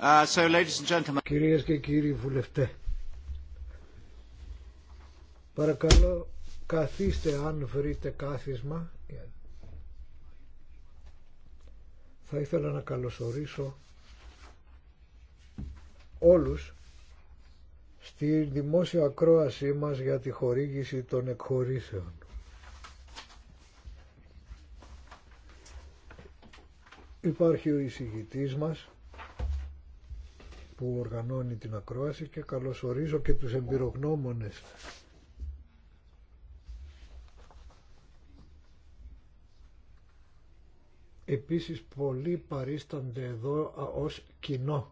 Uh, Κυρίες και κύριοι βουλευτέ, παρακαλώ καθίστε αν βρείτε κάθισμα. Θα ήθελα να καλωσορίσω όλους στη δημόσια ακρόασή μας για τη χορήγηση των εκχωρήσεων. Υπάρχει ο εισηγητής μας, που οργανώνει την ακρόαση και καλωσορίζω και τους εμπειρογνώμονες Επίσης πολλοί παρίστανται εδώ ως κοινό.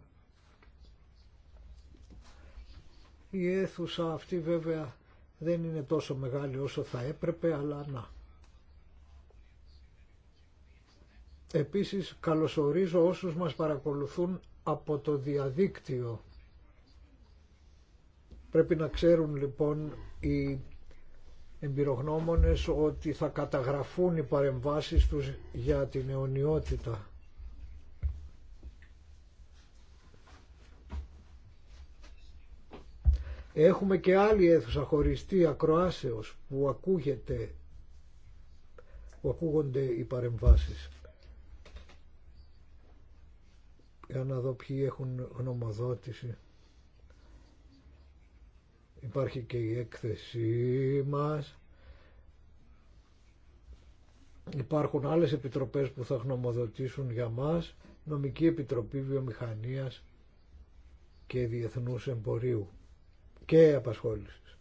Η αίθουσα αυτή βέβαια δεν είναι τόσο μεγάλη όσο θα έπρεπε, αλλά να. Επίσης καλωσορίζω όσους μας παρακολουθούν από το διαδίκτυο. Πρέπει να ξέρουν λοιπόν οι εμπειρογνώμονες ότι θα καταγραφούν οι παρεμβάσεις τους για την αιωνιότητα. Έχουμε και άλλη αίθουσα χωριστή ακροάσεως που ακούγεται, που ακούγονται οι παρεμβάσεις. Για να δω ποιοι έχουν γνωμοδότηση. Υπάρχει και η έκθεσή μας. Υπάρχουν άλλες επιτροπές που θα γνωμοδοτήσουν για μας. Νομική Επιτροπή Βιομηχανίας και Διεθνούς Εμπορίου και Απασχόλησης.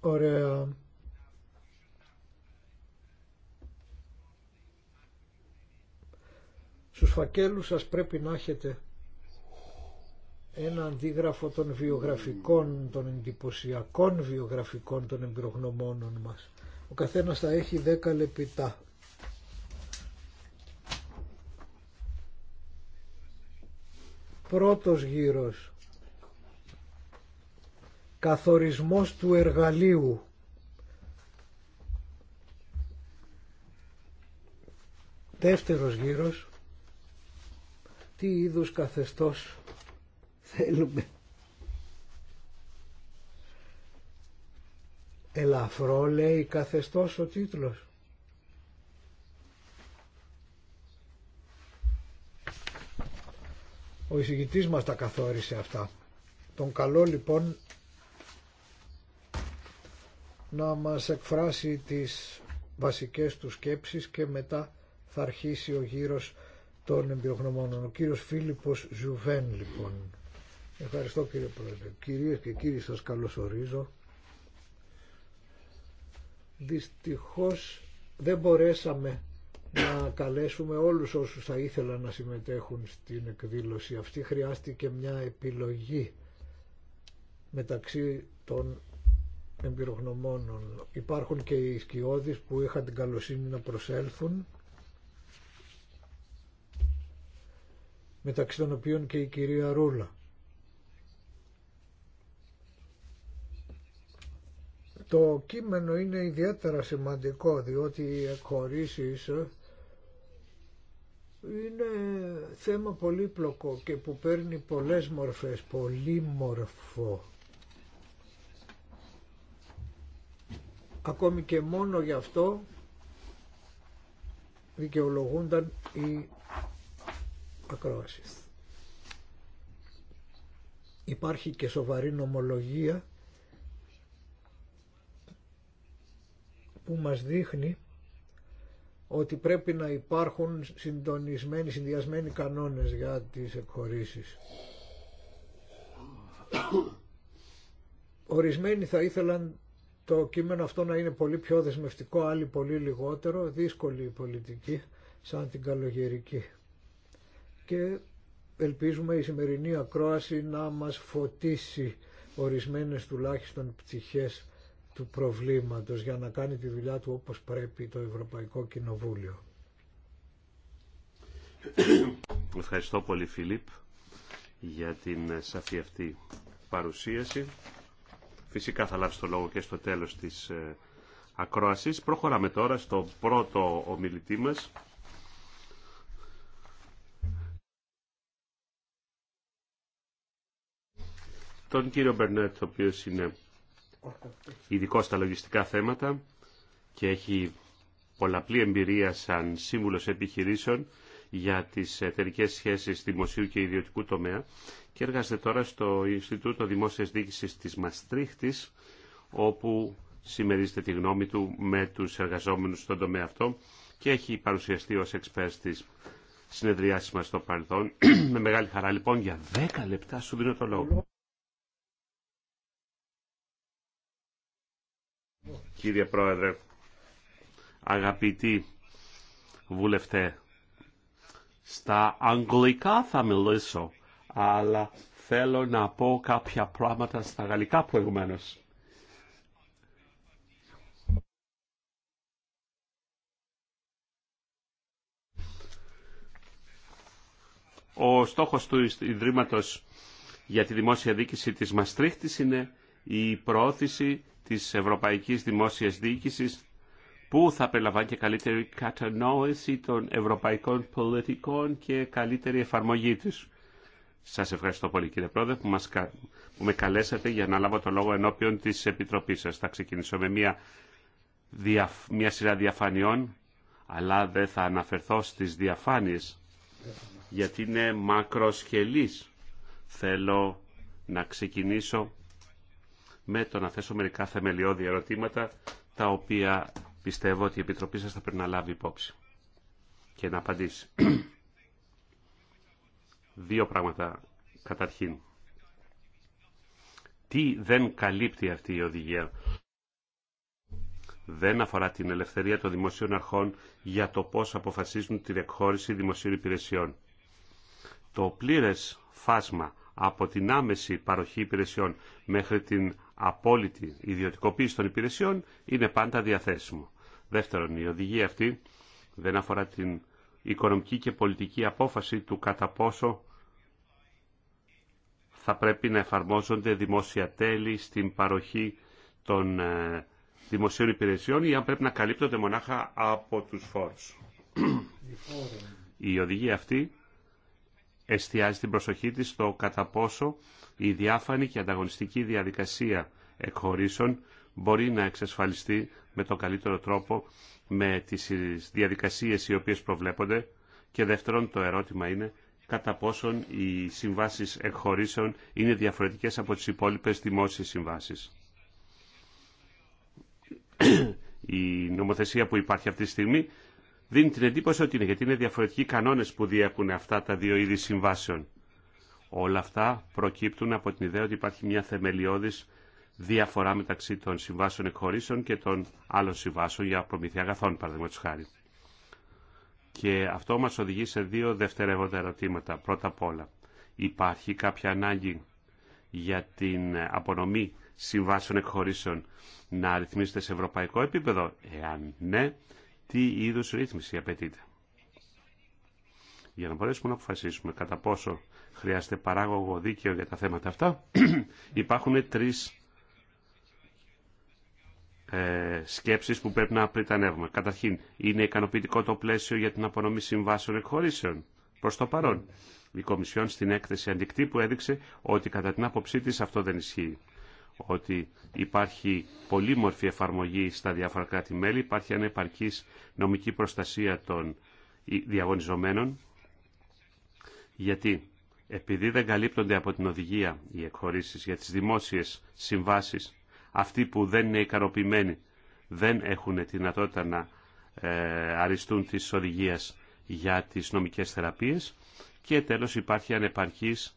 Ωραία. Στους φακέλους σας πρέπει να έχετε ένα αντίγραφο των βιογραφικών, των εντυπωσιακών βιογραφικών των εμπειρογνωμόνων μας. Ο καθένας θα έχει δέκα λεπιτά. Πρώτος γύρος. Καθορισμός του εργαλείου. Δεύτερος γύρος τι είδους καθεστώς θέλουμε. Ελαφρό λέει καθεστώς ο τίτλος. Ο εισηγητής μας τα καθόρισε αυτά. Τον καλό λοιπόν να μας εκφράσει τις βασικές του σκέψεις και μετά θα αρχίσει ο γύρος των εμπειρογνωμόνων. Ο κύριος Φίλιππος Ζουβέν λοιπόν. Ευχαριστώ κύριε Πρόεδρε. Κυρίες και κύριοι σας καλωσορίζω. Δυστυχώς δεν μπορέσαμε να καλέσουμε όλους όσους θα ήθελαν να συμμετέχουν στην εκδήλωση. Αυτή χρειάστηκε μια επιλογή μεταξύ των εμπειρογνωμόνων. Υπάρχουν και οι σκιώδεις που είχαν την καλοσύνη να προσέλθουν μεταξύ των οποίων και η κυρία Ρούλα. Το κείμενο είναι ιδιαίτερα σημαντικό διότι οι εκχωρήσεις είναι θέμα πολύπλοκο και που παίρνει πολλές μορφές, πολύμορφο. Ακόμη και μόνο γι' αυτό δικαιολογούνταν οι Υπάρχει και σοβαρή νομολογία που μας δείχνει ότι πρέπει να υπάρχουν συντονισμένοι, συνδυασμένοι κανόνες για τις εκχωρήσεις. Ορισμένοι θα ήθελαν το κείμενο αυτό να είναι πολύ πιο δεσμευτικό, άλλοι πολύ λιγότερο, δύσκολη η πολιτική, σαν την καλογερική και ελπίζουμε η σημερινή ακρόαση να μας φωτίσει ορισμένες τουλάχιστον πτυχές του προβλήματος για να κάνει τη δουλειά του όπως πρέπει το Ευρωπαϊκό Κοινοβούλιο. Ευχαριστώ πολύ Φιλίπ για την σαφή αυτή παρουσίαση. Φυσικά θα λάβει το λόγο και στο τέλος της ε, ακρόασης. Προχωράμε τώρα στο πρώτο ομιλητή μας τον κύριο Μπερνέτ, ο οποίο είναι ειδικό στα λογιστικά θέματα και έχει πολλαπλή εμπειρία σαν σύμβουλο επιχειρήσεων για τι εταιρικέ σχέσει δημοσίου και ιδιωτικού τομέα και εργάζεται τώρα στο Ινστιτούτο Δημόσια Δίκηση τη Μαστρίχτη, όπου συμμερίζεται τη γνώμη του με του εργαζόμενους στον τομέα αυτό και έχει παρουσιαστεί ως εξπέρ της συνεδριάσεις μας στο παρελθόν. με μεγάλη χαρά λοιπόν για 10 λεπτά σου δίνω το λόγο. κύριε Πρόεδρε, αγαπητοί βουλευτέ. Στα αγγλικά θα μιλήσω, αλλά θέλω να πω κάποια πράγματα στα γαλλικά προηγουμένω. Ο στόχος του Ιδρύματος για τη Δημόσια Δίκηση της Μαστρίχτης είναι η προώθηση της Ευρωπαϊκής Δημόσιας Διοίκησης που θα περιλαμβάνει και καλύτερη κατανόηση των ευρωπαϊκών πολιτικών και καλύτερη εφαρμογή τους. Σας ευχαριστώ πολύ κύριε Πρόεδρε που, μας, που με καλέσατε για να λάβω το λόγο ενώπιον της Επιτροπής σας. Θα ξεκινήσω με μια, μια σειρά διαφανειών, αλλά δεν θα αναφερθώ στις διαφάνειες, γιατί είναι μακροσκελής. Θέλω να ξεκινήσω με το να θέσω μερικά θεμελιώδη ερωτήματα τα οποία πιστεύω ότι η Επιτροπή σας θα πρέπει να λάβει υπόψη και να απαντήσει. Δύο πράγματα καταρχήν. Τι δεν καλύπτει αυτή η οδηγία. Δεν αφορά την ελευθερία των δημοσίων αρχών για το πώς αποφασίζουν τη διεκχώρηση δημοσίων υπηρεσιών. Το πλήρες φάσμα από την άμεση παροχή υπηρεσιών μέχρι την απόλυτη ιδιωτικοποίηση των υπηρεσιών είναι πάντα διαθέσιμο. Δεύτερον, η οδηγία αυτή δεν αφορά την οικονομική και πολιτική απόφαση του κατά πόσο θα πρέπει να εφαρμόζονται δημόσια τέλη στην παροχή των ε, δημοσίων υπηρεσιών ή αν πρέπει να καλύπτονται μονάχα από τους φόρους. Η οδηγία αυτή εστιάζει την προσοχή της στο κατά πόσο η διάφανη και ανταγωνιστική διαδικασία εκχωρήσεων μπορεί να εξασφαλιστεί με τον καλύτερο τρόπο με τις διαδικασίες οι οποίες προβλέπονται και δεύτερον το ερώτημα είναι κατά πόσον οι συμβάσεις εκχωρήσεων είναι διαφορετικές από τις υπόλοιπες δημόσιες συμβάσεις. Η νομοθεσία που υπάρχει αυτή τη στιγμή δίνει την εντύπωση ότι είναι, γιατί είναι διαφορετικοί κανόνε που διέπουν αυτά τα δύο είδη συμβάσεων. Όλα αυτά προκύπτουν από την ιδέα ότι υπάρχει μια θεμελιώδη διαφορά μεταξύ των συμβάσεων εκχωρήσεων και των άλλων συμβάσεων για προμήθεια αγαθών, παραδείγματο χάρη. Και αυτό μας οδηγεί σε δύο δευτερεύοντα ερωτήματα. Πρώτα απ' όλα, υπάρχει κάποια ανάγκη για την απονομή συμβάσεων εκχωρήσεων να ρυθμίζεται σε ευρωπαϊκό επίπεδο. Εάν ναι, τι είδους ρύθμιση απαιτείται. Για να μπορέσουμε να αποφασίσουμε κατά πόσο χρειάζεται παράγωγο δίκαιο για τα θέματα αυτά, υπάρχουν τρεις ε, σκέψεις που πρέπει να πριτανεύουμε. Καταρχήν, είναι ικανοποιητικό το πλαίσιο για την απονομή συμβάσεων εκχωρήσεων. Προς το παρόν, η Κομισιόν στην έκθεση αντικτύπου έδειξε ότι κατά την άποψή της αυτό δεν ισχύει ότι υπάρχει πολυμορφία εφαρμογή στα διάφορα κράτη-μέλη, υπάρχει ανεπαρκής νομική προστασία των διαγωνιζομένων, γιατί επειδή δεν καλύπτονται από την οδηγία οι εκχωρήσει για τις δημόσιες συμβάσεις, αυτοί που δεν είναι ικανοποιημένοι δεν έχουν τη δυνατότητα να ε, αριστούν της οδηγία για τις νομικές θεραπείες και τέλος υπάρχει ανεπαρκής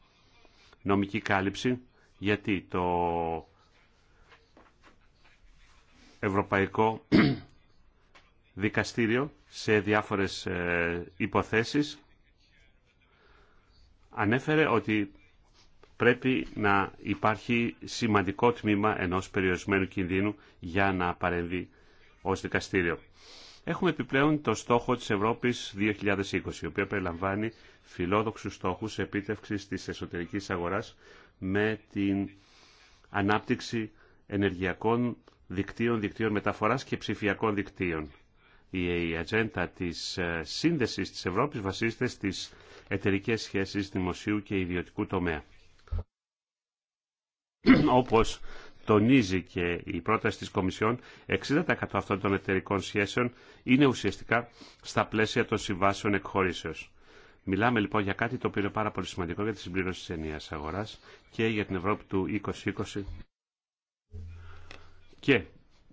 νομική κάλυψη γιατί το Ευρωπαϊκό Δικαστήριο σε διάφορες ε, υποθέσεις ανέφερε ότι πρέπει να υπάρχει σημαντικό τμήμα ενός περιορισμένου κινδύνου για να παρεμβεί ως δικαστήριο. Έχουμε επιπλέον το στόχο της Ευρώπης 2020, η οποία περιλαμβάνει φιλόδοξους στόχους επίτευξης της εσωτερικής αγοράς με την ανάπτυξη ενεργειακών δικτύων, δικτύων μεταφοράς και ψηφιακών δικτύων. Η ατζέντα της ε, σύνδεσης της Ευρώπης βασίζεται στις εταιρικές σχέσεις δημοσίου και ιδιωτικού τομέα. Όπως τονίζει και η πρόταση της Κομισιόν, 60% αυτών των εταιρικών σχέσεων είναι ουσιαστικά στα πλαίσια των συμβάσεων εκχωρήσεως. Μιλάμε λοιπόν για κάτι το οποίο είναι πάρα πολύ σημαντικό για τη συμπλήρωση της ενιαίας αγοράς και για την Ευρώπη του 2020 και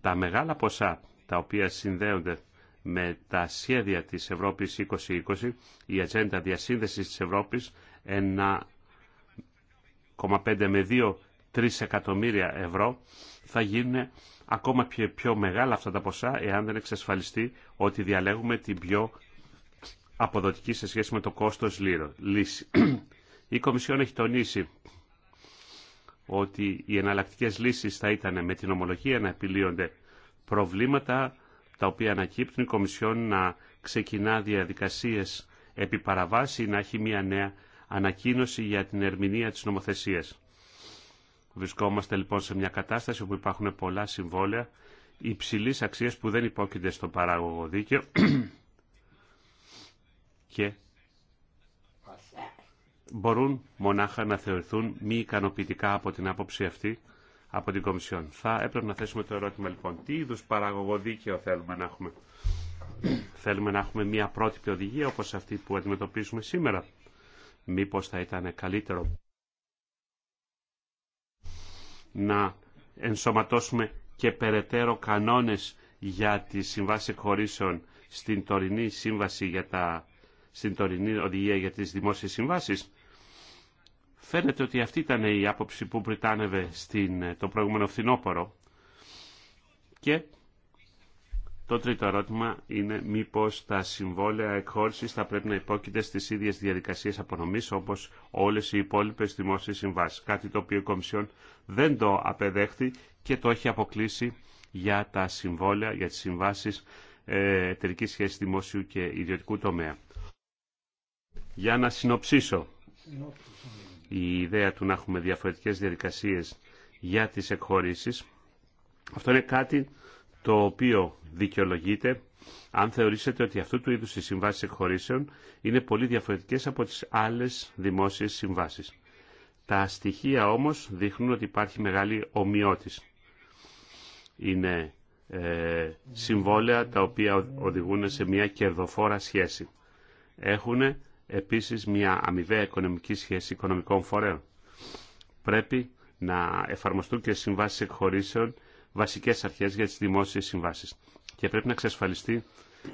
τα μεγάλα ποσά τα οποία συνδέονται με τα σχέδια της Ευρώπης 2020, η ατζέντα διασύνδεσης της Ευρώπης, 1,5 με 2 3 εκατομμύρια ευρώ θα γίνουν ακόμα πιο, πιο μεγάλα αυτά τα ποσά εάν δεν εξασφαλιστεί ότι διαλέγουμε την πιο αποδοτική σε σχέση με το κόστος λύση. Η Κομισιόν έχει τονίσει ότι οι εναλλακτικέ λύσεις θα ήταν με την ομολογία να επιλύονται προβλήματα τα οποία ανακύπτουν η Κομισιόν να ξεκινά διαδικασίες επί παραβάση να έχει μια νέα ανακοίνωση για την ερμηνεία της νομοθεσίας. Βρισκόμαστε λοιπόν σε μια κατάσταση όπου υπάρχουν πολλά συμβόλαια υψηλής αξίας που δεν υπόκεινται στο παράγωγο δίκαιο μπορούν μονάχα να θεωρηθούν μη ικανοποιητικά από την άποψη αυτή από την Κομισιόν. Θα έπρεπε να θέσουμε το ερώτημα λοιπόν, τι είδου παραγωγό δίκαιο θέλουμε να έχουμε. θέλουμε να έχουμε μια πρότυπη οδηγία όπως αυτή που αντιμετωπίζουμε σήμερα. Μήπως θα ήταν καλύτερο να ενσωματώσουμε και περαιτέρω κανόνες για τη συμβάση εκχωρήσεων στην τωρινή σύμβαση για τα στην τωρινή οδηγία για τις δημόσιες συμβάσεις. Φαίνεται ότι αυτή ήταν η άποψη που πριτάνευε στην, ε, το προηγούμενο φθινόπωρο. Και το τρίτο ερώτημα είναι μήπως τα συμβόλαια εκχώρησης θα πρέπει να υπόκειται στις ίδιες διαδικασίες απονομής όπως όλες οι υπόλοιπες δημόσιες συμβάσεις. Κάτι το οποίο η Κομισιόν δεν το απεδέχθη και το έχει αποκλείσει για τα συμβόλαια, για τις συμβάσεις ε, εταιρική σχέση δημόσιου και ιδιωτικού τομέα. Για να συνοψίσω η ιδέα του να έχουμε διαφορετικές διαδικασίες για τις εκχωρήσεις. Αυτό είναι κάτι το οποίο δικαιολογείται αν θεωρήσετε ότι αυτού του είδους οι συμβάσεις εκχωρήσεων είναι πολύ διαφορετικές από τις άλλες δημόσιες συμβάσεις. Τα στοιχεία όμως δείχνουν ότι υπάρχει μεγάλη ομοιότηση. Είναι ε, συμβόλαια τα οποία οδηγούν σε μια κερδοφόρα σχέση. Έχουν επίσης μια αμοιβαία οικονομική σχέση οικονομικών φορέων. Πρέπει να εφαρμοστούν και συμβάσεις εκχωρήσεων βασικές αρχές για τις δημόσιες συμβάσεις και πρέπει να εξασφαλιστεί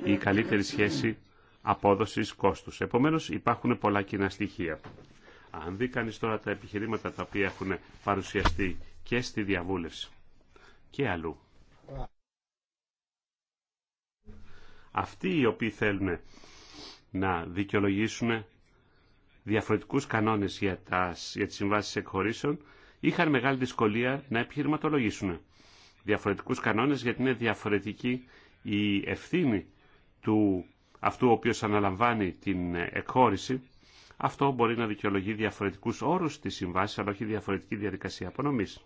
η καλύτερη σχέση απόδοσης κόστους. Επομένως υπάρχουν πολλά κοινά στοιχεία. Αν δει κανεί τώρα τα επιχειρήματα τα οποία έχουν παρουσιαστεί και στη διαβούλευση και αλλού. Αυτοί οι οποίοι θέλουν να δικαιολογήσουν διαφορετικούς κανόνες για, τα, για τις συμβάσεις εκχωρήσεων, είχαν μεγάλη δυσκολία να επιχειρηματολογήσουν διαφορετικούς κανόνες γιατί είναι διαφορετική η ευθύνη του αυτού ο οποίος αναλαμβάνει την εκχώρηση. Αυτό μπορεί να δικαιολογεί διαφορετικούς όρους της συμβάσης αλλά όχι διαφορετική διαδικασία απονομής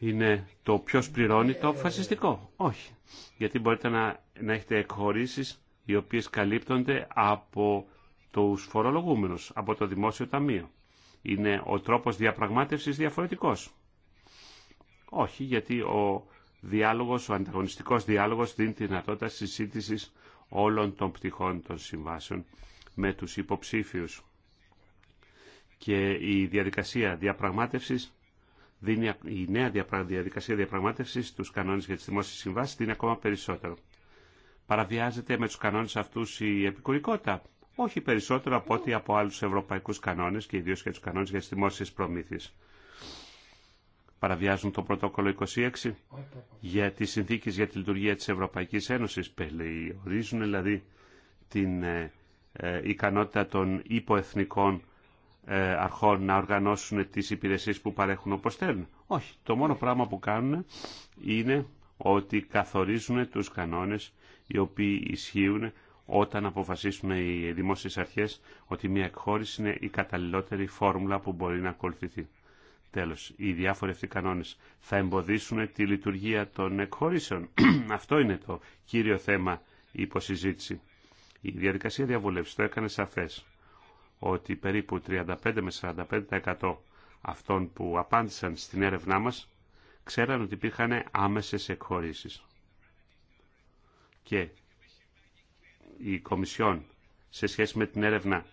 είναι το ποιος πληρώνει το φασιστικό. Όχι. Γιατί μπορείτε να, να έχετε εκχωρήσεις οι οποίες καλύπτονται από τους φορολογούμενους, από το Δημόσιο Ταμείο. Είναι ο τρόπος διαπραγμάτευσης διαφορετικός. Όχι, γιατί ο διάλογος, ο ανταγωνιστικός διάλογος δίνει τη δυνατότητα συζήτηση όλων των πτυχών των συμβάσεων με τους υποψήφιους. Και η διαδικασία διαπραγμάτευσης δίνει, η νέα διαδικασία διαπραγμάτευσης του κανόνες για τις δημόσιε συμβάσει δίνει ακόμα περισσότερο. Παραβιάζεται με τους κανόνες αυτούς η επικουρικότητα. Όχι περισσότερο από ό,τι από άλλους ευρωπαϊκούς κανόνες και ιδίως για τους κανόνες για τις δημόσιε προμήθειε. Παραβιάζουν το πρωτόκολλο 26 για τι συνθήκε για τη λειτουργία τη Ευρωπαϊκή Ένωση. Ορίζουν δηλαδή την ε, ε, ικανότητα των υποεθνικών ε, αρχών να οργανώσουν τις υπηρεσίες που παρέχουν όπως θέλουν. Όχι. Το μόνο πράγμα που κάνουν είναι ότι καθορίζουν τους κανόνες οι οποίοι ισχύουν όταν αποφασίσουν οι δημόσιες αρχές ότι μια εκχώρηση είναι η καταλληλότερη φόρμουλα που μπορεί να ακολουθηθεί. Τέλος, οι διάφοροι αυτοί κανόνες θα εμποδίσουν τη λειτουργία των εκχώρησεων. Αυτό είναι το κύριο θέμα υποσυζήτηση. Η διαδικασία διαβουλεύση το έκανε σαφές ότι περίπου 35 με 45% αυτών που απάντησαν στην έρευνά μας ξέραν ότι υπήρχαν άμεσες εκχωρήσεις. Και η Κομισιόν σε σχέση με την έρευνα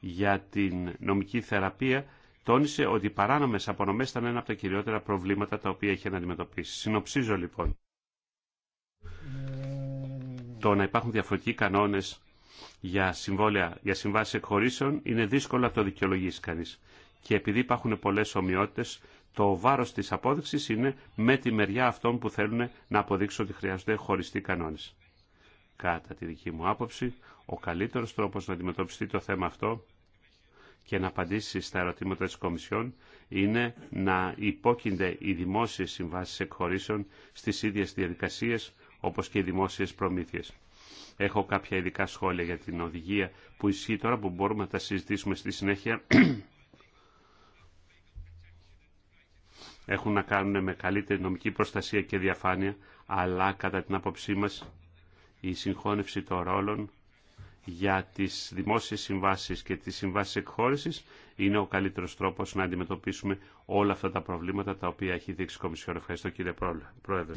για την νομική θεραπεία τόνισε ότι οι παράνομες απονομές ήταν ένα από τα κυριότερα προβλήματα τα οποία είχε να αντιμετωπίσει. Συνοψίζω λοιπόν. Το να υπάρχουν διαφορετικοί κανόνες για, συμβόλαια, για συμβάσεις εκχωρήσεων είναι δύσκολο να το δικαιολογήσει κανείς. Και επειδή υπάρχουν πολλές ομοιότητες, το βάρος της απόδειξης είναι με τη μεριά αυτών που θέλουν να αποδείξουν ότι χρειάζονται χωριστοί κανόνες. Κατά τη δική μου άποψη, ο καλύτερος τρόπος να αντιμετωπιστεί το θέμα αυτό και να απαντήσει στα ερωτήματα της Κομισιόν είναι να υπόκεινται οι δημόσιες συμβάσεις εκχωρήσεων στις ίδιες διαδικασίες όπως και οι δημόσιες προμήθειες. Έχω κάποια ειδικά σχόλια για την οδηγία που ισχύει τώρα που μπορούμε να τα συζητήσουμε στη συνέχεια. Έχουν να κάνουν με καλύτερη νομική προστασία και διαφάνεια, αλλά κατά την άποψή μας η συγχώνευση των ρόλων για τις δημόσιες συμβάσεις και τις συμβάσεις εκχώρησης είναι ο καλύτερος τρόπος να αντιμετωπίσουμε όλα αυτά τα προβλήματα τα οποία έχει δείξει η Κομισιόν. Ευχαριστώ κύριε Πρόεδρε.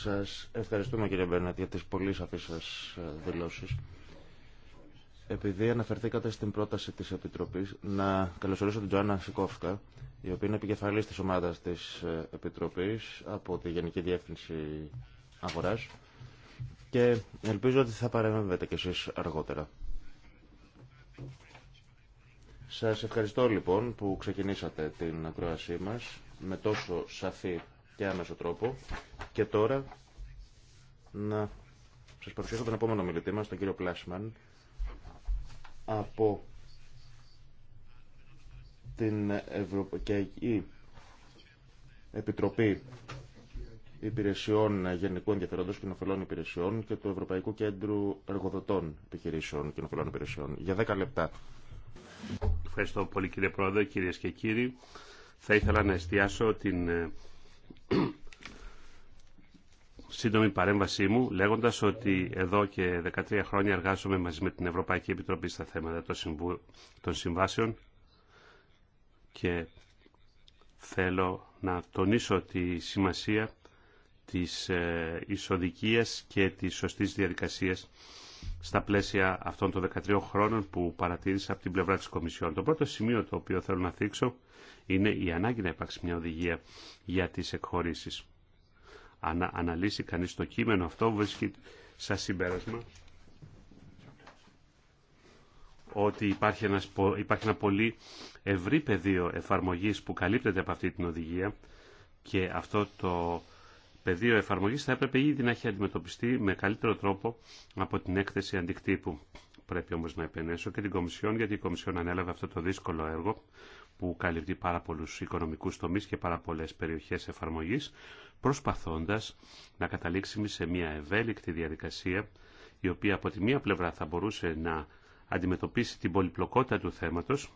Σας ευχαριστούμε κύριε Μπέρνατ για τις πολύ σαφείς σας ε, δηλώσεις. Επειδή αναφερθήκατε στην πρόταση της Επιτροπής, να καλωσορίσω την Τζοάννα Σικόφκα, η οποία είναι επικεφαλής της ομάδας της ε, Επιτροπής από τη Γενική Διεύθυνση Αγοράς και ελπίζω ότι θα παρεμβαίνετε κι εσείς αργότερα. Σας ευχαριστώ λοιπόν που ξεκινήσατε την ακρόασή μας με τόσο σαφή και άμεσο τρόπο. Και τώρα να σας παρουσιάσω τον επόμενο μιλητή μα τον κύριο Πλάσμαν, από την Ευρωπαϊκή Επιτροπή Υπηρεσιών Γενικού Ενδιαφερόντος Κοινοφελών Υπηρεσιών και του Ευρωπαϊκού Κέντρου Εργοδοτών Επιχειρήσεων Κοινοφελών Υπηρεσιών. Για 10 λεπτά. Ευχαριστώ πολύ κύριε Πρόεδρε, κυρίες και κύριοι. Θα ήθελα να εστιάσω την ε, σύντομη παρέμβασή μου λέγοντας ότι εδώ και 13 χρόνια εργάζομαι μαζί με την Ευρωπαϊκή Επιτροπή στα θέματα των συμβάσεων και θέλω να τονίσω τη σημασία της ε, ισοδικίας και της σωστής διαδικασίας στα πλαίσια αυτών των 13 χρόνων που παρατήρησα από την πλευρά της Κομισιόν. Το πρώτο σημείο το οποίο θέλω να θίξω είναι η ανάγκη να υπάρξει μια οδηγία για τις εκχωρήσεις. Αν αναλύσει κανείς το κείμενο αυτό βρίσκει σαν συμπέρασμα ότι υπάρχει, ένας, υπάρχει ένα πολύ ευρύ πεδίο εφαρμογής που καλύπτεται από αυτή την οδηγία και αυτό το πεδίο εφαρμογής θα έπρεπε ήδη να έχει αντιμετωπιστεί με καλύτερο τρόπο από την έκθεση αντικτύπου. Πρέπει όμως να επενέσω και την Κομισιόν, γιατί η Κομισιόν ανέλαβε αυτό το δύσκολο έργο που καλύπτει πάρα πολλού οικονομικού τομεί και πάρα πολλέ περιοχές εφαρμογή, προσπαθώντας να καταλήξουμε σε μια ευέλικτη διαδικασία, η οποία από τη μία πλευρά θα μπορούσε να αντιμετωπίσει την πολυπλοκότητα του θέματος,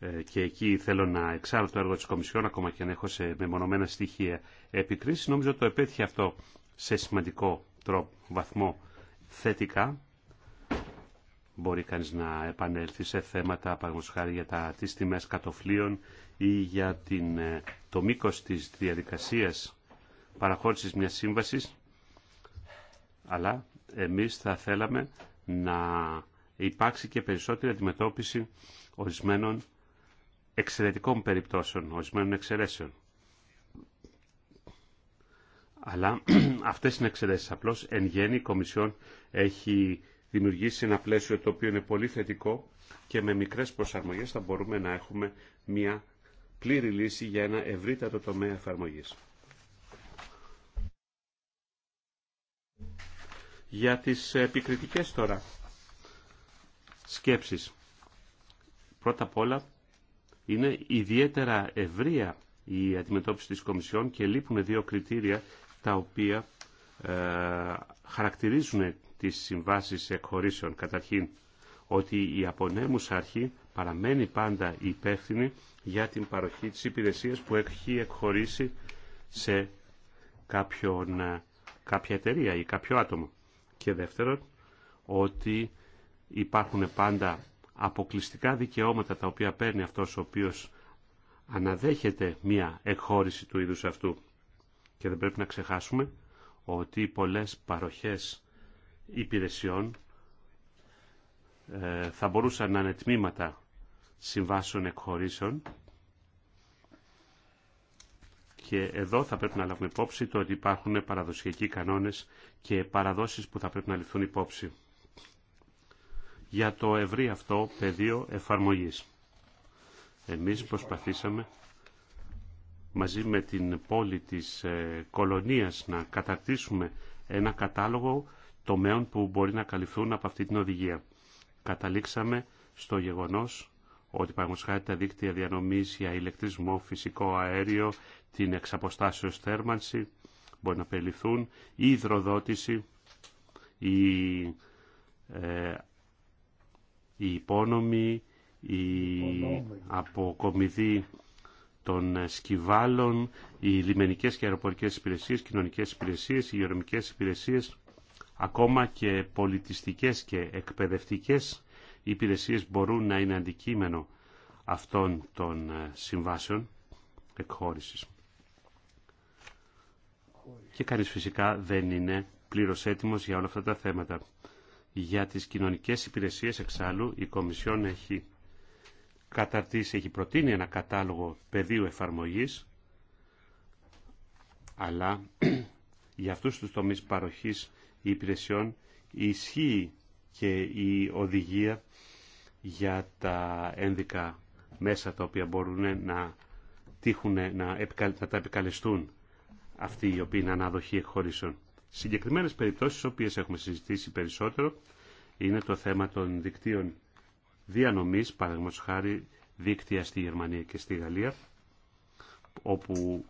ε, και εκεί θέλω να εξάρω το έργο της Κομισιόν, ακόμα και αν έχω σε μεμονωμένα στοιχεία επικρίσεις, νομίζω το επέτυχε αυτό σε σημαντικό τρόπο, βαθμό θετικά μπορεί κανείς να επανέλθει σε θέματα χάρη για τα, τις τιμές κατοφλίων ή για την, ε, το μήκος της διαδικασίας παραχώρησης μιας σύμβασης, αλλά εμείς θα θέλαμε να υπάρξει και περισσότερη αντιμετώπιση ορισμένων εξαιρετικών περιπτώσεων, ορισμένων εξαιρέσεων. Αλλά αυτές είναι εξαιρέσεις. Απλώς εν γέννη η Κομισιόν έχει δημιουργήσει ένα πλαίσιο το οποίο είναι πολύ θετικό και με μικρές προσαρμογές θα μπορούμε να έχουμε μια πλήρη λύση για ένα ευρύτατο τομέα εφαρμογής. Για τις επικριτικές τώρα σκέψεις. Πρώτα απ' όλα είναι ιδιαίτερα ευρία η αντιμετώπιση της Κομισιόν και λείπουν δύο κριτήρια τα οποία ε, χαρακτηρίζουν τις συμβάσεις εκχωρήσεων. Καταρχήν, ότι η απονέμουσα αρχή παραμένει πάντα υπεύθυνη για την παροχή της υπηρεσίας που έχει εκχωρήσει σε κάποιον, ε, κάποια εταιρεία ή κάποιο άτομο. Και δεύτερον, ότι υπάρχουν πάντα αποκλειστικά δικαιώματα τα οποία παίρνει αυτός ο οποίος αναδέχεται μία εκχώρηση του είδους αυτού. Και δεν πρέπει να ξεχάσουμε ότι πολλές παροχές υπηρεσιών ε, θα μπορούσαν να είναι τμήματα συμβάσεων εκχωρήσεων και εδώ θα πρέπει να λάβουμε υπόψη το ότι υπάρχουν παραδοσιακοί κανόνες και παραδόσεις που θα πρέπει να ληφθούν υπόψη για το ευρύ αυτό πεδίο εφαρμογής. Εμείς προσπαθήσαμε μαζί με την πόλη της ε, κολονίας να καταρτήσουμε ένα κατάλογο τομέων που μπορεί να καλυφθούν από αυτή την οδηγία. Καταλήξαμε στο γεγονός ότι παραγωγικά τα δίκτυα διανομής για ηλεκτρισμό, φυσικό αέριο, την εξαποστάσεως θέρμανση μπορεί να περιληφθούν, η υδροδότηση, η, ε, η υπόνομη, η αποκομιδή των σκυβάλων, οι λιμενικές και αεροπορικές υπηρεσίες, κοινωνικές υπηρεσίες, υγειονομικές υπηρεσίες, Ακόμα και πολιτιστικές και εκπαιδευτικές υπηρεσίες μπορούν να είναι αντικείμενο αυτών των ε, συμβάσεων εκχώρησης. Και κανείς φυσικά δεν είναι πλήρως έτοιμος για όλα αυτά τα θέματα. Για τις κοινωνικές υπηρεσίες εξάλλου η Κομισιόν έχει καταρτήσει, έχει προτείνει ένα κατάλογο πεδίου εφαρμογής, αλλά για αυτούς τους τομείς παροχής υπηρεσιών ισχύει και η οδηγία για τα ένδικα μέσα τα οποία μπορούν να τύχουν να, να τα επικαλεστούν αυτοί οι οποίοι είναι αναδοχοί εκχωρήσεων. Συγκεκριμένες περιπτώσεις, τις οποίες έχουμε συζητήσει περισσότερο, είναι το θέμα των δικτύων διανομής, παραδείγματος χάρη δίκτυα στη Γερμανία και στη Γαλλία, όπου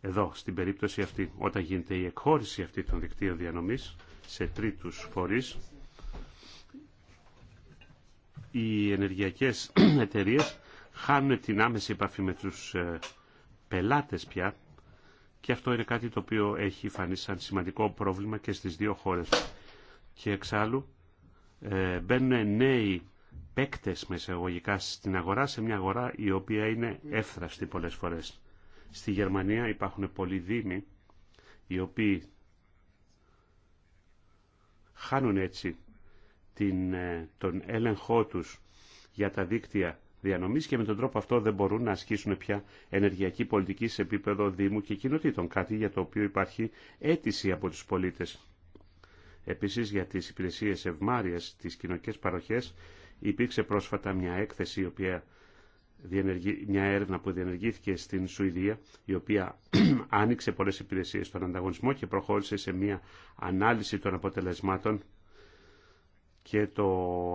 εδώ, στην περίπτωση αυτή, όταν γίνεται η εκχώρηση αυτή των δικτύων διανομής σε τρίτους φορείς, οι ενεργειακές εταιρείες χάνουν την άμεση επαφή με τους ε, πελάτες πια και αυτό είναι κάτι το οποίο έχει φανεί σαν σημαντικό πρόβλημα και στις δύο χώρες. Και εξάλλου ε, μπαίνουν νέοι παίκτες μεσαγωγικά στην αγορά, σε μια αγορά η οποία είναι εύθραστη πολλές φορές. Στη Γερμανία υπάρχουν πολλοί δήμοι οι οποίοι χάνουν έτσι την, ε, τον έλεγχό τους για τα δίκτυα διανομής και με τον τρόπο αυτό δεν μπορούν να ασκήσουν πια ενεργειακή πολιτική σε επίπεδο Δήμου και κοινοτήτων, κάτι για το οποίο υπάρχει αίτηση από τους πολίτες. Επίσης για τις υπηρεσίες ευμάρειας, τις κοινωνικές παροχές, υπήρξε πρόσφατα μια έκθεση η οποία μια έρευνα που διενεργήθηκε στην Σουηδία, η οποία άνοιξε πολλές υπηρεσίες στον ανταγωνισμό και προχώρησε σε μια ανάλυση των αποτελεσμάτων και το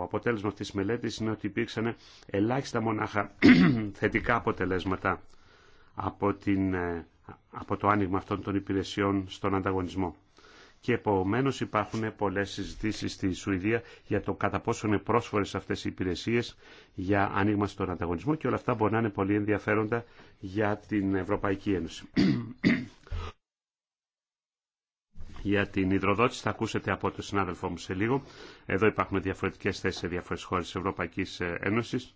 αποτέλεσμα αυτής της μελέτης είναι ότι υπήρξαν ελάχιστα μονάχα θετικά αποτελέσματα από, την, ε, από το άνοιγμα αυτών των υπηρεσιών στον ανταγωνισμό και επομένω υπάρχουν πολλές συζητήσει στη Σουηδία για το κατά πόσο είναι πρόσφορες αυτές οι υπηρεσίες για άνοιγμα στον ανταγωνισμό και όλα αυτά μπορεί να είναι πολύ ενδιαφέροντα για την Ευρωπαϊκή Ένωση. για την υδροδότηση θα ακούσετε από τον συνάδελφό μου σε λίγο. Εδώ υπάρχουν διαφορετικές θέσει σε διάφορε χώρε τη Ευρωπαϊκή Ένωση.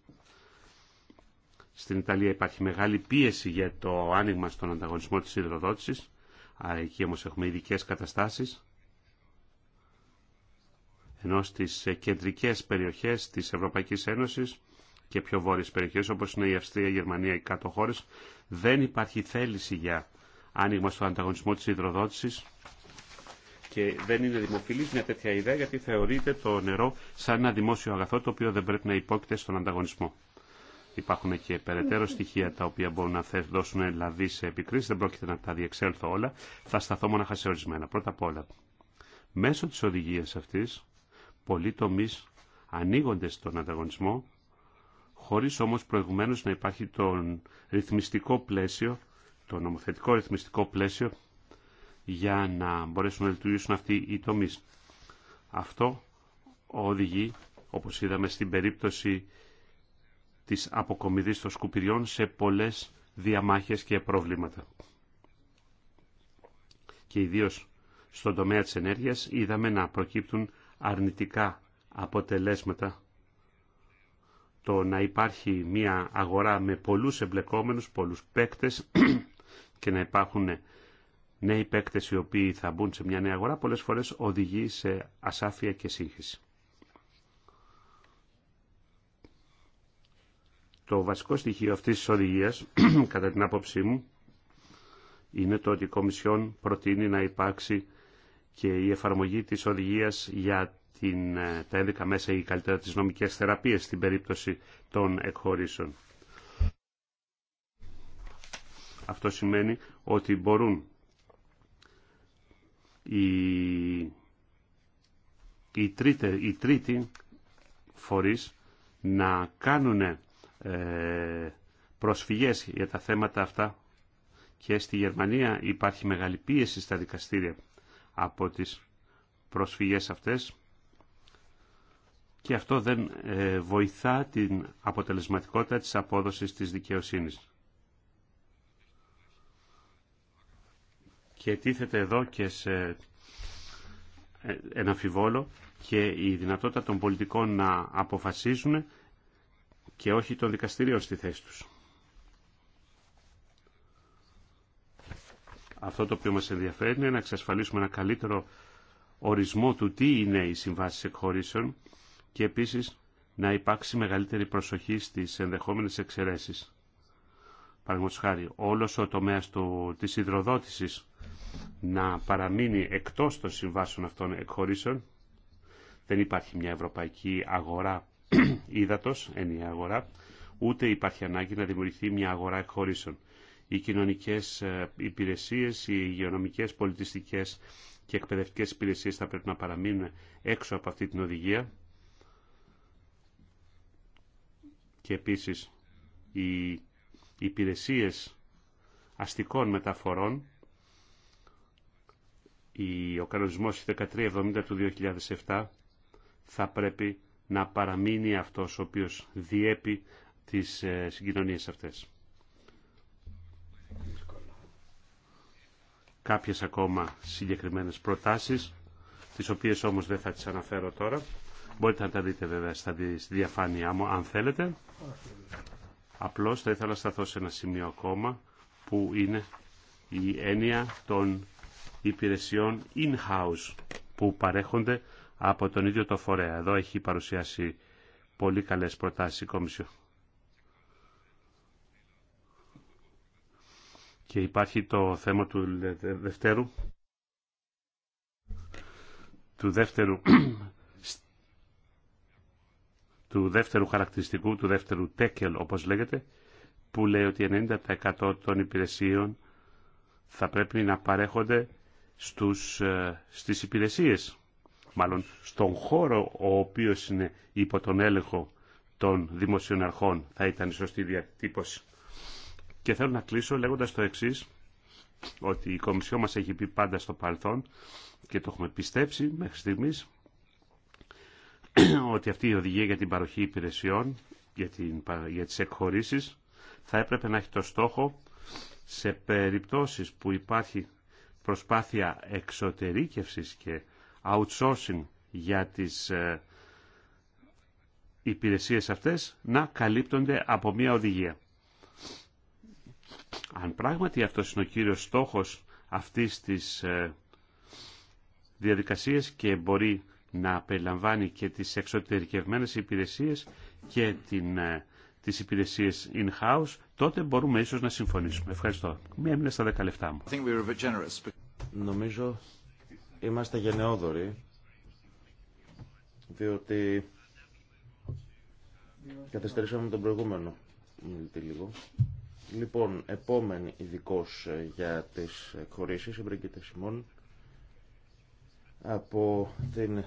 Στην Ιταλία υπάρχει μεγάλη πίεση για το άνοιγμα στον ανταγωνισμό της υδροδότησης Άρα εκεί όμως έχουμε ειδικέ καταστάσεις. Ενώ στις ε, κεντρικές περιοχές της Ευρωπαϊκής Ένωσης και πιο βόρειες περιοχές όπως είναι η Αυστρία, η Γερμανία, οι κάτω χώρες δεν υπάρχει θέληση για άνοιγμα στο ανταγωνισμό της υδροδότησης και δεν είναι δημοφιλής μια τέτοια ιδέα γιατί θεωρείται το νερό σαν ένα δημόσιο αγαθό το οποίο δεν πρέπει να υπόκειται στον ανταγωνισμό. Υπάρχουν και περαιτέρω στοιχεία τα οποία μπορούν να δώσουν λαδί σε επικρίσει. Δεν πρόκειται να τα διεξέλθω όλα. Θα σταθώ μόνο σε ορισμένα. Πρώτα απ' όλα, μέσω τη οδηγία αυτή, πολλοί τομεί ανοίγονται στον ανταγωνισμό, χωρίς όμως προηγουμένως να υπάρχει το ρυθμιστικό πλαίσιο, το νομοθετικό ρυθμιστικό πλαίσιο, για να μπορέσουν να λειτουργήσουν αυτοί οι τομείς. Αυτό οδηγεί, όπως είδαμε στην περίπτωση της αποκομιδής των σκουπιδιών σε πολλές διαμάχες και προβλήματα. Και ιδίως στον τομέα της ενέργειας είδαμε να προκύπτουν αρνητικά αποτελέσματα το να υπάρχει μια αγορά με πολλούς εμπλεκόμενους, πολλούς παίκτες και να υπάρχουν νέοι παίκτες οι οποίοι θα μπουν σε μια νέα αγορά πολλές φορές οδηγεί σε ασάφεια και σύγχυση. Το βασικό στοιχείο αυτής της οδηγίας, κατά την άποψή μου, είναι το ότι η Κομισιόν προτείνει να υπάρξει και η εφαρμογή της οδηγίας για την, ε, τα 11 μέσα ή καλύτερα τις νομικές θεραπείες στην περίπτωση των εκχωρήσεων. Αυτό σημαίνει ότι μπορούν οι, οι, τρίτε, τρίτοι φορείς να κάνουν ε, προσφυγές για τα θέματα αυτά και στη Γερμανία υπάρχει μεγάλη πίεση στα δικαστήρια από τις προσφυγές αυτές και αυτό δεν ε, βοηθά την αποτελεσματικότητα της απόδοσης της δικαιοσύνης. Και τίθεται εδώ και σε ε, ένα αμφιβόλο και η δυνατότητα των πολιτικών να αποφασίζουν και όχι των δικαστηρίων στη θέση τους. Αυτό το οποίο μας ενδιαφέρει είναι να εξασφαλίσουμε ένα καλύτερο ορισμό του τι είναι οι συμβάσεις εκχωρήσεων και επίσης να υπάρξει μεγαλύτερη προσοχή στις ενδεχόμενες εξαιρέσεις. Παραδείγματο χάρη, όλος ο τομέας του, της υδροδότησης να παραμείνει εκτός των συμβάσεων αυτών εκχωρήσεων. Δεν υπάρχει μια ευρωπαϊκή αγορά ύδατος, ενιαία αγορά, ούτε υπάρχει ανάγκη να δημιουργηθεί μια αγορά εκχωρήσεων. Οι κοινωνικές ε, υπηρεσίες, οι υγειονομικέ, πολιτιστικές και εκπαιδευτικές υπηρεσίες θα πρέπει να παραμείνουν έξω από αυτή την οδηγία. Και επίση οι υπηρεσίες αστικών μεταφορών ο κανονισμός 1370 του 2007 θα πρέπει να παραμείνει αυτός ο οποίος διέπει τις ε, συγκοινωνίες αυτές. Κάποιες ακόμα συγκεκριμένες προτάσεις, τις οποίες όμως δεν θα τις αναφέρω τώρα. Μπορείτε να τα δείτε βέβαια στη διαφάνειά μου αν θέλετε. Απλώς θα ήθελα να σταθώ σε ένα σημείο ακόμα που είναι η έννοια των υπηρεσιών in-house που παρέχονται από τον ίδιο το φορέα. Εδώ έχει παρουσιάσει πολύ καλές προτάσεις η Κομισιό. Και υπάρχει το θέμα του δευτέρου, του δεύτερου, του δεύτερου χαρακτηριστικού, του δεύτερου τέκελ όπως λέγεται, που λέει ότι 90% των υπηρεσίων θα πρέπει να παρέχονται στους, ε, στις υπηρεσίες μάλλον στον χώρο ο οποίος είναι υπό τον έλεγχο των δημοσίων αρχών θα ήταν η σωστή διατύπωση. Και θέλω να κλείσω λέγοντας το εξής, ότι η Κομισιό μας έχει πει πάντα στο παρελθόν και το έχουμε πιστέψει μέχρι στιγμής, ότι αυτή η οδηγία για την παροχή υπηρεσιών, για, την, για τις εκχωρήσεις, θα έπρεπε να έχει το στόχο σε περιπτώσεις που υπάρχει προσπάθεια εξωτερήκευσης και outsourcing για τις ε, υπηρεσίες αυτές να καλύπτονται από μια οδηγία. Αν πράγματι αυτός είναι ο κύριος στόχος αυτής της ε, διαδικασίας και μπορεί να περιλαμβάνει και τις εξωτερικευμένες υπηρεσίες και την, ε, τις υπηρεσίες in-house, τότε μπορούμε ίσως να συμφωνήσουμε. Ευχαριστώ. Μία μήνα στα 10 λεπτά μου. Είμαστε γενναιόδοροι, διότι καθυστερήσαμε τον προηγούμενο μιλητή λίγο. Λοιπόν, επόμενη ειδικό ε, για τις εκχωρήσεις, η Μπριγκίτα Σιμών, από την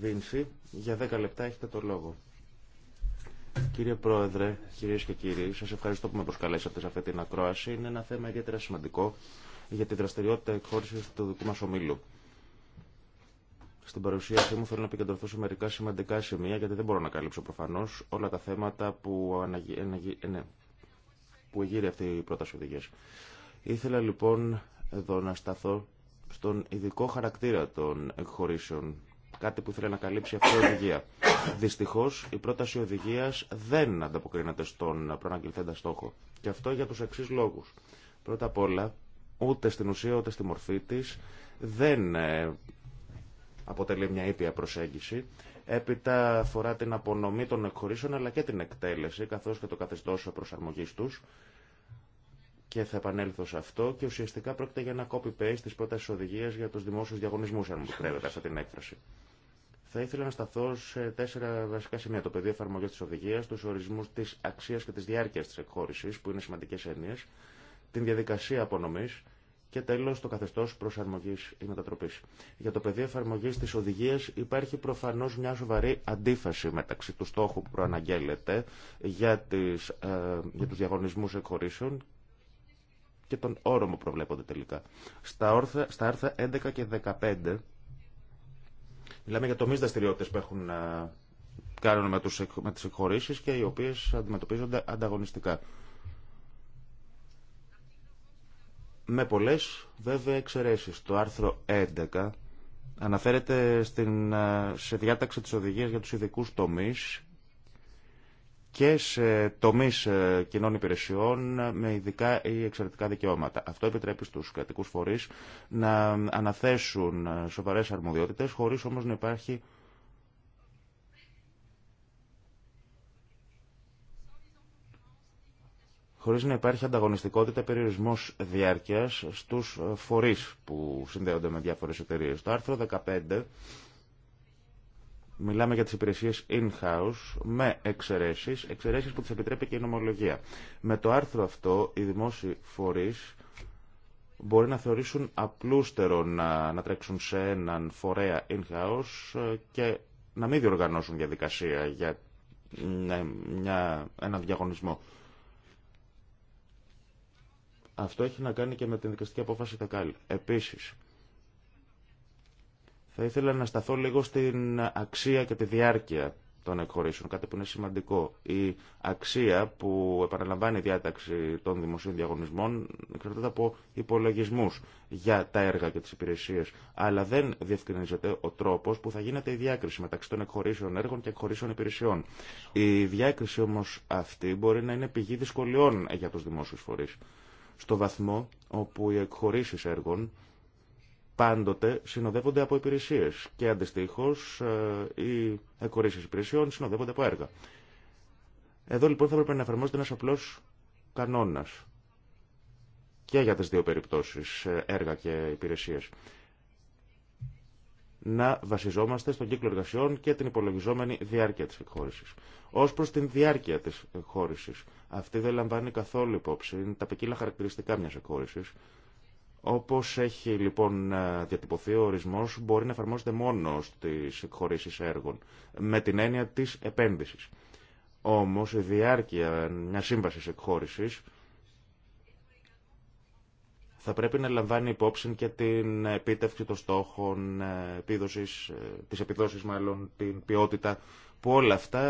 Βίνση. Για 10 λεπτά έχετε το λόγο. Κύριε Πρόεδρε, κυρίες και κύριοι, σας ευχαριστώ που με προσκαλέσατε σε αυτή την ακρόαση. Είναι ένα θέμα ιδιαίτερα σημαντικό για τη δραστηριότητα εκχώρηση του δικού μα ομίλου. Στην παρουσίασή μου θέλω να επικεντρωθώ σε μερικά σημαντικά σημεία, γιατί δεν μπορώ να καλύψω προφανώ όλα τα θέματα που, ναι, που εγείρει αυτή η πρόταση οδηγία. Ήθελα λοιπόν εδώ να σταθώ στον ειδικό χαρακτήρα των εκχωρήσεων. Κάτι που ήθελε να καλύψει αυτή η οδηγία. Δυστυχώ η πρόταση οδηγία δεν ανταποκρίνεται στον προαναγγελθέντα στόχο. Και αυτό για του εξή λόγου. Πρώτα απ' όλα, ούτε στην ουσία ούτε στη μορφή της δεν ε, αποτελεί μια ήπια προσέγγιση. Έπειτα αφορά την απονομή των εκχωρήσεων αλλά και την εκτέλεση καθώς και το καθεστώς προσαρμογής τους και θα επανέλθω σε αυτό και ουσιαστικά πρόκειται για ένα copy-paste της πρότασης οδηγίας για τους δημόσιους διαγωνισμούς αν μου επιτρέπετε αυτή την έκφραση. Θα ήθελα να σταθώ σε τέσσερα βασικά σημεία. Το πεδίο εφαρμογή τη οδηγία, του ορισμού τη αξία και τη διάρκεια τη εκχώρηση, που είναι σημαντικέ έννοιε, την διαδικασία απονομής και τέλο το καθεστώ προσαρμογή ή μετατροπή. Για το πεδίο εφαρμογή τη οδηγία υπάρχει προφανώ μια σοβαρή αντίφαση μεταξύ του στόχου που προαναγγέλλεται για, ε, για του διαγωνισμού εκχωρήσεων και των όρο που προβλέπονται τελικά. Στα, άρθρα 11 και 15 μιλάμε για τομεί δραστηριότητε που έχουν να ε, κάνουν με, τους, με τις εκχωρήσεις και οι οποίες αντιμετωπίζονται ανταγωνιστικά. με πολλές βέβαια εξαιρέσεις. Το άρθρο 11 αναφέρεται στην, ε, σε διάταξη της οδηγίας για τους ειδικούς τομείς και σε τομείς ε, κοινών υπηρεσιών με ειδικά ή εξαιρετικά δικαιώματα. Αυτό επιτρέπει στους κρατικούς φορείς να αναθέσουν ε, σοβαρές αρμοδιότητες χωρίς όμως να υπάρχει χωρίς να υπάρχει ανταγωνιστικότητα περιορισμός διάρκειας στους φορείς που συνδέονται με διάφορες εταιρείε. Το άρθρο 15 μιλάμε για τις υπηρεσίες in-house με εξαιρέσεις, εξαιρέσεις που τις επιτρέπει και η νομολογία. Με το άρθρο αυτό οι δημόσιοι φορείς μπορεί να θεωρήσουν απλούστερο να, να τρέξουν σε έναν φορέα in-house και να μην διοργανώσουν διαδικασία για μια, ένα διαγωνισμό. Αυτό έχει να κάνει και με την δικαστική απόφαση Κακάλ. Επίσης, θα ήθελα να σταθώ λίγο στην αξία και τη διάρκεια των εκχωρήσεων, κάτι που είναι σημαντικό. Η αξία που επαναλαμβάνει η διάταξη των δημοσίων διαγωνισμών εξαρτάται από υπολογισμού για τα έργα και τι υπηρεσίε, αλλά δεν διευκρινίζεται ο τρόπο που θα γίνεται η διάκριση μεταξύ των εκχωρήσεων έργων και εκχωρήσεων υπηρεσιών. Η διάκριση όμω αυτή μπορεί να είναι πηγή δυσκολιών για του δημόσιου φορεί στο βαθμό όπου οι εκχωρήσει έργων πάντοτε συνοδεύονται από υπηρεσίε και αντιστοίχω ε, οι εκχωρήσει υπηρεσιών συνοδεύονται από έργα. Εδώ λοιπόν θα έπρεπε να εφαρμόζεται ένα απλό κανόνα και για τις δύο περιπτώσεις, ε, έργα και υπηρεσίες. Να βασιζόμαστε στον κύκλο εργασιών και την υπολογιζόμενη διάρκεια της εκχώρησης. Ως προς την διάρκεια της εκχώρησης, αυτή δεν λαμβάνει καθόλου υπόψη είναι τα ποικίλα χαρακτηριστικά μιας εκχώρηση. Όπως έχει λοιπόν ε, διατυπωθεί ο ορισμό μπορεί να εφαρμόζεται μόνο στι εκχώρησει έργων, με την έννοια της επένδυσης. Όμως η διάρκεια μιας σύμβασης εκχώρηση θα πρέπει να λαμβάνει υπόψη και την επίτευξη των στόχων, τι ε, ε, τις επιδόσεις μάλλον, την ποιότητα που όλα αυτά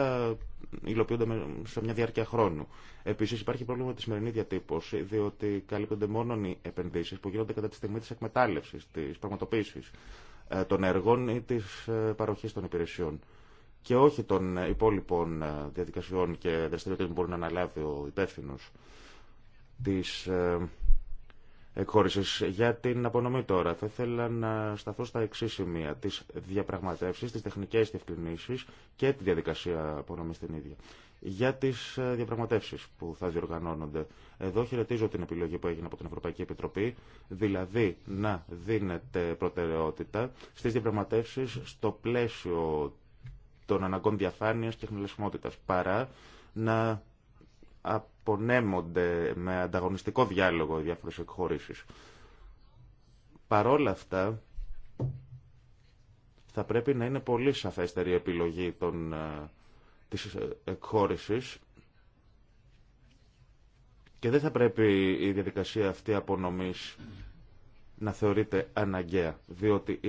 υλοποιούνται σε μια διάρκεια χρόνου. Επίση, υπάρχει πρόβλημα με τη σημερινή διατύπωση, διότι καλύπτονται μόνο οι επενδύσει που γίνονται κατά τη στιγμή τη εκμετάλλευση, τη πραγματοποίηση ε, των έργων ή τη ε, παροχή των υπηρεσιών και όχι των ε, υπόλοιπων διαδικασιών και δραστηριοτήτων που μπορεί να αναλάβει ο υπεύθυνο της εκχώρηση. Για την απονομή τώρα, θα ήθελα να σταθώ στα εξή σημεία. Τι διαπραγματεύσει, τι τεχνικέ διευκρινήσει και τη διαδικασία απονομή την ίδια. Για τι ε, διαπραγματεύσει που θα διοργανώνονται. Εδώ χαιρετίζω την επιλογή που έγινε από την Ευρωπαϊκή Επιτροπή, δηλαδή να δίνεται προτεραιότητα στι διαπραγματεύσει στο πλαίσιο των αναγκών διαφάνεια και χνηλεσιμότητα παρά να απονέμονται με ανταγωνιστικό διάλογο οι διάφορες εκχωρήσεις. Παρόλα αυτά, θα πρέπει να είναι πολύ σαφέστερη η επιλογή των, ε, της εκχώρησης και δεν θα πρέπει η διαδικασία αυτή απονομής να θεωρείται αναγκαία. Διότι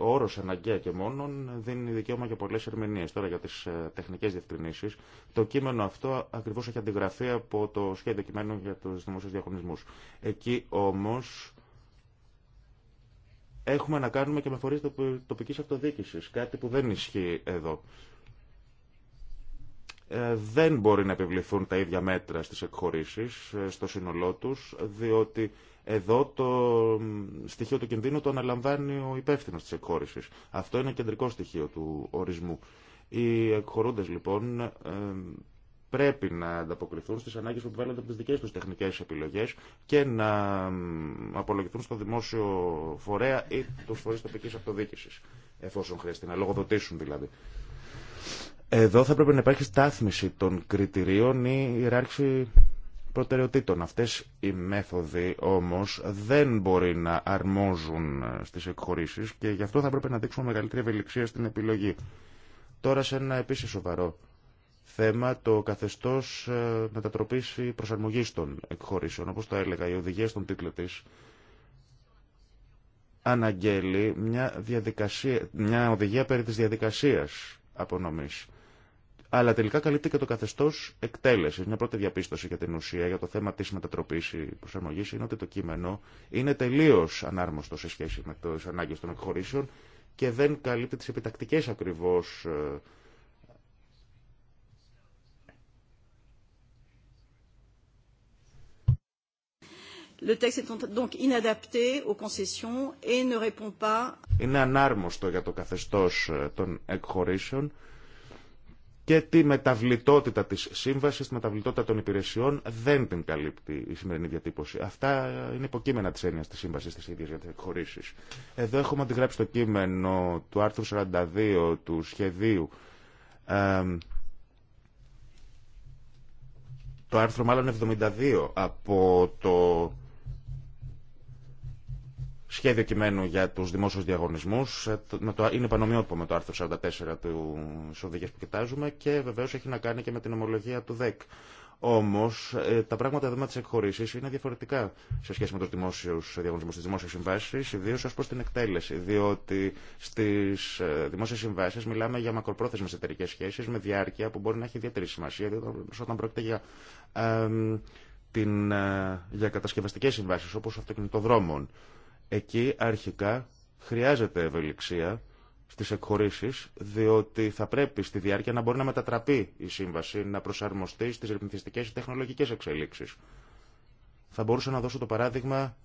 ο όρο αναγκαία και μόνον δίνει δικαίωμα για πολλέ ερμηνείε. Τώρα για τις ε, τεχνικέ διευκρινήσει, το κείμενο αυτό ακριβώ έχει αντιγραφεί από το σχέδιο κειμένου για του δημοσίου διαγωνισμού. Εκεί όμω έχουμε να κάνουμε και με φορεί τοπική αυτοδιοίκηση. κάτι που δεν ισχύει εδώ. Ε, δεν μπορεί να επιβληθούν τα ίδια μέτρα στις εκχωρήσεις ε, στο σύνολό τους, διότι εδώ το στοιχείο του κινδύνου το αναλαμβάνει ο υπεύθυνο τη εκχώρηση. Αυτό είναι κεντρικό στοιχείο του ορισμού. Οι εκχωρούντε λοιπόν ε, πρέπει να ανταποκριθούν στι ανάγκε που επιβάλλονται από τι δικέ του τεχνικέ επιλογέ και να απολογηθούν στο δημόσιο φορέα ή του φορεί τοπική αυτοδιοίκηση, εφόσον χρειαστεί, να λογοδοτήσουν δηλαδή. Εδώ θα πρέπει να υπάρχει στάθμιση των κριτηρίων ή ιεράρχηση προτεραιοτήτων. Αυτές οι μέθοδοι όμως δεν μπορεί να αρμόζουν ε, στις εκχωρήσεις και γι' αυτό θα πρέπει να δείξουμε μεγαλύτερη ευελιξία στην επιλογή. Τώρα σε ένα επίσης σοβαρό θέμα το καθεστώς ε, μετατροπής ή προσαρμογής των εκχωρήσεων. Όπως το έλεγα, η οδηγία στον τίτλο της αναγγέλει μια, διαδικασία, μια οδηγία περί της διαδικασίας απονομής αλλά τελικά καλύπτει και το καθεστώ εκτέλεση. Μια πρώτη διαπίστωση για την ουσία, για το θέμα τη μετατροπή ή προσαρμογή, είναι ότι το κείμενο είναι τελείω ανάρμοστο σε σχέση με τι ανάγκε των εκχωρήσεων και δεν καλύπτει τι επιτακτικέ ακριβώ Είναι ανάρμοστο για το καθεστώς ε, των εκχωρήσεων και τη μεταβλητότητα της σύμβασης, τη μεταβλητότητα των υπηρεσιών δεν την καλύπτει η σημερινή διατύπωση. Αυτά είναι υποκείμενα της έννοιας της σύμβασης της ίδιας για τις εκχωρήσεις. Εδώ έχουμε αντιγράψει το κείμενο του άρθρου 42 του σχεδίου το άρθρο μάλλον 72 από το σχέδιο κειμένου για του δημόσιου διαγωνισμού, ε, Είναι πανομοιότυπο με το άρθρο 44 του οδηγίας που κοιτάζουμε και βεβαίω έχει να κάνει και με την ομολογία του ΔΕΚ. Όμω, ε, τα πράγματα εδώ με τι εκχωρήσει είναι διαφορετικά σε σχέση με του δημόσιου διαγωνισμού, τι δημόσιε συμβάσει, ιδίω ω προ την εκτέλεση. Διότι στι ε, δημόσιε συμβάσει μιλάμε για μακροπρόθεσμε εταιρικέ σχέσει με διάρκεια που μπορεί να έχει ιδιαίτερη σημασία, όταν πρόκειται για, ε, την, ε, για κατασκευαστικέ συμβάσει, όπω αυτοκινητοδρόμων. Εκεί αρχικά χρειάζεται ευελιξία στις εκχωρήσεις, διότι θα πρέπει στη διάρκεια να μπορεί να μετατραπεί η σύμβαση, να προσαρμοστεί στις ρυθμιστικές και τεχνολογικές εξελίξεις. Θα μπορούσα να δώσω το παράδειγμα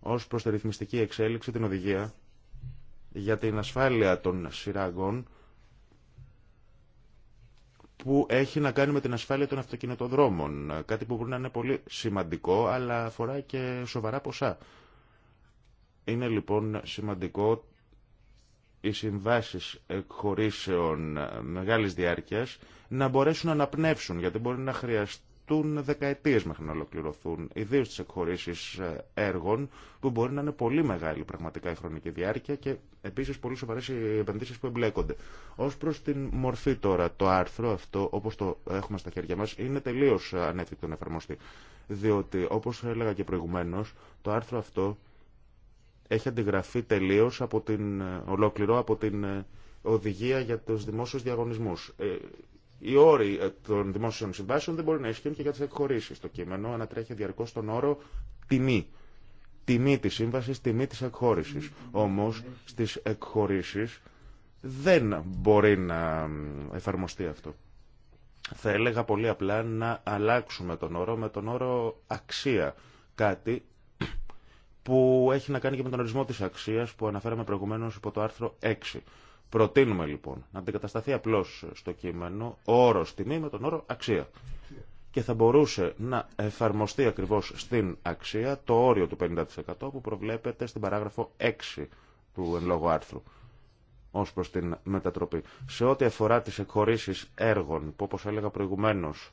ως προς τη ρυθμιστική εξέλιξη την οδηγία για την ασφάλεια των σειράγων που έχει να κάνει με την ασφάλεια των αυτοκινητοδρόμων. Κάτι που μπορεί να είναι πολύ σημαντικό, αλλά αφορά και σοβαρά ποσά. Είναι λοιπόν σημαντικό οι συμβάσεις εκχωρήσεων μεγάλης διάρκειας να μπορέσουν να αναπνεύσουν, γιατί μπορεί να χρειαστούν δεκαετίες μέχρι να ολοκληρωθούν, ιδίω τι εκχωρήσεις ε, έργων που μπορεί να είναι πολύ μεγάλη πραγματικά η χρονική διάρκεια και επίσης πολύ σοβαρές οι επενδύσεις που εμπλέκονται. Ως προς την μορφή τώρα, το άρθρο αυτό όπως το έχουμε στα χέρια μας είναι τελείως ανέφικτο να εφαρμοστεί, διότι όπως έλεγα και προηγουμένως, το άρθρο αυτό έχει αντιγραφεί τελείως από την, ολόκληρο από την ε, οδηγία για τους δημόσιους διαγωνισμούς. Ε, οι όροι ε, των δημόσιων συμβάσεων δεν μπορεί να ισχύουν και για τις εκχωρήσεις. Το κείμενο ανατρέχει διαρκώς τον όρο τιμή. Τιμή της σύμβαση, τιμή της εκχώρησης. Όμως στις εκχωρήσεις δεν μπορεί να εφαρμοστεί αυτό. Θα έλεγα πολύ απλά να αλλάξουμε τον όρο με τον όρο αξία. Κάτι που έχει να κάνει και με τον ορισμό της αξίας που αναφέραμε προηγουμένως υπό το άρθρο 6. Προτείνουμε λοιπόν να αντικατασταθεί απλώς στο κείμενο ο όρος τιμή με τον όρο αξία και θα μπορούσε να εφαρμοστεί ακριβώς στην αξία το όριο του 50% που προβλέπεται στην παράγραφο 6 του εν λόγω άρθρου ως προς την μετατροπή. Σε ό,τι αφορά τις εκχωρήσεις έργων που όπως έλεγα προηγουμένως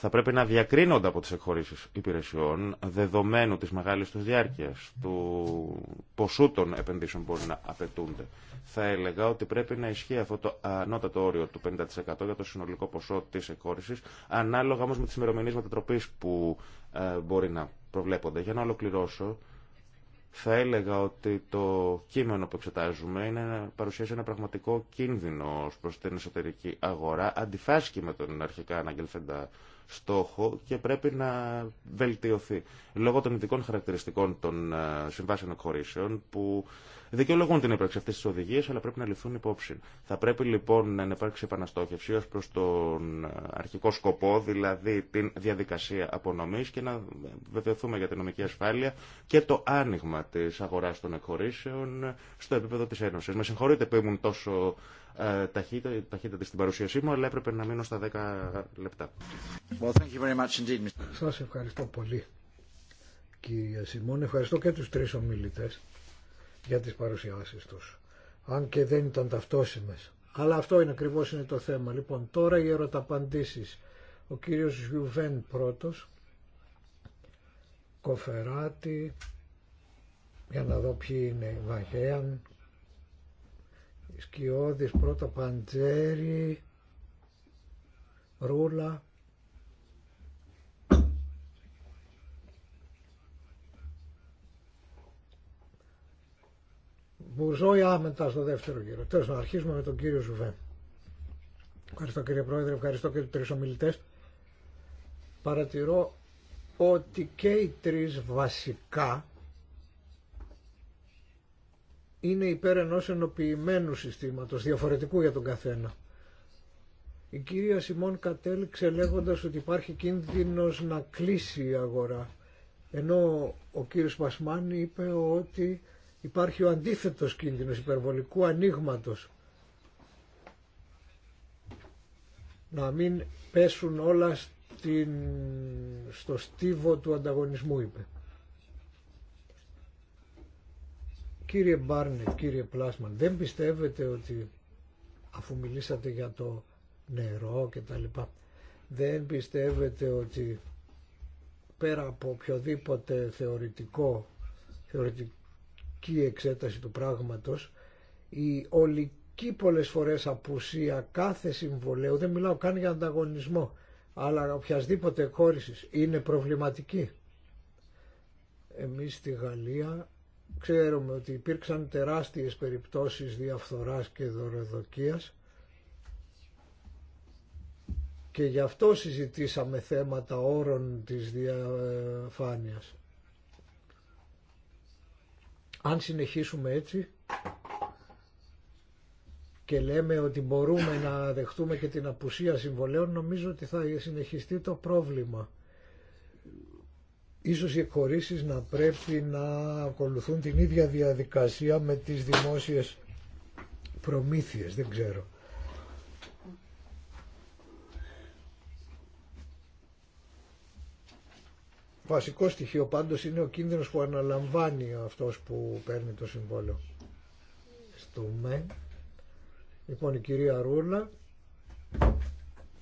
θα πρέπει να διακρίνονται από τις εκχωρήσεις υπηρεσιών δεδομένου της μεγάλης τους διάρκειας, του ποσού των επενδύσεων που μπορεί να απαιτούνται. Θα έλεγα ότι πρέπει να ισχύει αυτό το ανώτατο όριο του 50% για το συνολικό ποσό της εκχώρησης, ανάλογα όμως με τις ημερομηνίες μετατροπής που ε, μπορεί να προβλέπονται. Για να ολοκληρώσω, θα έλεγα ότι το κείμενο που εξετάζουμε είναι, παρουσιάζει ένα πραγματικό κίνδυνο προς την εσωτερική αγορά, αντιφάσκει με τον αρχικά αναγγελθέντα στόχο και πρέπει να βελτιωθεί. Λόγω των ειδικών χαρακτηριστικών των ε, συμβάσεων εκχωρήσεων που δικαιολογούν την ύπαρξη αυτή τη οδηγία, αλλά πρέπει να ληφθούν υπόψη. Θα πρέπει λοιπόν να υπάρξει επαναστόχευση ω προ τον αρχικό σκοπό, δηλαδή την διαδικασία απονομή και να βεβαιωθούμε για την νομική ασφάλεια και το άνοιγμα τη αγορά των εκχωρήσεων στο επίπεδο τη Ένωση. Με συγχωρείτε που ήμουν τόσο ε, ταχύτητα, στην παρουσίασή μου, αλλά έπρεπε να μείνω στα 10 λεπτά. Well, ευχαριστώ πολύ. Κύριε Σιμών, ευχαριστώ και του τρει ομιλητέ για τις παρουσιάσεις τους. Αν και δεν ήταν ταυτόσιμες. Αλλά αυτό είναι ακριβώς είναι το θέμα. Λοιπόν, τώρα οι ερωταπαντήσεις. Ο κύριος Γιουβέν πρώτος, Κοφεράτη, για να δω ποιοι είναι, Βαγέαν, Σκιώδης πρώτο Παντζέρη, Ρούλα, Μπουζόη άμετα στο δεύτερο γύρο. Τέλο να αρχίσουμε με τον κύριο Ζουβέ. Ευχαριστώ κύριε Πρόεδρε, ευχαριστώ και του τρει ομιλητέ. Παρατηρώ ότι και οι τρει βασικά είναι υπέρ ενό ενοποιημένου συστήματος, διαφορετικού για τον καθένα. Η κυρία Σιμών κατέληξε λέγοντας ότι υπάρχει κίνδυνο να κλείσει η αγορά, ενώ ο κύριος Πασμάνη είπε ότι υπάρχει ο αντίθετος κίνδυνος υπερβολικού ανοίγματο. Να μην πέσουν όλα στο στίβο του ανταγωνισμού, είπε. Κύριε Μπάρνετ, κύριε Πλάσμαν, δεν πιστεύετε ότι αφού μιλήσατε για το νερό και τα λοιπά, δεν πιστεύετε ότι πέρα από οποιοδήποτε θεωρητικό, θεωρητικό ολική εξέταση του πράγματος, η ολική πολλές φορές απουσία κάθε συμβολέου, δεν μιλάω καν για ανταγωνισμό, αλλά οποιασδήποτε χώρηση είναι προβληματική. Εμείς στη Γαλλία ξέρουμε ότι υπήρξαν τεράστιες περιπτώσεις διαφθοράς και δωροδοκίας και γι' αυτό συζητήσαμε θέματα όρων της διαφάνειας. Αν συνεχίσουμε έτσι και λέμε ότι μπορούμε να δεχτούμε και την απουσία συμβολέων, νομίζω ότι θα συνεχιστεί το πρόβλημα. Ίσως οι εκχωρήσεις να πρέπει να ακολουθούν την ίδια διαδικασία με τις δημόσιες προμήθειες, δεν ξέρω. Βασικό στοιχείο πάντως είναι ο κίνδυνος που αναλαμβάνει αυτός που παίρνει το συμβόλαιο. Στο λοιπόν η κυρία Ρούλα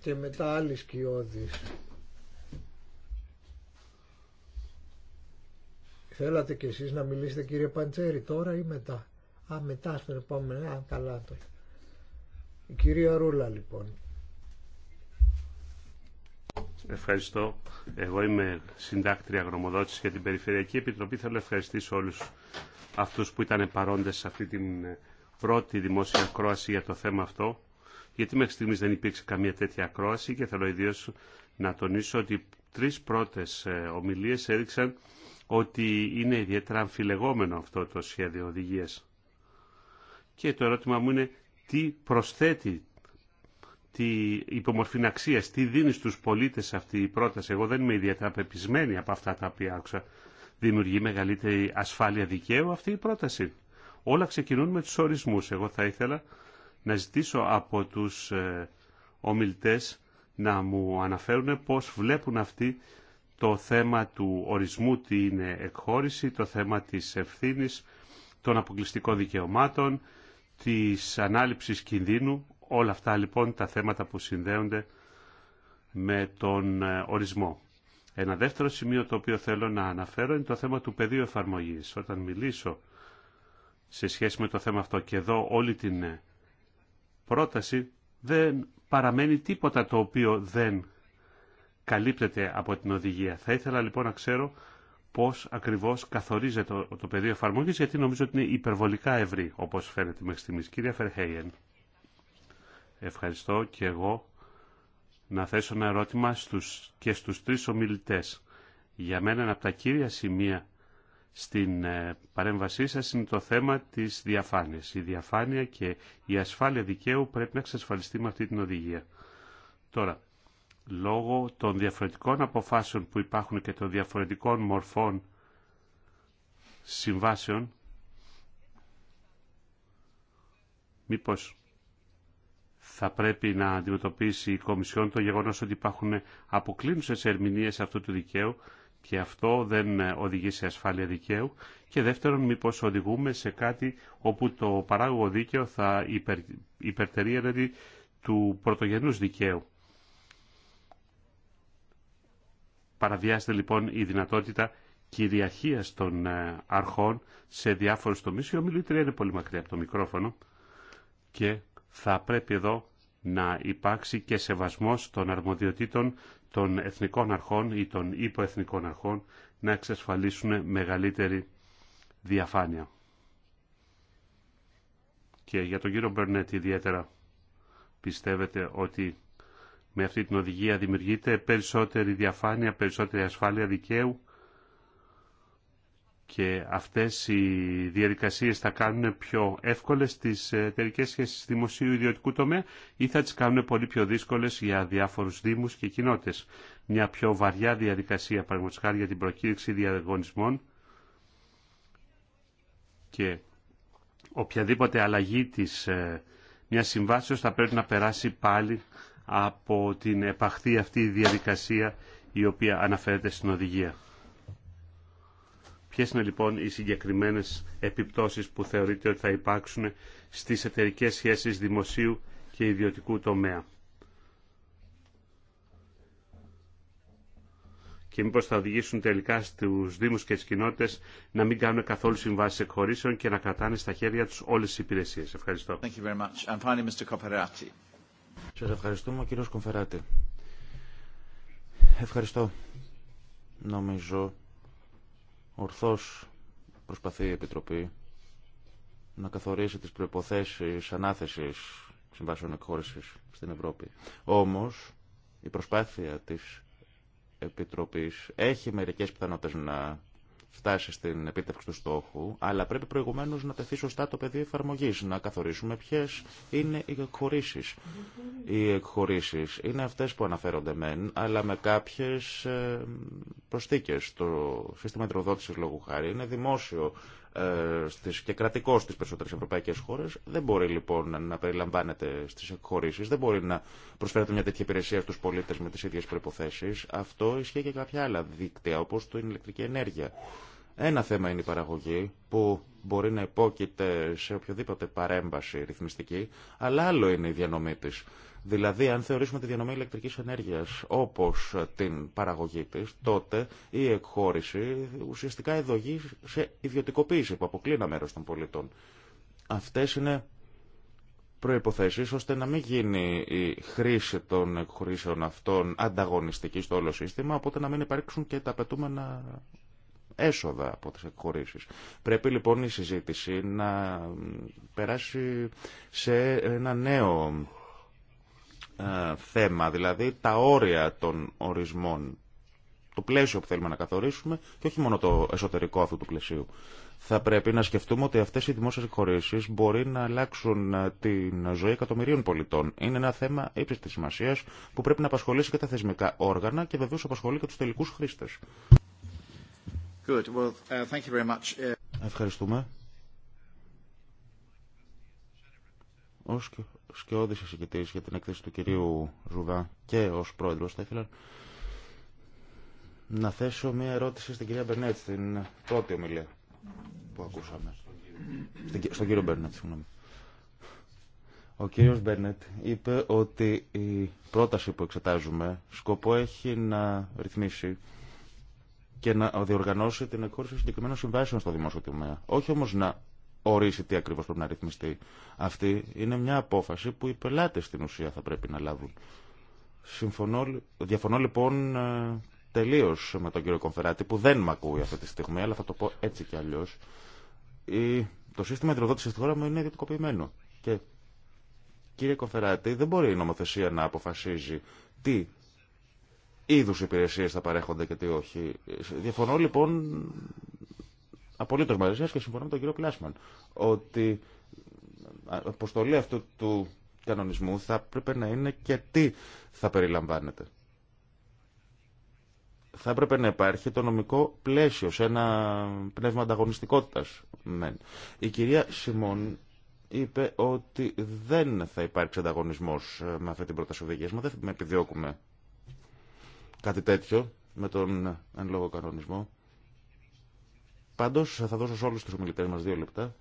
και μετά άλλη σκιώδης. Θέλατε κι εσείς να μιλήσετε κύριε Παντσέρη τώρα ή μετά. Α, μετά ας πουμε Α, καλά το. Η κυρία Ρούλα λοιπόν. Ευχαριστώ. Εγώ είμαι συντάκτρια γνωμοδότηση για την Περιφερειακή Επιτροπή. Θέλω να ευχαριστήσω όλους αυτούς που ήταν παρόντες σε αυτή την ε, πρώτη δημόσια ακρόαση για το θέμα αυτό, γιατί μέχρι στιγμής δεν υπήρξε καμία τέτοια ακρόαση και θέλω ιδίω να τονίσω ότι τρεις πρώτες ε, ομιλίες έδειξαν ότι είναι ιδιαίτερα αμφιλεγόμενο αυτό το σχέδιο οδηγίες. Και το ερώτημα μου είναι τι προσθέτει Τη υπομορφή αξία, τι δίνει στους πολίτες αυτή η πρόταση. Εγώ δεν είμαι ιδιαίτερα πεπισμένη από αυτά τα οποία άκουσα. Δημιουργεί μεγαλύτερη ασφάλεια δικαίου αυτή η πρόταση. Όλα ξεκινούν με τους ορισμούς. Εγώ θα ήθελα να ζητήσω από τους ε, ομιλητέ να μου αναφέρουν πώς βλέπουν αυτοί το θέμα του ορισμού, τι είναι εκχώρηση, το θέμα τη ευθύνη, των αποκλειστικών δικαιωμάτων, της ανάληψης κινδύνου. Όλα αυτά λοιπόν τα θέματα που συνδέονται με τον ε, ορισμό. Ένα δεύτερο σημείο το οποίο θέλω να αναφέρω είναι το θέμα του πεδίου εφαρμογής. Όταν μιλήσω σε σχέση με το θέμα αυτό και εδώ όλη την ε, πρόταση δεν παραμένει τίποτα το οποίο δεν καλύπτεται από την οδηγία. Θα ήθελα λοιπόν να ξέρω πώς ακριβώς καθορίζεται το, το πεδίο εφαρμογής γιατί νομίζω ότι είναι υπερβολικά ευρύ όπως φαίνεται μέχρι στιγμής. Κυρία Φερχέιεν. Ευχαριστώ και εγώ να θέσω ένα ερώτημα και στους τρεις ομιλητές. Για μένα ένα από τα κύρια σημεία στην ε, παρέμβασή σας είναι το θέμα της διαφάνειας. Η διαφάνεια και η ασφάλεια δικαίου πρέπει να εξασφαλιστεί με αυτή την οδηγία. Τώρα, λόγω των διαφορετικών αποφάσεων που υπάρχουν και των διαφορετικών μορφών συμβάσεων, μήπως θα πρέπει να αντιμετωπίσει η Κομισιόν το γεγονός ότι υπάρχουν αποκλίνουσες ερμηνείες αυτού του δικαίου και αυτό δεν οδηγεί σε ασφάλεια δικαίου και δεύτερον μήπως οδηγούμε σε κάτι όπου το παράγωγο δίκαιο θα υπερ, υπερτερεί δηλαδή, του πρωτογενούς δικαίου. Παραβιάζεται λοιπόν η δυνατότητα κυριαρχίας των ε, αρχών σε διάφορους τομείς. Η ομιλήτρια είναι πολύ μακριά από το μικρόφωνο και θα πρέπει εδώ να υπάρξει και σεβασμός των αρμοδιοτήτων των εθνικών αρχών ή των υποεθνικών αρχών να εξασφαλίσουν μεγαλύτερη διαφάνεια. Και για τον κύριο Μπερνέτ ιδιαίτερα πιστεύετε ότι με αυτή την οδηγία δημιουργείται περισσότερη διαφάνεια, περισσότερη ασφάλεια δικαίου και αυτές οι διαδικασίες θα κάνουν πιο εύκολες τις εταιρικέ σχέσεις δημοσίου ιδιωτικού τομέα ή θα τις κάνουν πολύ πιο δύσκολες για διάφορους δήμους και κοινότητες. Μια πιο βαριά διαδικασία χάρη για την προκήρυξη διαγωνισμών και οποιαδήποτε αλλαγή της ε, μια συμβάσεως θα πρέπει να περάσει πάλι από την επαχθή αυτή διαδικασία η οποία αναφέρεται στην οδηγία. Ποιες είναι λοιπόν οι συγκεκριμένες επιπτώσεις που θεωρείτε ότι θα υπάρξουν στις εταιρικές σχέσεις δημοσίου και ιδιωτικού τομέα. και μήπω θα οδηγήσουν τελικά στου Δήμου και τι κοινότητε να μην κάνουν καθόλου συμβάσει εκχωρήσεων και να κρατάνε στα χέρια του όλε τι υπηρεσίε. Ευχαριστώ. Σα ευχαριστούμε, κύριο Κομφεράτη. Ευχαριστώ. Νομίζω Ορθώς προσπαθεί η Επιτροπή να καθορίσει τις προϋποθέσεις ανάθεσης συμβάσεων εκχώρησης στην Ευρώπη. Όμως, η προσπάθεια της Επιτροπής έχει μερικές πιθανότητες να φτάσει στην επίτευξη του στόχου, αλλά πρέπει προηγουμένως να τεθεί σωστά το πεδίο εφαρμογή, να καθορίσουμε ποιε είναι οι εκχωρήσει. Οι εκχωρήσει είναι αυτέ που αναφέρονται μεν, αλλά με κάποιε προσθήκε. Το σύστημα εντροδότηση λόγου χάρη είναι δημόσιο ε, στις, και κρατικό στις περισσότερες ευρωπαϊκές χώρες. Δεν μπορεί λοιπόν να περιλαμβάνεται στις εκχωρήσει. δεν μπορεί να προσφέρεται μια τέτοια υπηρεσία στους πολίτες με τις ίδιε προποθέσει. Αυτό ισχύει και κάποια άλλα δίκτυα όπως την ηλεκτρική ενέργεια. Ένα θέμα είναι η παραγωγή που μπορεί να υπόκειται σε οποιοδήποτε παρέμβαση ρυθμιστική, αλλά άλλο είναι η διανομή της. Δηλαδή, αν θεωρήσουμε τη διανομή ηλεκτρικής ενέργειας όπως την παραγωγή τη, τότε η εκχώρηση ουσιαστικά εδογεί σε ιδιωτικοποίηση που αποκλεί μέρο μέρος των πολιτών. Αυτές είναι προϋποθέσεις ώστε να μην γίνει η χρήση των εκχωρήσεων αυτών ανταγωνιστική στο όλο σύστημα, οπότε να μην υπάρξουν και τα πετούμενα έσοδα από τις εκχωρήσεις. Πρέπει λοιπόν η συζήτηση να περάσει σε ένα νέο ε, θέμα, δηλαδή τα όρια των ορισμών, το πλαίσιο που θέλουμε να καθορίσουμε και όχι μόνο το εσωτερικό αυτού του πλαισίου. Θα πρέπει να σκεφτούμε ότι αυτές οι δημόσιε χωρίσει μπορεί να αλλάξουν ε, την ζωή εκατομμυρίων πολιτών. Είναι ένα θέμα ύψης της που πρέπει να απασχολήσει και τα θεσμικά όργανα και βεβαίω απασχολεί και του τελικού χρήστε. Well, uh, Ευχαριστούμε. ως σκιώδης εισηγητής για την έκθεση του κυρίου Ζουβά και ως πρόεδρος θα ήθελα να θέσω μια ερώτηση στην κυρία Μπερνέτ, στην πρώτη ομιλία που ακούσαμε. Στον κύριο Μπερνέτ, συγγνώμη. Ο κύριος Μπέρνετ είπε ότι η πρόταση που εξετάζουμε σκοπό έχει να ρυθμίσει και να διοργανώσει την εκχώρηση συγκεκριμένων συμβάσεων στο δημόσιο τομέα. Όχι όμω να ορίσει τι ακριβώ πρέπει να ρυθμιστεί. Αυτή είναι μια απόφαση που οι πελάτε στην ουσία θα πρέπει να λάβουν. Συμφωνώ, διαφωνώ λοιπόν ε, τελείω με τον κύριο Κομφεράτη που δεν με ακούει αυτή τη στιγμή, αλλά θα το πω έτσι κι αλλιώ. Το σύστημα εντροδότηση στη χώρα μου είναι ιδιωτικοποιημένο. Και κύριε Κομφεράτη, δεν μπορεί η νομοθεσία να αποφασίζει τι είδου υπηρεσίε θα παρέχονται και τι όχι. Ε, διαφωνώ λοιπόν απολύτω μαζί σα και συμφωνώ με τον κύριο Κλάσμαν ότι αποστολή αυτού του κανονισμού θα πρέπει να είναι και τι θα περιλαμβάνεται. Θα έπρεπε να υπάρχει το νομικό πλαίσιο σε ένα πνεύμα ανταγωνιστικότητα. Η κυρία Σιμών είπε ότι δεν θα υπάρξει ανταγωνισμό με αυτή την πρόταση οδηγία. Μα δεν επιδιώκουμε κάτι τέτοιο με τον εν κανονισμό. Πάντω θα δώσω σε όλους τους ομιλητέ μα δύο λεπτά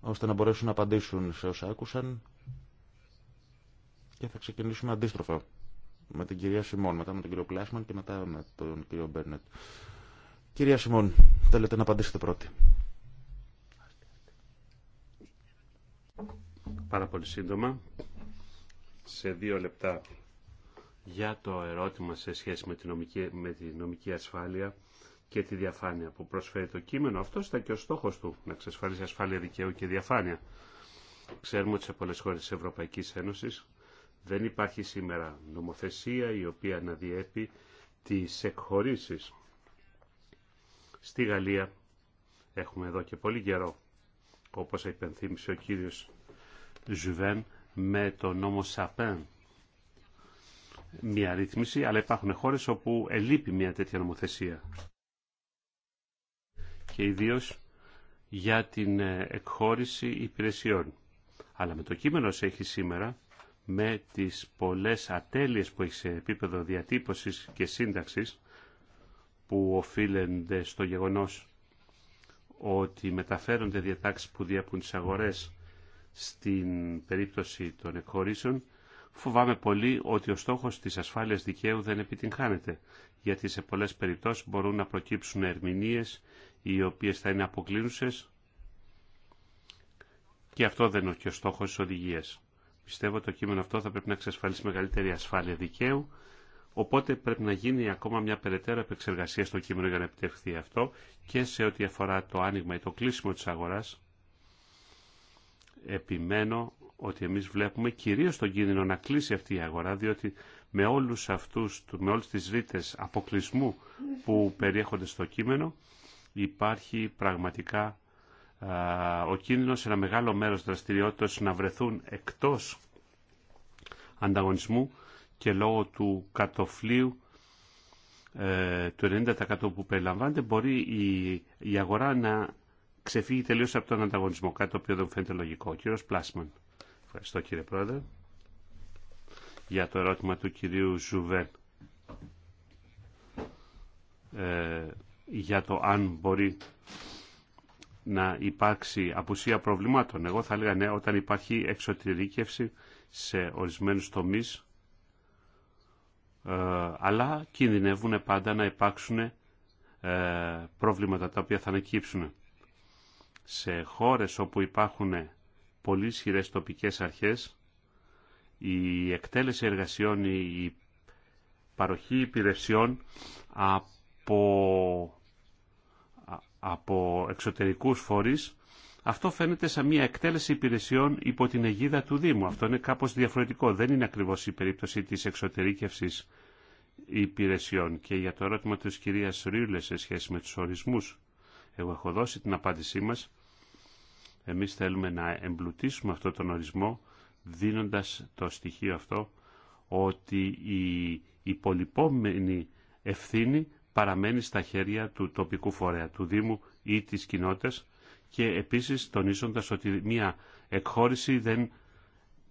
ώστε να μπορέσουν να απαντήσουν σε όσα άκουσαν και θα ξεκινήσουμε αντίστροφα με την κυρία Σιμών, μετά με τον κύριο Πλάσμαν και μετά με τον κύριο Μπέρνετ. Κυρία Σιμών, θέλετε να απαντήσετε πρώτη. Πάρα πολύ σύντομα, σε δύο λεπτά για το ερώτημα σε σχέση με τη νομική, με τη νομική ασφάλεια και τη διαφάνεια που προσφέρει το κείμενο. Αυτό ήταν και ο στόχο του, να εξασφαλίσει ασφάλεια δικαίου και διαφάνεια. Ξέρουμε ότι σε πολλέ χώρε τη Ευρωπαϊκή Ένωση δεν υπάρχει σήμερα νομοθεσία η οποία να διέπει τι εκχωρήσει. Στη Γαλλία έχουμε εδώ και πολύ καιρό, όπω υπενθύμησε ο κύριο Ζουβέν, με το νόμο Σαπέν, μια ρύθμιση, αλλά υπάρχουν χώρες όπου ελείπει μια τέτοια νομοθεσία και ιδίως για την ε, εκχώρηση υπηρεσιών. Αλλά με το κείμενο έχει σήμερα, με τις πολλές ατέλειες που έχει σε επίπεδο διατύπωσης και σύνταξης, που οφείλονται στο γεγονός ότι μεταφέρονται διατάξεις που διαπούν τις αγορές στην περίπτωση των εκχωρήσεων, φοβάμαι πολύ ότι ο στόχος της ασφάλειας δικαίου δεν επιτυγχάνεται, γιατί σε πολλές περιπτώσεις μπορούν να προκύψουν ερμηνείες οι οποίες θα είναι αποκλίνουσες και αυτό δεν είναι και ο στόχος της οδηγίας. Πιστεύω το κείμενο αυτό θα πρέπει να εξασφαλίσει μεγαλύτερη ασφάλεια δικαίου, οπότε πρέπει να γίνει ακόμα μια περαιτέρω επεξεργασία στο κείμενο για να επιτευχθεί αυτό και σε ό,τι αφορά το άνοιγμα ή το κλείσιμο της αγοράς. Επιμένω ότι εμείς βλέπουμε κυρίως τον κίνδυνο να κλείσει αυτή η αγορά, διότι με, όλους αυτούς, με όλες τις ρήτες αποκλεισμού που περιέχονται στο κείμενο, υπάρχει πραγματικά ο κίνδυνος σε ένα μεγάλο μέρος δραστηριότητας να βρεθούν εκτός ανταγωνισμού και λόγω του κατοφλίου ε, του 90% που περιλαμβάνεται μπορεί η, αγορά να ξεφύγει τελείως από τον ανταγωνισμό, κάτι το οποίο δεν φαίνεται λογικό. Ο κύριος Πλάσμαν. Ευχαριστώ κύριε Πρόεδρε για το ερώτημα του κυρίου Ζουβέν. Ε, για το αν μπορεί να υπάρξει απουσία προβλημάτων. Εγώ θα έλεγα ναι, όταν υπάρχει εξωτερήκευση σε ορισμένους τομείς, ε, αλλά κινδυνεύουν πάντα να υπάρξουν ε, προβλήματα τα οποία θα ανακύψουν. Σε χώρες όπου υπάρχουν πολύ ισχυρέ τοπικές αρχές, η εκτέλεση εργασιών, η παροχή υπηρεσιών από από εξωτερικούς φορείς, αυτό φαίνεται σαν μια εκτέλεση υπηρεσιών υπό την αιγίδα του Δήμου. Αυτό είναι κάπως διαφορετικό. Δεν είναι ακριβώς η περίπτωση της εξωτερήκευσης υπηρεσιών. Και για το ερώτημα της κυρίας Ρίουλε σε σχέση με τους ορισμούς, εγώ έχω δώσει την απάντησή μας. Εμείς θέλουμε να εμπλουτίσουμε αυτό τον ορισμό, δίνοντας το στοιχείο αυτό ότι η υπολοιπόμενη ευθύνη παραμένει στα χέρια του τοπικού φορέα, του Δήμου ή της κοινότητας και επίσης τονίζοντας ότι μια εκχώρηση δεν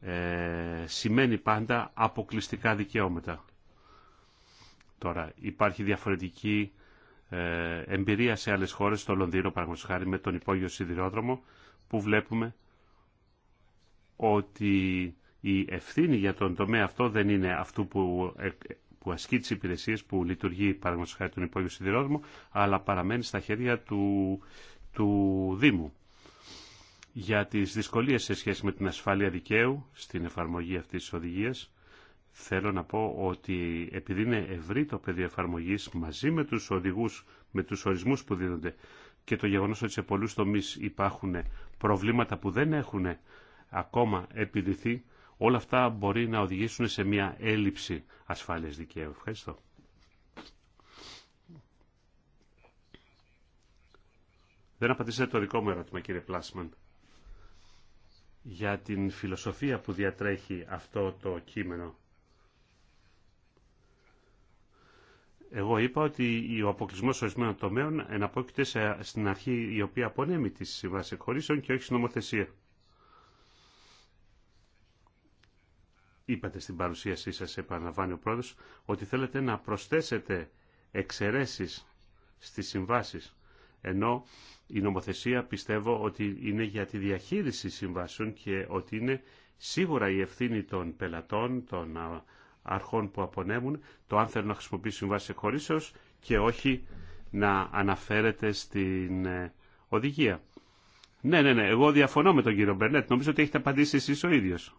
ε, σημαίνει πάντα αποκλειστικά δικαιώματα. Τώρα υπάρχει διαφορετική ε, εμπειρία σε άλλες χώρες, στο Λονδίνο παραγωγικα με τον υπόγειο σιδηρόδρομο που βλέπουμε ότι η ευθύνη για τον τομέα αυτό δεν είναι αυτού που ε, που ασκεί τι υπηρεσίε που λειτουργεί, παραδείγματο χάρη τον υπόγειο σιδηρόδρομο, αλλά παραμένει στα χέρια του, του Δήμου. Για τι δυσκολίε σε σχέση με την ασφάλεια δικαίου στην εφαρμογή αυτή τη οδηγία, θέλω να πω ότι επειδή είναι ευρύ το πεδίο εφαρμογή μαζί με του οδηγού, με του ορισμού που δίνονται και το γεγονό ότι σε πολλού τομεί υπάρχουν προβλήματα που δεν έχουν ακόμα επιδηθεί, όλα αυτά μπορεί να οδηγήσουν σε μια έλλειψη ασφάλειας δικαίου. Ευχαριστώ. Δεν απαντήσατε το δικό μου ερώτημα, κύριε Πλάσμαν, για την φιλοσοφία που διατρέχει αυτό το κείμενο. Εγώ είπα ότι ο αποκλεισμό ορισμένων τομέων εναπόκειται στην αρχή η οποία απονέμει τη συμβάση εκχωρήσεων και όχι στην νομοθεσία. είπατε στην παρουσίασή σας, επαναλαμβάνει ο πρόεδρος, ότι θέλετε να προσθέσετε εξαιρέσεις στις συμβάσεις, ενώ η νομοθεσία πιστεύω ότι είναι για τη διαχείριση συμβάσεων και ότι είναι σίγουρα η ευθύνη των πελατών, των αρχών που απονέμουν, το αν θέλουν να χρησιμοποιήσουν συμβάσει χωρίσεως και όχι να αναφέρεται στην ε, οδηγία. Ναι, ναι, ναι, εγώ διαφωνώ με τον κύριο Μπερνέτ. Νομίζω ότι έχετε απαντήσει εσείς ο ίδιος.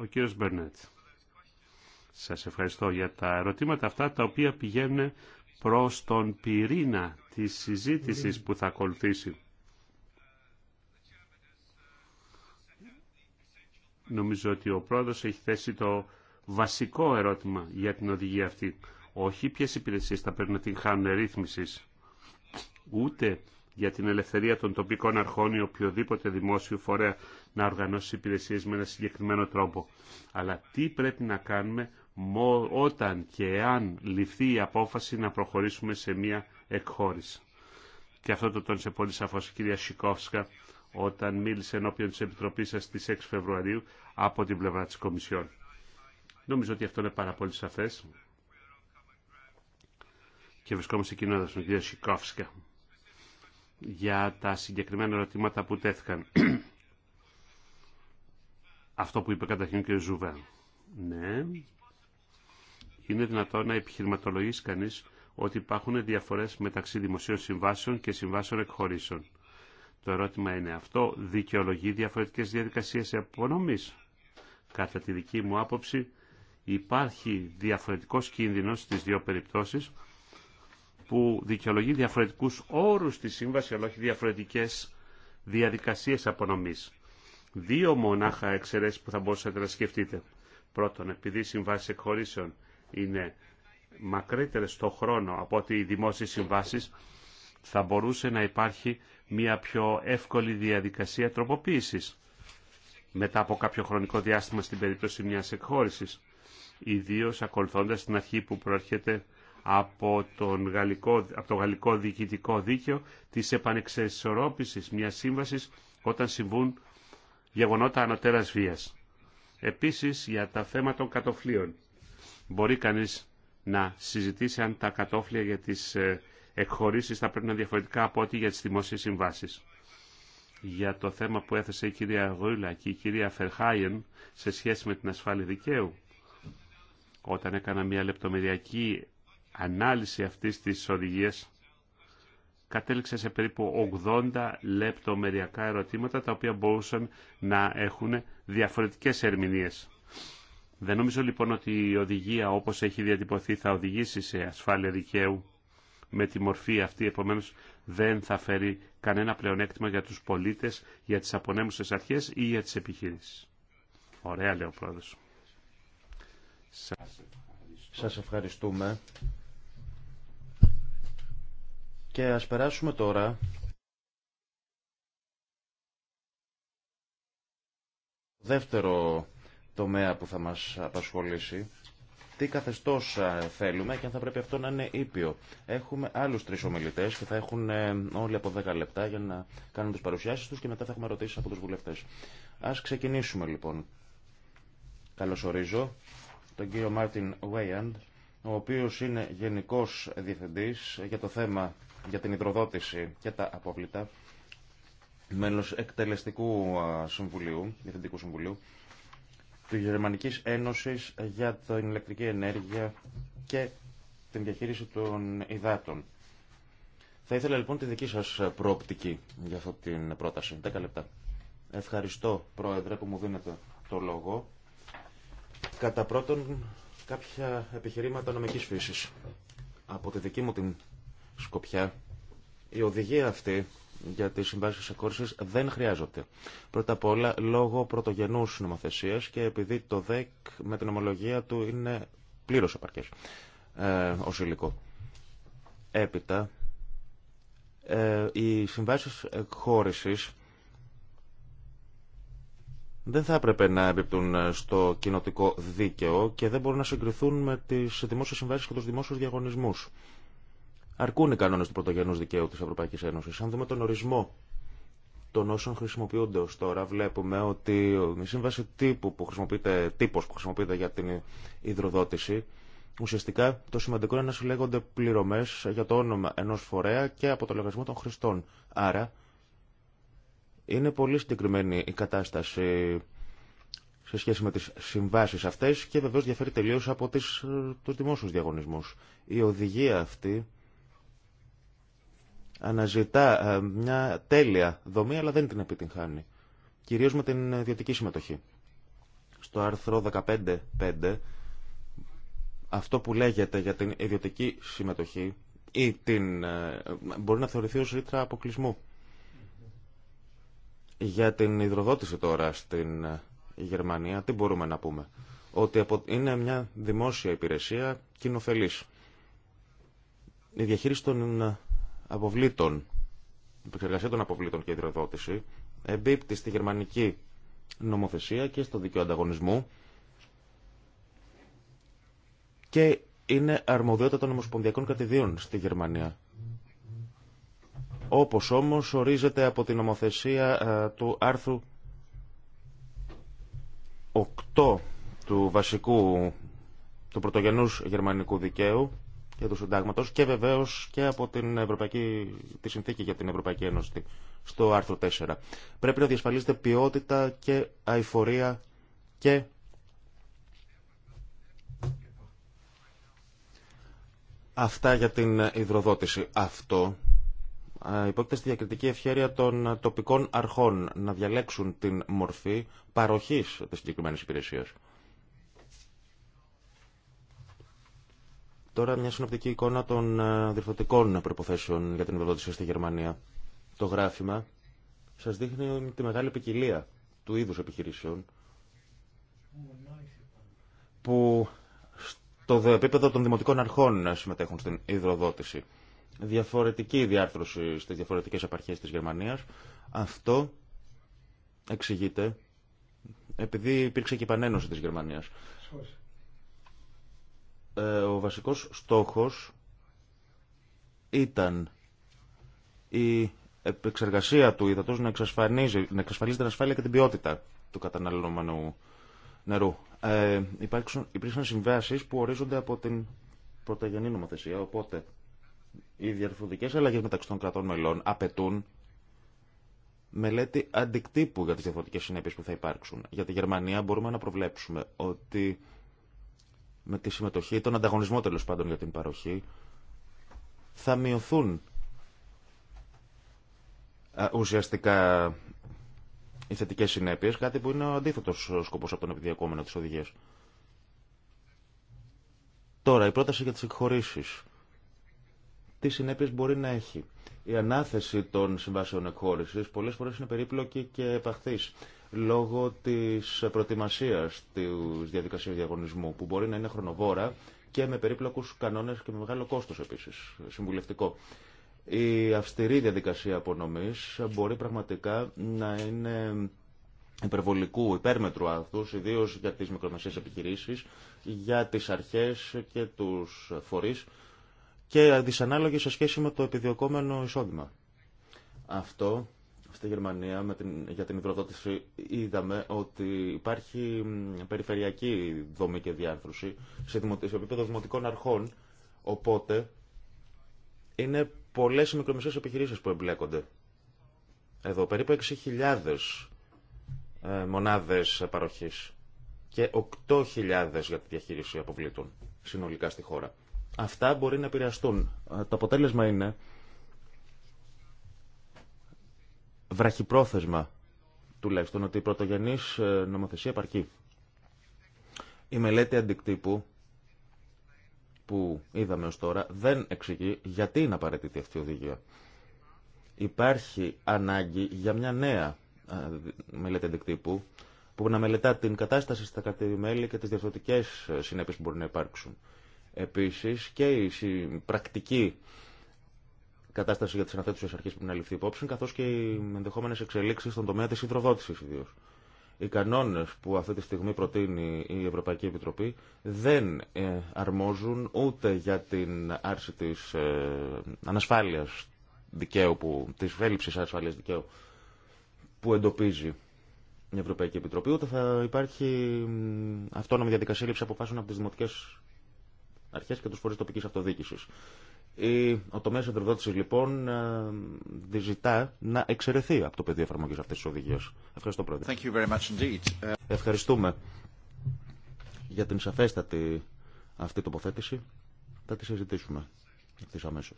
ο κύριος Μπερνέτ. Σας ευχαριστώ για τα ερωτήματα αυτά τα οποία πηγαίνουν προς τον πυρήνα της συζήτησης που θα ακολουθήσει. Νομίζω ότι ο πρόεδρος έχει θέσει το βασικό ερώτημα για την οδηγία αυτή. Όχι ποιες υπηρεσίες θα πρέπει να την χάνουν ρύθμισης, ούτε για την ελευθερία των τοπικών αρχών ή οποιοδήποτε δημόσιο φορέα να οργανώσει υπηρεσίες με ένα συγκεκριμένο τρόπο. Αλλά τι πρέπει να κάνουμε όταν και εάν ληφθεί η απόφαση να προχωρήσουμε σε μια εκχώρηση. Και αυτό το τόνισε πολύ σαφώς η κυρία Σικόφσκα όταν μίλησε ενώπιον της Επιτροπής σας στις 6 Φεβρουαρίου από την πλευρά της Κομισιόν. Νομίζω ότι αυτό είναι πάρα πολύ σαφές και βρισκόμαστε κοινότητα στον κύριο Σικόφσκα για τα συγκεκριμένα ερωτήματα που τέθηκαν αυτό που είπε καταρχήν ο κ. Ναι, είναι δυνατόν να επιχειρηματολογήσει κανείς ότι υπάρχουν διαφορές μεταξύ δημοσίων συμβάσεων και συμβάσεων εκχωρήσεων. Το ερώτημα είναι αυτό δικαιολογεί διαφορετικές διαδικασίες απονομής. Κατά τη δική μου άποψη υπάρχει διαφορετικός κίνδυνος στις δύο περιπτώσεις που δικαιολογεί διαφορετικούς όρους στη σύμβαση αλλά όχι διαφορετικές διαδικασίες απονομής δύο μονάχα εξαιρέσει που θα μπορούσατε να σκεφτείτε. Πρώτον, επειδή οι συμβάσεις εκχωρήσεων είναι μακρύτερε στο χρόνο από ότι οι δημόσιε συμβάσει θα μπορούσε να υπάρχει μια πιο εύκολη διαδικασία τροποποίηση μετά από κάποιο χρονικό διάστημα στην περίπτωση μια εκχώρηση, ιδίω ακολουθώντα την αρχή που προέρχεται από, τον γαλλικό, από το γαλλικό διοικητικό δίκαιο της επανεξεσορρόπησης μιας σύμβασης όταν συμβούν γεγονότα ανωτέρας βίας. Επίσης για τα θέματα των κατοφλίων. Μπορεί κανείς να συζητήσει αν τα κατόφλια για τις ε, εκχωρήσεις θα πρέπει να είναι διαφορετικά από ό,τι για τις δημόσιες συμβάσεις. Για το θέμα που έθεσε η κυρία Γουίλα και η κυρία Φερχάιεν σε σχέση με την ασφάλεια δικαίου, όταν έκανα μια λεπτομεριακή ανάλυση αυτής της οδηγίας, κατέληξε σε περίπου 80 λεπτομεριακά ερωτήματα τα οποία μπορούσαν να έχουν διαφορετικές ερμηνείες. Δεν νομίζω λοιπόν ότι η οδηγία όπως έχει διατυπωθεί θα οδηγήσει σε ασφάλεια δικαίου με τη μορφή αυτή, επομένως δεν θα φέρει κανένα πλεονέκτημα για τους πολίτες, για τις απονέμουσες αρχές ή για τις επιχείρησεις. Ωραία λέει ο πρόεδρος. Σας ευχαριστούμε. Και ας περάσουμε τώρα δεύτερο τομέα που θα μας απασχολήσει τι καθεστώς ε, θέλουμε και αν θα πρέπει αυτό να είναι ήπιο. Έχουμε άλλους τρεις ομιλητές και θα έχουν ε, όλοι από 10 λεπτά για να κάνουν τις παρουσιάσεις τους και μετά θα έχουμε ερωτήσεις από τους βουλευτές. Ας ξεκινήσουμε λοιπόν. Καλωσορίζω τον κύριο Μάρτιν Βέιαντ, ο οποίος είναι Γενικός Διευθυντής για το θέμα για την υδροδότηση και τα απόβλητα, μέλος εκτελεστικού συμβουλίου, διευθυντικού συμβουλίου, του Γερμανικής Ένωσης για την ηλεκτρική ενέργεια και την διαχείριση των υδάτων. Θα ήθελα λοιπόν τη δική σας προοπτική για αυτή την πρόταση. 10 λεπτά. Ευχαριστώ, Πρόεδρε, που μου δίνετε το λόγο. Κατά πρώτον, κάποια επιχειρήματα νομικής φύσης. Από τη δική μου την σκοπιά, η οδηγία αυτή για τις συμβάσεις εκόρησης δεν χρειάζονται. Πρώτα απ' όλα λόγω πρωτογενούς νομοθεσία και επειδή το ΔΕΚ με την ομολογία του είναι πλήρως επαρκέ ε, ως υλικό. Έπειτα, ε, οι συμβάσεις εκχώρησης δεν θα έπρεπε να εμπιπτούν στο κοινοτικό δίκαιο και δεν μπορούν να συγκριθούν με τις δημόσιε συμβάσει και του δημόσιου διαγωνισμού. Αρκούν οι κανόνε του πρωτογενού δικαίου τη Ευρωπαϊκή Ένωση. Αν δούμε τον ορισμό των όσων χρησιμοποιούνται ω τώρα, βλέπουμε ότι η σύμβαση τύπου που χρησιμοποιείται, τύπος που χρησιμοποιείται για την υδροδότηση, ουσιαστικά το σημαντικό είναι να συλλέγονται πληρωμέ για το όνομα ενό φορέα και από το λογαριασμό των χρηστών. Άρα, είναι πολύ συγκεκριμένη η κατάσταση σε σχέση με τις συμβάσεις αυτές και βεβαίως διαφέρει τελείως από τις, ε, τους δημόσιους διαγωνισμούς. Η οδηγία αυτή αναζητά ε, μια τέλεια δομή, αλλά δεν την επιτυγχάνει. Κυρίως με την ιδιωτική συμμετοχή. Στο άρθρο 15.5, αυτό που λέγεται για την ιδιωτική συμμετοχή ή την, ε, μπορεί να θεωρηθεί ως ρήτρα αποκλεισμού. Για την υδροδότηση τώρα στην ε, Γερμανία, τι μπορούμε να πούμε. Ότι είναι μια δημόσια υπηρεσία κοινοφελής. Η διαχείριση των αποβλήτων, επεξεργασία των αποβλήτων και ιδρυοδότηση εμπίπτει στη γερμανική νομοθεσία και στο δίκαιο ανταγωνισμού και είναι αρμοδιότητα των ομοσπονδιακών κατηδίων στη Γερμανία. Όπως όμως ορίζεται από την νομοθεσία ε, του άρθρου 8 του βασικού του πρωτογενούς γερμανικού δικαίου και του συντάγματο και βεβαίω και από την Ευρωπαϊκή, τη συνθήκη για την Ευρωπαϊκή Ένωση στο άρθρο 4. Πρέπει να διασφαλίζεται ποιότητα και αηφορία και αυτά για την υδροδότηση. Αυτό υπόκειται στη διακριτική ευχαίρεια των τοπικών αρχών να διαλέξουν την μορφή παροχής της συγκεκριμένης υπηρεσίας. Τώρα μια συνοπτική εικόνα των ε, διευθυντικών προποθέσεων για την υδροδότηση στη Γερμανία. Το γράφημα σας δείχνει τη μεγάλη ποικιλία του είδους επιχειρήσεων που στο επίπεδο των δημοτικών αρχών συμμετέχουν στην υδροδότηση. Διαφορετική διάρθρωση στις διαφορετικές επαρχίες της Γερμανίας. Αυτό εξηγείται επειδή υπήρξε και η πανένωση της Γερμανίας. Ε, ο βασικός στόχος ήταν η επεξεργασία του ύδατος να, εξασφαλίζει, να εξασφαλίζει την ασφάλεια και την ποιότητα του καταναλωμένου νερού. Ε, υπήρξαν συμβάσεις που ορίζονται από την πρωτογενή νομοθεσία, οπότε οι διαρθρωτικές αλλαγές μεταξύ των κρατών μελών απαιτούν μελέτη αντικτύπου για τις διαφορετικέ συνέπειες που θα υπάρξουν. Για τη Γερμανία μπορούμε να προβλέψουμε ότι με τη συμμετοχή, τον ανταγωνισμό τέλο πάντων για την παροχή, θα μειωθούν ε, ουσιαστικά οι θετικέ συνέπειε, κάτι που είναι ο αντίθετο σκοπό από τον επιδιακόμενο τη οδηγία. Τώρα, η πρόταση για τι εκχωρήσει. Τι συνέπειε μπορεί να έχει. Η ανάθεση των συμβάσεων εκχώρηση πολλέ φορέ είναι περίπλοκη και επαχθής λόγω της προετοιμασίας της διαδικασίας διαγωνισμού που μπορεί να είναι χρονοβόρα και με περίπλοκους κανόνες και με μεγάλο κόστος επίσης, συμβουλευτικό. Η αυστηρή διαδικασία απονομής μπορεί πραγματικά να είναι υπερβολικού, υπέρμετρου άθους, ιδίως για τις μικρομεσαίες επιχειρήσεις, για τις αρχές και τους φορείς και δυσανάλογη σε σχέση με το επιδιωκόμενο εισόδημα. Αυτό στη Γερμανία με την, για την υδροδότηση είδαμε ότι υπάρχει περιφερειακή δομή και διάρθρωση σε, σε επίπεδο δημοτικών αρχών, οπότε είναι πολλές οι μικρομεσαίες επιχειρήσεις που εμπλέκονται. Εδώ περίπου 6.000 ε, μονάδες παροχής και 8.000 για τη διαχείριση αποβλήτων συνολικά στη χώρα. Αυτά μπορεί να επηρεαστούν. Ε, το αποτέλεσμα είναι βραχυπρόθεσμα τουλάχιστον ότι η πρωτογενής ε, νομοθεσία επαρκεί. Η μελέτη αντικτύπου που είδαμε ως τώρα δεν εξηγεί γιατί είναι απαραίτητη αυτή η οδηγία. Υπάρχει ανάγκη για μια νέα ε, μελέτη αντικτύπου που να μελετά την κατάσταση στα κατημέλια και τις διαφορετικές ε, συνέπειες που μπορεί να υπάρξουν. Επίσης και η πρακτική κατάσταση για τι αναθέτουσε αρχέ πρέπει να ληφθεί υπόψη, καθώ και οι ενδεχόμενε εξελίξει στον τομέα τη υδροδότηση ιδίω. Οι κανόνε που αυτή τη στιγμή προτείνει η Ευρωπαϊκή Επιτροπή δεν ε, αρμόζουν ούτε για την άρση τη ε, ανασφάλεια δικαίου, που, της φέληψης δικαίου που εντοπίζει η Ευρωπαϊκή Επιτροπή, ούτε θα υπάρχει αυτόνομη διαδικασία λήψη αποφάσεων από τι δημοτικέ αρχέ και του φορεί τοπική αυτοδιοίκηση. Ο τομέα εντροδότηση λοιπόν ε, διζητά να εξαιρεθεί από το πεδίο εφαρμογή αυτή τη οδηγία. Ευχαριστώ, Πρόεδρε. Ε, Ευχαριστούμε για την σαφέστατη αυτή τοποθέτηση. Θα τη συζητήσουμε ευθύ αμέσω.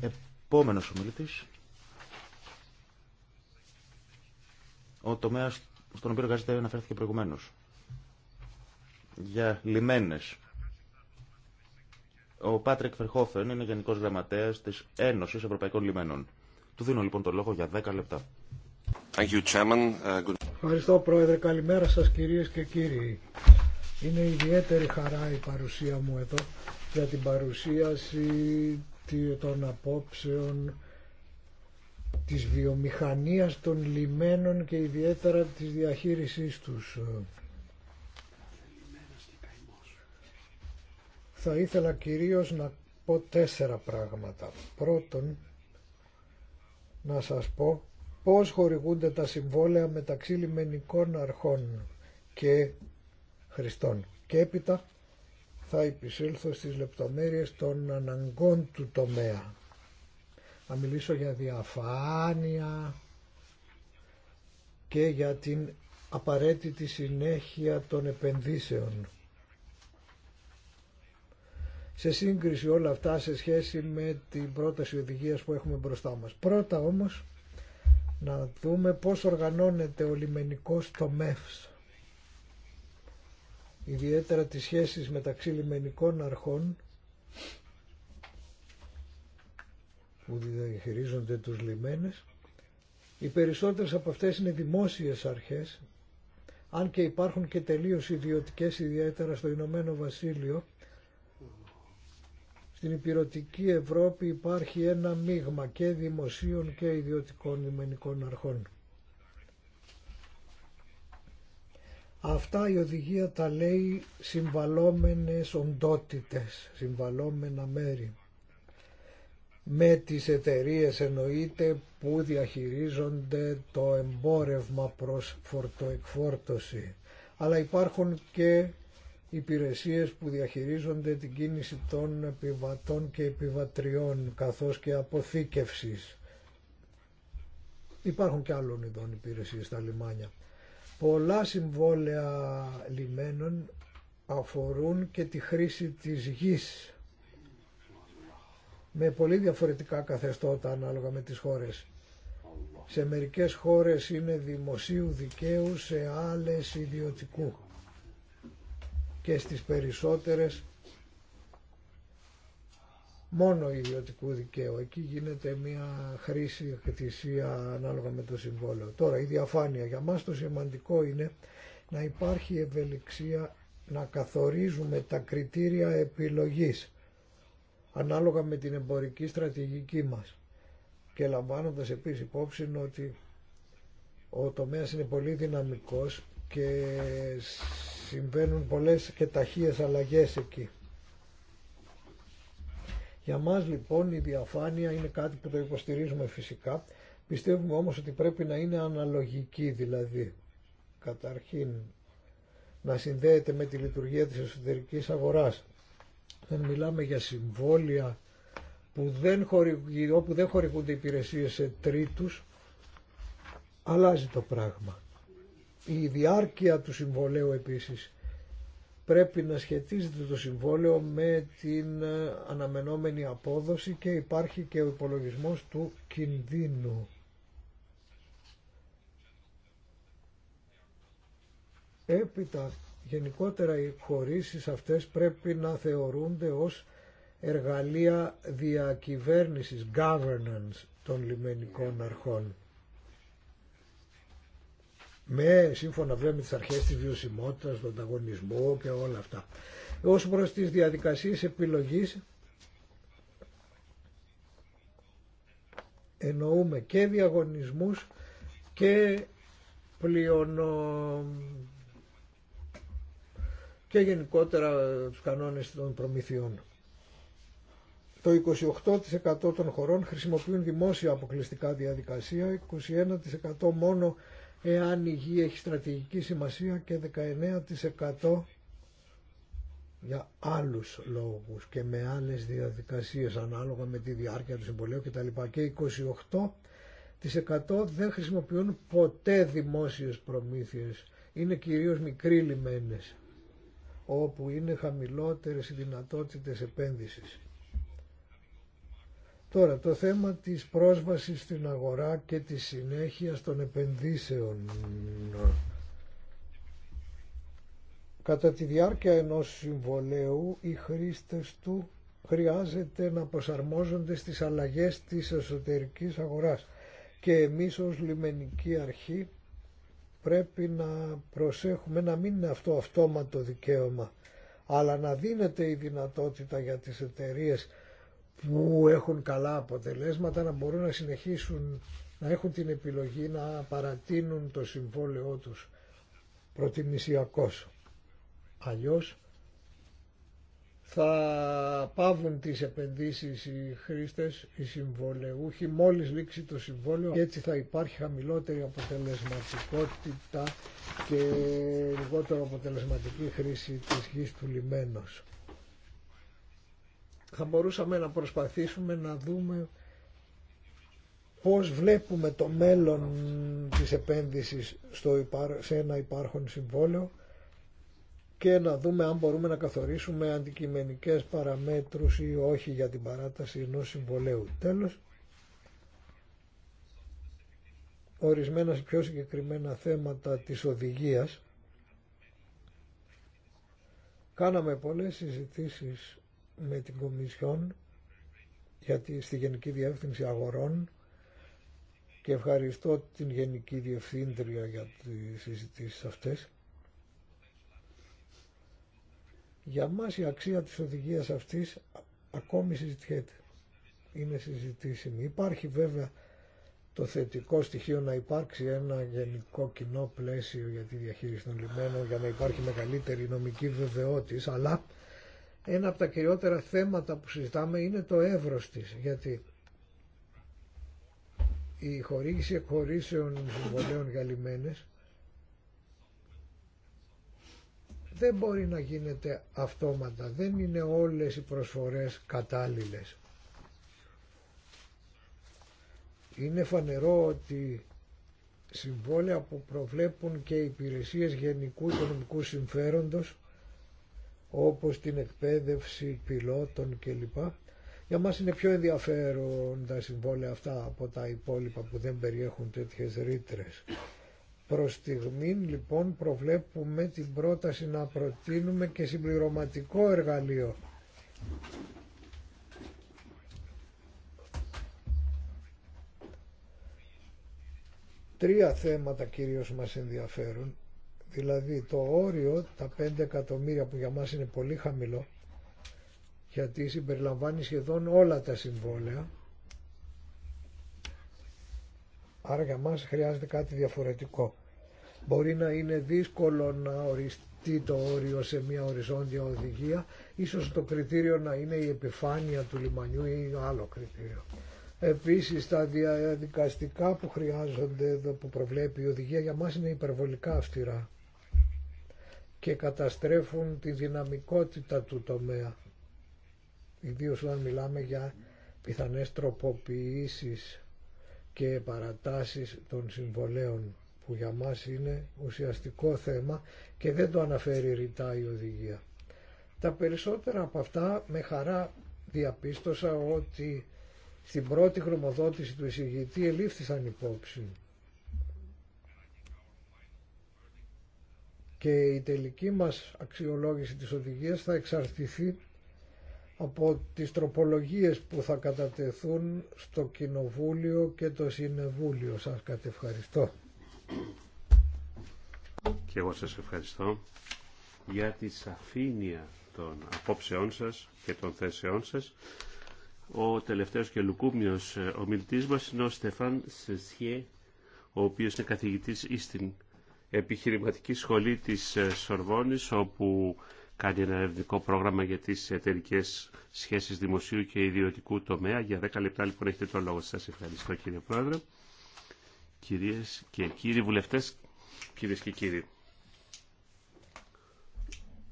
Επόμενο ομιλητή. Ο τομέα στον οποίο εργάζεται αναφέρθηκε προηγουμένω για λιμένες. Ο Πάτρικ Φερχόφεν είναι Γενικός Γραμματέας της Ένωσης Ευρωπαϊκών Λιμένων. Του δίνω λοιπόν το λόγο για 10 λεπτά. Thank you, uh, Good... Ευχαριστώ Πρόεδρε. Καλημέρα σας κυρίες και κύριοι. Είναι ιδιαίτερη χαρά η παρουσία μου εδώ για την παρουσίαση των απόψεων της βιομηχανίας των λιμένων και ιδιαίτερα της διαχείρισής τους. Θα ήθελα κυρίως να πω τέσσερα πράγματα. Πρώτον, να σας πω πώς χορηγούνται τα συμβόλαια μεταξύ λιμενικών αρχών και χριστών. Και έπειτα θα επισέλθω στις λεπτομέρειες των αναγκών του τομέα. Θα μιλήσω για διαφάνεια και για την απαραίτητη συνέχεια των επενδύσεων σε σύγκριση όλα αυτά σε σχέση με την πρόταση οδηγίας που έχουμε μπροστά μας. Πρώτα όμως να δούμε πώς οργανώνεται ο λιμενικός τομέας. Ιδιαίτερα τις σχέσεις μεταξύ λιμενικών αρχών που διαχειρίζονται τους λιμένες. Οι περισσότερες από αυτές είναι δημόσιες αρχές, αν και υπάρχουν και τελείως ιδιωτικές ιδιαίτερα στο Ηνωμένο Βασίλειο, στην υπηρετική Ευρώπη υπάρχει ένα μείγμα και δημοσίων και ιδιωτικών λιμενικών αρχών. Αυτά η οδηγία τα λέει συμβαλόμενες οντότητες, συμβαλόμενα μέρη. Με τις εταιρείες εννοείται που διαχειρίζονται το εμπόρευμα προς φορτοεκφόρτωση. Αλλά υπάρχουν και υπηρεσίες που διαχειρίζονται την κίνηση των επιβατών και επιβατριών καθώς και αποθήκευσης. Υπάρχουν και άλλων ειδών υπηρεσίες στα λιμάνια. Πολλά συμβόλαια λιμένων αφορούν και τη χρήση της γης με πολύ διαφορετικά καθεστώτα ανάλογα με τις χώρες. Σε μερικές χώρες είναι δημοσίου δικαίου, σε άλλες ιδιωτικού και στις περισσότερες μόνο ιδιωτικού δικαίου. Εκεί γίνεται μια χρήση εκτισία ανάλογα με το συμβόλαιο. Τώρα η διαφάνεια. Για μας το σημαντικό είναι να υπάρχει ευελιξία να καθορίζουμε τα κριτήρια επιλογής ανάλογα με την εμπορική στρατηγική μας και λαμβάνοντας επίσης υπόψη ότι ο τομέας είναι πολύ δυναμικός και συμβαίνουν πολλές και ταχείες αλλαγές εκεί. Για μας λοιπόν η διαφάνεια είναι κάτι που το υποστηρίζουμε φυσικά, πιστεύουμε όμως ότι πρέπει να είναι αναλογική δηλαδή. Καταρχήν να συνδέεται με τη λειτουργία της εσωτερικής αγοράς. Δεν μιλάμε για συμβόλια που δεν όπου δεν χορηγούνται υπηρεσίες σε τρίτους, αλλάζει το πράγμα η διάρκεια του συμβολέου επίσης πρέπει να σχετίζεται το συμβόλαιο με την ε, αναμενόμενη απόδοση και υπάρχει και ο υπολογισμός του κινδύνου. Έπειτα, γενικότερα οι χωρίσεις αυτές πρέπει να θεωρούνται ως εργαλεία διακυβέρνησης, governance των λιμενικών αρχών με σύμφωνα βέβαια με τις αρχές της βιωσιμότητας, τον ανταγωνισμό και όλα αυτά. Ως προς τις διαδικασίες επιλογής εννοούμε και διαγωνισμούς και πλειονο... και γενικότερα τους κανόνες των προμηθειών. Το 28% των χωρών χρησιμοποιούν δημόσια αποκλειστικά διαδικασία, 21% μόνο εάν η γη έχει στρατηγική σημασία και 19% για άλλους λόγους και με άλλες διαδικασίες ανάλογα με τη διάρκεια του συμβολέου κτλ. Και 28% δεν χρησιμοποιούν ποτέ δημόσιες προμήθειες. Είναι κυρίως μικροί λιμένες όπου είναι χαμηλότερες οι δυνατότητες επένδυσης. Τώρα το θέμα της πρόσβασης στην αγορά και της συνέχεια των επενδύσεων. Κατά τη διάρκεια ενός συμβολέου οι χρήστες του χρειάζεται να προσαρμόζονται στις αλλαγές της εσωτερικής αγοράς και εμείς ως λιμενική αρχή πρέπει να προσέχουμε να μην είναι αυτό αυτόματο δικαίωμα αλλά να δίνεται η δυνατότητα για τις εταιρείες που έχουν καλά αποτελέσματα να μπορούν να συνεχίσουν να έχουν την επιλογή να παρατείνουν το συμβόλαιό τους προτιμησιακός. Αλλιώς θα πάβουν τις επενδύσεις οι χρήστες, οι συμβολεούχοι μόλις λήξει το συμβόλαιο και έτσι θα υπάρχει χαμηλότερη αποτελεσματικότητα και λιγότερο αποτελεσματική χρήση της γης του λιμένος θα μπορούσαμε να προσπαθήσουμε να δούμε πώς βλέπουμε το μέλλον της επένδυσης στο σε ένα υπάρχον συμβόλαιο και να δούμε αν μπορούμε να καθορίσουμε αντικειμενικές παραμέτρους ή όχι για την παράταση ενός συμβολέου. Τέλος, ορισμένα σε πιο συγκεκριμένα θέματα της οδηγίας, κάναμε πολλές συζητήσεις με την Κομισιόν γιατί στη Γενική Διεύθυνση Αγορών και ευχαριστώ την Γενική Διευθύντρια για τις συζητήσεις αυτές. Για μας η αξία της οδηγίας αυτής ακόμη συζητιέται. Είναι συζητήσιμη. Υπάρχει βέβαια το θετικό στοιχείο να υπάρξει ένα γενικό κοινό πλαίσιο για τη διαχείριση των λιμένων για να υπάρχει μεγαλύτερη νομική βεβαιότητα, αλλά ένα από τα κυριότερα θέματα που συζητάμε είναι το εύρος της, γιατί η χορήγηση εκχωρήσεων συμβολέων για λιμένες δεν μπορεί να γίνεται αυτόματα, δεν είναι όλες οι προσφορές κατάλληλες. Είναι φανερό ότι συμβόλαια που προβλέπουν και υπηρεσίες γενικού οικονομικού συμφέροντος όπως την εκπαίδευση πιλότων κλπ. Για μας είναι πιο ενδιαφέρον τα συμβόλαια αυτά από τα υπόλοιπα που δεν περιέχουν τέτοιες ρήτρε. Προς στιγμή λοιπόν προβλέπουμε την πρόταση να προτείνουμε και συμπληρωματικό εργαλείο τρία θέματα κυρίως μας ενδιαφέρουν Δηλαδή το όριο, τα 5 εκατομμύρια που για μας είναι πολύ χαμηλό, γιατί συμπεριλαμβάνει σχεδόν όλα τα συμβόλαια, άρα για μας χρειάζεται κάτι διαφορετικό. Μπορεί να είναι δύσκολο να οριστεί το όριο σε μια οριζόντια οδηγία, ίσως το κριτήριο να είναι η επιφάνεια του λιμανιού ή άλλο κριτήριο. Επίσης τα διαδικαστικά που χρειάζονται εδώ που προβλέπει η οδηγία για μας είναι υπερβολικά αυστηρά και καταστρέφουν τη δυναμικότητα του τομέα. Ιδίως όταν μιλάμε για πιθανές τροποποιήσεις και παρατάσεις των συμβολέων που για μας είναι ουσιαστικό θέμα και δεν το αναφέρει ρητά η οδηγία. Τα περισσότερα από αυτά με χαρά διαπίστωσα ότι στην πρώτη χρωμοδότηση του εισηγητή ελήφθησαν υπόψη. και η τελική μας αξιολόγηση της οδηγίας θα εξαρτηθεί από τις τροπολογίες που θα κατατεθούν στο Κοινοβούλιο και το Συνεβούλιο. Σας κατευχαριστώ. Και εγώ σας ευχαριστώ για τη σαφήνεια των απόψεών σας και των θέσεών σας. Ο τελευταίος και λουκούμιος ομιλητής μας είναι ο Στεφάν Σεσχέ, ο οποίος είναι καθηγητής στην επιχειρηματική σχολή της ε, Σορβόνης όπου κάνει ένα ερευνητικό πρόγραμμα για τις εταιρικέ σχέσεις δημοσίου και ιδιωτικού τομέα. Για 10 λεπτά λοιπόν έχετε το λόγο σας. Ευχαριστώ κύριε Πρόεδρε. Κυρίες και κύριοι βουλευτές, κυρίες και κύριοι.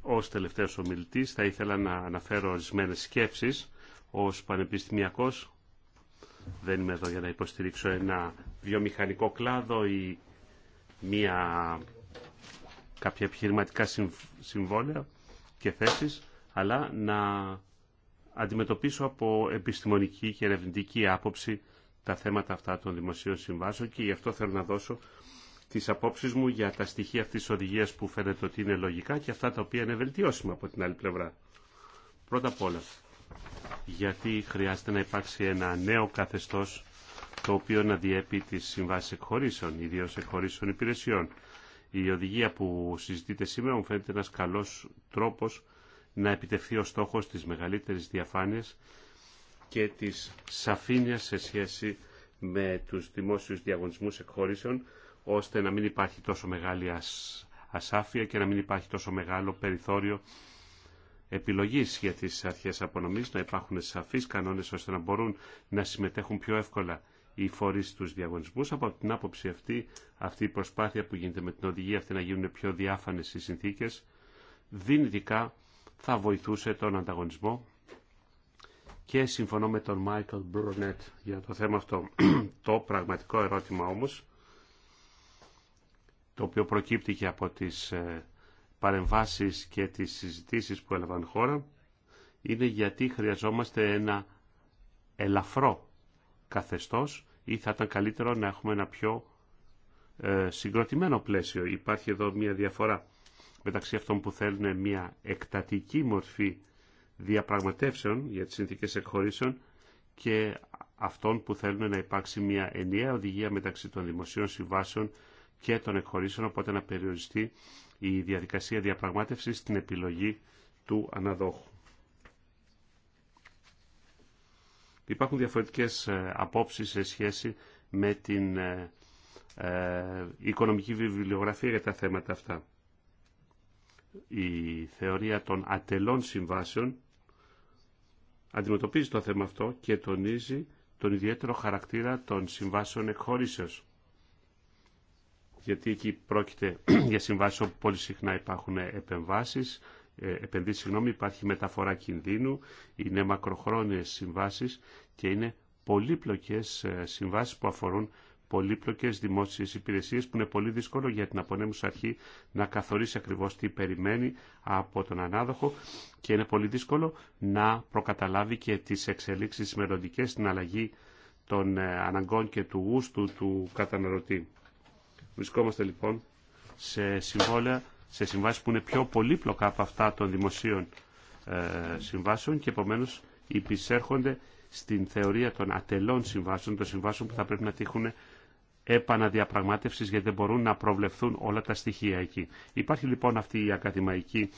Ως τελευταίος ομιλητής θα ήθελα να αναφέρω ορισμένες σκέψεις ως πανεπιστημιακός. Δεν είμαι εδώ για να υποστηρίξω ένα βιομηχανικό κλάδο ή μια, κάποια επιχειρηματικά συμβόλαια και θέσεις, αλλά να αντιμετωπίσω από επιστημονική και ερευνητική άποψη τα θέματα αυτά των δημοσίων συμβάσεων και γι' αυτό θέλω να δώσω τις απόψεις μου για τα στοιχεία αυτής της οδηγίας που φαίνεται ότι είναι λογικά και αυτά τα οποία είναι βελτιώσιμα από την άλλη πλευρά. Πρώτα απ' όλα, γιατί χρειάζεται να υπάρξει ένα νέο καθεστώς το οποίο να διέπει τις συμβάσεις εκχωρήσεων, ιδίως εκχωρήσεων υπηρεσιών. Η οδηγία που συζητείται σήμερα μου φαίνεται ένας καλός τρόπος να επιτευχθεί ο στόχος της μεγαλύτερης διαφάνειας και της σαφήνεια σε σχέση με τους δημόσιους διαγωνισμούς εκχωρήσεων, ώστε να μην υπάρχει τόσο μεγάλη ασάφεια και να μην υπάρχει τόσο μεγάλο περιθώριο επιλογής για τις αρχές απονομής, να υπάρχουν σαφείς κανόνες ώστε να μπορούν να συμμετέχουν πιο εύκολα οι φορεί τους διαγωνισμούς. Από την άποψη αυτή, αυτή η προσπάθεια που γίνεται με την οδηγία αυτή να γίνουν πιο διάφανε οι συνθήκες, δυνητικά θα βοηθούσε τον ανταγωνισμό. Και συμφωνώ με τον Μάικλ Μπρουνέτ για το θέμα αυτό. το πραγματικό ερώτημα όμως, το οποίο προκύπτει και από τις ε, παρεμβάσεις και τις συζητήσεις που έλαβαν χώρα, είναι γιατί χρειαζόμαστε ένα ελαφρό καθεστώς ή θα ήταν καλύτερο να έχουμε ένα πιο ε, συγκροτημένο πλαίσιο. Υπάρχει εδώ μια διαφορά μεταξύ αυτών που θέλουν μια εκτατική μορφή διαπραγματεύσεων για τις συνθήκες εκχωρήσεων και αυτών που θέλουν να υπάρξει μια ενιαία οδηγία μεταξύ των δημοσίων συμβάσεων και των εκχωρήσεων, οπότε να περιοριστεί η διαδικασία διαπραγμάτευσης στην επιλογή του αναδόχου. Υπάρχουν διαφορετικές ε, απόψεις σε σχέση με την ε, ε, οικονομική βιβλιογραφία για τα θέματα αυτά. Η θεωρία των ατελών συμβάσεων αντιμετωπίζει το θέμα αυτό και τονίζει τον ιδιαίτερο χαρακτήρα των συμβάσεων εκχωρήσεως. Γιατί εκεί πρόκειται για συμβάσεις όπου πολύ συχνά υπάρχουν επεμβάσεις, ε, επενδύσει, συγγνώμη, υπάρχει μεταφορά κινδύνου, είναι μακροχρόνιες συμβάσεις και είναι πολύπλοκες ε, συμβάσεις που αφορούν πολύπλοκες δημόσιες υπηρεσίες που είναι πολύ δύσκολο για την απονέμουσα αρχή να καθορίσει ακριβώς τι περιμένει από τον ανάδοχο και είναι πολύ δύσκολο να προκαταλάβει και τις εξελίξεις μελλοντικέ στην αλλαγή των ε, αναγκών και του γούστου του καταναλωτή. Βρισκόμαστε λοιπόν σε συμβόλαια σε συμβάσεις που είναι πιο πολύπλοκα από αυτά των δημοσίων ε, συμβάσεων και επομένως υπησέρχονται στην θεωρία των ατελών συμβάσεων, των συμβάσεων που θα πρέπει να τύχουν επαναδιαπραγμάτευσης γιατί δεν μπορούν να προβλεφθούν όλα τα στοιχεία εκεί. Υπάρχει λοιπόν αυτή η ακαδημαϊκή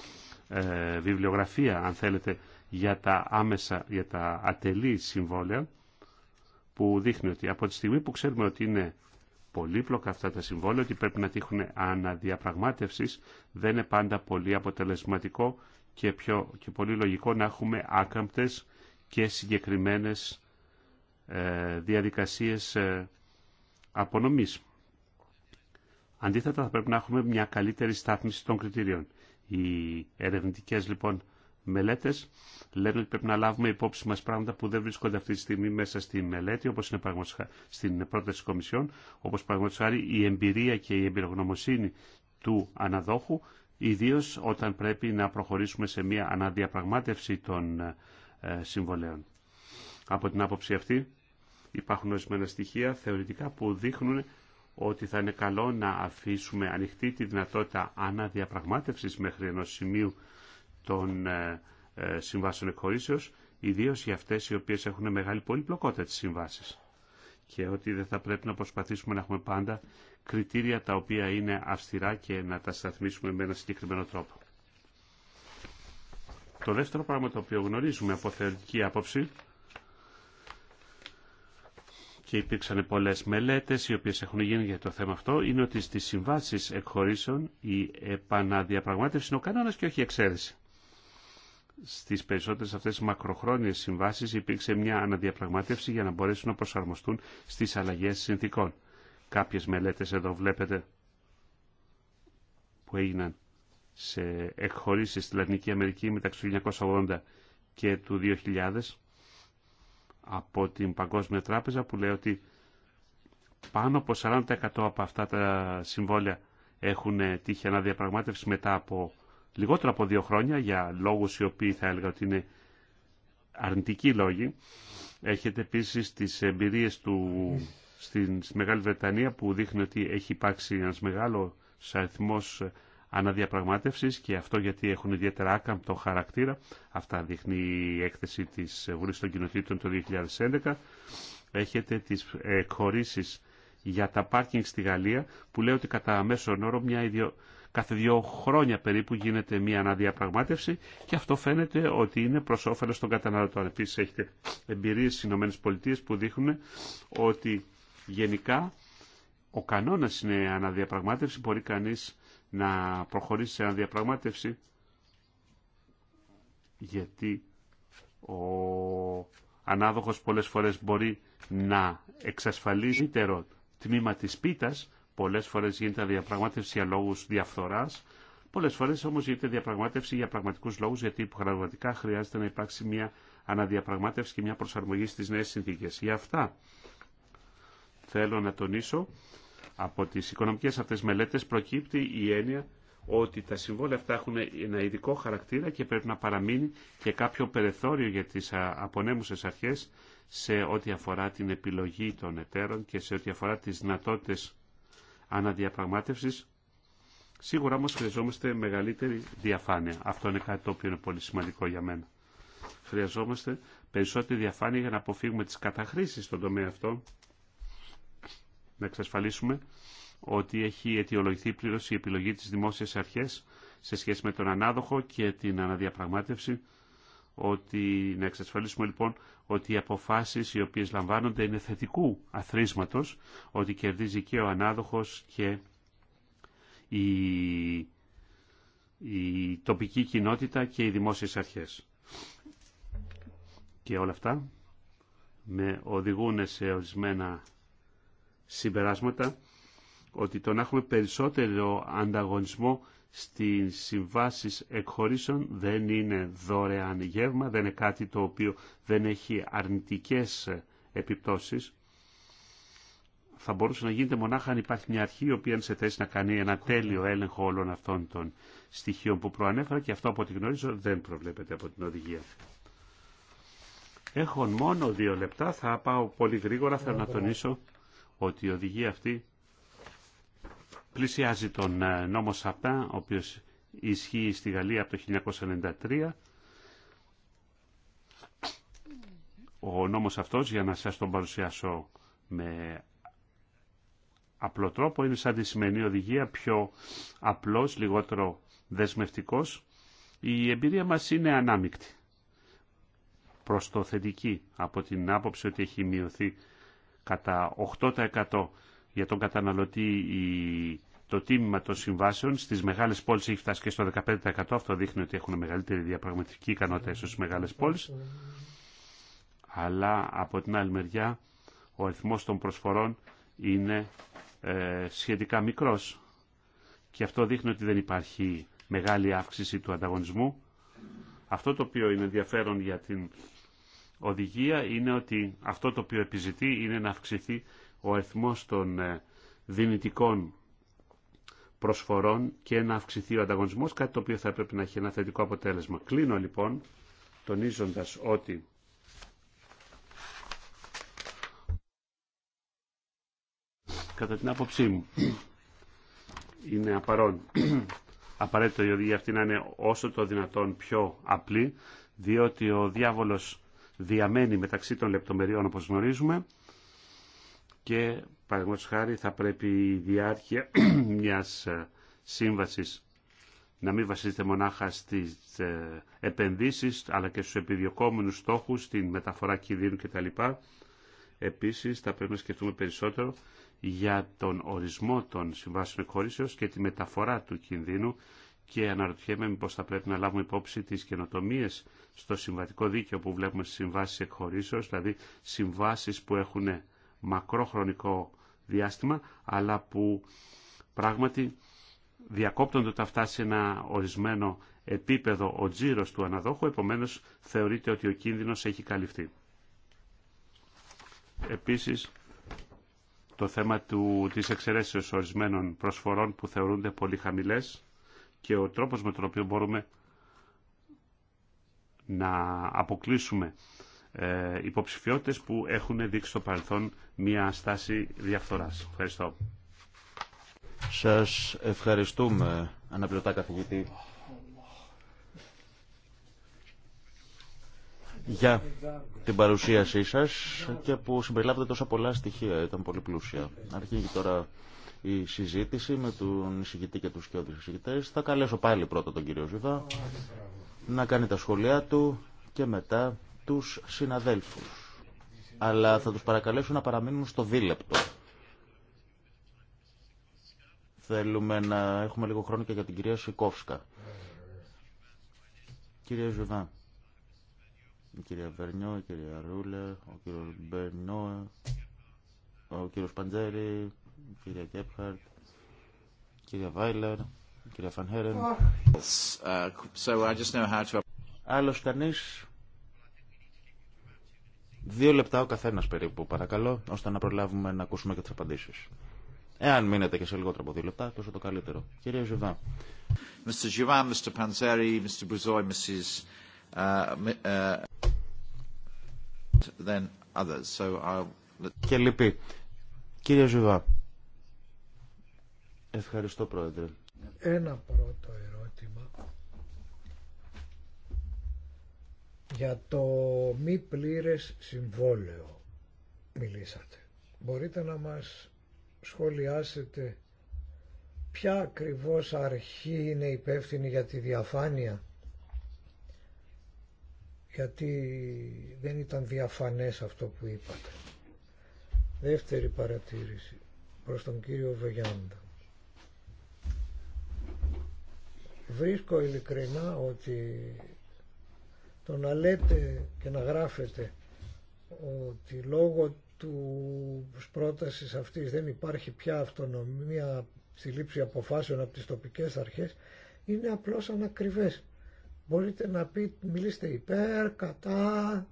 ε, βιβλιογραφία, αν θέλετε, για τα άμεσα, για τα ατελή συμβόλαια που δείχνει ότι από τη στιγμή που ξέρουμε ότι είναι πολύπλοκα αυτά τα συμβόλαια, ότι πρέπει να τύχουν αναδιαπραγμάτευσης, δεν είναι πάντα πολύ αποτελεσματικό και, πιο, και πολύ λογικό να έχουμε άκαμπτες και συγκεκριμένες ε, διαδικασίες ε, απονομής. Αντίθετα, θα πρέπει να έχουμε μια καλύτερη στάθμιση των κριτηρίων. Οι ερευνητικές λοιπόν Μελέτε. λένε ότι πρέπει να λάβουμε υπόψη μα πράγματα που δεν βρίσκονται αυτή τη στιγμή μέσα στη μελέτη, όπω είναι στην πρόταση τη Κομισιόν, όπως χάρη η εμπειρία και η εμπειρογνωμοσύνη του αναδόχου, ιδίω όταν πρέπει να προχωρήσουμε σε μια αναδιαπραγμάτευση των ε, συμβολέων. Από την άποψη αυτή υπάρχουν ορισμένα στοιχεία θεωρητικά που δείχνουν ότι θα είναι καλό να αφήσουμε ανοιχτή τη δυνατότητα αναδιαπραγμάτευσης μέχρι ενός σημείου των ε, ε, συμβάσεων εκχωρήσεω, ιδίω για αυτέ οι οποίε έχουν μεγάλη πολυπλοκότητα τις συμβάσεις. Και ότι δεν θα πρέπει να προσπαθήσουμε να έχουμε πάντα κριτήρια τα οποία είναι αυστηρά και να τα σταθμίσουμε με ένα συγκεκριμένο τρόπο. Το δεύτερο πράγμα το οποίο γνωρίζουμε από θεωρητική άποψη και υπήρξαν πολλές μελέτες οι οποίες έχουν γίνει για το θέμα αυτό είναι ότι στις συμβάσεις εκχωρήσεων η επαναδιαπραγμάτευση είναι ο κανόνα και όχι η εξαίρεση στις περισσότερες αυτές τις μακροχρόνιες συμβάσεις υπήρξε μια αναδιαπραγμάτευση για να μπορέσουν να προσαρμοστούν στις αλλαγές συνθήκων. Κάποιες μελέτες εδώ βλέπετε που έγιναν σε εκχωρήσεις στη Λατινική Αμερική μεταξύ του 1980 και του 2000 από την Παγκόσμια Τράπεζα που λέει ότι πάνω από 40% από αυτά τα συμβόλαια έχουν τύχει αναδιαπραγμάτευση μετά από λιγότερο από δύο χρόνια για λόγους οι οποίοι θα έλεγα ότι είναι αρνητικοί λόγοι. Έχετε επίση τι εμπειρίε του Μεγάλη Βρετανία που δείχνει ότι έχει υπάρξει ένα μεγάλο αριθμό αναδιαπραγμάτευσης και αυτό γιατί έχουν ιδιαίτερα άκαμπτο χαρακτήρα. Αυτά δείχνει η έκθεση τη Βουλής των Κοινοτήτων το 2011. Έχετε τι εκχωρήσει για τα πάρκινγκ στη Γαλλία που λέει ότι κατά μέσον όρο μια, ιδιο... Κάθε δύο χρόνια περίπου γίνεται μια αναδιαπραγμάτευση και αυτό φαίνεται ότι είναι προ όφελο των καταναλωτών. Επίση, έχετε εμπειρίε στι ΗΠΑ που δείχνουν ότι γενικά ο κανόνα είναι αναδιαπραγμάτευση. Μπορεί κανεί να προχωρήσει σε αναδιαπραγμάτευση γιατί ο ανάδοχος πολλές φορές μπορεί να εξασφαλίζει τμήμα της πίτας Πολλέ φορέ γίνεται διαπραγμάτευση για λόγου διαφθορά. πολλέ φορέ όμω γίνεται διαπραγμάτευση για πραγματικού λόγου γιατί πραγματικά χρειάζεται να υπάρξει μια αναδιαπραγμάτευση και μια προσαρμογή στι νέε συνθήκε. Για αυτά θέλω να τονίσω από τι οικονομικέ αυτέ μελέτε προκύπτει η έννοια ότι τα συμβόλαια αυτά έχουν ένα ειδικό χαρακτήρα και πρέπει να παραμείνει και κάποιο περιθώριο για τις απονέμουσες αρχές σε ό,τι αφορά την επιλογή των εταίρων και σε ό,τι αφορά τις δυνατότητε αναδιαπραγμάτευσης. Σίγουρα όμως χρειαζόμαστε μεγαλύτερη διαφάνεια. Αυτό είναι κάτι το οποίο είναι πολύ σημαντικό για μένα. Χρειαζόμαστε περισσότερη διαφάνεια για να αποφύγουμε τις καταχρήσεις στον τομέα αυτό. Να εξασφαλίσουμε ότι έχει αιτιολογηθεί πλήρως η επιλογή της δημόσιας αρχές σε σχέση με τον ανάδοχο και την αναδιαπραγμάτευση ότι να εξασφαλίσουμε λοιπόν ότι οι αποφάσεις οι οποίες λαμβάνονται είναι θετικού αθρίσματος, ότι κερδίζει και ο ανάδοχος και η, η τοπική κοινότητα και οι δημόσιες αρχές. Και όλα αυτά με οδηγούν σε ορισμένα συμπεράσματα ότι το να έχουμε περισσότερο ανταγωνισμό στις συμβάσεις εκχωρήσεων δεν είναι δωρεάν γεύμα, δεν είναι κάτι το οποίο δεν έχει αρνητικές επιπτώσεις. Θα μπορούσε να γίνεται μονάχα αν υπάρχει μια αρχή η οποία είναι σε θέση να κάνει ένα τέλειο έλεγχο όλων αυτών των στοιχείων που προανέφερα και αυτό από ό,τι γνωρίζω δεν προβλέπεται από την οδηγία. Έχω μόνο δύο λεπτά, θα πάω πολύ γρήγορα, θέλω να τονίσω ότι η οδηγία αυτή πλησιάζει τον ε, νόμο Σαπτά, ο οποίος ισχύει στη Γαλλία από το 1993. Ο νόμος αυτός, για να σας τον παρουσιάσω με απλό τρόπο, είναι σαν τη σημερινή οδηγία, πιο απλός, λιγότερο δεσμευτικός. Η εμπειρία μας είναι ανάμεικτη προστοθετική από την άποψη ότι έχει μειωθεί κατά 8% για τον καταναλωτή η, το τίμημα των συμβάσεων. Στις μεγάλες πόλεις έχει φτάσει και στο 15%. Αυτό δείχνει ότι έχουν μεγαλύτερη διαπραγματική ικανότητα στις μεγάλες πόλεις. Αλλά από την άλλη μεριά ο αριθμός των προσφορών είναι ε, σχετικά μικρός. Και αυτό δείχνει ότι δεν υπάρχει μεγάλη αύξηση του ανταγωνισμού. Αυτό το οποίο είναι ενδιαφέρον για την οδηγία είναι ότι αυτό το οποίο επιζητεί είναι να αυξηθεί ο αριθμός των ε, δυνητικών προσφορών και να αυξηθεί ο ανταγωνισμός, κάτι το οποίο θα πρέπει να έχει ένα θετικό αποτέλεσμα. Κλείνω λοιπόν τονίζοντας ότι κατά την άποψή μου είναι απαραίτητο η οδηγία αυτή να είναι όσο το δυνατόν πιο απλή διότι ο διάβολος διαμένει μεταξύ των λεπτομεριών όπως γνωρίζουμε και παραδείγματος χάρη θα πρέπει η διάρκεια μιας ε, σύμβασης να μην βασίζεται μονάχα στις ε, επενδύσεις αλλά και στους επιδιωκόμενους στόχους, στην μεταφορά κινδύνου κτλ. Επίσης θα πρέπει να σκεφτούμε περισσότερο για τον ορισμό των συμβάσεων εκχωρήσεως και τη μεταφορά του κινδύνου και αναρωτιέμαι μήπως θα πρέπει να λάβουμε υπόψη τις καινοτομίε στο συμβατικό δίκαιο που βλέπουμε στις συμβάσεις εκχωρήσεως, δηλαδή συμβάσεις που έχουν μακρόχρονικό διάστημα, αλλά που πράγματι διακόπτονται τα σε ένα ορισμένο επίπεδο ο τζίρος του αναδόχου, επομένως θεωρείται ότι ο κίνδυνος έχει καλυφθεί. Επίσης, το θέμα του, της εξαιρέσεως ορισμένων προσφορών που θεωρούνται πολύ χαμηλές και ο τρόπος με τον οποίο μπορούμε να αποκλείσουμε ε, υποψηφιότητες που έχουν δείξει στο παρελθόν μια στάση διαφθοράς. Ευχαριστώ. Σας ευχαριστούμε, αναπληρωτά καθηγητή. για την παρουσίασή σας και που συμπεριλάβετε τόσα πολλά στοιχεία. Ήταν πολύ πλούσια. Αρχίζει τώρα η συζήτηση με τον εισηγητή και τους κοιόδους εισηγητές. Θα καλέσω πάλι πρώτα τον κύριο Ζήβα να κάνει τα σχόλιά του και μετά τους συναδέλφους. Αλλά θα τους παρακαλέσω να παραμείνουν στο δίλεπτο. Θέλουμε να έχουμε λίγο χρόνο και για την κυρία Σικόφσκα. Κυρία Ζουβά. Η κυρία Βερνιό, η κυρία Ρούλε, ο κύριος Μπερνόε. ο κύριος Παντζέρη, η κυρία Κέπχαρτ, κυρία Βάιλερ, κυρία Φανχέρεν. Oh. Uh, so Άλλος κανείς Δύο λεπτά ο καθένα περίπου, παρακαλώ, ώστε να προλάβουμε να ακούσουμε και τι απαντήσει. Εάν μείνετε και σε λιγότερο από δύο λεπτά, τόσο το καλύτερο. Κύριε Ζουβά. Mr. Mr. Panzeri, Mr. Mrs. Uh, uh, then others. Uh, και λυπή. Κύριε Ζουβά. Ευχαριστώ, Πρόεδρε. Ένα πρώτο ερώτημα για το μη πλήρες συμβόλαιο μιλήσατε. Μπορείτε να μας σχολιάσετε ποια ακριβώς αρχή είναι υπεύθυνη για τη διαφάνεια γιατί δεν ήταν διαφανές αυτό που είπατε. Δεύτερη παρατήρηση προς τον κύριο Βεγιάντα. Βρίσκω ειλικρινά ότι το να λέτε και να γράφετε ότι λόγω του πρότασης αυτής δεν υπάρχει πια αυτονομία στη λήψη αποφάσεων από τις τοπικές αρχές είναι απλώς ανακριβές. Μπορείτε να πει, μιλήστε υπέρ, κατά,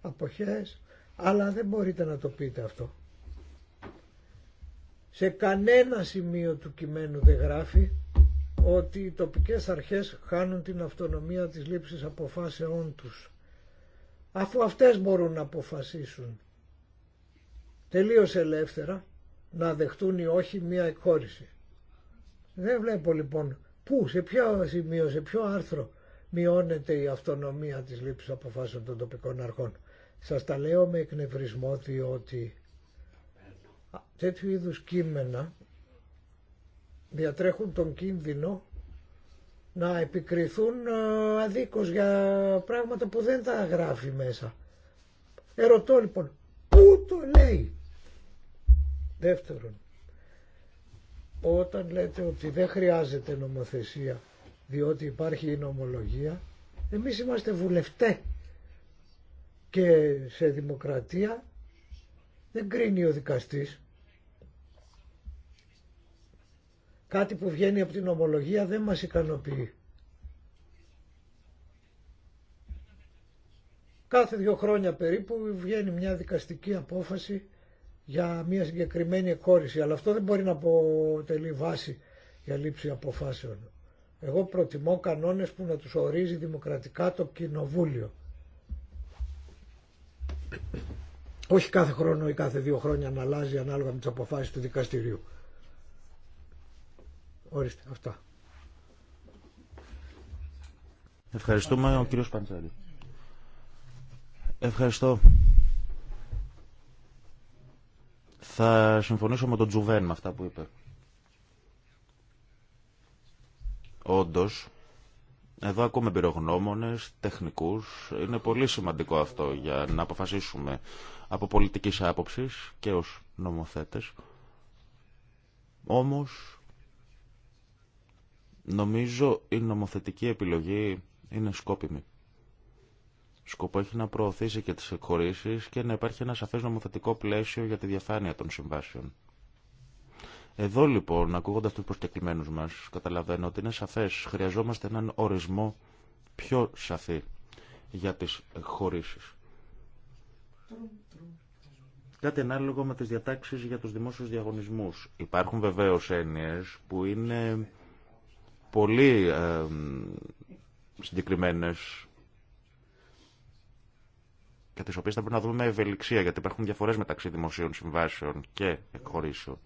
αποχές, αλλά δεν μπορείτε να το πείτε αυτό. Σε κανένα σημείο του κειμένου δεν γράφει ότι οι τοπικές αρχές χάνουν την αυτονομία της λήψης αποφάσεών τους, αφού αυτές μπορούν να αποφασίσουν τελείως ελεύθερα να δεχτούν ή όχι μία εκχώρηση. Δεν βλέπω λοιπόν πού, σε ποιο σημείο, σε ποιο άρθρο μειώνεται η αυτονομία της λήψης αποφάσεων των τοπικών αρχών. Σας τα λέω με εκνευρισμό διότι τέτοιου είδους κείμενα διατρέχουν τον κίνδυνο να επικριθούν ε, αδίκως για πράγματα που δεν τα γράφει μέσα. Ερωτώ λοιπόν, πού το λέει. Δεύτερον, όταν λέτε ότι δεν χρειάζεται νομοθεσία διότι υπάρχει η νομολογία, εμείς είμαστε βουλευτές και σε δημοκρατία δεν κρίνει ο δικαστής. κάτι που βγαίνει από την ομολογία δεν μας ικανοποιεί. Κάθε δύο χρόνια περίπου βγαίνει μια δικαστική απόφαση για μια συγκεκριμένη εκχώρηση, αλλά αυτό δεν μπορεί να αποτελεί βάση για λήψη αποφάσεων. Εγώ προτιμώ κανόνες που να τους ορίζει δημοκρατικά το κοινοβούλιο. Όχι κάθε χρόνο ή κάθε δύο χρόνια να αλλάζει ανάλογα με τις αποφάσεις του δικαστηρίου. Ορίστε, αυτά. Ευχαριστούμε ο κύριος Παντζάλη. Ευχαριστώ. Θα συμφωνήσω με τον Τζουβέν με αυτά που είπε. Όντως, εδώ ακούμε πυρογνώμονες, τεχνικούς. Είναι πολύ σημαντικό αυτό για να αποφασίσουμε από πολιτικής άποψης και ως νομοθέτες. Όμως, Νομίζω η νομοθετική επιλογή είναι σκόπιμη. Σκοπό έχει να προωθήσει και τις εκχωρήσεις και να υπάρχει ένα σαφές νομοθετικό πλαίσιο για τη διαφάνεια των συμβάσεων. Εδώ λοιπόν, ακούγοντας τους προσκεκλημένους μας, καταλαβαίνω ότι είναι σαφές. Χρειαζόμαστε έναν ορισμό πιο σαφή για τις εκχωρήσεις. Κάτι ανάλογο με τις διατάξεις για τους δημόσιους διαγωνισμούς. Υπάρχουν βεβαίως έννοιες που είναι πολύ ε, συγκεκριμένες και τις οποίες θα πρέπει να δούμε με ευελιξία γιατί υπάρχουν διαφορές μεταξύ δημοσίων συμβάσεων και εκχωρήσεων.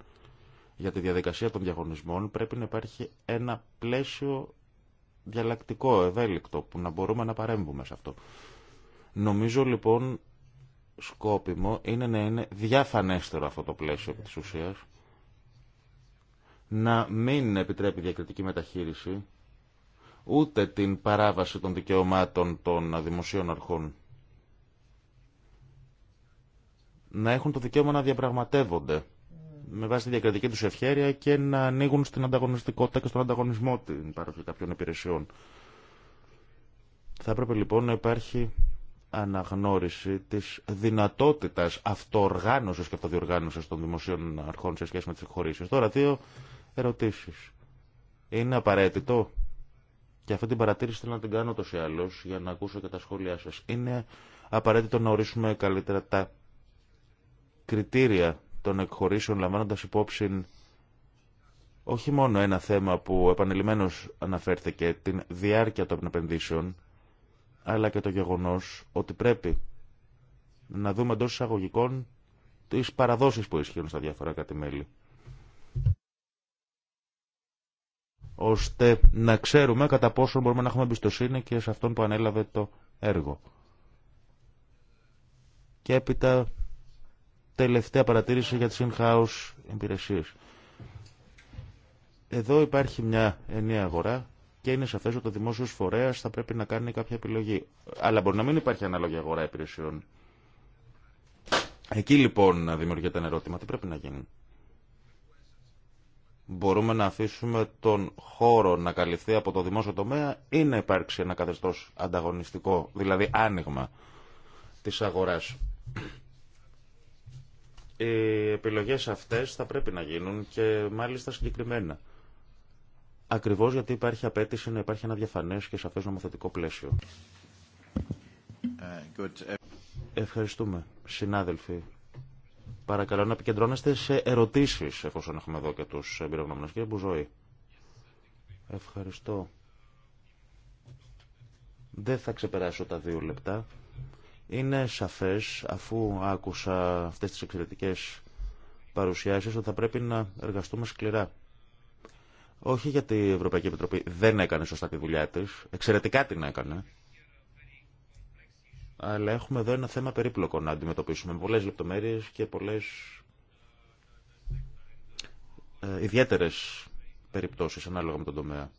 Για τη διαδικασία των διαγωνισμών πρέπει να υπάρχει ένα πλαίσιο διαλλακτικό, ευέλικτο, που να μπορούμε να παρέμβουμε σε αυτό. Νομίζω λοιπόν σκόπιμο είναι να είναι διαφανέστερο αυτό το πλαίσιο της ουσίας να μην επιτρέπει διακριτική μεταχείριση ούτε την παράβαση των δικαιωμάτων των δημοσίων αρχών. Να έχουν το δικαίωμα να διαπραγματεύονται με βάση τη διακριτική τους ευχέρεια και να ανοίγουν στην ανταγωνιστικότητα και στον ανταγωνισμό την παροχή κάποιων υπηρεσιών. Θα έπρεπε λοιπόν να υπάρχει αναγνώριση της δυνατότητας αυτοοργάνωσης και αυτοδιοργάνωσης των δημοσίων αρχών σε σχέση με τις εκχωρήσεις. Τώρα ερωτήσεις. Είναι απαραίτητο και αυτή την παρατήρηση θέλω να την κάνω τόσο ή άλλως για να ακούσω και τα σχόλιά σας. Είναι απαραίτητο να ορίσουμε καλύτερα τα κριτήρια των εκχωρήσεων λαμβάνοντας υπόψη όχι μόνο ένα θέμα που επανελειμμένως αναφέρθηκε, την διάρκεια των επενδύσεων, αλλά και το γεγονός ότι πρέπει να δούμε εντό εισαγωγικών τις παραδόσεις που ισχύουν στα διάφορα κατημέλη. ώστε να ξέρουμε κατά πόσο μπορούμε να έχουμε εμπιστοσύνη και σε αυτόν που ανέλαβε το έργο. Και έπειτα τελευταία παρατήρηση για τις in-house υπηρεσίες. Εδώ υπάρχει μια ενιαία αγορά και είναι σαφές ότι ο δημόσιος φορέας θα πρέπει να κάνει κάποια επιλογή. Αλλά μπορεί να μην υπάρχει ανάλογη αγορά υπηρεσιών. Εκεί λοιπόν δημιουργείται ένα ερώτημα. Τι πρέπει να γίνει μπορούμε να αφήσουμε τον χώρο να καλυφθεί από το δημόσιο τομέα ή να υπάρξει ένα καθεστώς ανταγωνιστικό, δηλαδή άνοιγμα της αγοράς. Οι επιλογές αυτές θα πρέπει να γίνουν και μάλιστα συγκεκριμένα. Ακριβώς γιατί υπάρχει απέτηση να υπάρχει ένα διαφανές και σαφές νομοθετικό πλαίσιο. Ε, Ευχαριστούμε, συνάδελφοι. Παρακαλώ να επικεντρώνεστε σε ερωτήσεις, εφόσον έχουμε εδώ και τους και Κύριε Μπουζόη. Ευχαριστώ. Δεν θα ξεπεράσω τα δύο λεπτά. Είναι σαφέ αφού άκουσα αυτές τις εξαιρετικέ παρουσιάσεις, ότι θα πρέπει να εργαστούμε σκληρά. Όχι γιατί η Ευρωπαϊκή Επιτροπή δεν έκανε σωστά τη δουλειά της, εξαιρετικά την έκανε, αλλά έχουμε εδώ ένα θέμα περίπλοκο να αντιμετωπίσουμε με πολλές λεπτομέρειες και πολλέ ε, ιδιαίτερες περιπτώσεις ανάλογα με τον τομέα.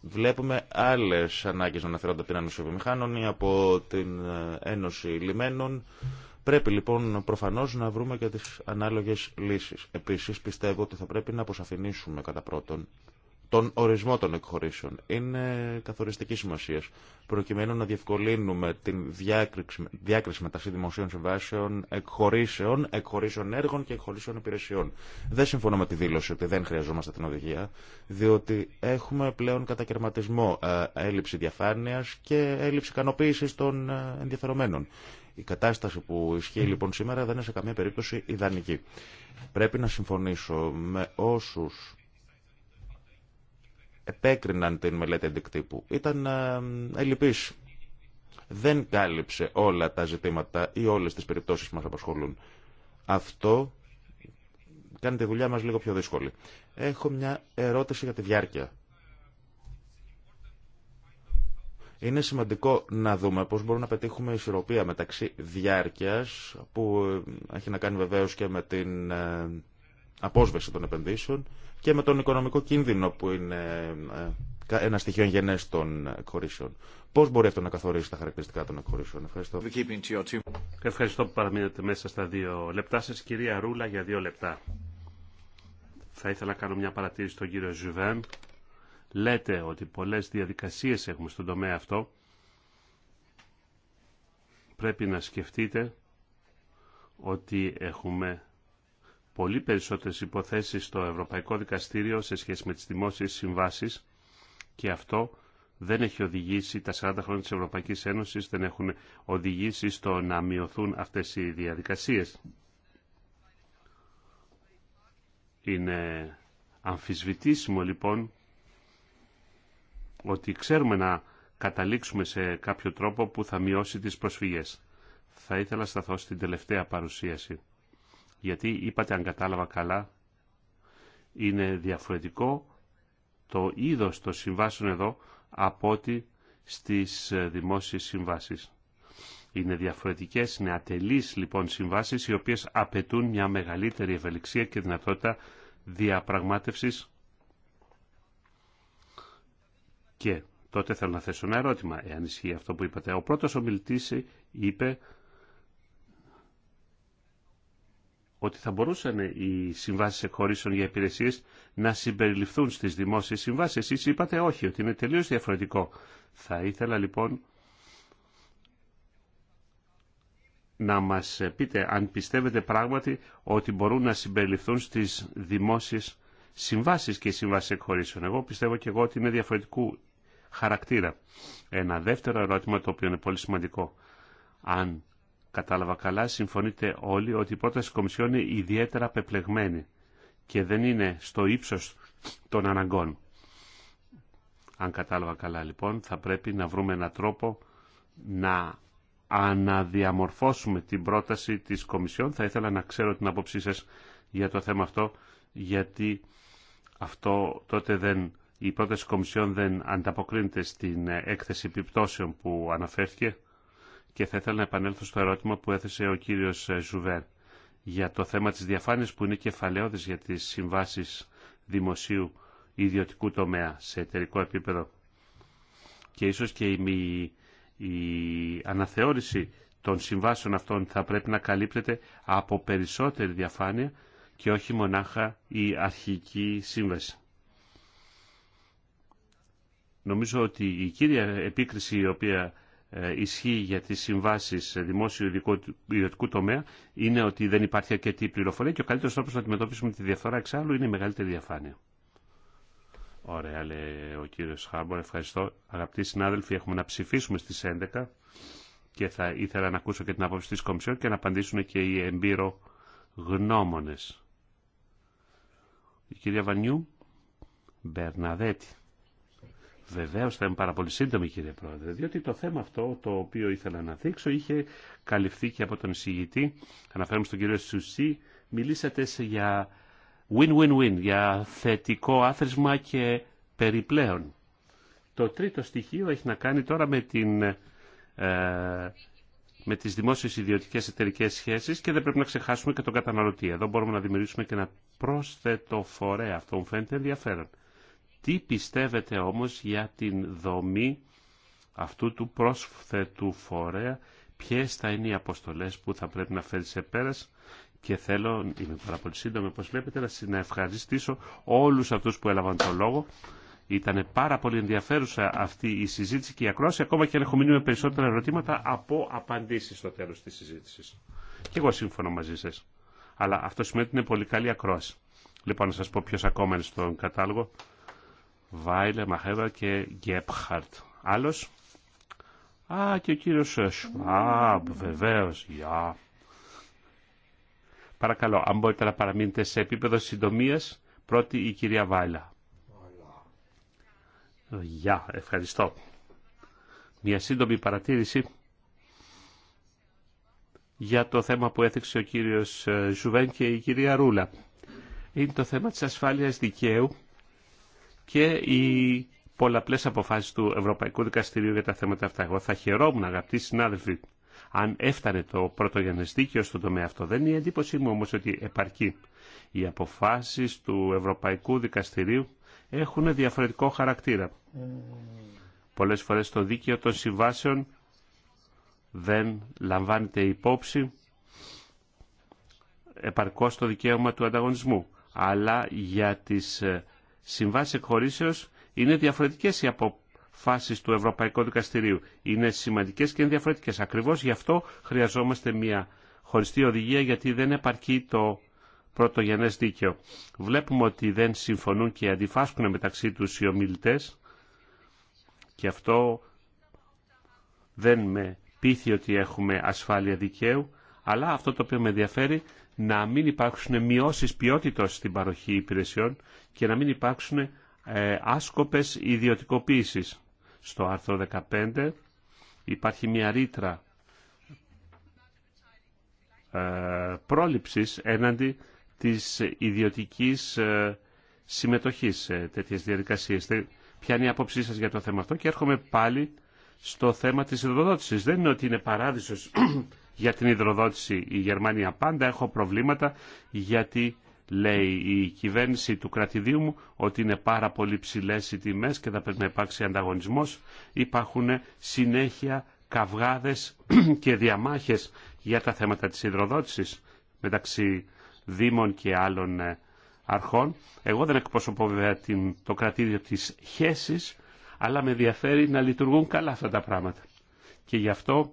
Βλέπουμε άλλες ανάγκες να αναφέρονται από την Ένωση Βιομηχάνων ή από την ε, Ένωση Λιμένων. Πρέπει λοιπόν προφανώ να βρούμε και τις ανάλογες λύσεις. Επίσης πιστεύω ότι θα πρέπει να αποσαφηνίσουμε κατά πρώτον τον ορισμό των εκχωρήσεων. Είναι καθοριστική σημασία προκειμένου να διευκολύνουμε την διάκριση, μεταξύ δημοσίων συμβάσεων, εκχωρήσεων, εκχωρήσεων έργων και εκχωρήσεων υπηρεσιών. Δεν συμφωνώ με τη δήλωση ότι δεν χρειαζόμαστε την οδηγία, διότι έχουμε πλέον κατακαιρματισμό, ε, έλλειψη διαφάνεια και έλλειψη ικανοποίηση των ε, ενδιαφερομένων. Η κατάσταση που ισχύει λοιπόν σήμερα δεν είναι σε καμία περίπτωση ιδανική. Πρέπει να συμφωνήσω με όσους επέκριναν την μελέτη αντικτύπου ήταν ε, ελλειπής. Δεν κάλυψε όλα τα ζητήματα ή όλες τις περιπτώσεις που μας απασχολούν. Αυτό κάνει τη δουλειά μας λίγο πιο δύσκολη. Έχω μια ερώτηση για τη διάρκεια. Είναι σημαντικό να δούμε πώς μπορούμε να πετύχουμε ισορροπία μεταξύ διάρκειας, που ε, έχει να κάνει βεβαίως και με την ε, απόσβεση των επενδύσεων, και με τον οικονομικό κίνδυνο που είναι ε, ένα στοιχείο γενέ των εκχωρήσεων. Πώ μπορεί αυτό να καθορίσει τα χαρακτηριστικά των εκχωρήσεων. Ευχαριστώ. Ευχαριστώ που παραμείνετε μέσα στα δύο λεπτά σα, κυρία Ρούλα, για δύο λεπτά. Θα ήθελα να κάνω μια παρατήρηση στον κύριο Ζουβέν. Λέτε ότι πολλέ διαδικασίε έχουμε στον τομέα αυτό. Πρέπει να σκεφτείτε ότι έχουμε πολύ περισσότερες υποθέσεις στο Ευρωπαϊκό Δικαστήριο σε σχέση με τις δημόσιες συμβάσεις και αυτό δεν έχει οδηγήσει, τα 40 χρόνια της Ευρωπαϊκής Ένωσης δεν έχουν οδηγήσει στο να μειωθούν αυτές οι διαδικασίες. Είναι αμφισβητήσιμο λοιπόν ότι ξέρουμε να καταλήξουμε σε κάποιο τρόπο που θα μειώσει τις προσφυγές. Θα ήθελα σταθώ στην τελευταία παρουσίαση γιατί είπατε αν κατάλαβα καλά είναι διαφορετικό το είδος των συμβάσεων εδώ από ότι στις ε, δημόσιες συμβάσεις. Είναι διαφορετικές, είναι ατελείς λοιπόν συμβάσεις οι οποίες απαιτούν μια μεγαλύτερη ευελιξία και δυνατότητα διαπραγμάτευσης. Και τότε θέλω να θέσω ένα ερώτημα, εάν ισχύει αυτό που είπατε. Ο πρώτος ομιλητής είπε ότι θα μπορούσαν οι συμβάσεις εκχωρήσεων για υπηρεσίε να συμπεριληφθούν στις δημόσιες συμβάσεις. Εσείς είπατε όχι, ότι είναι τελείω διαφορετικό. Θα ήθελα λοιπόν να μας πείτε αν πιστεύετε πράγματι ότι μπορούν να συμπεριληφθούν στις δημόσιες συμβάσεις και συμβάσεις εκχωρήσεων. Εγώ πιστεύω και εγώ ότι είναι διαφορετικού χαρακτήρα. Ένα δεύτερο ερώτημα το οποίο είναι πολύ σημαντικό. Αν κατάλαβα καλά, συμφωνείτε όλοι ότι η πρόταση Κομισιόν είναι ιδιαίτερα πεπλεγμένη και δεν είναι στο ύψος των αναγκών. Αν κατάλαβα καλά λοιπόν, θα πρέπει να βρούμε έναν τρόπο να αναδιαμορφώσουμε την πρόταση της Κομισιόν. Θα ήθελα να ξέρω την άποψή σας για το θέμα αυτό, γιατί αυτό τότε δεν, η πρόταση Κομισιόν δεν ανταποκρίνεται στην έκθεση επιπτώσεων που αναφέρθηκε και θα ήθελα να επανέλθω στο ερώτημα που έθεσε ο κύριος ε, Ζουβέρ για το θέμα της διαφάνειας που είναι κεφαλαίωδης για τις συμβάσεις δημοσίου ιδιωτικού τομέα σε εταιρικό επίπεδο. Και ίσως και η, η αναθεώρηση των συμβάσεων αυτών θα πρέπει να καλύπτεται από περισσότερη διαφάνεια και όχι μονάχα η αρχική σύμβαση. Νομίζω ότι η κύρια επίκριση η οποία ε, ισχύει για τις συμβάσεις δημόσιου ιδιωτικού τομέα είναι ότι δεν υπάρχει αρκετή πληροφορία και ο καλύτερος τρόπος να αντιμετωπίσουμε τη διαφθορά εξάλλου είναι η μεγαλύτερη διαφάνεια. Ωραία, λέει ο κύριος Χάμπορ. Ευχαριστώ. Αγαπητοί συνάδελφοι, έχουμε να ψηφίσουμε στις 11 και θα ήθελα να ακούσω και την άποψη της Κομισιόν και να απαντήσουν και οι εμπείρο Η κυρία Βανιού Μπερναδέτη. Βεβαίω θα είμαι πάρα πολύ σύντομη κύριε Πρόεδρε, διότι το θέμα αυτό το οποίο ήθελα να δείξω είχε καλυφθεί και από τον εισηγητή. Αναφέρομαι στον κύριο Σουσί, μιλήσατε για win-win-win, για θετικό άθροισμα και περιπλέον. Το τρίτο στοιχείο έχει να κάνει τώρα με, την, ε, με τις δημόσιες ιδιωτικές εταιρικές σχέσεις και δεν πρέπει να ξεχάσουμε και τον καταναλωτή. Εδώ μπορούμε να δημιουργήσουμε και ένα πρόσθετο φορέα. Αυτό μου φαίνεται ενδιαφέρον. Τι πιστεύετε όμως για την δομή αυτού του πρόσθετου φορέα, ποιες θα είναι οι αποστολές που θα πρέπει να φέρει σε πέρας και θέλω, είμαι πάρα πολύ σύντομη όπως βλέπετε, να ευχαριστήσω όλους αυτούς που έλαβαν το λόγο. Ήταν πάρα πολύ ενδιαφέρουσα αυτή η συζήτηση και η ακρόαση, ακόμα και αν έχω μείνει με περισσότερα ερωτήματα από απαντήσεις στο τέλος της συζήτησης. Και εγώ σύμφωνα μαζί σας. Αλλά αυτό σημαίνει ότι είναι πολύ καλή ακρόαση. Λοιπόν, να σας πω ποιος ακόμα είναι στον κατάλογο. Βάιλε, Μαχέβα και Γκέπχαρτ. Άλλος. Α, και ο κύριος ε, Σουάμπ, βεβαίως. Γεια. Παρακαλώ, αν μπορείτε να παραμείνετε σε επίπεδο συντομία, πρώτη η κυρία Βάιλα. Γεια, ευχαριστώ. Μια σύντομη παρατήρηση για το θέμα που έθεξε ο κύριος ε, Ζουβέν και η κυρία Ρούλα. Είναι το θέμα της ασφάλειας δικαίου και οι πολλαπλές αποφάσεις του Ευρωπαϊκού Δικαστηρίου για τα θέματα αυτά. Εγώ θα χαιρόμουν αγαπητοί συνάδελφοι αν έφτανε το πρωτογενές δίκαιο στον τομέα αυτό. Δεν είναι η εντύπωσή μου όμως ότι επαρκεί. Οι αποφάσεις του Ευρωπαϊκού Δικαστηρίου έχουν διαφορετικό χαρακτήρα. Πολλές φορές το δίκαιο των συμβάσεων δεν λαμβάνεται υπόψη επαρκώς το δικαίωμα του ανταγωνισμού. Αλλά για τις ε, Συμβάσει εκχωρήσεω είναι διαφορετικές οι αποφάσει του Ευρωπαϊκού Δικαστηρίου. Είναι σημαντικές και είναι διαφορετικές. Ακριβώς γι' αυτό χρειαζόμαστε μια χωριστή οδηγία γιατί δεν επαρκεί το πρωτογενέ δίκαιο. Βλέπουμε ότι δεν συμφωνούν και αντιφάσκουν μεταξύ τους οι ομιλητές και αυτό δεν με πείθει ότι έχουμε ασφάλεια δικαίου, αλλά αυτό το οποίο με ενδιαφέρει να μην υπάρξουν μειώσεις ποιότητας στην παροχή υπηρεσιών και να μην υπάρξουν ε, άσκοπες ιδιωτικοποίησεις. Στο άρθρο 15 υπάρχει μια ρήτρα ε, πρόληψης έναντι της ιδιωτικής ε, συμμετοχής σε τέτοιες διαδικασίες. Ποια είναι η άποψή σας για το θέμα αυτό και έρχομαι πάλι στο θέμα της ειδοδότησης. Δεν είναι ότι είναι παράδεισος για την υδροδότηση η Γερμανία πάντα έχω προβλήματα γιατί λέει η κυβέρνηση του κρατηδίου μου ότι είναι πάρα πολύ ψηλέ οι τιμές και θα πρέπει να υπάρξει ανταγωνισμός. Υπάρχουν συνέχεια καυγάδες και διαμάχες για τα θέματα της υδροδότησης μεταξύ δήμων και άλλων ε, αρχών. Εγώ δεν εκπροσωπώ βέβαια το κρατήριο της χέσης, αλλά με ενδιαφέρει να λειτουργούν καλά αυτά τα πράγματα. Και γι' αυτό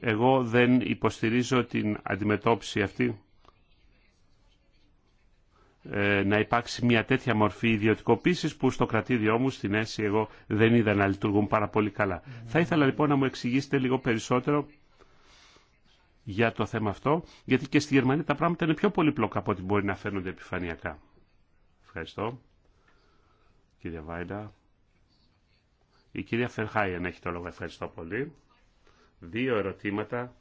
εγώ δεν υποστηρίζω την αντιμετώπιση αυτή ε, να υπάρξει μια τέτοια μορφή ιδιωτικοποίησης που στο κρατήδιό μου στην ΕΣΥ εγώ δεν είδα να λειτουργούν πάρα πολύ καλά. Θα ήθελα λοιπόν να μου εξηγήσετε λίγο περισσότερο για το θέμα αυτό, γιατί και στη Γερμανία τα πράγματα είναι πιο πολύπλοκα από ό,τι μπορεί να φαίνονται επιφανειακά. Ευχαριστώ. Κύριε Βάιντα. Η κυρία Φερχάιεν έχει το λόγο. Ευχαριστώ πολύ δύο ερωτήματα.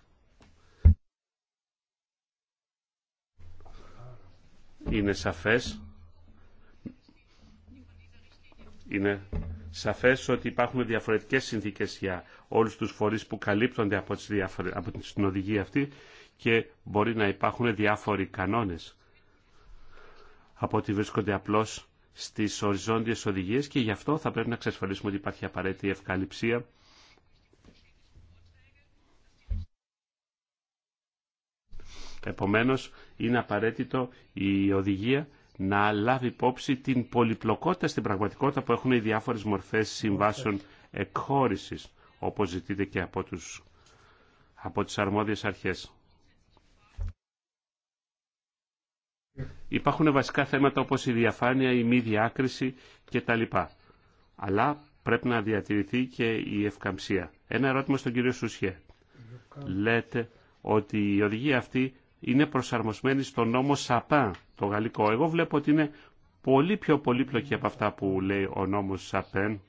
Είναι σαφές. Είναι σαφές ότι υπάρχουν διαφορετικές συνθήκες για όλους τους φορείς που καλύπτονται από, τις διαφορε... την οδηγία αυτή και μπορεί να υπάρχουν διάφοροι κανόνες από ότι βρίσκονται απλώς στις οριζόντιες οδηγίες και γι' αυτό θα πρέπει να εξασφαλίσουμε ότι υπάρχει απαραίτητη ευκαλυψία Επομένως, είναι απαραίτητο η οδηγία να λάβει υπόψη την πολυπλοκότητα στην πραγματικότητα που έχουν οι διάφορες μορφές συμβάσεων εκχώρησης, όπως ζητείται και από, τους, από τις αρμόδιες αρχές. Υπάρχουν βασικά θέματα όπως η διαφάνεια, η μη διάκριση κτλ. Αλλά πρέπει να διατηρηθεί και η ευκαμψία. Ένα ερώτημα στον κύριο Σουσιέ. Λέτε ότι η οδηγία αυτή είναι προσαρμοσμένη στο νόμο ΣΑΠΑ, το γαλλικό. Εγώ βλέπω ότι είναι πολύ πιο πολύπλοκη από αυτά που λέει ο νόμος ΣΑΠΕΝ.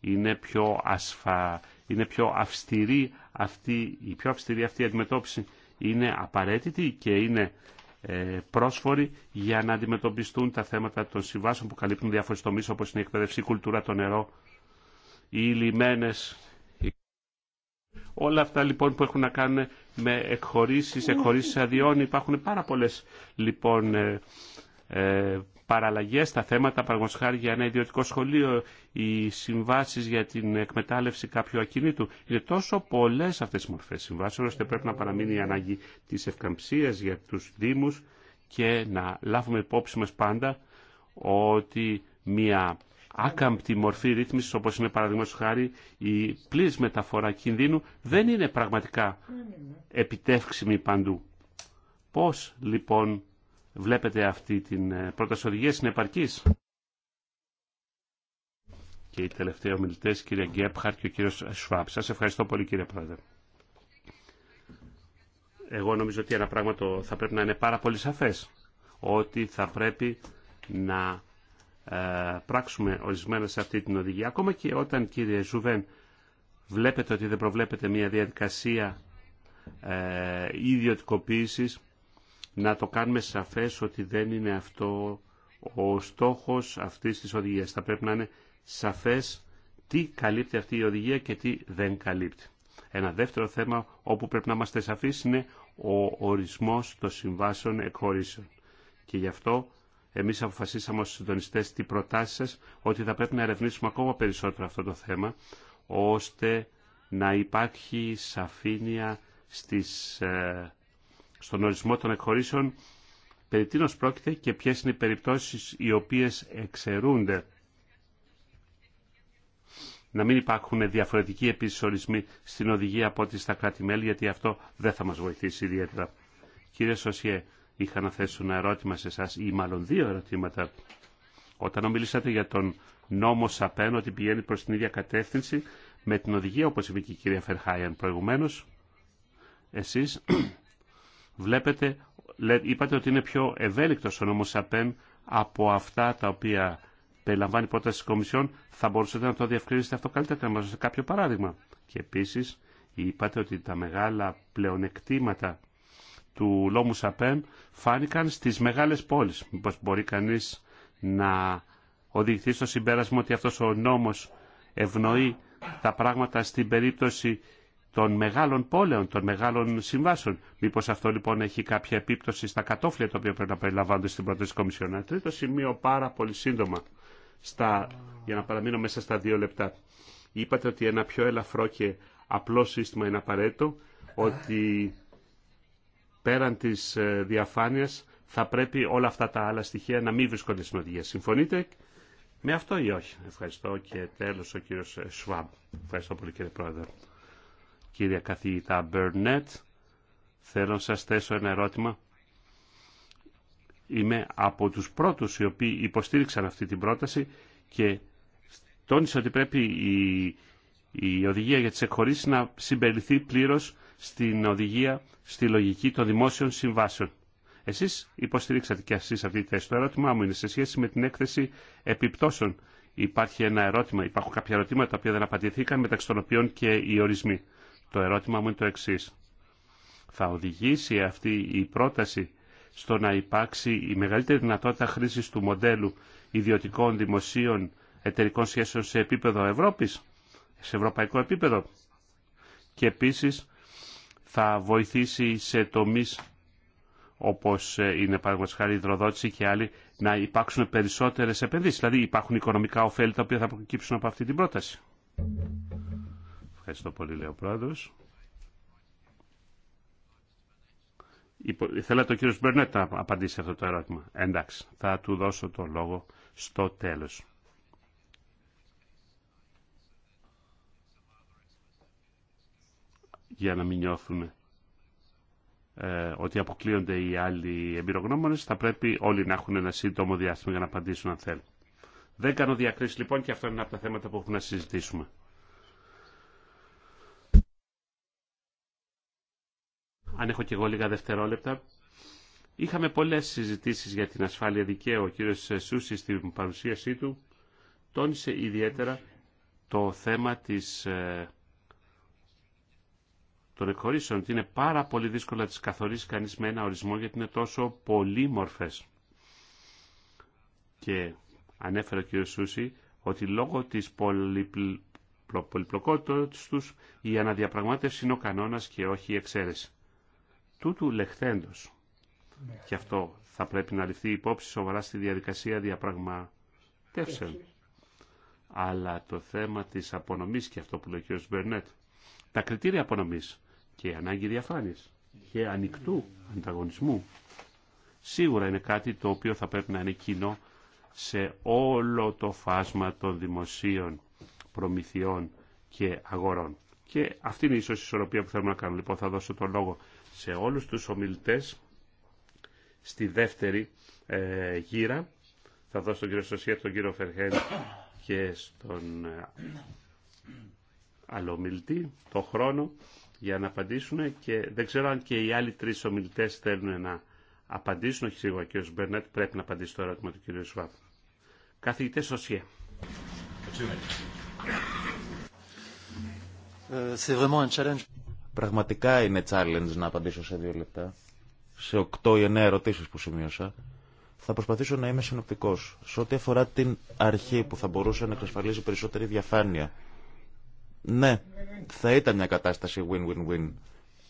Είναι πιο ασφα, είναι πιο αυστηρή αυτή, η πιο αυστηρή αυτή η αντιμετώπιση είναι απαραίτητη και είναι ε, για να αντιμετωπιστούν τα θέματα των συμβάσεων που καλύπτουν διάφορες τομείς όπως είναι η εκπαίδευση, η κουλτούρα, το νερό, οι λιμένες, Όλα αυτά λοιπόν που έχουν να κάνουν με εκχωρήσεις, εκχωρήσεις αδειών, υπάρχουν πάρα πολλές λοιπόν ε, ε παραλλαγέ στα θέματα, παραγωγικά για ένα ιδιωτικό σχολείο, οι συμβάσει για την εκμετάλλευση κάποιου ακινήτου. Είναι τόσο πολλέ αυτέ οι μορφέ συμβάσεων, ώστε πρέπει να παραμείνει η ανάγκη τη ευκαμψία για του Δήμου και να λάβουμε υπόψη μα πάντα ότι μια άκαμπτη μορφή ρύθμισης όπως είναι παραδείγματος χάρη η πλήρης μεταφορά κινδύνου δεν είναι πραγματικά επιτεύξιμη παντού. Πώς λοιπόν βλέπετε αυτή την ε, πρόταση οδηγία συνεπαρκής. Και οι τελευταίοι ομιλητές, κύριε Γκέπχαρ και ο κύριος Σουάπ. Σας ευχαριστώ πολύ κύριε Πρόεδρε. Εγώ νομίζω ότι ένα πράγμα θα πρέπει να είναι πάρα πολύ σαφές. Ότι θα πρέπει να ε, πράξουμε ορισμένα σε αυτή την οδηγία. Ακόμα και όταν, κύριε Ζουβέν, βλέπετε ότι δεν προβλέπετε μια διαδικασία ε, ιδιωτικοποίησης, να το κάνουμε σαφές ότι δεν είναι αυτό ο στόχος αυτής της οδηγίας. Θα πρέπει να είναι σαφές τι καλύπτει αυτή η οδηγία και τι δεν καλύπτει. Ένα δεύτερο θέμα όπου πρέπει να είμαστε σαφείς είναι ο ορισμός των συμβάσεων εκχωρήσεων. Και γι' αυτό Εμεί αποφασίσαμε ω συντονιστέ τι προτάσει σα ότι θα πρέπει να ερευνήσουμε ακόμα περισσότερο αυτό το θέμα, ώστε να υπάρχει σαφήνεια στις, ε, στον ορισμό των εκχωρήσεων περί τίνος πρόκειται και ποιε είναι οι περιπτώσεις οι οποίες εξαιρούνται. Να μην υπάρχουν διαφορετικοί επίσης ορισμοί στην οδηγία από ό,τι στα κράτη-μέλη, γιατί αυτό δεν θα μας βοηθήσει ιδιαίτερα. Κύριε Σωσιέ, είχα να θέσω ένα ερώτημα σε εσά ή μάλλον δύο ερωτήματα. Όταν μιλήσατε για τον νόμο Σαπέν ότι πηγαίνει προς την ίδια κατεύθυνση με την οδηγία όπως είπε και η κυρία Φερχάιαν προηγουμένως, εσείς βλέπετε, είπατε ότι είναι πιο ευέλικτος ο νόμος Σαπέν από αυτά τα οποία περιλαμβάνει πρόταση της Κομισιόν, θα μπορούσατε να το διευκρινίσετε αυτό καλύτερα, να μας δώσετε κάποιο παράδειγμα. Και επίσης είπατε ότι τα μεγάλα πλεονεκτήματα του Λόμου Σαπέμ φάνηκαν στις μεγάλες πόλεις. Μήπως μπορεί κανείς να οδηγηθεί στο συμπέρασμα ότι αυτός ο νόμος ευνοεί τα πράγματα στην περίπτωση των μεγάλων πόλεων, των μεγάλων συμβάσεων. Μήπως αυτό λοιπόν έχει κάποια επίπτωση στα κατόφλια τα οποία πρέπει να περιλαμβάνονται στην πρώτη Κομισιόν. Ένα τρίτο σημείο πάρα πολύ σύντομα, στα, για να παραμείνω μέσα στα δύο λεπτά. Είπατε ότι ένα πιο ελαφρό και απλό σύστημα είναι απαραίτητο, ότι πέραν της ε, διαφάνειας θα πρέπει όλα αυτά τα άλλα στοιχεία να μην βρίσκονται στην οδηγία. Συμφωνείτε με αυτό ή όχι. Ευχαριστώ και τέλος ο κύριος Σουάμπ. Ευχαριστώ πολύ κύριε Πρόεδρε. Κύριε καθηγητά Μπερνέτ, θέλω να σας θέσω ένα ερώτημα. Είμαι από τους πρώτους οι οποίοι υποστήριξαν αυτή την πρόταση και τόνισα ότι πρέπει η, η οδηγία για τις εκχωρήσεις να συμπεριληφθεί πλήρως στην οδηγία στη λογική των δημόσιων συμβάσεων. Εσείς υποστηρίξατε και εσείς αυτή τη θέση. Το ερώτημά μου είναι σε σχέση με την έκθεση επιπτώσεων. Υπάρχει ένα ερώτημα, υπάρχουν κάποια ερωτήματα τα οποία δεν απαντηθήκαν μεταξύ των οποίων και οι ορισμοί. Το ερώτημά μου είναι το εξή. Θα οδηγήσει αυτή η πρόταση στο να υπάρξει η μεγαλύτερη δυνατότητα χρήση του μοντέλου ιδιωτικών δημοσίων εταιρικών σχέσεων σε επίπεδο Ευρώπη, σε ευρωπαϊκό επίπεδο. Και επίση θα βοηθήσει σε τομείς όπως ε, είναι παραγωγικά, χάρη υδροδότηση και άλλοι, να υπάρξουν περισσότερες επενδύσεις. Δηλαδή υπάρχουν οικονομικά ωφέλη τα οποία θα προκύψουν από αυτή την πρόταση. Ευχαριστώ πολύ, λέει ο Πρόεδρος. Θέλατε ο κύριος Μπερνέτ να απαντήσει αυτό το ερώτημα. Εντάξει, θα του δώσω το λόγο στο τέλος. για να μην νιώθουν ε, ότι αποκλείονται οι άλλοι εμπειρογνώμονες. Θα πρέπει όλοι να έχουν ένα σύντομο διάστημα για να απαντήσουν αν θέλουν. Δεν κάνω διακρίσει λοιπόν και αυτό είναι ένα από τα θέματα που έχουμε να συζητήσουμε. Αν έχω και εγώ λίγα δευτερόλεπτα. Είχαμε πολλές συζητήσεις για την ασφάλεια δικαίου. Ο κύριος Σούση στην παρουσίασή του τόνισε ιδιαίτερα το θέμα της ε, των εκχωρήσεων, ότι είναι πάρα πολύ δύσκολο να τις καθορίσει κανείς με ένα ορισμό γιατί είναι τόσο πολύμορφες. Και ανέφερε ο κ. Σούση ότι λόγω της πολυπλ... πολυπλοκότητας τους η αναδιαπραγμάτευση είναι ο κανόνας και όχι η εξαίρεση. Τούτου λεχθέντος. Ναι. Και αυτό θα πρέπει να ληφθεί υπόψη σοβαρά στη διαδικασία διαπραγματεύσεων. Αλλά το θέμα της απονομής και αυτό που λέει ο κ. Μπερνέτ, τα κριτήρια απονομής και ανάγκη διαφάνειας και ανοιχτού ανταγωνισμού. Σίγουρα είναι κάτι το οποίο θα πρέπει να είναι κοινό σε όλο το φάσμα των δημοσίων προμηθειών και αγορών. Και αυτή είναι ίσως η ισορροπία που θέλουμε να κάνουμε. Λοιπόν, θα δώσω το λόγο σε όλους τους ομιλητές στη δεύτερη ε, γύρα. Θα δώσω τον κύριο Σωσία, τον κύριο Φερχέν και στον ε, άλλο ομιλητή το χρόνο για να απαντήσουν και δεν ξέρω αν και οι άλλοι τρεις ομιλητές θέλουν να απαντήσουν. Όχι σίγουρα ο κ. πρέπει να απαντήσει το ερώτημα του κ. Σουάπ. Καθηγητές Σοσιέ. Ε, Πραγματικά είναι challenge να απαντήσω σε δύο λεπτά. Σε οκτώ ή εννέα ερωτήσει που σημείωσα. Θα προσπαθήσω να είμαι συνοπτικό. Σε ό,τι αφορά την αρχή που θα μπορούσε να εξασφαλίζει περισσότερη διαφάνεια ναι, θα ήταν μια κατάσταση win-win-win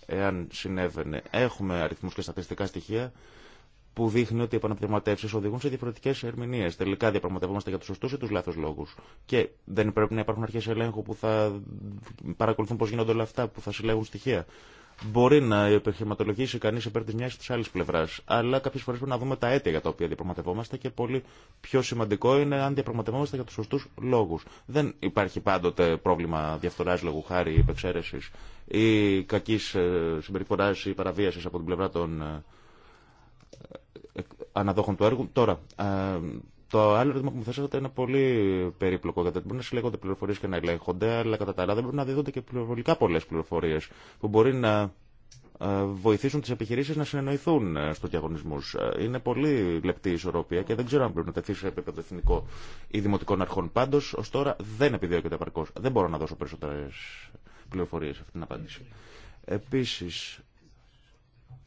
εάν συνέβαινε. Έχουμε αριθμούς και στατιστικά στοιχεία που δείχνει ότι οι επαναπληρωματεύσει οδηγούν σε διαφορετικέ ερμηνείε. Τελικά διαπραγματευόμαστε για του σωστού ή του λάθο λόγου. Και δεν πρέπει να υπάρχουν αρχέ ελέγχου που θα παρακολουθούν πώ γίνονται όλα αυτά, που θα συλλέγουν στοιχεία. Μπορεί να επιχειρηματολογήσει κανεί υπέρ τη μια ή τη άλλη πλευρά, αλλά κάποιε φορέ πρέπει να δούμε τα αίτια για τα οποία διαπραγματευόμαστε και πολύ πιο σημαντικό είναι αν διαπραγματευόμαστε για του σωστού λόγου. Δεν υπάρχει πάντοτε πρόβλημα διαφθορά λόγου χάρη ή υπεξαίρεση ή κακή ε, συμπεριφορά ή παραβίαση από την πλευρά των ε, ε, αναδόχων του έργου. Τώρα, το άλλο ερώτημα που μου θέσατε είναι πολύ περίπλοκο. Γιατί μπορεί να συλλέγονται πληροφορίε και να ελέγχονται, αλλά κατά τα άλλα δεν μπορεί να δίδονται και πληροφορικά πολλέ πληροφορίε που μπορεί να ε, βοηθήσουν τι επιχειρήσει να συνεννοηθούν ε, στου διαγωνισμού. Ε, είναι πολύ λεπτή η ισορροπία και δεν ξέρω αν πρέπει να τεθεί σε επίπεδο εθνικό ή δημοτικών αρχών. Πάντω, ω τώρα δεν επιδιώκεται επαρκώ. Δεν μπορώ να δώσω περισσότερε πληροφορίε σε αυτή την απάντηση. Επίση,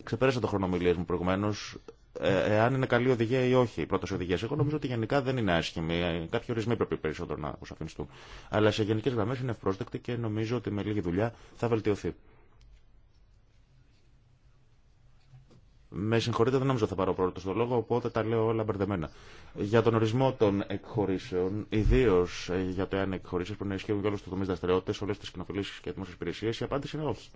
ξεπέρασα το χρονομιλίε μου προηγουμένω. Ε, εάν είναι καλή οδηγία ή όχι η πρόταση οδηγία. Εγώ νομίζω ότι γενικά δεν είναι άσχημη. Κάποιοι ορισμοί πρέπει περισσότερο να αποσαφινιστούν. Αλλά σε γενικέ γραμμέ είναι ευπρόσδεκτη και νομίζω ότι με λίγη δουλειά θα βελτιωθεί. Με συγχωρείτε, δεν νομίζω θα πάρω πρώτο στο λόγο, οπότε τα λέω όλα μπερδεμένα. Για τον ορισμό των εκχωρήσεων, ιδίω για το εάν εκχωρήσει πρέπει να ισχύουν για όλου του τομεί δραστηριότητε, όλε τι κοινοφιλήσει και δημόσιε υπηρεσίε, η απάντηση είναι όχι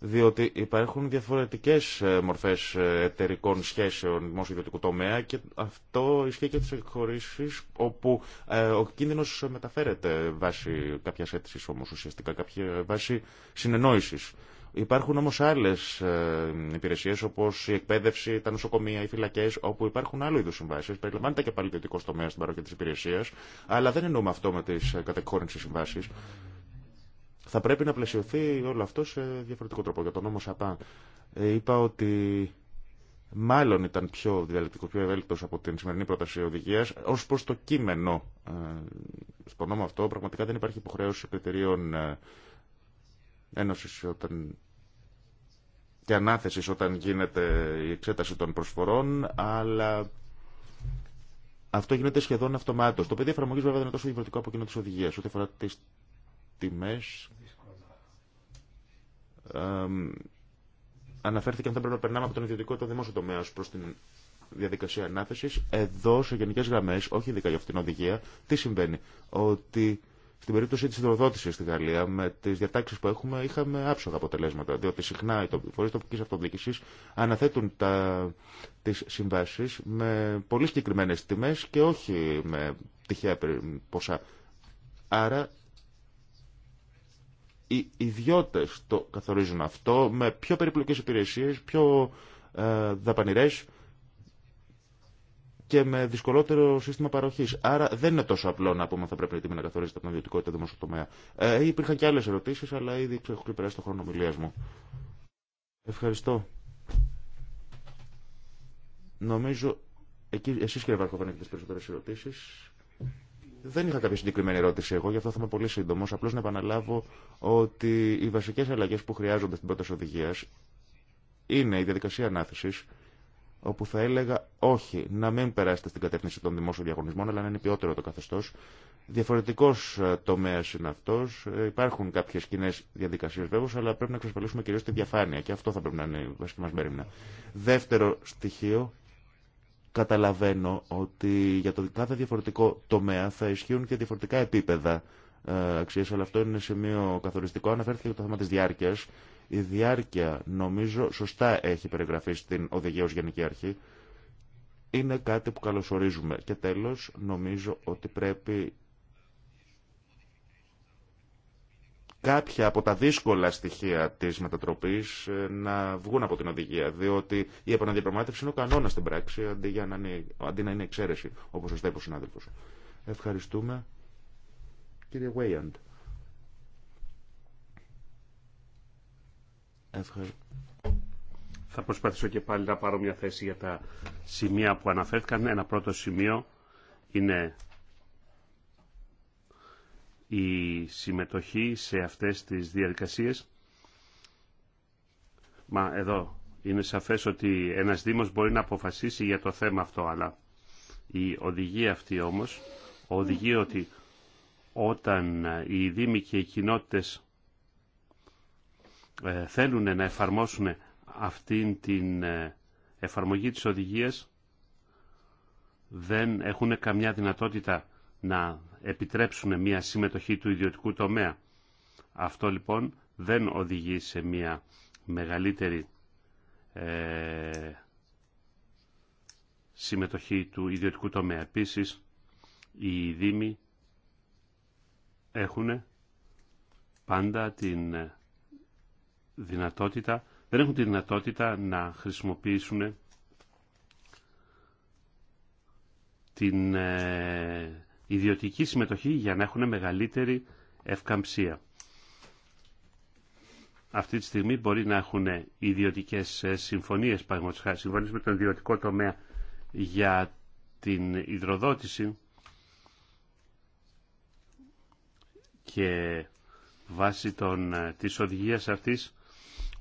διότι υπάρχουν διαφορετικές ε, μορφές ε, εταιρικών σχέσεων δημόσιο-ιδιωτικού τομέα και αυτό ισχύει και τις εκχωρήσεις όπου ε, ο κίνδυνος μεταφέρεται βάσει κάποιας αίτησης όμως ουσιαστικά, κάποια βάση συνεννόησης. Υπάρχουν όμως άλλες υπηρεσίες όπως η εκπαίδευση, τα νοσοκομεία, οι φυλακές όπου υπάρχουν άλλου είδους συμβάσεις. Περιλαμβάνεται και πάλι ιδιωτικός τομέας τομέα στην παροχή της υπηρεσίας αλλά δεν εννοούμε αυτό με τις κατεκχώρησης συμβάσεις. Θα πρέπει να πλαισιωθεί όλο αυτό σε διαφορετικό τρόπο. Για τον νόμο ΣΑΠΑ ε, είπα ότι μάλλον ήταν πιο διαλεκτικό, πιο ευέλικτο από την σημερινή πρόταση οδηγία. Ω προ το κείμενο, ε, στον νόμο αυτό πραγματικά δεν υπάρχει υποχρέωση κριτηρίων ε, ένωση όταν και ανάθεση όταν γίνεται η εξέταση των προσφορών, αλλά αυτό γίνεται σχεδόν αυτομάτω. Το πεδίο εφαρμογή βέβαια δεν είναι τόσο διαφορετικό από εκείνο τη οδηγία, ό,τι αφορά τι τιμέ αναφέρθηκε αν θα πρέπει να περνάμε από τον ιδιωτικό το δημόσιο τομέα προ την διαδικασία ανάθεση. Εδώ, σε γενικέ γραμμέ, όχι ειδικά για αυτήν την οδηγία, τι συμβαίνει. Ότι στην περίπτωση τη υδροδότηση στη Γαλλία, με τι διατάξει που έχουμε, είχαμε άψογα αποτελέσματα. Διότι συχνά οι φορεί τοπική αυτοδιοίκηση αναθέτουν τι συμβάσει με πολύ συγκεκριμένε τιμέ και όχι με τυχαία ποσά. Άρα οι ιδιώτες το καθορίζουν αυτό με πιο περιπλοκές υπηρεσίες, πιο ε, δαπανηρές και με δυσκολότερο σύστημα παροχή. Άρα δεν είναι τόσο απλό να πούμε θα πρέπει να καθορίζεται από την ιδιωτικότητα ή τομέα. Ε, υπήρχαν και άλλε ερωτήσει, αλλά ήδη έχω ξεπεράσει το χρόνο ομιλία μου. Ευχαριστώ. Νομίζω, εκεί, εσείς κύριε Βαρχοβάν έχετε τις περισσότερες ερωτήσεις. Δεν είχα κάποια συγκεκριμένη ερώτηση εγώ, γι' αυτό θα είμαι πολύ σύντομο. Απλώ να επαναλάβω ότι οι βασικέ αλλαγέ που χρειάζονται στην πρόταση οδηγία είναι η διαδικασία ανάθεση, όπου θα έλεγα όχι, να μην περάσετε στην κατεύθυνση των δημόσιων διαγωνισμών, αλλά να είναι ποιότερο το καθεστώ. Διαφορετικό ε, τομέα είναι αυτό. Ε, υπάρχουν κάποιε κοινέ διαδικασίε βέβαια, αλλά πρέπει να εξασφαλίσουμε κυρίω τη διαφάνεια και αυτό θα πρέπει να είναι η βασική μα μέρημνα. Δεύτερο στοιχείο καταλαβαίνω ότι για το κάθε διαφορετικό τομέα θα ισχύουν και διαφορετικά επίπεδα ε, αξία. αλλά αυτό είναι σημείο καθοριστικό. Αναφέρθηκε το θέμα τη διάρκεια. Η διάρκεια, νομίζω, σωστά έχει περιγραφεί στην Οδηγία ω Γενική Αρχή. Είναι κάτι που καλωσορίζουμε. Και τέλο, νομίζω ότι πρέπει κάποια από τα δύσκολα στοιχεία της μετατροπής ε, να βγουν από την οδηγία, διότι η επαναδιαπραγμάτευση είναι ο κανόνα στην πράξη, αντί, για να είναι, αντί εξαίρεση, όπως ο είπε ο συνάδελφος. Ευχαριστούμε. Κύριε Βέιαντ. Θα προσπαθήσω και πάλι να πάρω μια θέση για τα σημεία που αναφέρθηκαν. Ένα πρώτο σημείο είναι η συμμετοχή σε αυτές τις διαδικασίες. Μα εδώ είναι σαφές ότι ένας Δήμος μπορεί να αποφασίσει για το θέμα αυτό, αλλά η οδηγία αυτή όμως οδηγεί ότι όταν οι Δήμοι και οι κοινότητες ε, θέλουν να εφαρμόσουν αυτήν την ε, εφαρμογή της οδηγίας, δεν έχουν καμιά δυνατότητα να επιτρέψουν μια συμμετοχή του ιδιωτικού τομέα. Αυτό λοιπόν δεν οδηγεί σε μια μεγαλύτερη ε, συμμετοχή του ιδιωτικού τομέα. Επίσης, οι Δήμοι έχουν πάντα την δυνατότητα, δεν έχουν τη δυνατότητα να χρησιμοποιήσουν την, ε, ιδιωτική συμμετοχή για να έχουν μεγαλύτερη ευκαμψία. Αυτή τη στιγμή μπορεί να έχουν ιδιωτικέ ε, συμφωνίε, παραδείγματο συμφωνίε με τον ιδιωτικό τομέα για την υδροδότηση και βάσει των, ε, της οδηγίας αυτής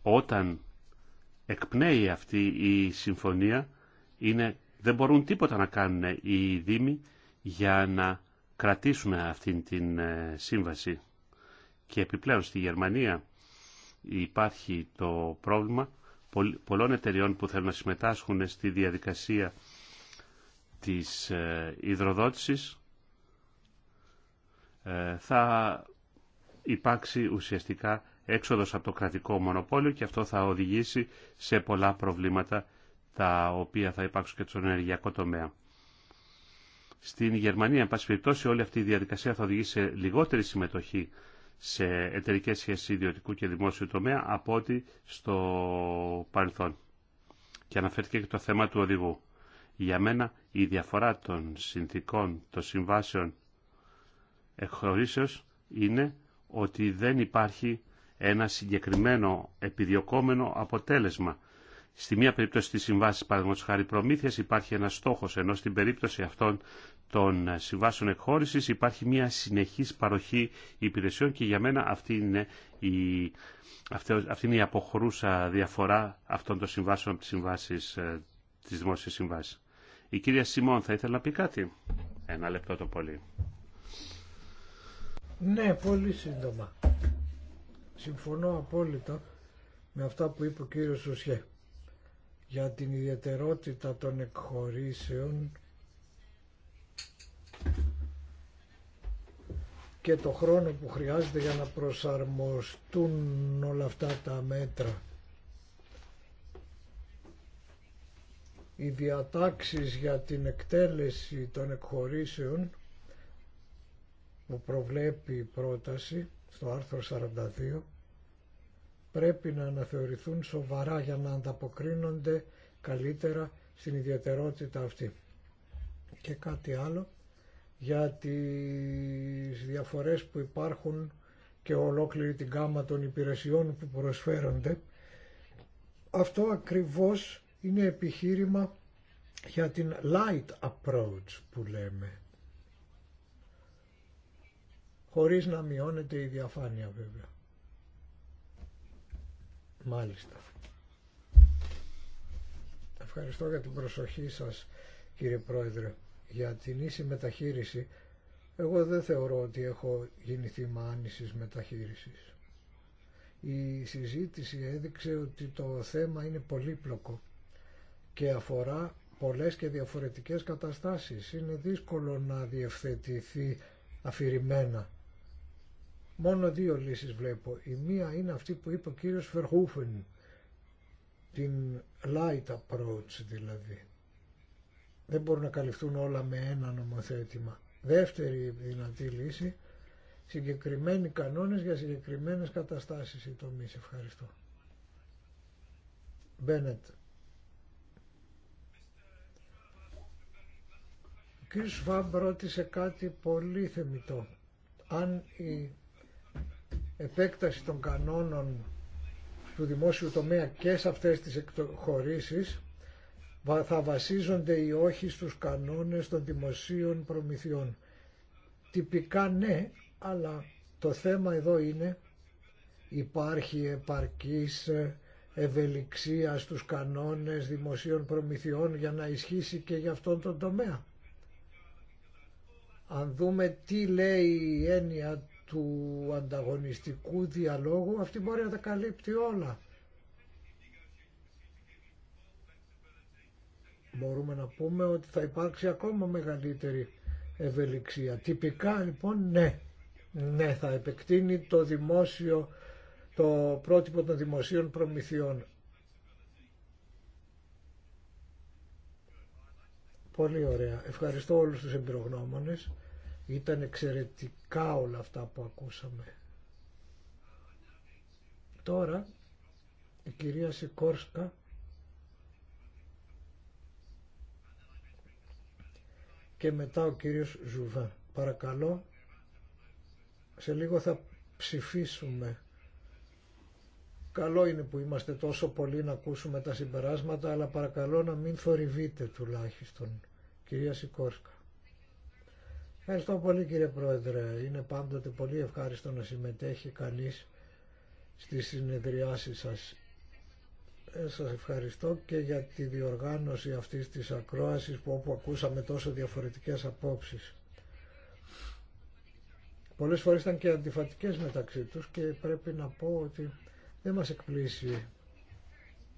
όταν εκπνέει αυτή η συμφωνία είναι, δεν μπορούν τίποτα να κάνουν οι δήμοι για να κρατήσουμε αυτήν την ε, σύμβαση. Και επιπλέον στη Γερμανία υπάρχει το πρόβλημα πολλών εταιριών που θέλουν να συμμετάσχουν στη διαδικασία της ε, υδροδότησης ε, θα υπάρξει ουσιαστικά έξοδος από το κρατικό μονοπόλιο και αυτό θα οδηγήσει σε πολλά προβλήματα τα οποία θα υπάρξουν και στον ενεργειακό τομέα στην Γερμανία. Εν πάση περιπτώσει, όλη αυτή η διαδικασία θα οδηγήσει σε λιγότερη συμμετοχή σε εταιρικέ σχέσει ιδιωτικού και δημόσιου τομέα από ό,τι στο παρελθόν. Και αναφέρθηκε και το θέμα του οδηγού. Για μένα η διαφορά των συνθήκων, των συμβάσεων εκχωρήσεως είναι ότι δεν υπάρχει ένα συγκεκριμένο επιδιωκόμενο αποτέλεσμα Στη μία περίπτωση τη συμβάση, παραδείγματο χάρη προμήθεια, υπάρχει ένα στόχο, ενώ στην περίπτωση αυτών των συμβάσεων εκχώρηση υπάρχει μια συνεχή παροχή υπηρεσιών και για μένα αυτή είναι η, αυτή η αποχρούσα διαφορά αυτών των συμβάσεων από τι συμβάσει τη Η κυρία Σιμών θα ήθελε να πει κάτι. Ένα λεπτό το πολύ. Ναι, πολύ σύντομα. Συμφωνώ απόλυτα με αυτά που είπε ο κύριος Σουσιέ για την ιδιαιτερότητα των εκχωρήσεων και το χρόνο που χρειάζεται για να προσαρμοστούν όλα αυτά τα μέτρα. Οι διατάξεις για την εκτέλεση των εκχωρήσεων που προβλέπει η πρόταση στο άρθρο 42 πρέπει να αναθεωρηθούν σοβαρά για να ανταποκρίνονται καλύτερα στην ιδιαιτερότητα αυτή. Και κάτι άλλο για τις διαφορές που υπάρχουν και ολόκληρη την γάμα των υπηρεσιών που προσφέρονται. Αυτό ακριβώς είναι επιχείρημα για την light approach που λέμε. Χωρίς να μειώνεται η διαφάνεια βέβαια. Ευχαριστώ για την προσοχή σας κύριε Πρόεδρε για την ίση μεταχείριση. Εγώ δεν θεωρώ ότι έχω γίνει θύμα άνησης μεταχείρισης. Η συζήτηση έδειξε ότι το θέμα είναι πολύπλοκο και αφορά πολλές και διαφορετικές καταστάσεις. Είναι δύσκολο να διευθετηθεί αφηρημένα Μόνο δύο λύσεις βλέπω. Η μία είναι αυτή που είπε ο κύριος Φερχούφεν, την light approach δηλαδή. Δεν μπορούν να καλυφθούν όλα με ένα νομοθέτημα. Δεύτερη δυνατή λύση, συγκεκριμένοι κανόνες για συγκεκριμένες καταστάσεις ή τομείς. Ευχαριστώ. Μπένετ. Ο κύριος Βαμπ ρώτησε κάτι πολύ θεμητό. Αν η επέκταση των κανόνων του δημόσιου τομέα και σε αυτές τις εκχωρήσεις θα βασίζονται ή όχι στους κανόνες των δημοσίων προμηθειών. Τυπικά ναι, αλλά το θέμα εδώ είναι υπάρχει επαρκής ευελιξία στους κανόνες δημοσίων προμηθειών για να ισχύσει και για αυτόν τον τομέα. Αν δούμε τι λέει η έννοια του ανταγωνιστικού διαλόγου, αυτή μπορεί να τα καλύπτει όλα. Μπορούμε να πούμε ότι θα υπάρξει ακόμα μεγαλύτερη ευελιξία. Τυπικά λοιπόν ναι, ναι θα επεκτείνει το δημόσιο, το πρότυπο των δημοσίων προμηθειών. Πολύ ωραία. Ευχαριστώ όλους τους εμπειρογνώμονες. Ήταν εξαιρετικά όλα αυτά που ακούσαμε. Τώρα η κυρία Σικόρσκα και μετά ο κύριος Ζουβά. Παρακαλώ, σε λίγο θα ψηφίσουμε. Καλό είναι που είμαστε τόσο πολλοί να ακούσουμε τα συμπεράσματα, αλλά παρακαλώ να μην θορυβείτε τουλάχιστον. Κυρία Σικόρσκα. Ευχαριστώ πολύ κύριε Πρόεδρε. Είναι πάντοτε πολύ ευχάριστο να συμμετέχει κανείς στις συνεδριάσεις σας. Ε, σας ευχαριστώ και για τη διοργάνωση αυτής της ακρόασης που όπου ακούσαμε τόσο διαφορετικές απόψεις. Πολλές φορές ήταν και αντιφατικές μεταξύ τους και πρέπει να πω ότι δεν μας εκπλήσει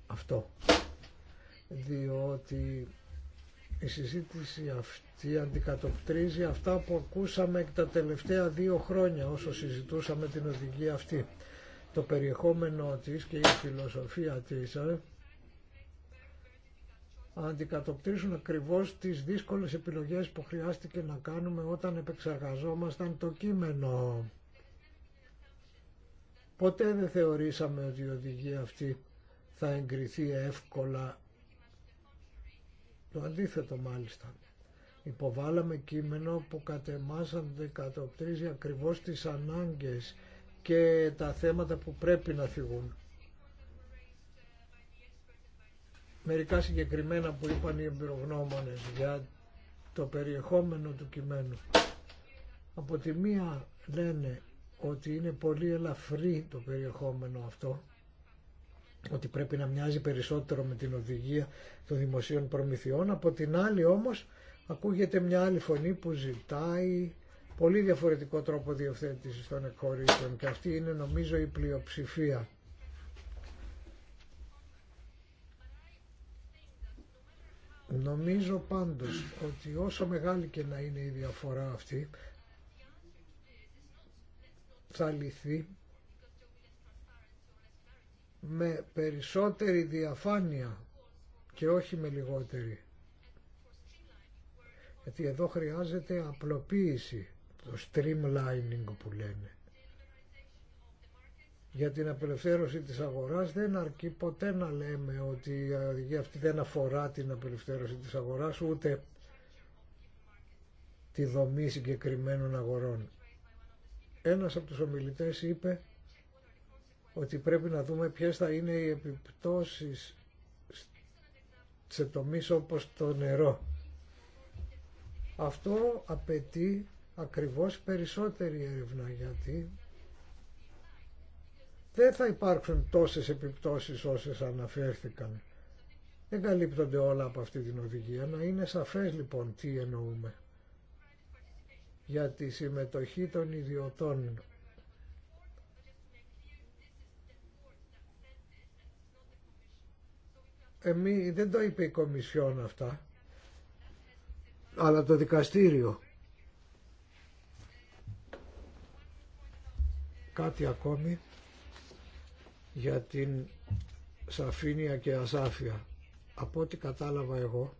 αυτό. Διότι η συζήτηση αυτή αντικατοπτρίζει αυτά που ακούσαμε τα τελευταία δύο χρόνια όσο συζητούσαμε την οδηγία αυτή. Το περιεχόμενο της και η φιλοσοφία της ε, αντικατοπτρίζουν ακριβώς τις δύσκολες επιλογές που χρειάστηκε να κάνουμε όταν επεξεργαζόμασταν το κείμενο. Ποτέ δεν θεωρήσαμε ότι η οδηγία αυτή θα εγκριθεί εύκολα το αντίθετο μάλιστα. Υποβάλαμε κείμενο που κατ' εμάς αντικατοπτρίζει ακριβώς τις ανάγκες και τα θέματα που πρέπει να φυγούν. Μερικά συγκεκριμένα που είπαν οι εμπειρογνώμονες για το περιεχόμενο του κειμένου. Από τη μία λένε ότι είναι πολύ ελαφρύ το περιεχόμενο αυτό ότι πρέπει να μοιάζει περισσότερο με την οδηγία των δημοσίων προμηθειών. Από την άλλη όμως ακούγεται μια άλλη φωνή που ζητάει πολύ διαφορετικό τρόπο διευθέτησης των εκχωρήσεων και αυτή είναι νομίζω η πλειοψηφία. Νομίζω πάντως ότι όσο μεγάλη και να είναι η διαφορά αυτή θα λυθεί με περισσότερη διαφάνεια και όχι με λιγότερη. Γιατί εδώ χρειάζεται απλοποίηση, το streamlining που λένε. Για την απελευθέρωση της αγοράς δεν αρκεί ποτέ να λέμε ότι η αυτή δεν αφορά την απελευθέρωση της αγοράς ούτε τη δομή συγκεκριμένων αγορών. Ένας από τους ομιλητές είπε ότι πρέπει να δούμε ποιες θα είναι οι επιπτώσεις σε τομείς όπως το νερό. Αυτό απαιτεί ακριβώς περισσότερη έρευνα γιατί δεν θα υπάρξουν τόσες επιπτώσεις όσες αναφέρθηκαν. Δεν καλύπτονται όλα από αυτή την οδηγία. Να είναι σαφές λοιπόν τι εννοούμε για τη συμμετοχή των ιδιωτών εμεί, δεν το είπε η Κομισιόν αυτά, αλλά το δικαστήριο. Κάτι ακόμη για την σαφήνεια και ασάφεια. Από ό,τι κατάλαβα εγώ,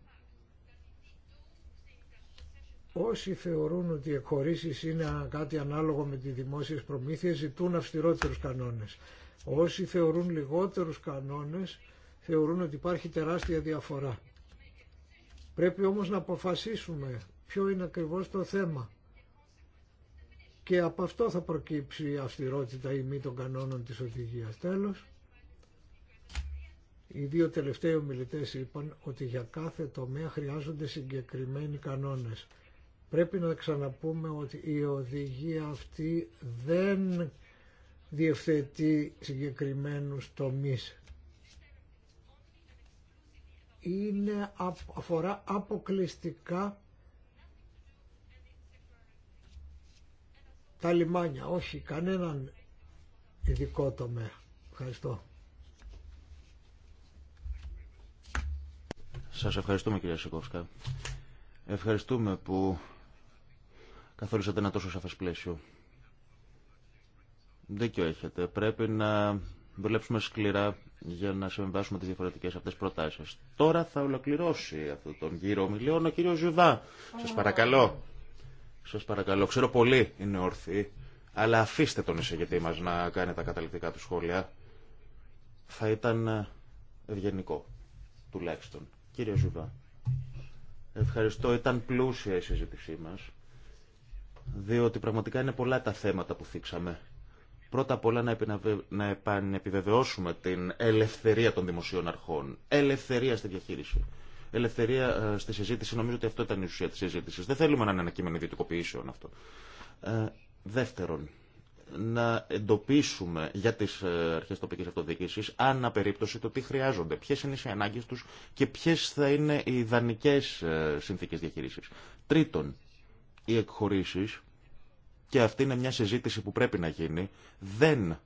όσοι θεωρούν ότι οι εκχωρήσει είναι κάτι ανάλογο με τις δημόσιες προμήθειες ζητούν αυστηρότερους κανόνες. Όσοι θεωρούν λιγότερους κανόνες θεωρούν ότι υπάρχει τεράστια διαφορά. Πρέπει όμως να αποφασίσουμε ποιο είναι ακριβώς το θέμα. Και από αυτό θα προκύψει η αυστηρότητα ή μη των κανόνων της οδηγίας. Τέλος, οι δύο τελευταίοι ομιλητές είπαν ότι για κάθε τομέα χρειάζονται συγκεκριμένοι κανόνες. Πρέπει να ξαναπούμε ότι η οδηγία αυτή δεν διευθετεί συγκεκριμένους τομείς είναι, αφορά αποκλειστικά τα λιμάνια, όχι κανέναν ειδικό τομέα. Ευχαριστώ. Σας ευχαριστούμε κυρία Σικόφσκα. Ευχαριστούμε που καθόρισατε ένα τόσο σαφές πλαίσιο. Δίκιο έχετε. Πρέπει να δουλέψουμε σκληρά για να συμβάσουμε τις διαφορετικές αυτές προτάσει. Τώρα θα ολοκληρώσει αυτόν τον γύρο ομιλίων ο κύριο Ζουδά. Σας παρακαλώ. σα παρακαλώ. Ξέρω πολύ είναι όρθιοι, Αλλά αφήστε τον εισηγητή μα να κάνει τα καταληκτικά του σχόλια. Θα ήταν ε, ευγενικό, τουλάχιστον. Κύριε Ζουβά, ευχαριστώ. Ήταν πλούσια η συζήτησή μα διότι πραγματικά είναι πολλά τα θέματα που θίξαμε. Πρώτα απ' όλα να επιβεβαιώσουμε την ελευθερία των δημοσίων αρχών. Ελευθερία στη διαχείριση. Ελευθερία ε, στη συζήτηση. Νομίζω ότι αυτό ήταν η ουσία τη συζήτηση. Δεν θέλουμε να είναι ένα κείμενο ιδιωτικοποιήσεων αυτό. Ε, δεύτερον, να εντοπίσουμε για τι ε, αρχέ τοπική αυτοδιοίκηση ανά περίπτωση το τι χρειάζονται, ποιε είναι οι ανάγκε του και ποιε θα είναι οι ιδανικέ συνθήκε διαχείριση. Τρίτον, οι εκχωρήσει και αυτή είναι μια συζήτηση που πρέπει να γίνει, δεν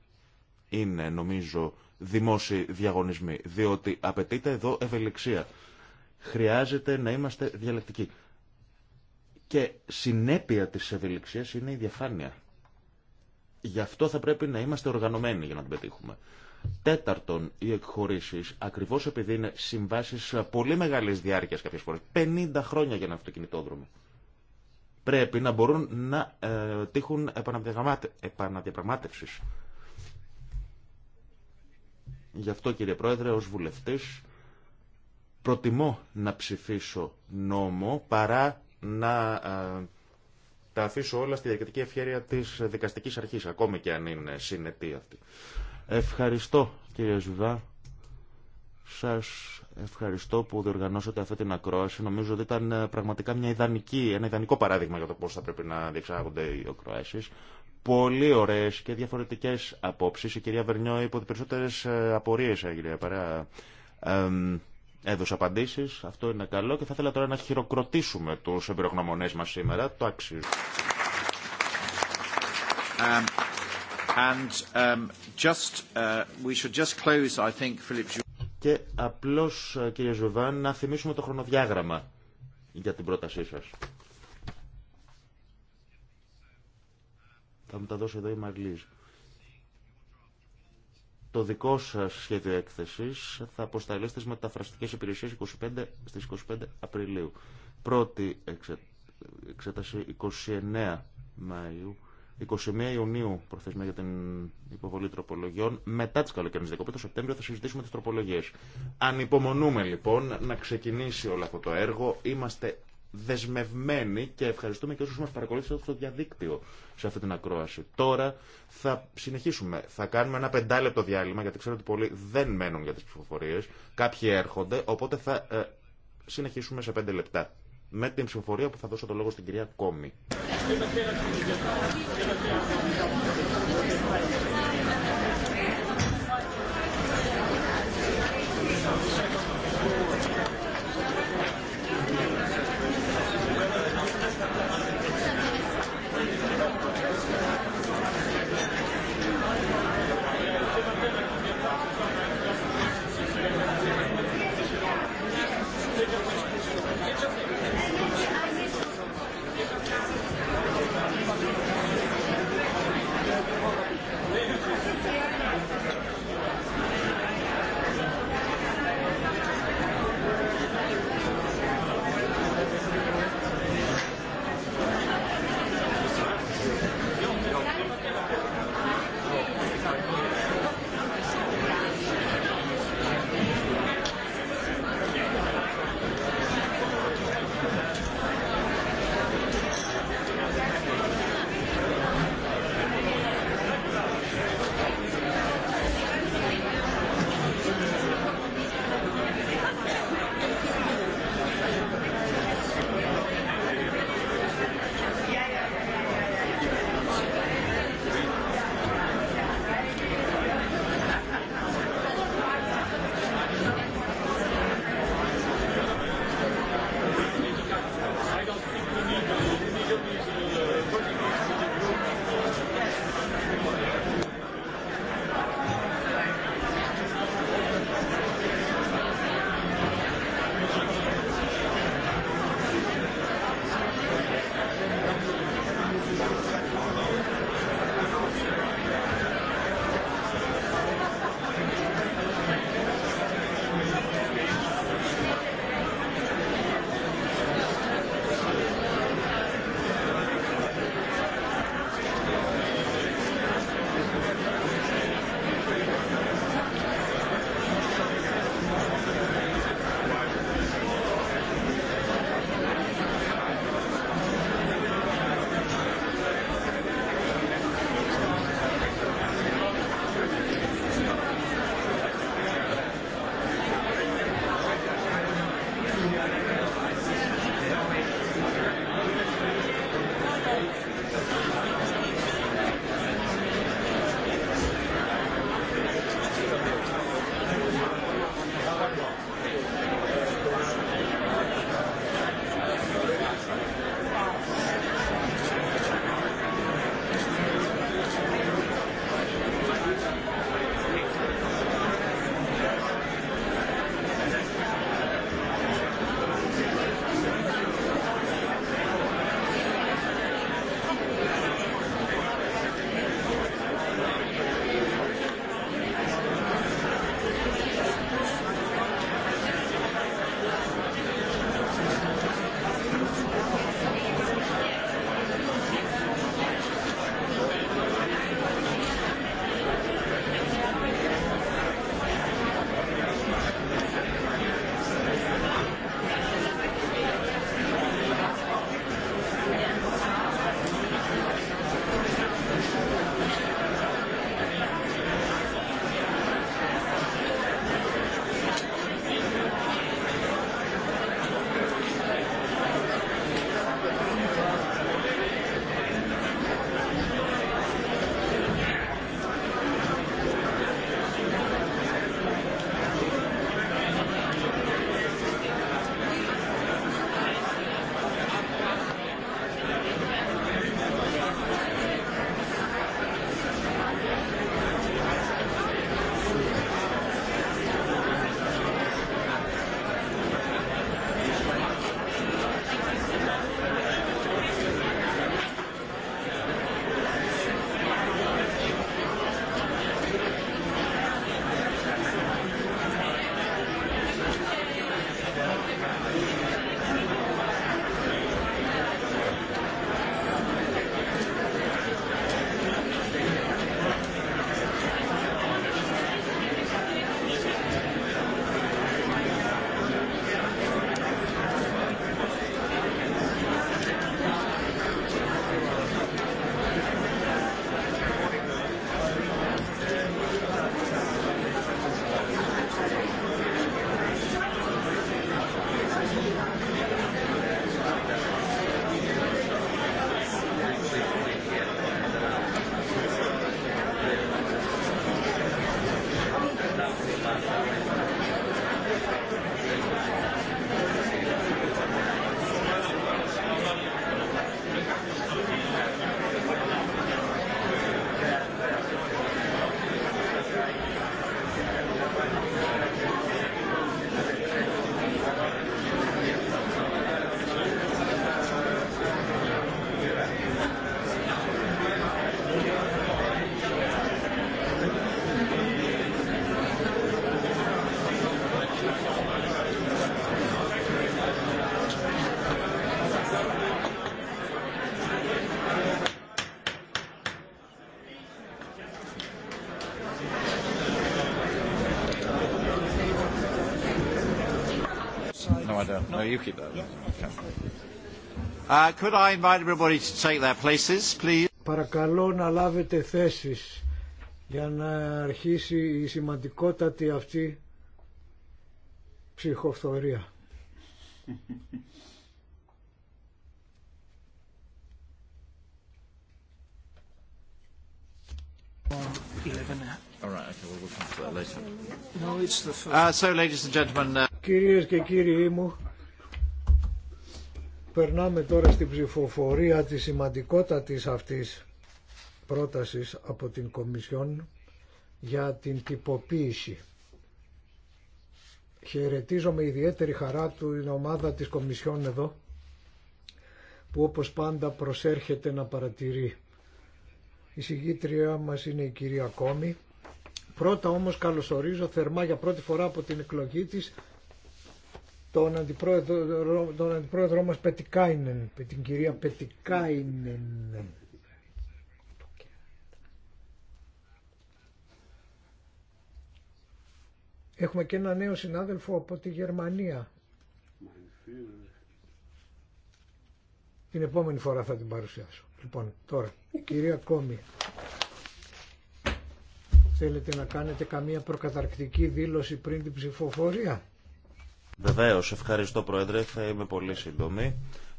είναι νομίζω δημόσιοι διαγωνισμοί, διότι απαιτείται εδώ ευελιξία. Χρειάζεται να είμαστε διαλεκτικοί. Και συνέπεια της ευελιξίας είναι η διαφάνεια. Γι' αυτό θα πρέπει να είμαστε οργανωμένοι για να την πετύχουμε. Τέταρτον, οι εκχωρήσει, ακριβώ επειδή είναι συμβάσει πολύ μεγάλη διάρκεια κάποιε φορέ, 50 χρόνια για ένα αυτοκινητόδρομο πρέπει να μπορούν να ε, τύχουν επαναδιαπραγμάτευσης. Γι' αυτό κύριε Πρόεδρε, ως βουλευτής, προτιμώ να ψηφίσω νόμο παρά να ε, τα αφήσω όλα στη διακριτική ευχαίρεια της δικαστικής αρχής, ακόμη και αν είναι συνετή αυτή. Ευχαριστώ κύριε Ζουβά. Σας ευχαριστώ που διοργανώσατε αυτή την ακρόαση. Νομίζω ότι ήταν ε, πραγματικά μια ιδανική, ένα ιδανικό παράδειγμα για το πώς θα πρέπει να διεξάγονται οι ακροάσεις. Πολύ ωραίες και διαφορετικές απόψεις. Η κυρία Βερνιό είπε ότι περισσότερες ε, απορίες έγινε παρά έδωσε απαντήσεις. Αυτό είναι καλό και θα ήθελα τώρα να χειροκροτήσουμε τους εμπειρογνωμονές μας σήμερα. Το αξίζει. Um, and um, just, uh, we should just close, I think, Philip και απλώς, κύριε Ζουβάν, να θυμίσουμε το χρονοδιάγραμμα για την πρότασή σας. Θα μου τα δώσει εδώ η Μαγλή. Το δικό σας σχέδιο έκθεση θα αποσταλεί στις μεταφραστικές υπηρεσίες 25, στις 25 Απριλίου. Πρώτη εξέταση 29 Μαΐου 21 Ιουνίου προθεσμία για την υποβολή τροπολογιών. Μετά τι καλοκαιρινέ διακοπέ, το Σεπτέμβριο, θα συζητήσουμε τι τροπολογίε. Ανυπομονούμε λοιπόν να ξεκινήσει όλο αυτό το έργο. Είμαστε δεσμευμένοι και ευχαριστούμε και όσου μα παρακολούθησαν στο διαδίκτυο σε αυτή την ακρόαση. Τώρα θα συνεχίσουμε. Θα κάνουμε ένα πεντάλεπτο διάλειμμα, γιατί ξέρω ότι πολλοί δεν μένουν για τι ψηφοφορίε. Κάποιοι έρχονται, οπότε θα ε, συνεχίσουμε σε πέντε λεπτά με την ψηφοφορία που θα δώσω το λόγο στην κυρία Κόμη. I don't. No, you keep that. Okay. Uh, could I invite everybody to take their places, please? Παρακαλώ να λάβετε θέσεις για να αρχίσει η σημαντικότατη αυτή ψυχοφθορία. Eleven Κυρίες και κύριοι μου, περνάμε τώρα στην ψηφοφορία της σημαντικότατης αυτής πρότασης από την Κομισιόν για την τυποποίηση. Χαιρετίζω με ιδιαίτερη χαρά του την ομάδα της Κομισιόν εδώ, που όπως πάντα προσέρχεται να παρατηρεί. Η συγγήτρια μας είναι η κυρία Κόμη Πρώτα όμως καλωσορίζω θερμά για πρώτη φορά από την εκλογή της τον αντιπρόεδρο, τον αντιπρόεδρό μας Πετικάινεν, την κυρία Πετικάινεν. Έχουμε και ένα νέο συνάδελφο από τη Γερμανία. Την επόμενη φορά θα την παρουσιάσω. Λοιπόν, τώρα, κυρία Κόμη θέλετε να κάνετε καμία προκαταρκτική δήλωση πριν την ψηφοφορία. Βεβαίω, ευχαριστώ Πρόεδρε, θα είμαι πολύ σύντομη.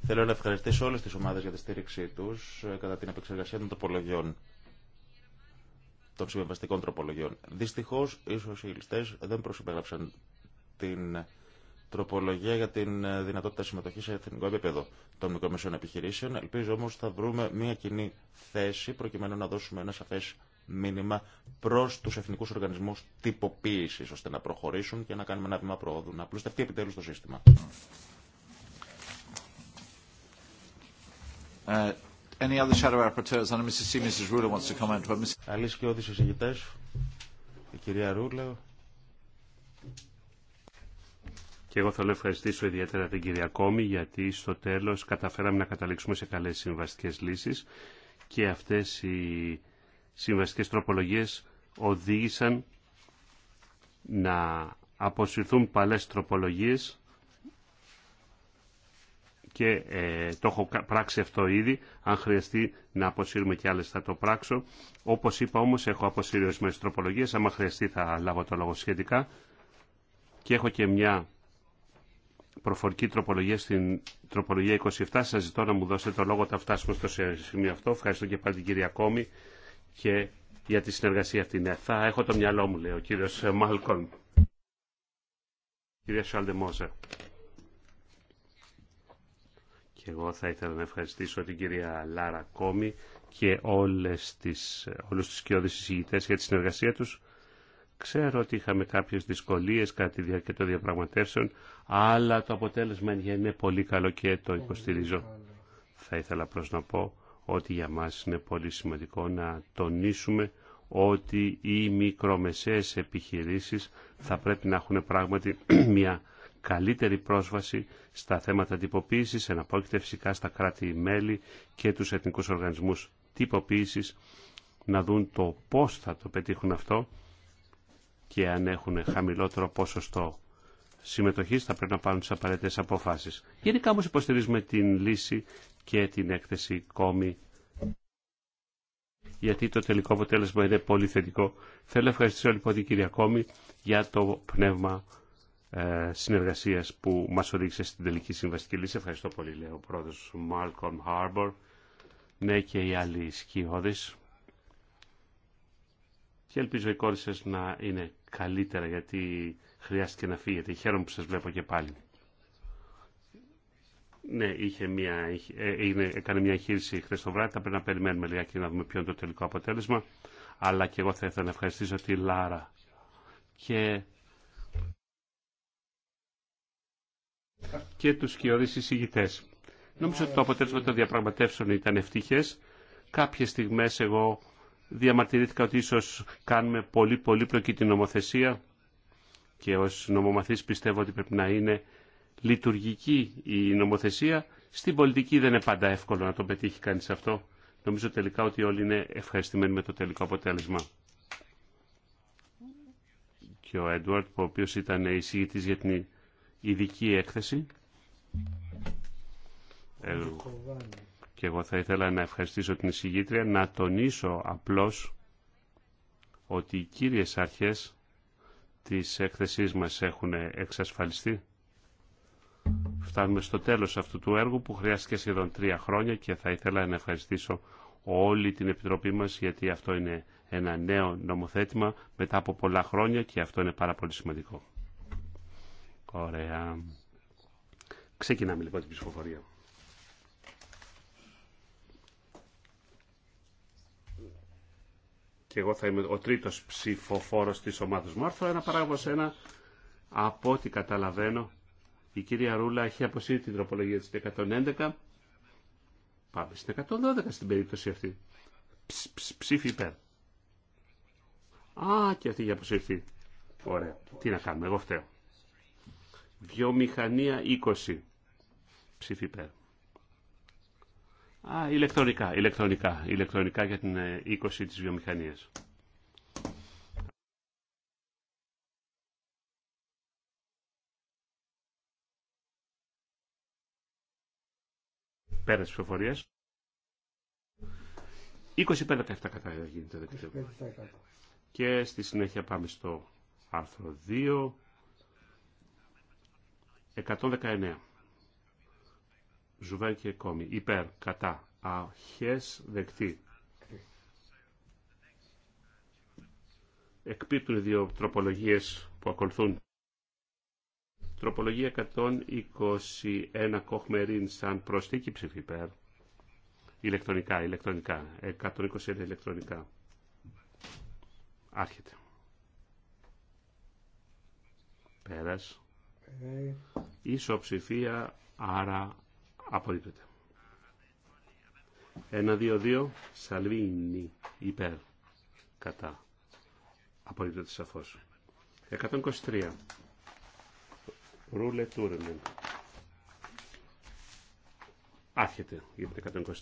Θέλω να ευχαριστήσω όλες τις ομάδες για τη στήριξή τους ε, κατά την επεξεργασία των τροπολογιών, των συμβιβαστικών τροπολογιών. Δυστυχώ, οι ληστές δεν προσυπέγραψαν την τροπολογία για την ε, δυνατότητα συμμετοχή σε εθνικό επίπεδο των μικρομεσαίων επιχειρήσεων. Ελπίζω όμω θα βρούμε μια κοινή θέση προκειμένου να δώσουμε ένα σαφέ μήνυμα προ του εθνικού οργανισμού τυποποίηση, ώστε να προχωρήσουν και να κάνουμε ένα βήμα προόδου, να απλουστευτεί επιτέλου το σύστημα. Uh, any other shadow η κυρία Ρούλα. Και εγώ θέλω να ευχαριστήσω ιδιαίτερα την κυρία Κόμη, γιατί στο τέλος καταφέραμε να καταλήξουμε σε καλές συμβαστικές λύσεις και αυτές οι συμβαστικές τροπολογίες οδήγησαν να αποσυρθούν παλές τροπολογίες και ε, το έχω πράξει αυτό ήδη. Αν χρειαστεί να αποσύρουμε και άλλες θα το πράξω. Όπως είπα όμως έχω αποσύρει ορισμένες τροπολογίες. Άμα χρειαστεί θα λάβω το λόγο σχετικά. Και έχω και μια προφορική τροπολογία στην τροπολογία 27. Σας ζητώ να μου δώσετε το λόγο όταν φτάσουμε στο σημείο αυτό. Ευχαριστώ και πάλι την κυρία Κόμη και για τη συνεργασία αυτή. Ναι, θα έχω το μυαλό μου, λέει ο κύριο Μάλκον. Κυρία Μόζερ. Και εγώ θα ήθελα να ευχαριστήσω την κυρία Λάρα Κόμη και όλες τις, όλους τους κοιόδης για τη συνεργασία τους. Ξέρω ότι είχαμε κάποιες δυσκολίες κατά τη διάρκεια των διαπραγματεύσεων, αλλά το αποτέλεσμα είναι πολύ καλό και το υποστηρίζω. Θα ήθελα απλώς να πω ότι για μας είναι πολύ σημαντικό να τονίσουμε ότι οι μικρομεσαίες επιχειρήσεις θα πρέπει να έχουν πράγματι μια καλύτερη πρόσβαση στα θέματα τυποποίησης, εναπόκειται φυσικά στα κράτη-μέλη και τους εθνικούς οργανισμούς τυποποίησης, να δουν το πώς θα το πετύχουν αυτό και αν έχουν χαμηλότερο ποσοστό συμμετοχής θα πρέπει να πάρουν τις απαραίτητες αποφάσεις. Γενικά όμως υποστηρίζουμε την λύση και την έκθεση κόμι γιατί το τελικό αποτέλεσμα είναι πολύ θετικό. Θέλω να ευχαριστήσω λοιπόν την κυρία Κόμη για το πνεύμα ε, συνεργασίας που μας οδήγησε στην τελική συμβαστική λύση. Ευχαριστώ πολύ, λέει ο πρόεδρος Μάλκομ Χάρμπορ. Ναι και οι άλλοι σκιώδεις. Και ελπίζω οι κόρη σας να είναι καλύτερα γιατί χρειάστηκε να φύγετε. Χαίρομαι που σας βλέπω και πάλι. Ναι, είχε ε, έκανε μια εγχείρηση χθε το βράδυ. Θα πρέπει να περιμένουμε και να δούμε ποιο είναι το τελικό αποτέλεσμα. Αλλά και εγώ θα ήθελα να ευχαριστήσω τη Λάρα. Και και τους κοιόδης εισηγητές. Νομίζω ότι το αποτέλεσμα των διαπραγματεύσεων ήταν ευτυχές. Κάποιες στιγμές εγώ διαμαρτυρήθηκα ότι ίσως κάνουμε πολύ πολύπλοκη την νομοθεσία και ως νομομαθής πιστεύω ότι πρέπει να είναι λειτουργική η νομοθεσία, στην πολιτική δεν είναι πάντα εύκολο να το πετύχει κανείς αυτό. Νομίζω τελικά ότι όλοι είναι ευχαριστημένοι με το τελικό αποτέλεσμα. Και ο Έντουαρτ, ο οποίος ήταν εισηγητής για την ειδική έκθεση. Ε, και εγώ θα ήθελα να ευχαριστήσω την εισηγήτρια, να τονίσω απλώς ότι οι κύριες αρχές της έκθεσής μας έχουν εξασφαλιστεί Φτάνουμε στο τέλος αυτού του έργου που χρειάστηκε σχεδόν τρία χρόνια και θα ήθελα να ευχαριστήσω όλη την Επιτροπή μας γιατί αυτό είναι ένα νέο νομοθέτημα μετά από πολλά χρόνια και αυτό είναι πάρα πολύ σημαντικό. Ωραία. Ξεκινάμε λοιπόν την ψηφοφορία. Και εγώ θα είμαι ο τρίτος ψηφοφόρος της ομάδας μου. Άρθρο ένα παράγωγος ένα από ό,τι καταλαβαίνω η κυρία Ρούλα έχει αποσύρει την τροπολογία της 111. Πάμε στην 112 στην περίπτωση αυτή. ψήφι υπέρ. Α, και αυτή για αποσυρθεί. Ωραία. Τι να κάνουμε, εγώ φταίω. Βιομηχανία 20. Ψήφι υπέρ. Α, ηλεκτρονικά, ηλεκτρονικά. Ηλεκτρονικά για την 20 ε, της βιομηχανίας. Πέρα τη ψηφοφορία. 25-17 κατά γίνεται δεκτή. Και στη συνέχεια πάμε στο άρθρο 2. 119. Ζουβέν και Κόμι. Υπέρ, κατά, αχές, δεκτή. Εκπίπτουν οι δύο τροπολογίες που ακολουθούν. Τροπολογία 121 Κοχμερίν σαν προσθήκη ψηφίπερ Ηλεκτρονικά, ηλεκτρονικά. 121 ηλεκτρονικά. Άρχεται. Πέρας. Ε. Ισοψηφία, άρα απορρίπτεται. 1-2-2, Σαλβίνι, υπέρ, κατά. Απορρίπτεται σαφώς. 123, Ρούλε Τούρνεν. Άρχεται για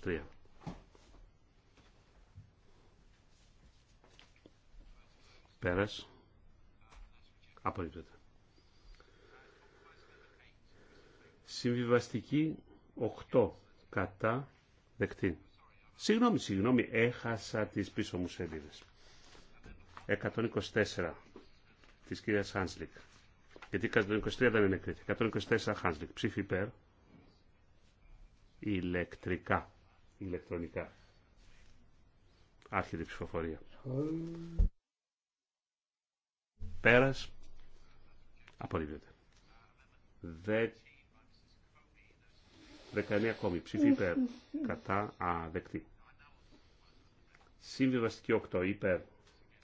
123. Πέρας. Απορρίπτεται. Συμβιβαστική 8 κατά δεκτή. Συγγνώμη, συγγνώμη, έχασα τις πίσω μου σελίδες. 124 της κυρίας Άνσλικ. Γιατί 123 δεν είναι κρίτη. 124 Χάνσλικ. Ψήφι υπέρ. Ηλεκτρικά. Ηλεκτρονικά. Άρχεται η ψηφοφορία. Πέρας. Απορρίβεται. 19 ακόμη. Ψήφι υπέρ. Κατά. Α, δεκτή. Συμβιβαστική 8 υπέρ.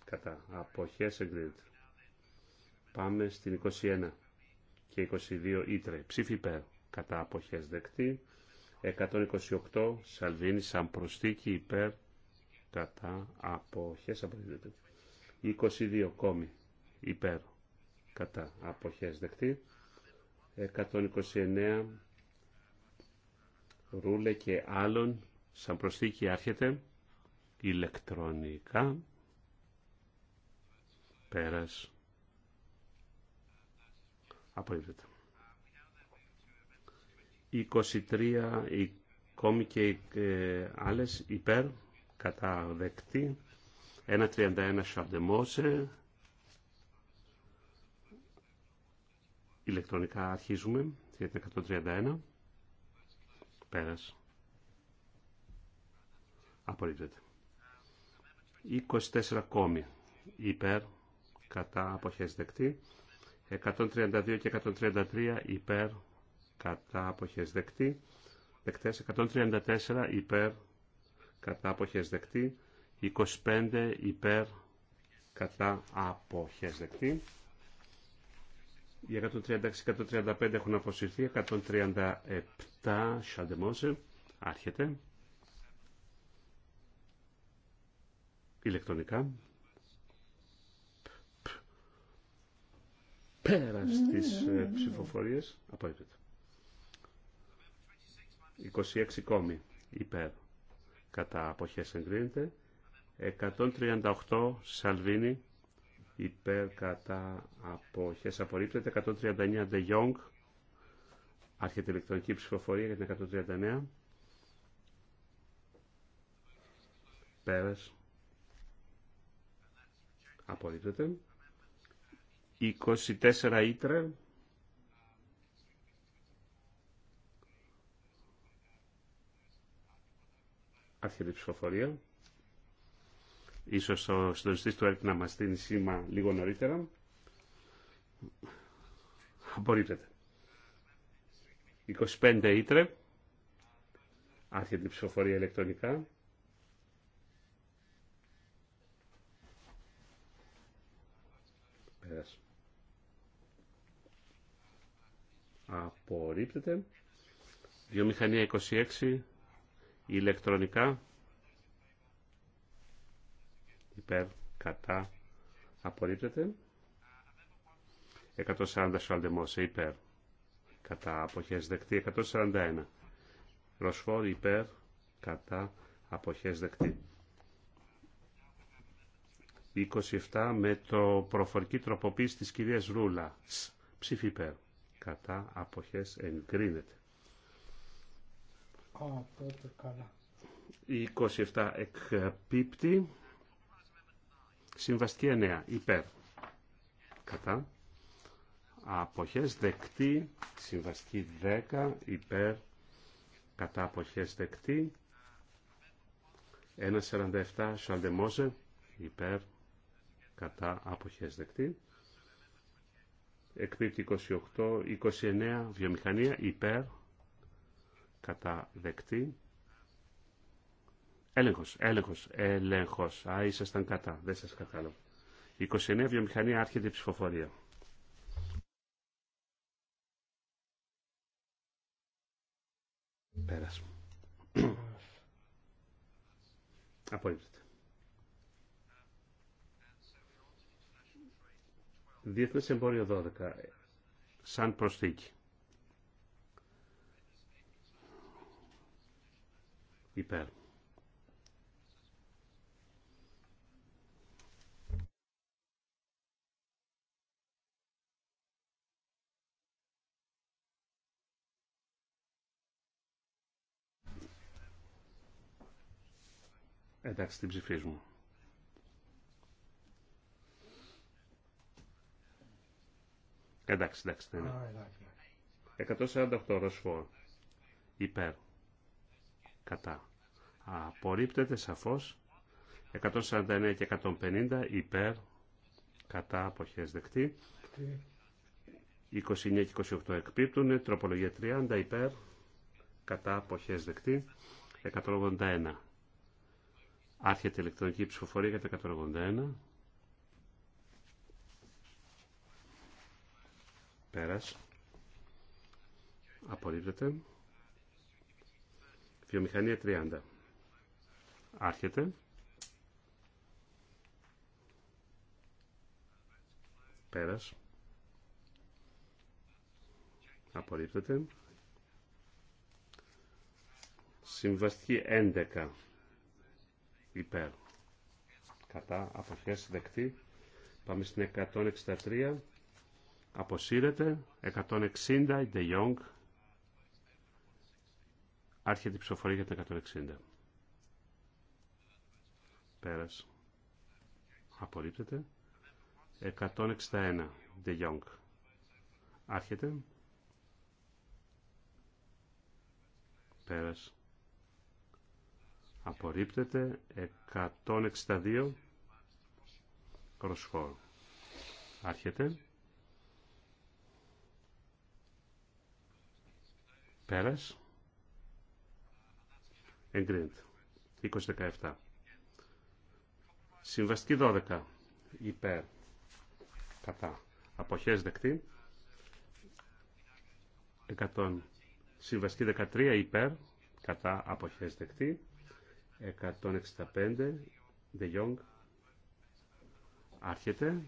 Κατά. Αποχές εγκρίνεται. Πάμε στην 21 και 22 Ήτρε. Ψήφι υπέρ. Κατά αποχές δεκτή. 128 Σαλβίνη σαν προστίκη υπέρ. Κατά αποχές δεκτή. 22 κόμι υπέρ. Κατά αποχές δεκτή. 129 Ρούλε και άλλων σαν προστίκη άρχεται ηλεκτρονικά πέρας Απορρίπτεται. 23 οι κόμοι και οι ε, άλλες υπέρ κατά δεκτή. 1.31 Σαρντεμόζε. Ηλεκτρονικά αρχίζουμε για την 131. Πέρας. Απορρίπτεται. 24 κόμοι υπέρ κατά αποχές δεκτή. 132 και 133 υπέρ κατά αποχές δεκτή. Δεκτές 134 υπέρ κατά αποχές δεκτή. 25 υπέρ κατά αποχές δεκτή. Οι 136-135 έχουν αποσυρθεί. 137 Σαντεμόζε άρχεται. Ηλεκτρονικά. πέρα στι ε, ψηφοφορίε, απορρίπτεται. 26 κόμι υπέρ κατά αποχέ. εγκρίνεται. 138 Σαλβίνη υπέρ κατά αποχέ απορρίπτεται. 139 Δε άρχεται ηλεκτρονική ψηφοφορία για την 139. Πέρας απορρίπτεται. 24 Ήτρε. Άρχεται η ψηφοφορία. Ίσως ο συντονιστής του έρθει να μας δίνει σήμα λίγο νωρίτερα. Απορρίπτεται. 25 Ήτρε. Άρχεται η ψηφοφορία ηλεκτρονικά. απορρίπτεται. Βιομηχανία 26 ηλεκτρονικά υπέρ κατά απορρίπτεται. 140 υπέρ κατά αποχές δεκτή. 141 Ροσφόρ υπέρ κατά αποχές δεκτή. 27 με το προφορική τροποποίηση της κυρίας Ρούλα. Ψήφι υπέρ κατά αποχές εγκρίνεται. Α, καλά. 27 εκπίπτει. Συμβαστική 9 υπέρ κατά αποχές δεκτή. Συμβαστική 10 υπέρ κατά αποχές δεκτή. 1.47 Σαλντεμόζε υπέρ κατά αποχές δεκτή εκπίπτει 28, 29 βιομηχανία υπέρ κατά δεκτή. Έλεγχος, έλεγχος, έλεγχος. Α, ήσασταν κατά, δεν σας κατάλαβα. 29 βιομηχανία άρχεται η ψηφοφορία. Πέρασμα. Απόλυτα. Διεθνές εμπόριο 12, σαν προσθήκη. Υπέρ. Εντάξει, την ψηφίζουμε. Εντάξει, εντάξει, ναι, ναι. 148 Ροσφόρ. Υπέρ. Κατά. Απορρίπτεται σαφώς. 149 και 150 υπέρ. Κατά αποχές δεκτή. 29 και 28 εκπίπτουν. Τροπολογία 30 υπέρ. Κατά αποχές δεκτή. 181. Άρχεται ηλεκτρονική ψηφοφορία για τα 181. Πέρας. Απορρίπτεται. Βιομηχανία 30. Άρχεται. Πέρας. Απορρίπτεται. Συμβαστική 11. Υπέρ. Κατά. Αποχές δεκτή. Πάμε στην 163. Αποσύρεται. 160. De Jong. Άρχεται η ψηφοφορία για τα 160. Πέρας. Απορρίπτεται. 161. De Jong. Άρχεται. Πέρας. Απορρίπτεται. 162. Κροσφόρ. Άρχεται. Πέρας. Εγκρίνεται. 20-17. Συμβαστική 12. Υπέρ. Κατά. Αποχές δεκτή. 100. Συμβαστική 13. Υπέρ. Κατά. Αποχές δεκτή. 165. De Jong. Άρχεται.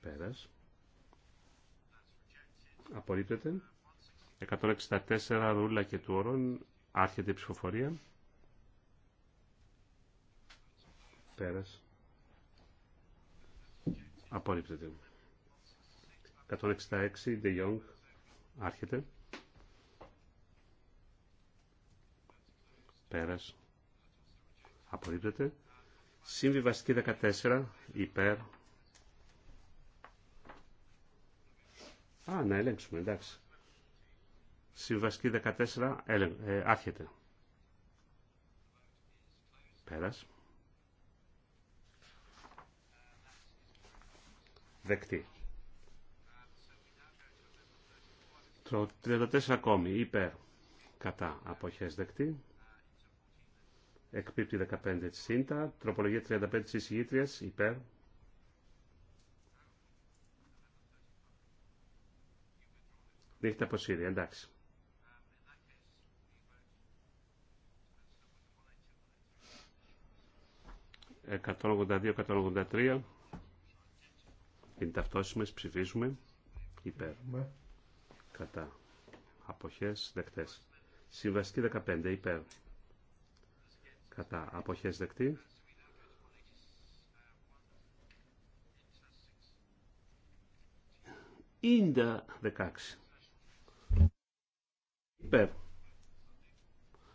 Πέρας απορρίπτεται. 164 ρούλα και του όρων, άρχεται η ψηφοφορία. Πέρας. Απορρίπτεται. 166 De Jong, άρχεται. Πέρας. Απορρίπτεται. Συμβιβαστική 14, υπέρ, Α, να ελέγξουμε, εντάξει. Συμβαστική 14, έλεγ, ε, άρχεται. Πέρας. Δεκτή. 34 ακόμη, υπέρ, κατά, αποχές δεκτή. Εκπίπτει 15 ΣΥΝΤΑ, τροπολογία 35 της εισηγήτριας, υπέρ, Έχετε αποσύρει, εντάξει. Ε, 182-183 είναι ταυτόσιμες, ψηφίζουμε υπέρ. Κατά. Αποχές δεκτές. Συμβαστική 15 υπέρ. Κατά. Αποχές δεκτή. Ίντα 16 υπέρ.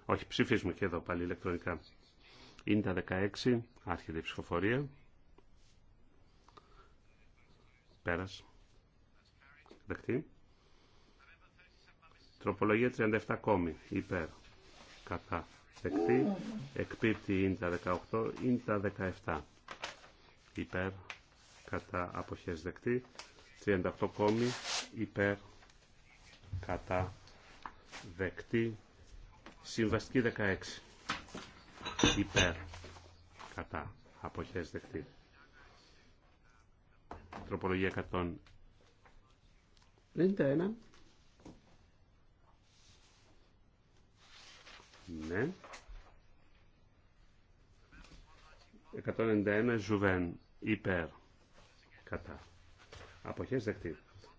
Όχι, ψηφίζουμε και εδώ πάλι ηλεκτρονικά. Είναι τα 16, άρχεται η ψηφοφορία. Πέρας. Δεκτή. Τροπολογία 37 κόμι, υπέρ. Κατά. Δεκτή. Εκπίπτει είναι τα 18, είναι τα 17. Υπέρ. Κατά αποχές δεκτή. 38 κόμι, υπέρ. Κατά δεκτή συμβαστική 16 υπέρ κατά αποχές δεκτή τροπολογία 191 ναι 191 Ζουβέν υπέρ κατά αποχές δεκτή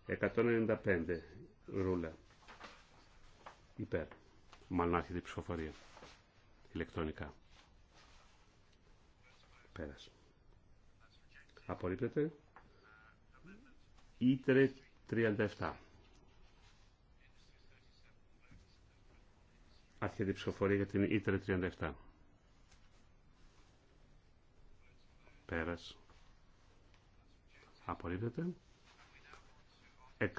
195 Ρούλα υπέρ. Μάλλον άρχεται η ψηφοφορία. Ηλεκτρονικά. Πέρασε. Απορρίπτεται. Ήτρε 37. Άρχεται η ψηφοφορία για την Ήτρε 37. Πέρασε. Απορρίπτεται. 196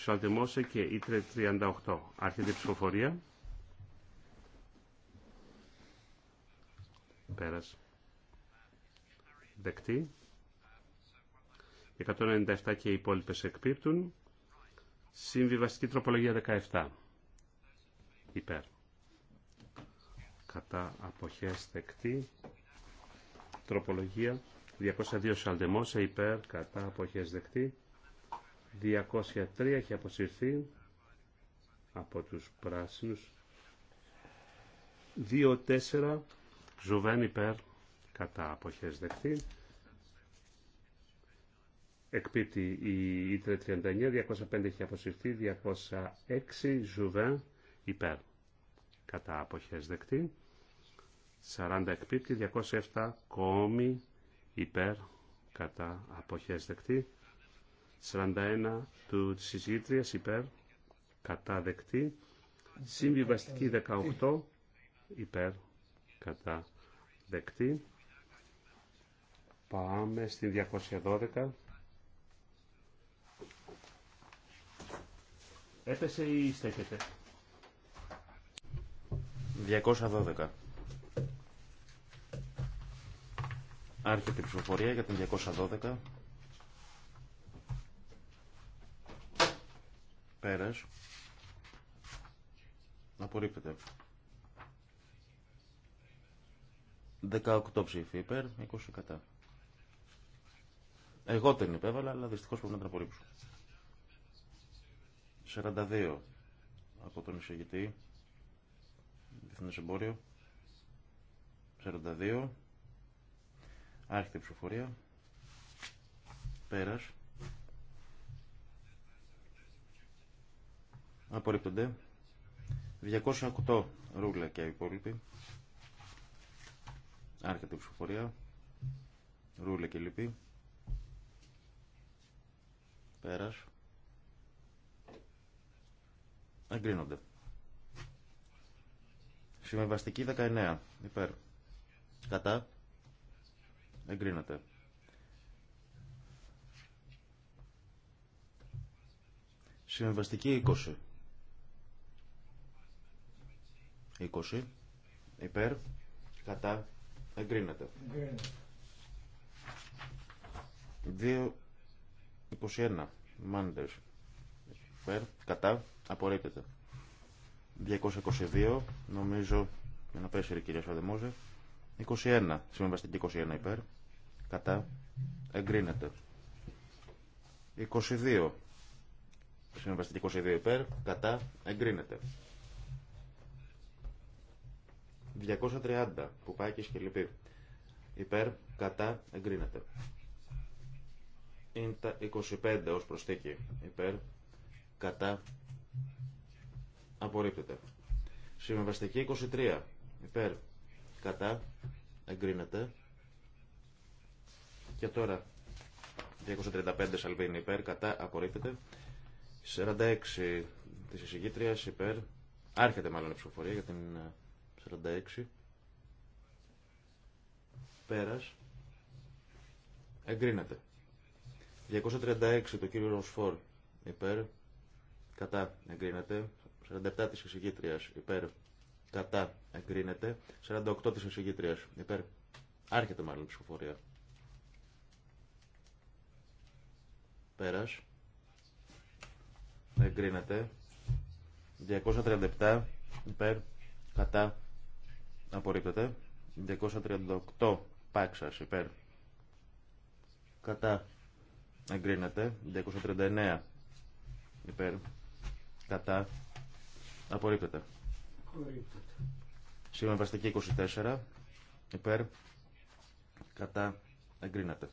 Σαλτεμόσε και Ήτρε 38. Άρχεται η ψηφοφορία. Πέρασε. Δεκτή. 197 και οι υπόλοιπε εκπίπτουν. Συμβιβαστική τροπολογία 17. Υπέρ. Κατά αποχές δεκτή. Τροπολογία 202 Σαλτεμόσε υπέρ. Κατά αποχές δεκτή. 203 έχει αποσυρθεί από τους πράσινους. 2-4 Ζουβέν υπέρ κατά αποχές δεχτεί. Εκπίπτει η Ήτρε 39, 205 έχει αποσυρθεί, 206 Ζουβέν υπέρ κατά αποχές δεχτεί. 40 εκπίπτει, 207 κόμι υπέρ κατά αποχές δεχτεί. 41 του συζήτρια υπέρ κατά δεκτή. Συμβιβαστική 18 υπέρ κατά δεκτή. Πάμε στη 212. Έπεσε ή στέκεται. 212. Άρχεται η ψηφοφορία για την 212. Πέρας. Απορρίπτεται. 18 ψήφοι υπέρ, 20 κατά. Εγώ την υπέβαλα, αλλά δυστυχώς πρέπει να την απορρίψω. 42 από τον εισηγητή. Διεθνές εμπόριο. 42. άρχιτε ψηφοφορία. Πέρας. απορρίπτονται 208 ρούλα και οι υπόλοιποι άρχεται η ψηφοφορία ρούλα και λοιποί. πέρας εγκρίνονται Συμβαστική 19. Υπέρ. Κατά. Εγκρίνεται. Συμβαστική 20. 20 υπέρ κατά εγκρίνεται 2 21 Μάντερ υπέρ κατά απορρίπτεται 222 νομίζω για να πέσει η κυρία Σαδεμόζε 21 συμβαστική 21 υπέρ κατά εγκρίνεται 22 συμβαστική 22 υπέρ κατά εγκρίνεται 230 πάει και λοιπή. Υπέρ, κατά, εγκρίνεται. Είναι 25 ως προσθήκη. Υπέρ, κατά, απορρίπτεται. Συμβαστική 23. Υπέρ, κατά, εγκρίνεται. Και τώρα 235 Σαλβίνη υπέρ, κατά, απορρίπτεται. 46 της εισηγήτριας υπέρ, άρχεται μάλλον η ψηφοφορία για την ε, 46 πέρας εγκρίνεται 236 το κύριο Ροσφόρ υπέρ κατά εγκρίνεται 47 της εισηγήτριας υπέρ κατά εγκρίνεται 48 της εισηγήτριας υπέρ άρχεται μάλλον η ψηφοφορία πέρας εγκρίνεται 237 υπέρ κατά απορρίπτεται. 238 πάξα υπέρ κατά εγκρίνεται. 239 υπέρ κατά απορρίπτεται. Συμβαστική 24 υπέρ κατά εγκρίνεται.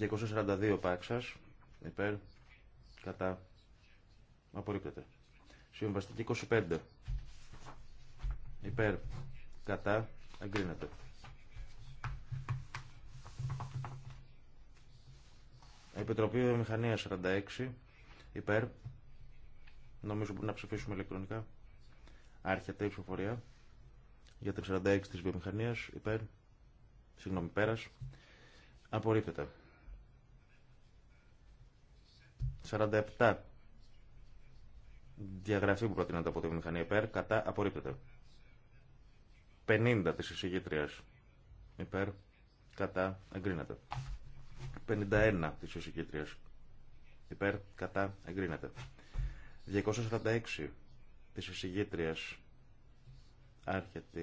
242 πάξα, υπέρ κατά απορρίπτεται. Συμβαστική 25 υπέρ κατά εγκρίνεται. Επιτροπή Βιομηχανία 46 υπέρ. Νομίζω μπορούμε να ψηφίσουμε ηλεκτρονικά. Άρχεται η ψηφοφορία για την 46 τη βιομηχανία, υπέρ. Συγγνώμη, πέρας. Απορρίπτεται. 47. Διαγραφή που προτείνεται από τη βιομηχανία υπέρ. Κατά. Απορρίπτεται. 50 της εισηγήτριας. Υπέρ. Κατά. Εγκρίνεται. 51 της εισηγήτριας. Υπέρ. Κατά. Εγκρίνεται. 246 της εισηγήτριας. Άρχεται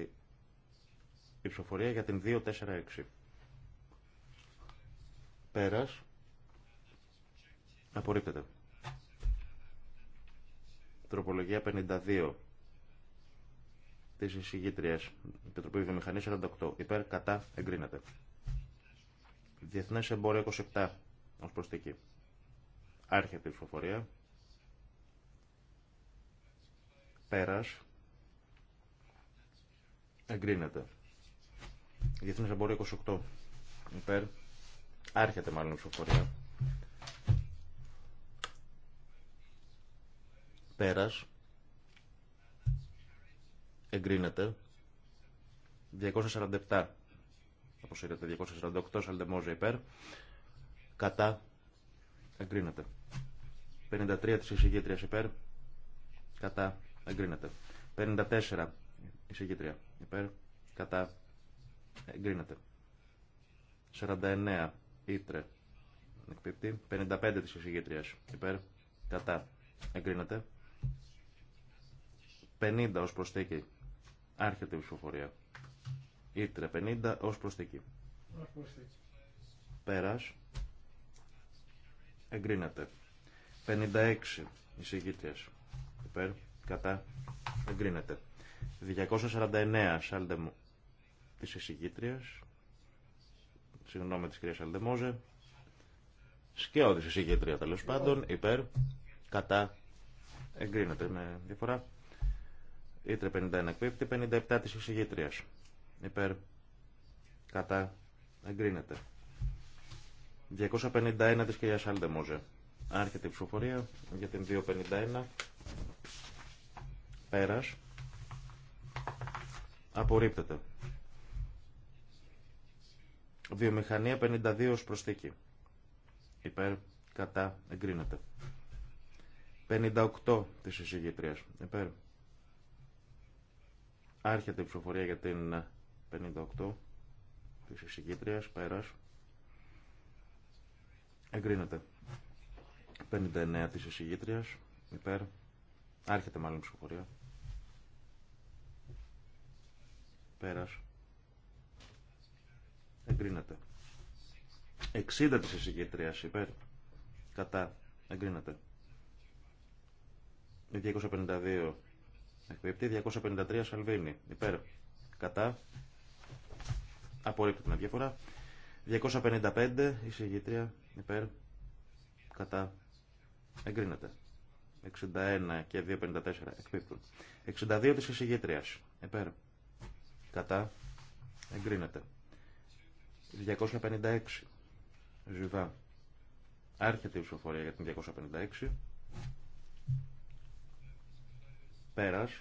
η ψηφοφορία για την 246. Πέρας. Απορρίπτεται. Τροπολογία 52 τη εισηγήτρια. Επιτροπή Βιομηχανία 48. Υπέρ, κατά, εγκρίνεται. Διεθνέ εμπόριο 27 ω προστική. Άρχεται η ψηφοφορία. Πέρα. Εγκρίνεται. Διεθνέ εμπόριο 28. Υπέρ. Άρχεται μάλλον η ψηφοφορία. Πέρας εγκρίνεται. 247 αποσύρεται. 248 σαλτεμόζε υπέρ. Κατά εγκρίνεται. 53 της εισηγήτριας υπέρ. Κατά εγκρίνεται. 54 εισηγήτρια υπέρ. Κατά εγκρίνεται. 49 ήτρε εκπίπτει. 55 της εισηγήτριας υπέρ. Κατά εγκρίνεται. 50 ως προσθήκη Άρχεται η ψηφοφορία. Ήτρε 50 ως εκεί. Πέρα. Εγκρίνεται. 56 εισηγήτριας. Υπέρ. Κατά. Εγκρίνεται. 249 σάλτεμο της εισηγήτριας. Συγγνώμη της κυρίας Σαλντεμόζε. Σκέω της εισηγήτρια τέλο πάντων. Λοιπόν. Υπέρ. Κατά. Εγκρίνεται με διαφορά. Ήτρε 51 εκπίπτει, 57 της εξηγήτριας. Υπέρ. Κατά. Εγκρίνεται. 251 της κυρίας Άλντεμόζε. Άρχεται η ψηφοφορία για την 251. Πέρας. Απορρίπτεται. Βιομηχανία 52 ως προσθήκη. Υπέρ. Κατά. Εγκρίνεται. 58 της εισηγήτριας. Υπέρ. Άρχεται η ψηφοφορία για την 58 της εισηγήτριας, πέρας. Εγκρίνεται. 59 της εισηγήτριας, υπέρ. Άρχεται μάλλον η ψηφοφορία. Πέρας. Εγκρίνεται. 60 της εισηγήτριας, υπέρ. Κατά. Εγκρίνεται. 252 Εκπίπτει 253 Σαλβίνη. Υπέρ. Κατά. απορρίπτω την αδιάφορα. 255 εισηγήτρια. Υπέρ. Κατά. Εγκρίνεται. 61 και 254 εκπίπτουν. 62 της εισηγήτριας. Υπέρ. Κατά. Εγκρίνεται. 256. Ζουβα, Άρχεται η ψηφοφορία για την 256. Πέρας.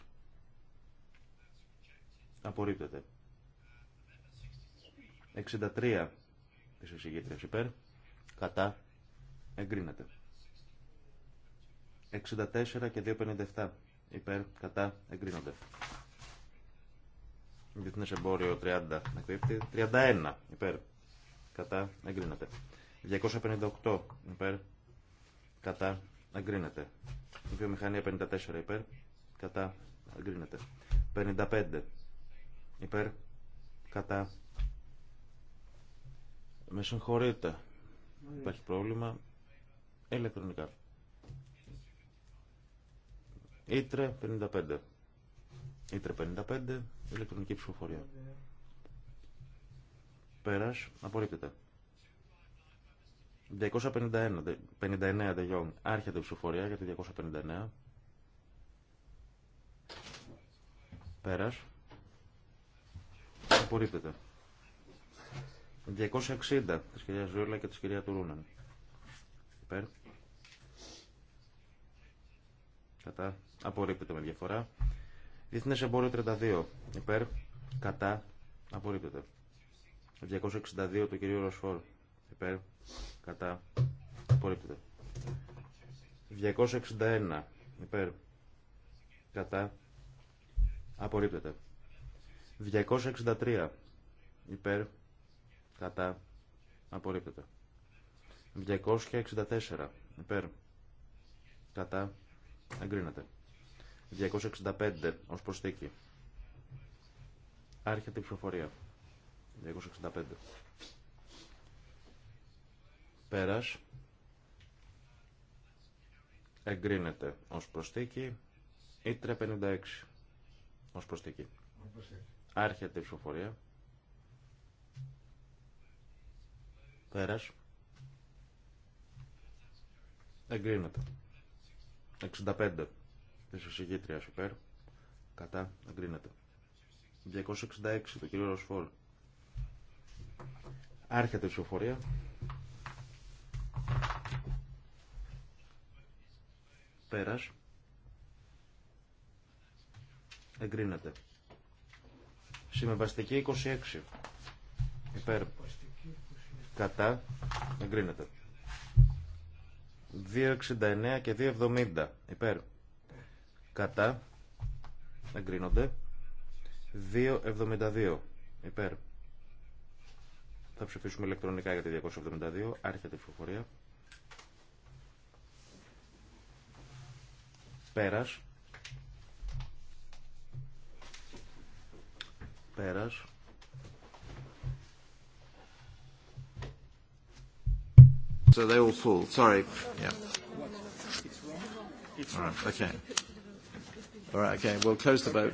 Απορρίπτεται. 63 της εισηγήτριας υπέρ. Κατά. Εγκρίνεται. 64 και 257 υπέρ. Κατά. Εγκρίνονται. Διεθνέ εμπόριο 30 κρύπτει. 31 υπέρ. Κατά. Εγκρίνεται. 258 υπέρ. Κατά. Εγκρίνεται. Βιομηχανία 54 υπέρ. Κατά. Αγκρίνεται. 55. Υπέρ. Κατά. Με συγχωρείτε. Υπάρχει πρόβλημα. Ηλεκτρονικά. Ήτρε 55. Ήτρε 55. Ηλεκτρονική ψηφοφορία. Πέρας. Απορρίπτεται. 251. 59 δεγιόν. Άρχεται η ψηφοφορία για το 259. Πέρας. Απορρίπτεται. 260 της κυρία Ζούλα και της κυρία Τουρούναν. Υπέρ. Κατά. Απορρίπτεται με διαφορά. Διεθνές εμπόριο 32. Υπέρ. Κατά. Απορρίπτεται. 262 του κυρίου Ροσφόρ. Υπέρ. Κατά. Απορρίπτεται. 261. Υπέρ κατά απορρίπτεται. 263 υπέρ κατά απορρίπτεται. 264 υπέρ κατά εγκρίνεται. 265 ως προστίκη. Άρχεται η ψηφοφορία. 265. Πέρας. Εγκρίνεται ως προστίκη. Ήτρε 56. Ως προστική. Άρχεται η ψηφοφορία. Πέρας. Εγκρίνεται. 65. Της εισηγήτριας υπέρ. Κατά. Εγκρίνεται. 266. Το κύριο Ροσφόρ. Άρχεται η ψηφοφορία. Πέρας εγκρίνεται. Συμβαστική 26 υπέρ κατά εγκρίνεται. 2,69 και 2,70 υπέρ κατά εγκρίνονται. 2,72 υπέρ. Θα ψηφίσουμε ηλεκτρονικά για τη 272. Άρχεται η ψηφοφορία. Πέρας. Πέρας. So they all fall. Sorry. Yeah. All right. Okay. All right. Okay. We'll close the vote.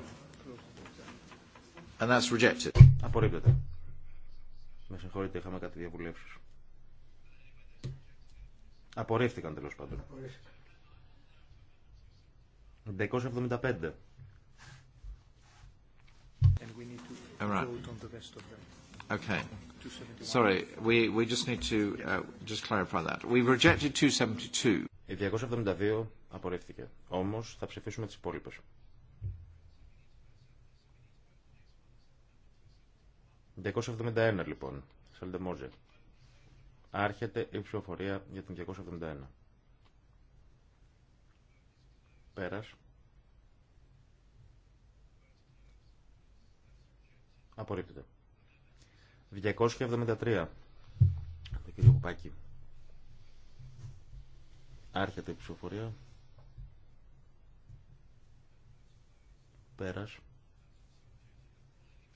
And that's rejected. Απορρίπτεται. Με συγχωρείτε, είχαμε κάτι διαβουλεύσει. Απορρίφθηκαν τέλος πάντων. 275. And we need to All right. Okay. Sorry, we, we just need to uh, just clarify that. We rejected 272. Η 272 απορρίφθηκε. Όμως θα ψηφίσουμε τις υπόλοιπες. Η 271 λοιπόν. Σαλντεμόζε. Άρχεται η ψηφοφορία για την 271. Πέρασε. Απορρίπτεται. 273. Το κύριο Κουπάκη. Άρχεται η ψηφοφορία. Πέρας.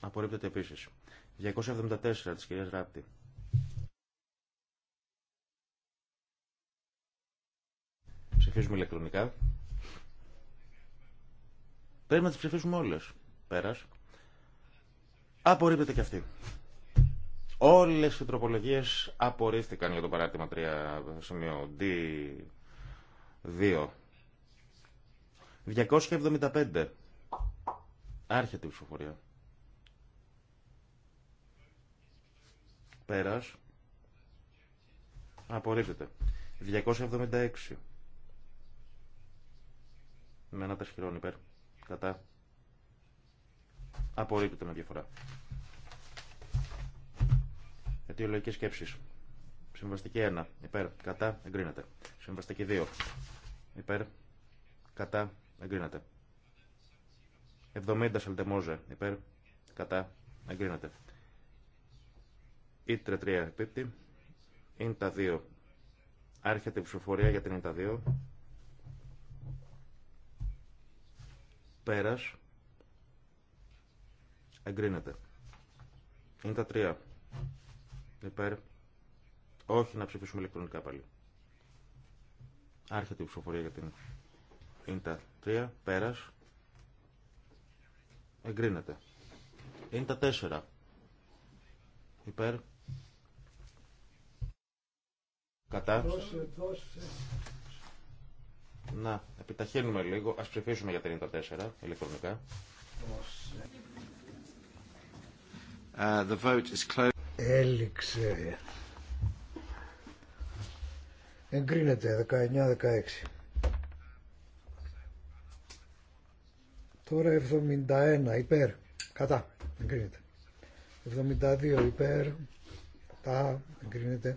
Απορρίπτεται επίσης. 274 της κυρίας Ράπτη. Ψηφίζουμε ηλεκτρονικά. Πρέπει να τις ψηφίσουμε όλες. Πέρας. Απορρίπτεται και αυτή. Όλες οι τροπολογίες απορρίφθηκαν για το παράρτημα 3 σημείο D2. 275. Άρχεται η ψηφοφορία. Πέρας. Απορρίπτεται. 276. Με ένα τεσχυρόν υπέρ. Κατά. Απορρίπτεται με διαφορά. Αιτιολογικές σκέψεις. Συμβαστική 1. Υπέρ. Κατά. Εγκρίνεται. Συμβαστική 2. Υπέρ. Κατά. Εγκρίνεται. 70 σαλτεμόζε. Υπέρ. Κατά. Εγκρίνεται. Ήτρε 3 επίπτη. Ίντα 2. Άρχεται η ψηφοφορία για την Ίντα 2. Πέρας. Εγκρίνεται. Είναι τα τρία. Υπέρ. Όχι να ψηφίσουμε ηλεκτρονικά πάλι. Άρχεται η ψηφοφορία για την είναι τα τρία. πέρας. Εγκρίνεται. Είναι τα τέσσερα. Υπέρ. Κατά. Να, επιταχύνουμε λίγο. Ας ψηφίσουμε για την 94 ηλεκτρονικά. Uh, the vote is closed. Έληξε. Εγκρίνεται 19-16. Τώρα 71 υπέρ. Κατά. Εγκρίνεται. 72 υπέρ. Κατά Εγκρίνεται.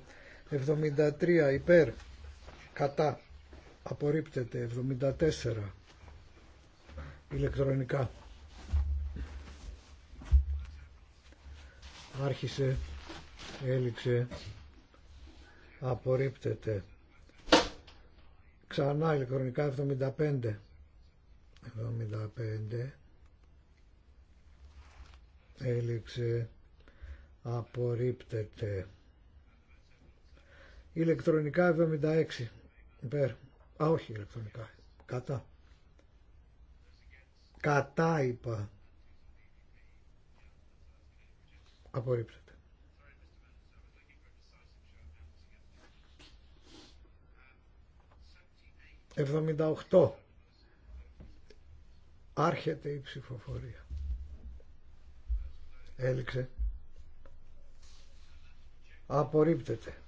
73 υπέρ. Κατά. Απορρίπτεται. 74. Ηλεκτρονικά. άρχισε, έληξε, απορρίπτεται. Ξανά ηλεκτρονικά 75. 75 έληξε απορρίπτεται ηλεκτρονικά 76 α όχι ηλεκτρονικά κατά κατά είπα Απορρίπτεται. Εβδομήντα οχτώ. Άρχεται η ψηφοφορία. Έληξε. Απορρίπτεται.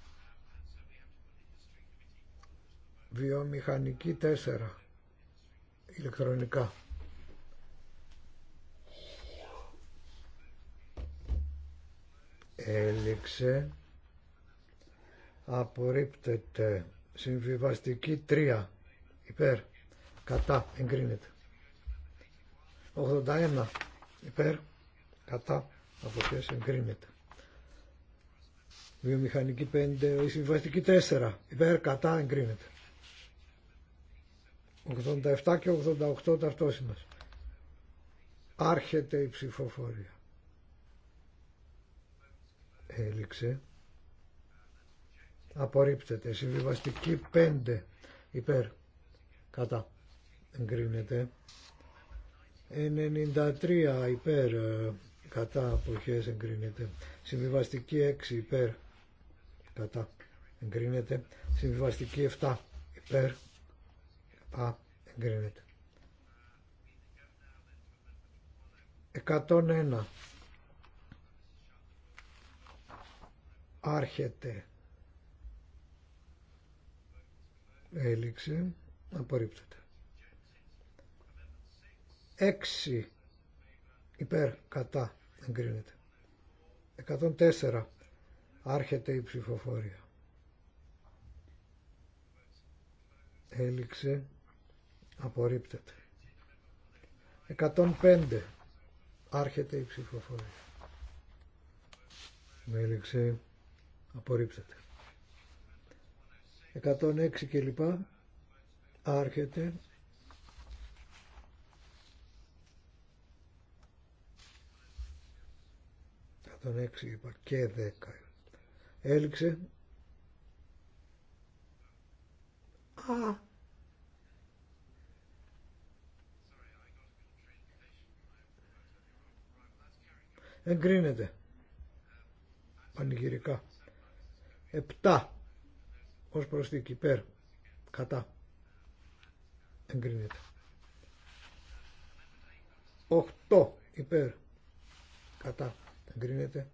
Βιομηχανική 4. Ηλεκτρονικά. έληξε απορρίπτεται συμβιβαστική 3 υπέρ κατά εγκρίνεται 81 υπέρ κατά ποιες εγκρίνεται βιομηχανική 5 συμβιβαστική 4 υπέρ κατά εγκρίνεται 87 και 88 ταυτόσημα. άρχεται η ψηφοφορία έληξε. Απορρίπτεται. Συμβιβαστική 5 υπέρ κατά εγκρίνεται. 93 υπέρ κατά αποχές εγκρίνεται. Συμβιβαστική 6 υπέρ κατά εγκρίνεται. Συμβιβαστική 7 υπέρ κατά εγκρίνεται. 101 άρχεται έληξε απορρίπτεται Έξι υπέρ κατά εγκρίνεται 104 άρχεται η ψηφοφορία έληξε απορρίπτεται 105 άρχεται η ψηφοφορία έληξε Απορρίψατε. 106 λοιπά. Άρχεται. Τον 6 είπα και 10. Έληξε. Α, εγκρίνεται πανηγυρικά. 7 ως προσθήκη υπέρ κατά εγκρίνεται 8 υπέρ κατά εγκρίνεται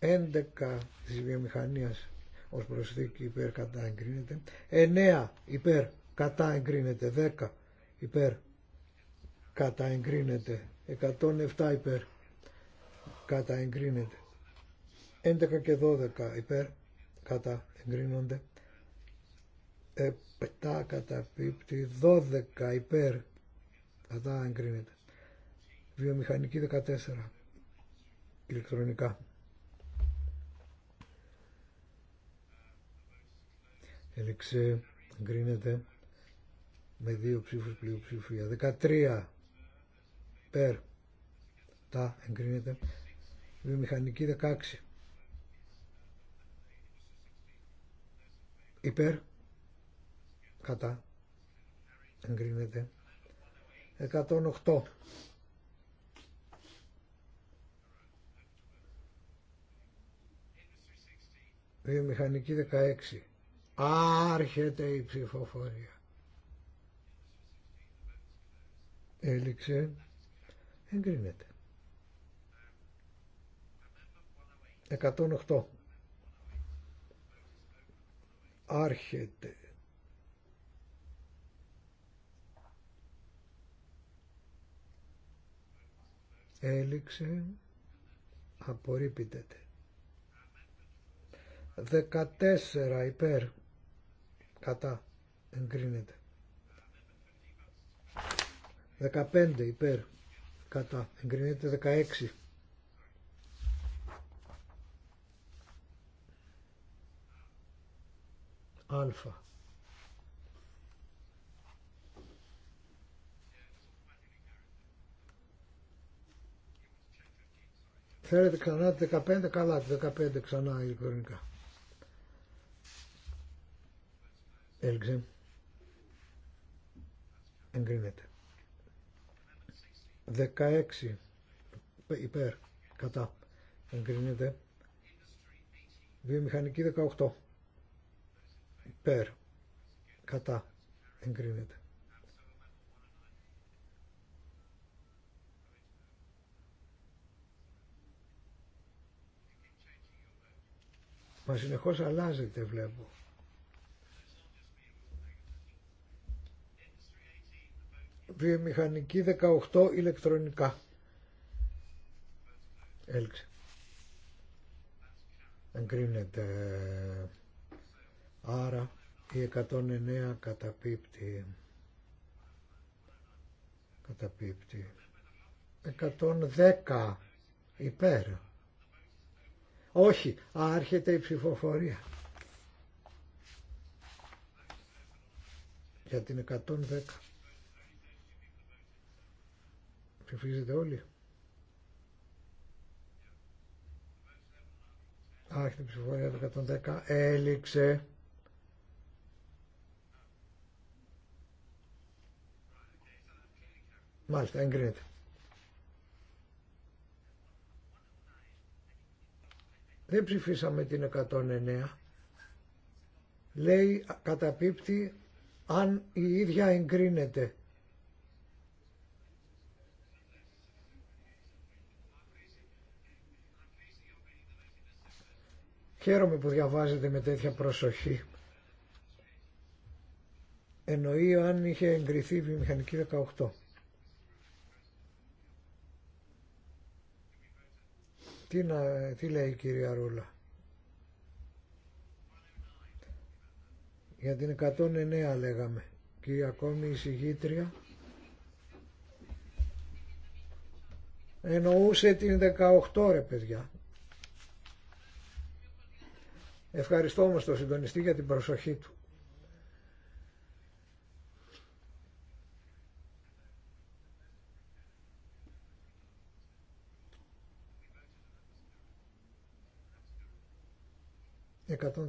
11 της βιομηχανίας ως προσθήκη υπέρ κατά εγκρίνεται 9 υπέρ κατά εγκρίνεται 10 υπέρ κατά εγκρίνεται 107 υπέρ κατά εγκρίνεται 11 και 12 υπέρ κατά εγκρίνονται επτά κατά πίπτη δώδεκα υπέρ κατά εγκρίνεται βιομηχανική δεκατέσσερα ηλεκτρονικά έλεξε εγκρίνεται με δύο ψήφους πλειοψηφία δεκατρία υπέρ τα εγκρίνεται βιομηχανική 16 υπέρ κατά εγκρίνεται 108 βιομηχανική 16 άρχεται η ψηφοφορία έληξε εγκρίνεται 108 άρχεται. Έληξε, απορρίπτεται. δεκατέσσερα υπέρ, κατά, εγκρίνεται. δεκαπέντε υπέρ, κατά, εγκρίνεται δεκαέξι. α. Θέλετε ξανά τη 15, καλά τη 15 ξανά ηλεκτρονικά. Έλξε. Εγκρίνεται. 16 υπέρ, κατά. Εγκρίνεται. Βιομηχανική 18 υπέρ κατά εγκρίνεται. Μα συνεχώς αλλάζεται βλέπω. Βιομηχανική 18 ηλεκτρονικά. Έλξε. Εγκρίνεται. Άρα η 109 καταπίπτει. Καταπίπτει. 110 υπέρ. Όχι, άρχεται η ψηφοφορία. Για την 110. Ψηφίζετε όλοι. Άρχεται η ψηφοφορία 110. Έληξε. Μάλιστα, εγκρίνεται. Δεν ψηφίσαμε την 109. Λέει καταπίπτει αν η ίδια εγκρίνεται. Χαίρομαι που διαβάζετε με τέτοια προσοχή. Εννοεί αν είχε εγκριθεί η βιομηχανική 18. Τι, να, τι λέει η κυρία Ρούλα. Για την 109 λέγαμε και η ακόμη εννοούσε την 18 ρε παιδιά. Ευχαριστώ όμως τον συντονιστή για την προσοχή του.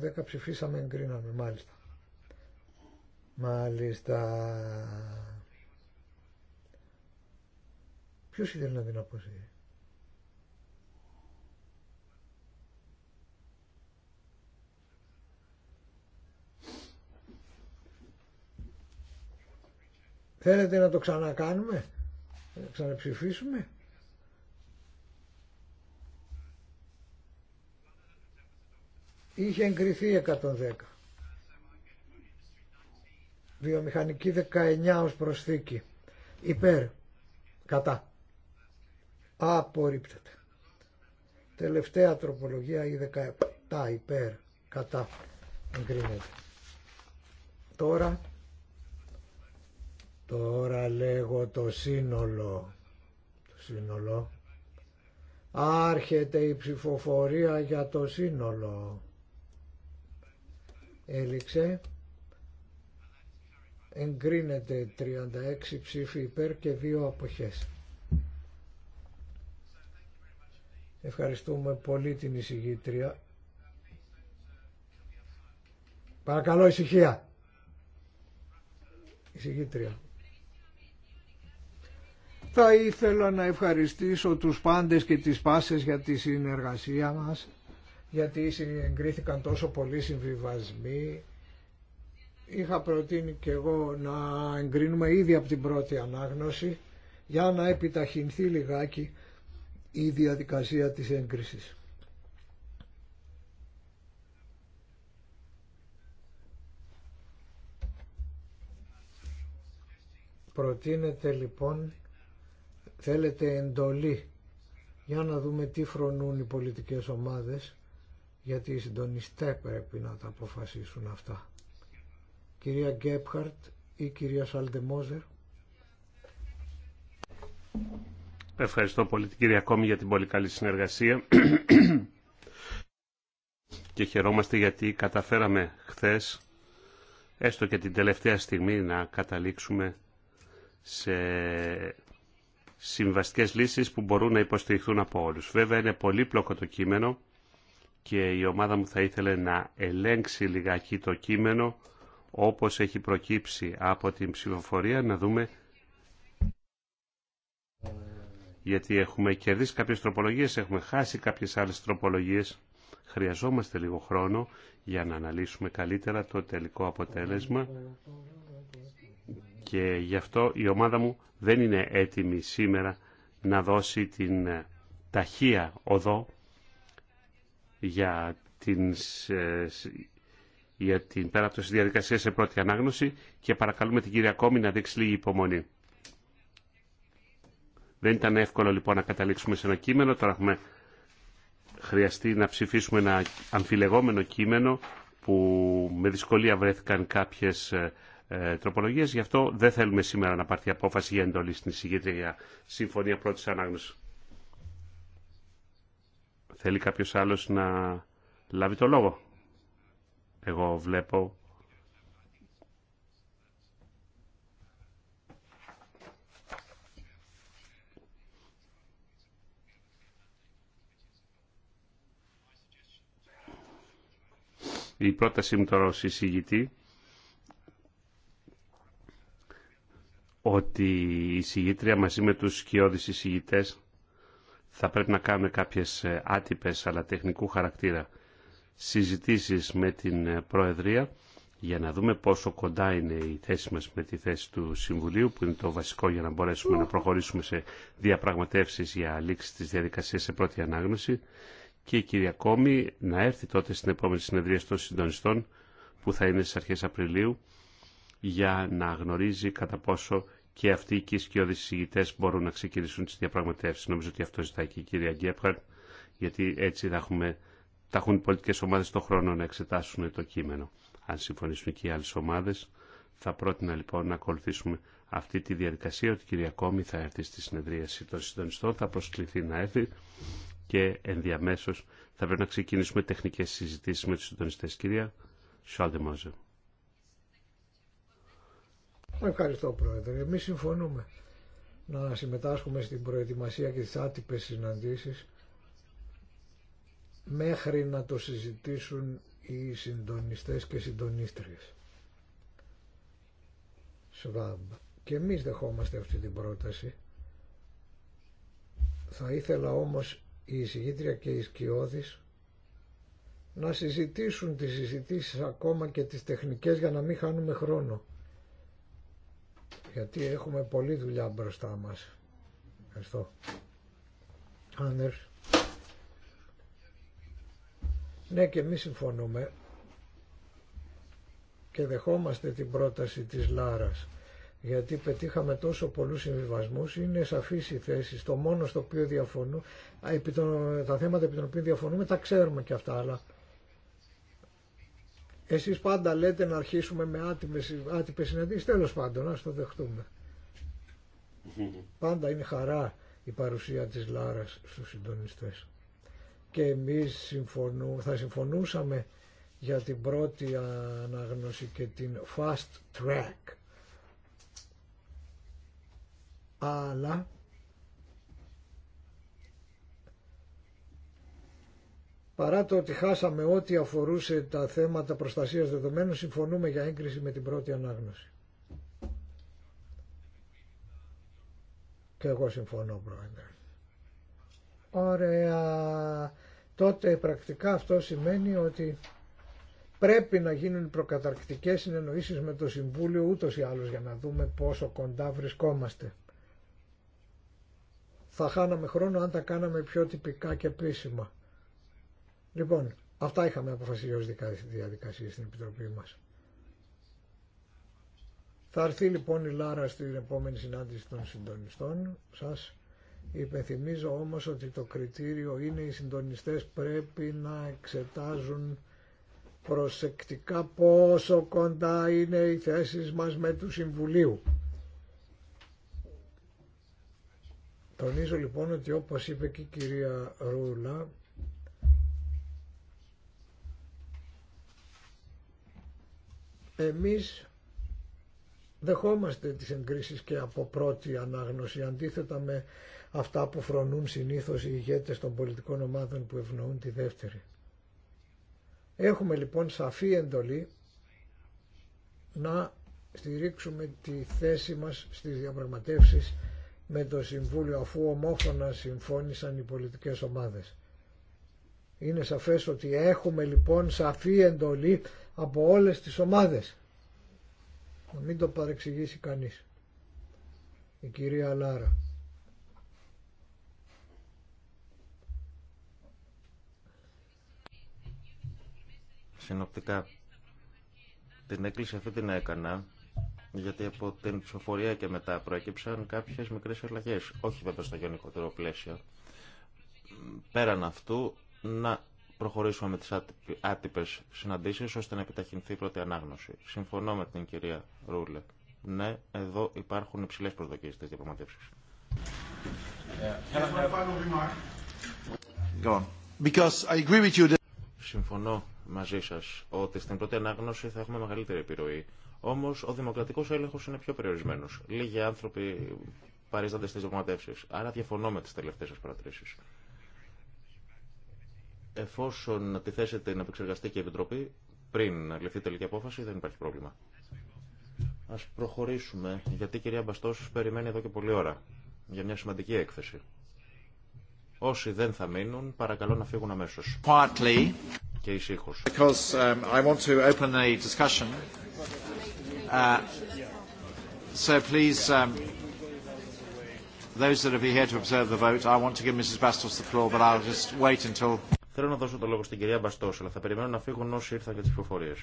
10 ψηφίσαμε, εγκρίναμε, μάλιστα. Μάλιστα. Ποιος ήθελε να την αποσύρει. Θέλετε να το ξανακάνουμε, να ξαναψηφίσουμε. είχε εγκριθεί 110. Βιομηχανική 19 ως προσθήκη. Υπέρ. Κατά. Απορρίπτεται. Τελευταία τροπολογία η 17 υπέρ. Κατά. Εγκρίνεται. Τώρα. Τώρα λέγω το σύνολο. Το σύνολο. Άρχεται η ψηφοφορία για το σύνολο έληξε εγκρίνεται 36 ψήφοι υπέρ και 2 αποχές. Ευχαριστούμε πολύ την εισηγήτρια. Παρακαλώ ησυχία. Εισηγήτρια. Θα ήθελα να ευχαριστήσω τους πάντες και τις πάσες για τη συνεργασία μας γιατί εγκρίθηκαν τόσο πολλοί συμβιβασμοί. Είχα προτείνει και εγώ να εγκρίνουμε ήδη από την πρώτη ανάγνωση για να επιταχυνθεί λιγάκι η διαδικασία της έγκρισης. Προτείνετε λοιπόν, θέλετε εντολή για να δούμε τι φρονούν οι πολιτικές ομάδες γιατί οι συντονιστέ πρέπει να τα αποφασίσουν αυτά. Κυρία Γκέπχαρτ ή κυρία Σαλντεμόζερ. Ευχαριστώ πολύ την κυρία Κόμη για την πολύ καλή συνεργασία και χαιρόμαστε γιατί καταφέραμε χθες έστω και την τελευταία στιγμή να καταλήξουμε σε συμβαστικές λύσεις που μπορούν να υποστηριχθούν από όλους. Βέβαια είναι πολύπλοκο το κείμενο και η ομάδα μου θα ήθελε να ελέγξει λιγάκι το κείμενο όπως έχει προκύψει από την ψηφοφορία να δούμε γιατί έχουμε κερδίσει κάποιες τροπολογίες, έχουμε χάσει κάποιες άλλες τροπολογίες. Χρειαζόμαστε λίγο χρόνο για να αναλύσουμε καλύτερα το τελικό αποτέλεσμα και γι' αυτό η ομάδα μου δεν είναι έτοιμη σήμερα να δώσει την ταχεία οδό για την, ε, για την πέραπτωση διαδικασία σε πρώτη ανάγνωση και παρακαλούμε την κυρία Κόμη να δείξει λίγη υπομονή. Δεν ήταν εύκολο λοιπόν να καταλήξουμε σε ένα κείμενο. Τώρα έχουμε χρειαστεί να ψηφίσουμε ένα αμφιλεγόμενο κείμενο που με δυσκολία βρέθηκαν κάποιες ε, ε τροπολογίες. Γι' αυτό δεν θέλουμε σήμερα να πάρθει απόφαση για εντολή στην εισηγήτρια για συμφωνία πρώτης ανάγνωσης. Θέλει κάποιος άλλος να λάβει το λόγο. Εγώ βλέπω η πρότασή μου τώρα ως εισηγητή ότι η εισηγήτρια μαζί με τους σκιώδεις εισηγητές θα πρέπει να κάνουμε κάποιες ε, άτυπες αλλά τεχνικού χαρακτήρα συζητήσεις με την ε, Προεδρία για να δούμε πόσο κοντά είναι η θέση μας με τη θέση του Συμβουλίου που είναι το βασικό για να μπορέσουμε να προχωρήσουμε σε διαπραγματεύσεις για λήξη της διαδικασίας σε πρώτη ανάγνωση και η κυρία Κόμη να έρθει τότε στην επόμενη συνεδρία των συντονιστών που θα είναι στις αρχές Απριλίου για να γνωρίζει κατά πόσο και αυτοί οι σκιώδεις συζητητέ μπορούν να ξεκινήσουν τι διαπραγματεύσει. Νομίζω ότι αυτό ζητάει και η κυρία Γκέπχαρτ, γιατί έτσι θα, έχουμε, θα έχουν οι πολιτικέ ομάδε το χρόνο να εξετάσουν το κείμενο. Αν συμφωνήσουν και οι άλλε ομάδε. θα πρότεινα λοιπόν να ακολουθήσουμε αυτή τη διαδικασία ότι η κυρία Κόμη θα έρθει στη συνεδρίαση των συντονιστών, θα προσκληθεί να έρθει και ενδιαμέσω θα πρέπει να ξεκινήσουμε τεχνικέ συζητήσει με του συντονιστέ Κυρία Μόζερ. Ευχαριστώ Πρόεδρε. Εμείς συμφωνούμε να συμμετάσχουμε στην προετοιμασία και τις άτυπες συναντήσεις μέχρι να το συζητήσουν οι συντονιστές και συντονίστριες. Σβάμπ. Και εμείς δεχόμαστε αυτή την πρόταση. Θα ήθελα όμως η εισηγήτρια και οι σκιώδεις να συζητήσουν τις συζητήσεις ακόμα και τις τεχνικές για να μην χάνουμε χρόνο γιατί έχουμε πολλή δουλειά μπροστά μας. Ευχαριστώ. Άνερς. Ναι και εμείς συμφωνούμε και δεχόμαστε την πρόταση της Λάρας γιατί πετύχαμε τόσο πολλούς συμβιβασμούς, είναι σαφής η θέση, στο μόνο στο οποίο διαφωνούμε, τα θέματα επί των οποίων διαφωνούμε τα ξέρουμε και αυτά, αλλά εσείς πάντα λέτε να αρχίσουμε με άτυπες, άτυπες συναντήσεις, τέλος πάντων, ας το δεχτούμε. Πάντα είναι χαρά η παρουσία της Λάρας στους συντονιστές. Και εμείς θα συμφωνούσαμε για την πρώτη αναγνώση και την fast track. Αλλά Παρά το ότι χάσαμε ό,τι αφορούσε τα θέματα προστασίας δεδομένων, συμφωνούμε για έγκριση με την πρώτη ανάγνωση. Και εγώ συμφωνώ, Πρόεδρε. Ωραία. Τότε πρακτικά αυτό σημαίνει ότι πρέπει να γίνουν προκαταρκτικές συνεννοήσεις με το Συμβούλιο ούτως ή άλλως για να δούμε πόσο κοντά βρισκόμαστε. Θα χάναμε χρόνο αν τα κάναμε πιο τυπικά και επίσημα. Λοιπόν, αυτά είχαμε αποφασίσει ως διαδικασία στην Επιτροπή μας. Θα έρθει λοιπόν η Λάρα στην επόμενη συνάντηση των συντονιστών σας. Υπενθυμίζω όμως ότι το κριτήριο είναι οι συντονιστές πρέπει να εξετάζουν προσεκτικά πόσο κοντά είναι οι θέσεις μας με του Συμβουλίου. Τονίζω λοιπόν ότι όπως είπε και η κυρία Ρούλα, Εμείς δεχόμαστε τις εγκρίσεις και από πρώτη ανάγνωση, αντίθετα με αυτά που φρονούν συνήθως οι ηγέτες των πολιτικών ομάδων που ευνοούν τη δεύτερη. Έχουμε λοιπόν σαφή εντολή να στηρίξουμε τη θέση μας στις διαπραγματεύσεις με το Συμβούλιο αφού ομόφωνα συμφώνησαν οι πολιτικές ομάδες. Είναι σαφές ότι έχουμε λοιπόν σαφή εντολή από όλες τις ομάδες. Να μην το παρεξηγήσει κανείς. Η κυρία Λάρα. Συνοπτικά, την έκκληση αυτή την έκανα γιατί από την ψηφοφορία και μετά προέκυψαν κάποιες μικρές αλλαγές. Όχι βέβαια στο γενικότερο πλαίσιο. Πέραν αυτού, να προχωρήσουμε με τις άτυπες συναντήσεις ώστε να επιταχυνθεί η πρώτη ανάγνωση. Συμφωνώ με την κυρία Ρούλε. Ναι, εδώ υπάρχουν υψηλές προσδοκίες στις διαπραγματεύσεις. Συμφωνώ μαζί σας ότι στην πρώτη ανάγνωση θα έχουμε μεγαλύτερη επιρροή. Όμως ο δημοκρατικός έλεγχος είναι πιο περιορισμένος. Λίγοι άνθρωποι παρίζονται στις διαπραγματεύσεις. Άρα διαφωνώ με τις τελευταίες σας παρατηρήσεις. Εφόσον τη θέσετε να επεξεργαστεί και η Επιτροπή, πριν να ληφθεί τελική απόφαση, δεν υπάρχει πρόβλημα. Ας προχωρήσουμε, γιατί η κυρία Μπαστό περιμένει εδώ και πολλή ώρα για μια σημαντική έκθεση. Όσοι δεν θα μείνουν, παρακαλώ να φύγουν αμέσως. Partly, και ησύχω. Because um, I want to open a discussion. Uh, so please, um, those that are here to observe the vote, I want to give Mrs. Bastos the floor, but I'll just wait until Θέλω να δώσω το λόγο στην κυρία Μπαστό, αλλά θα περιμένω να φύγουν όσοι ήρθαν για τι πληροφορίε.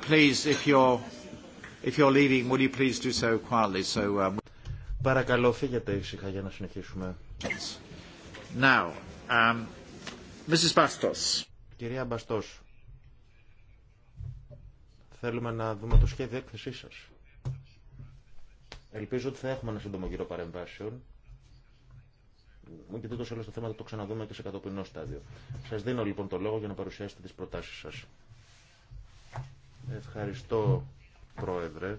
please, if you're, leaving, you please do so quietly? So, um, Παρακαλώ, φύγετε ήσυχα για να συνεχίσουμε. Um, Κυρία Μπαστός, θέλουμε να δούμε το σχέδιο έκθεσής σας. Ελπίζω ότι θα έχουμε ένα σύντομο γύρο παρεμβάσεων. Μου και ή το θέμα το ξαναδούμε και σε κατοπινό στάδιο. Σας δίνω λοιπόν το λόγο για να παρουσιάσετε τις προτάσεις σας. Ευχαριστώ, Πρόεδρε.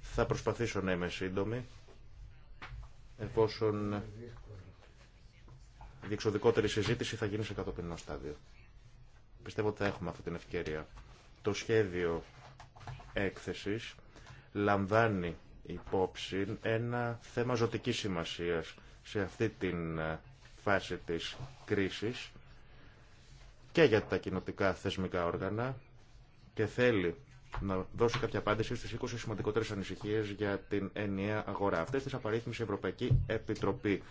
Θα προσπαθήσω να είμαι σύντομη, εφόσον διεξοδικότερη συζήτηση θα γίνει σε κατοπινό στάδιο. Πιστεύω ότι θα έχουμε αυτή την ευκαιρία. Το σχέδιο έκθεσης λαμβάνει υπόψη ένα θέμα ζωτικής σημασίας σε αυτή την ε, φάση της κρίσης και για τα κοινοτικά θεσμικά όργανα και θέλει να δώσει κάποια απάντηση στις 20 σημαντικότερε ανησυχίε για την ενιαία αγορά. Αυτέ τις απαρίθμησε η Ευρωπαϊκή Επιτροπή.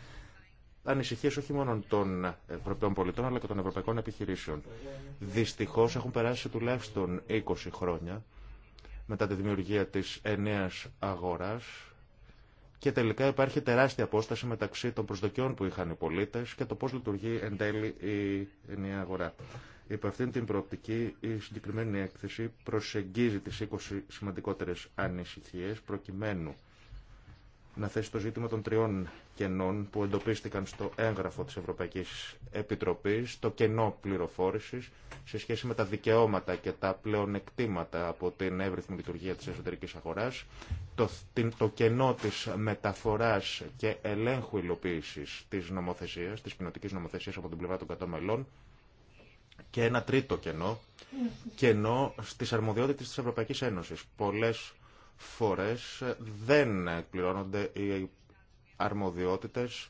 Ανησυχίε όχι μόνο των Ευρωπαίων πολιτών αλλά και των Ευρωπαϊκών επιχειρήσεων. Δυστυχώ έχουν περάσει τουλάχιστον 20 χρόνια μετά τη δημιουργία τη ενιαία αγορά και τελικά υπάρχει τεράστια απόσταση μεταξύ των προσδοκιών που είχαν οι πολίτες και το πώς λειτουργεί εν τέλει η ενιαία αγορά. Υπό αυτήν την προοπτική, η συγκεκριμένη έκθεση προσεγγίζει τις 20 σημαντικότερες ανησυχίες προκειμένου να θέσει το ζήτημα των τριών κενών που εντοπίστηκαν στο έγγραφο της Ευρωπαϊκής Επιτροπής, το κενό πληροφόρησης σε σχέση με τα δικαιώματα και τα πλεονεκτήματα από την εύρυθμη λειτουργία της εσωτερικής αγοράς, το, κενό της μεταφοράς και ελέγχου υλοποίησης της νομοθεσίας, της κοινοτικής νομοθεσίας από την πλευρά των κατώμελών και ένα τρίτο κενό, κενό στις αρμοδιότητες της Ευρωπαϊκής Ένωσης. Πολλές φορές δεν εκπληρώνονται οι αρμοδιότητες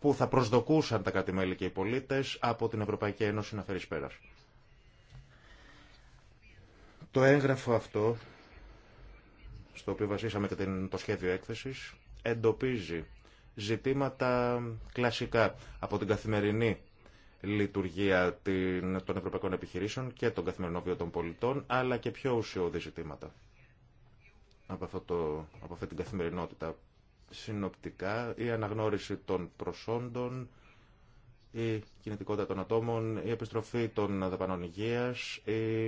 που θα προσδοκούσαν τα κατημέλη και οι πολίτες από την Ευρωπαϊκή Ένωση να φέρει πέρας. Το έγγραφο αυτό, στο οποίο βασίσαμε και το σχέδιο έκθεσης, εντοπίζει ζητήματα κλασικά από την καθημερινή λειτουργία των ευρωπαϊκών επιχειρήσεων και των καθημερινών των πολιτών, αλλά και πιο ουσιώδη ζητήματα από, αυτό το, από αυτή την καθημερινότητα. Συνοπτικά, η αναγνώριση των προσόντων, η κινητικότητα των ατόμων, η επιστροφή των δαπανών υγεία, η,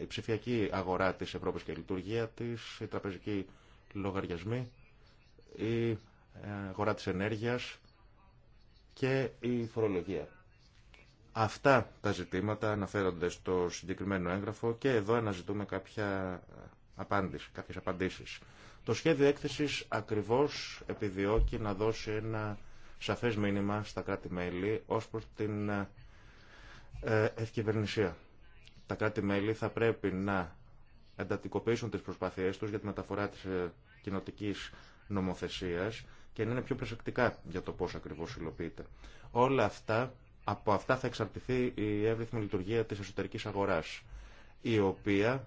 η ψηφιακή αγορά της Ευρώπης και η λειτουργία της, οι τραπεζικοί λογαριασμοί, η ε, αγορά της ενέργειας και η φορολογία. Αυτά τα ζητήματα αναφέρονται στο συγκεκριμένο έγγραφο και εδώ αναζητούμε κάποια ε, απάντηση, κάποιες απαντήσεις. Το σχέδιο έκθεσης ακριβώς επιδιώκει να δώσει ένα σαφές μήνυμα στα κράτη-μέλη ως προς την ε, ε, ευκυβερνησία. Τα κράτη-μέλη θα πρέπει να εντατικοποιήσουν τις προσπάθειές τους για τη μεταφορά της κοινοτικής νομοθεσίας και να είναι πιο προσεκτικά για το πώς ακριβώς υλοποιείται. Όλα αυτά από αυτά θα εξαρτηθεί η εύρυθμη λειτουργία της εσωτερικής αγοράς, η οποία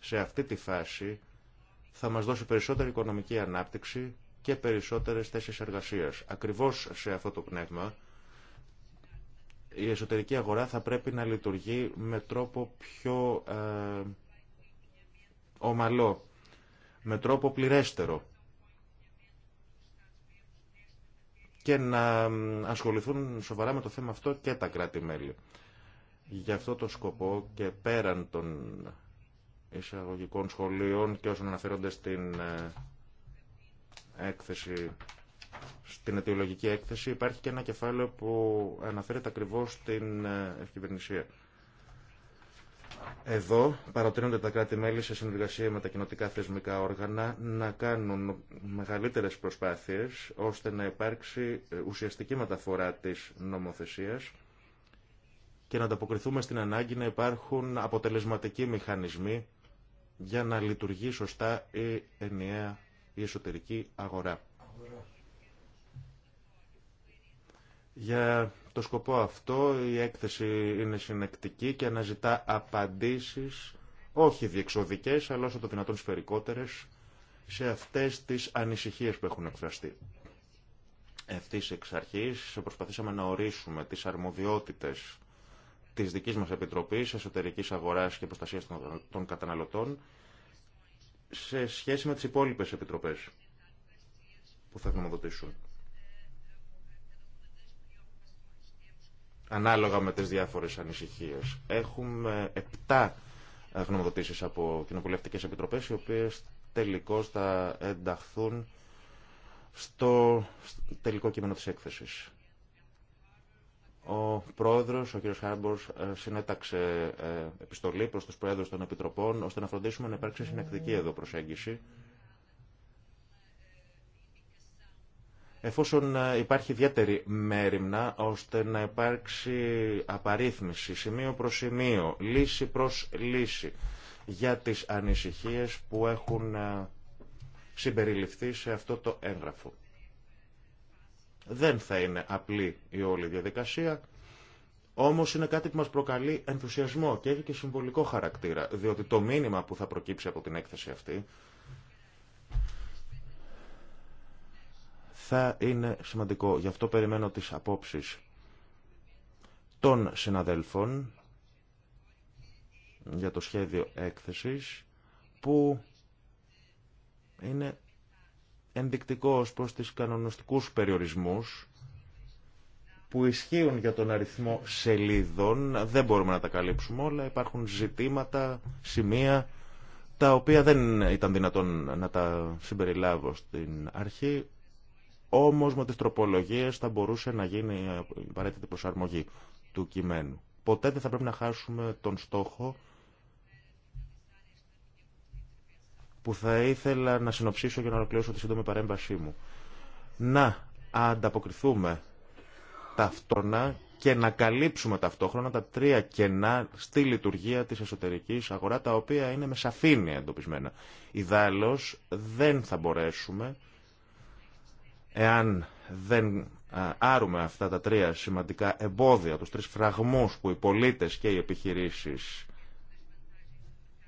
σε αυτή τη φάση θα μας δώσει περισσότερη οικονομική ανάπτυξη και περισσότερες θέσεις εργασίας. Ακριβώς σε αυτό το πνεύμα η εσωτερική αγορά θα πρέπει να λειτουργεί με τρόπο πιο ε, ομαλό, με τρόπο πληρέστερο. και να ασχοληθούν σοβαρά με το θέμα αυτό και τα κράτη-μέλη. Γι' αυτό το σκοπό και πέραν των εισαγωγικών σχολείων και όσων αναφέρονται στην ε, έκθεση, στην αιτιολογική έκθεση, υπάρχει και ένα κεφάλαιο που αναφέρεται ακριβώς στην ε, ευκυβερνησία. Εδώ παροτρύνονται τα κράτη-μέλη σε συνεργασία με τα κοινοτικά θεσμικά όργανα να κάνουν μεγαλύτερες προσπάθειες ώστε να υπάρξει ε, ουσιαστική μεταφορά της νομοθεσίας και να ανταποκριθούμε στην ανάγκη να υπάρχουν αποτελεσματικοί μηχανισμοί για να λειτουργεί σωστά η ενιαία εσωτερική αγορά. Για το σκοπό αυτό η έκθεση είναι συνεκτική και αναζητά απαντήσεις όχι διεξοδικές αλλά όσο το δυνατόν σφαιρικότερες σε αυτές τις ανησυχίες που έχουν εκφραστεί. Ευτής εξ αρχής προσπαθήσαμε να ορίσουμε τις αρμοδιότητες της δικής μας Επιτροπής Εσωτερικής Αγοράς και Προστασίας των Καταναλωτών σε σχέση με τις υπόλοιπες επιτροπές που θα γνωμοδοτήσουν. ανάλογα με τις διάφορες ανησυχίες. Έχουμε επτά ε, γνωμοδοτήσεις από κοινοβουλευτικές επιτροπές, οι οποίες τελικώς θα ενταχθούν στο τελικό κείμενο της έκθεσης. Ο πρόεδρος, ο κ. Χάμπορς, ε, συνέταξε ε, επιστολή προς τους πρόεδρους των επιτροπών, ώστε να φροντίσουμε να υπάρξει συνεκτική εδώ προσέγγιση εφόσον ε, υπάρχει ιδιαίτερη μέρημνα ώστε να υπάρξει απαρίθμηση σημείο προς σημείο, λύση προς λύση για τις ανησυχίες που έχουν ε, συμπεριληφθεί σε αυτό το έγγραφο. Δεν θα είναι απλή η όλη διαδικασία, όμως είναι κάτι που μας προκαλεί ενθουσιασμό και έχει και συμβολικό χαρακτήρα, διότι το μήνυμα που θα προκύψει από την έκθεση αυτή θα είναι σημαντικό. Γι' αυτό περιμένω τις απόψεις των συναδέλφων για το σχέδιο έκθεσης που είναι ενδεικτικό ως προς τις κανονιστικούς περιορισμούς που ισχύουν για τον αριθμό σελίδων. Δεν μπορούμε να τα καλύψουμε όλα. Υπάρχουν ζητήματα, σημεία, τα οποία δεν ήταν δυνατόν να τα συμπεριλάβω στην αρχή. Όμως με τι τροπολογίε θα μπορούσε να γίνει η απαραίτητη προσαρμογή του κειμένου. Ποτέ δεν θα πρέπει να χάσουμε τον στόχο που θα ήθελα να συνοψίσω για να ολοκληρώσω τη σύντομη παρέμβασή μου. Να ανταποκριθούμε ταυτόχρονα και να καλύψουμε ταυτόχρονα τα τρία κενά στη λειτουργία της εσωτερικής αγορά, τα οποία είναι με σαφήνεια εντοπισμένα. Ιδάλλως δεν θα μπορέσουμε Εάν δεν άρουμε αυτά τα τρία σημαντικά εμπόδια, τους τρεις φραγμούς που οι πολίτες και οι επιχειρήσεις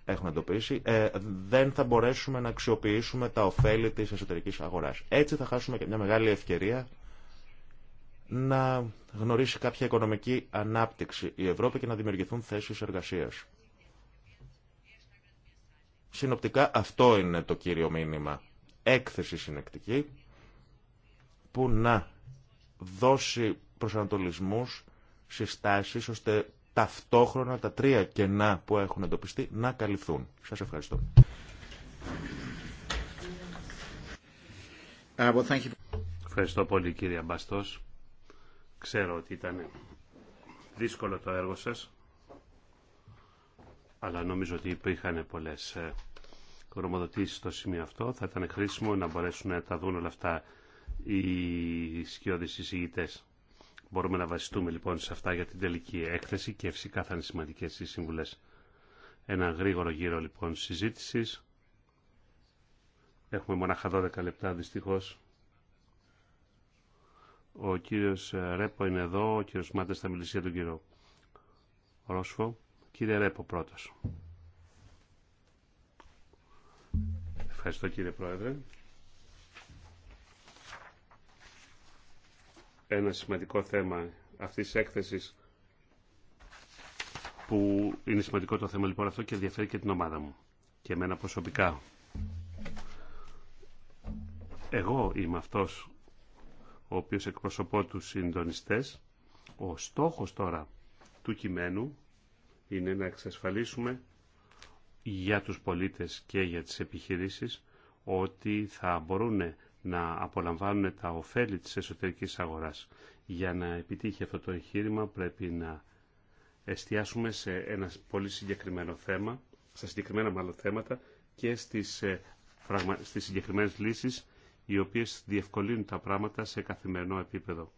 έχουν εντοπίσει, ε, δεν θα μπορέσουμε να αξιοποιήσουμε τα ωφέλη της εσωτερικής αγοράς. Έτσι θα χάσουμε και μια μεγάλη ευκαιρία να γνωρίσει κάποια οικονομική ανάπτυξη η Ευρώπη και να δημιουργηθούν θέσεις εργασίας. Συνοπτικά αυτό είναι το κύριο μήνυμα. Έκθεση συνεκτική, που να δώσει προσανατολισμούς, συστάσεις, ώστε ταυτόχρονα τα τρία κενά που έχουν εντοπιστεί να καλυφθούν. Σας ευχαριστώ. Uh, ευχαριστώ πολύ κύριε Μπαστός. Ξέρω ότι ήταν δύσκολο το έργο σας, αλλά νομίζω ότι υπήρχαν πολλές ε, γνωμοδοτήσεις στο σημείο αυτό. Θα ήταν χρήσιμο να μπορέσουν να τα δουν όλα αυτά οι σκιώδεις εισηγητές. Μπορούμε να βασιστούμε λοιπόν σε αυτά για την τελική έκθεση και φυσικά θα είναι σημαντικές οι συμβουλές. Ένα γρήγορο γύρο λοιπόν συζήτησης. Έχουμε μονάχα 12 λεπτά δυστυχώς. Ο κύριος Ρέπο είναι εδώ, ο κύριος Μάντες θα μιλήσει για τον κύριο Ρόσφο. Κύριε Ρέπο πρώτος. Ευχαριστώ κύριε Πρόεδρε. ένα σημαντικό θέμα αυτής της έκθεσης που είναι σημαντικό το θέμα λοιπόν αυτό και ενδιαφέρει και την ομάδα μου και εμένα προσωπικά. Εγώ είμαι αυτός ο οποίος εκπροσωπώ τους συντονιστές. Ο στόχος τώρα του κειμένου είναι να εξασφαλίσουμε για τους πολίτες και για τις επιχειρήσεις ότι θα μπορούν να απολαμβάνουν τα ωφέλη της εσωτερικής αγοράς. Για να επιτύχει αυτό το εγχείρημα πρέπει να εστιάσουμε σε ένα πολύ συγκεκριμένο θέμα, στα συγκεκριμένα μάλλον θέματα και στις, ε, στις συγκεκριμένες λύσεις οι οποίες διευκολύνουν τα πράγματα σε καθημερινό επίπεδο.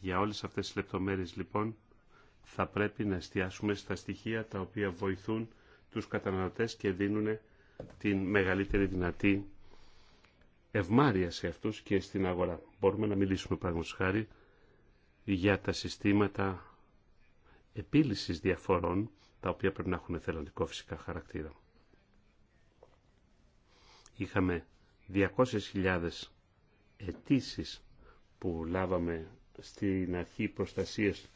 Για όλες αυτές τις λεπτομέρειες λοιπόν θα πρέπει να εστιάσουμε στα στοιχεία τα οποία βοηθούν τους καταναλωτές και δίνουν την μεγαλύτερη δυνατή ευμάρεια σε αυτούς και στην αγορά. Μπορούμε να μιλήσουμε παραγωγός χάρη για τα συστήματα επίλυσης διαφορών, τα οποία πρέπει να έχουν εθελοντικό φυσικά χαρακτήρα. Είχαμε 200.000 αιτήσει που λάβαμε στην αρχή προστασίας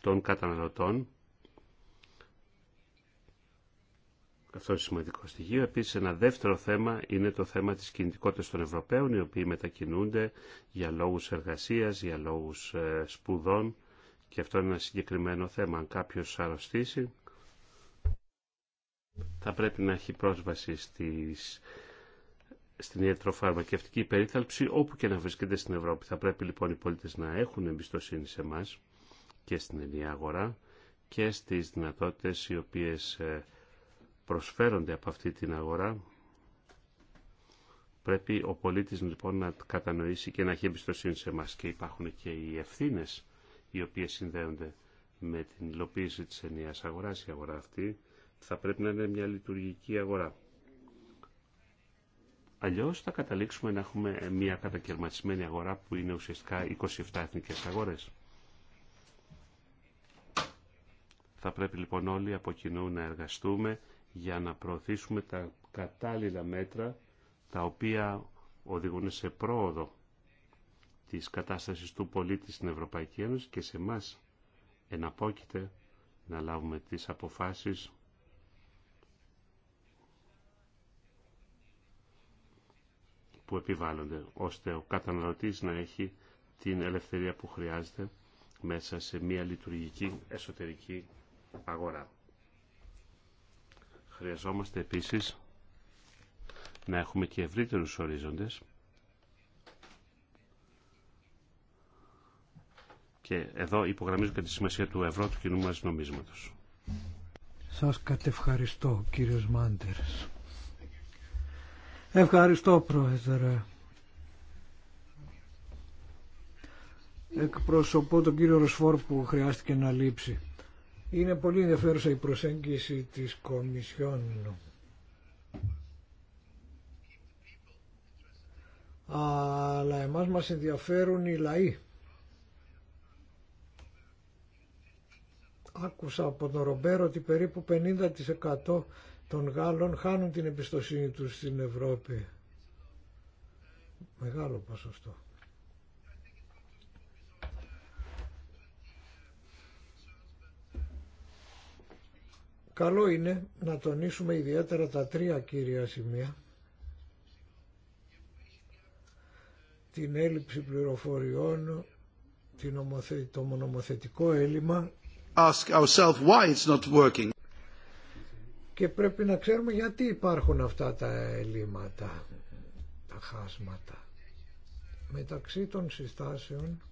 των καταναλωτών Αυτό είναι σημαντικό στοιχείο. Επίσης ένα δεύτερο θέμα είναι το θέμα της κινητικότητας των Ευρωπαίων, οι οποίοι μετακινούνται για λόγους εργασίας, για λόγους ε, σπουδών και αυτό είναι ένα συγκεκριμένο θέμα. Αν κάποιος αρρωστήσει, θα πρέπει να έχει πρόσβαση στις, στην ιατροφαρμακευτική περίθαλψη όπου και να βρίσκεται στην Ευρώπη. Θα πρέπει λοιπόν οι πολίτες να έχουν εμπιστοσύνη σε εμά και στην ενιαία αγορά και στις δυνατότητες οι οποίες ε, προσφέρονται από αυτή την αγορά. Πρέπει ο πολίτης λοιπόν να κατανοήσει και να έχει εμπιστοσύνη σε εμάς και υπάρχουν και οι ευθύνε οι οποίες συνδέονται με την υλοποίηση της ενιαίας αγοράς. Η αγορά αυτή θα πρέπει να είναι μια λειτουργική αγορά. Αλλιώς θα καταλήξουμε να έχουμε μια κατακαιρματισμένη αγορά που είναι ουσιαστικά 27 εθνικές αγορές. Θα πρέπει λοιπόν όλοι από κοινού να εργαστούμε για να προωθήσουμε τα κατάλληλα μέτρα τα οποία οδηγούν σε πρόοδο της κατάστασης του πολίτη στην Ευρωπαϊκή Ένωση και σε εμά εναπόκειται να λάβουμε τις αποφάσεις που επιβάλλονται, ώστε ο καταναλωτής να έχει την ελευθερία που χρειάζεται μέσα σε μια λειτουργική εσωτερική αγορά. Χρειαζόμαστε επίσης να έχουμε και ευρύτερους ορίζοντες και εδώ υπογραμμίζω και τη σημασία του ευρώ του κοινού μας νομίσματος. Σας κατευχαριστώ κύριος Μάντερς. Ευχαριστώ πρόεδρε. Εκπροσωπώ τον κύριο Ροσφόρ που χρειάστηκε να λείψει. Είναι πολύ ενδιαφέρουσα η προσέγγιση της Κομισιόν. Αλλά εμάς μας ενδιαφέρουν οι λαοί. Άκουσα από τον Ρομπέρο ότι περίπου 50% των Γάλλων χάνουν την εμπιστοσύνη τους στην Ευρώπη. Μεγάλο ποσοστό. Καλό είναι να τονίσουμε ιδιαίτερα τα τρία κύρια σημεία. Την έλλειψη πληροφοριών, το μονομοθετικό έλλειμμα Ask ourselves why it's not working. και πρέπει να ξέρουμε γιατί υπάρχουν αυτά τα έλλειμματα, τα χάσματα. Μεταξύ των συστάσεων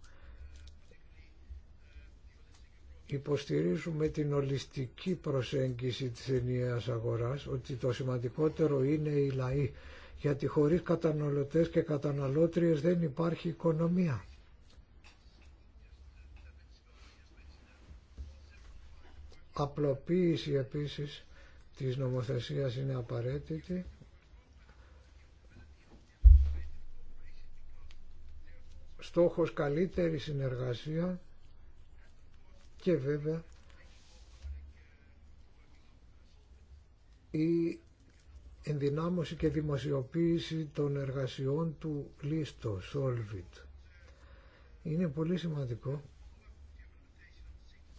υποστηρίζουμε την ολιστική προσέγγιση της ενιαίας αγοράς, ότι το σημαντικότερο είναι η λαοί, γιατί χωρίς καταναλωτές και καταναλώτριες δεν υπάρχει οικονομία. Απλοποίηση επίσης της νομοθεσίας είναι απαραίτητη. Στόχος καλύτερη συνεργασία και βέβαια η ενδυνάμωση και δημοσιοποίηση των εργασιών του Λίστο, Solvit. Είναι πολύ σημαντικό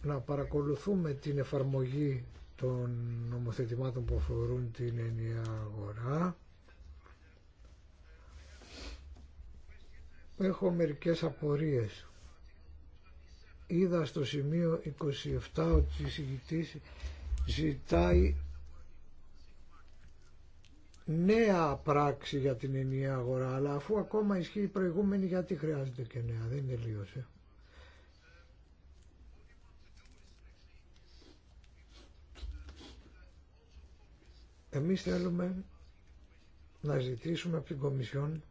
να παρακολουθούμε την εφαρμογή των νομοθετημάτων που αφορούν την ενιαία αγορά. Έχω μερικές απορίες είδα στο σημείο 27 ότι η συγκητή ζητάει νέα πράξη για την ενιαία αγορά, αλλά αφού ακόμα ισχύει η προηγούμενη, γιατί χρειάζεται και νέα, δεν τελείωσε. Εμείς θέλουμε να ζητήσουμε από την Κομισιόν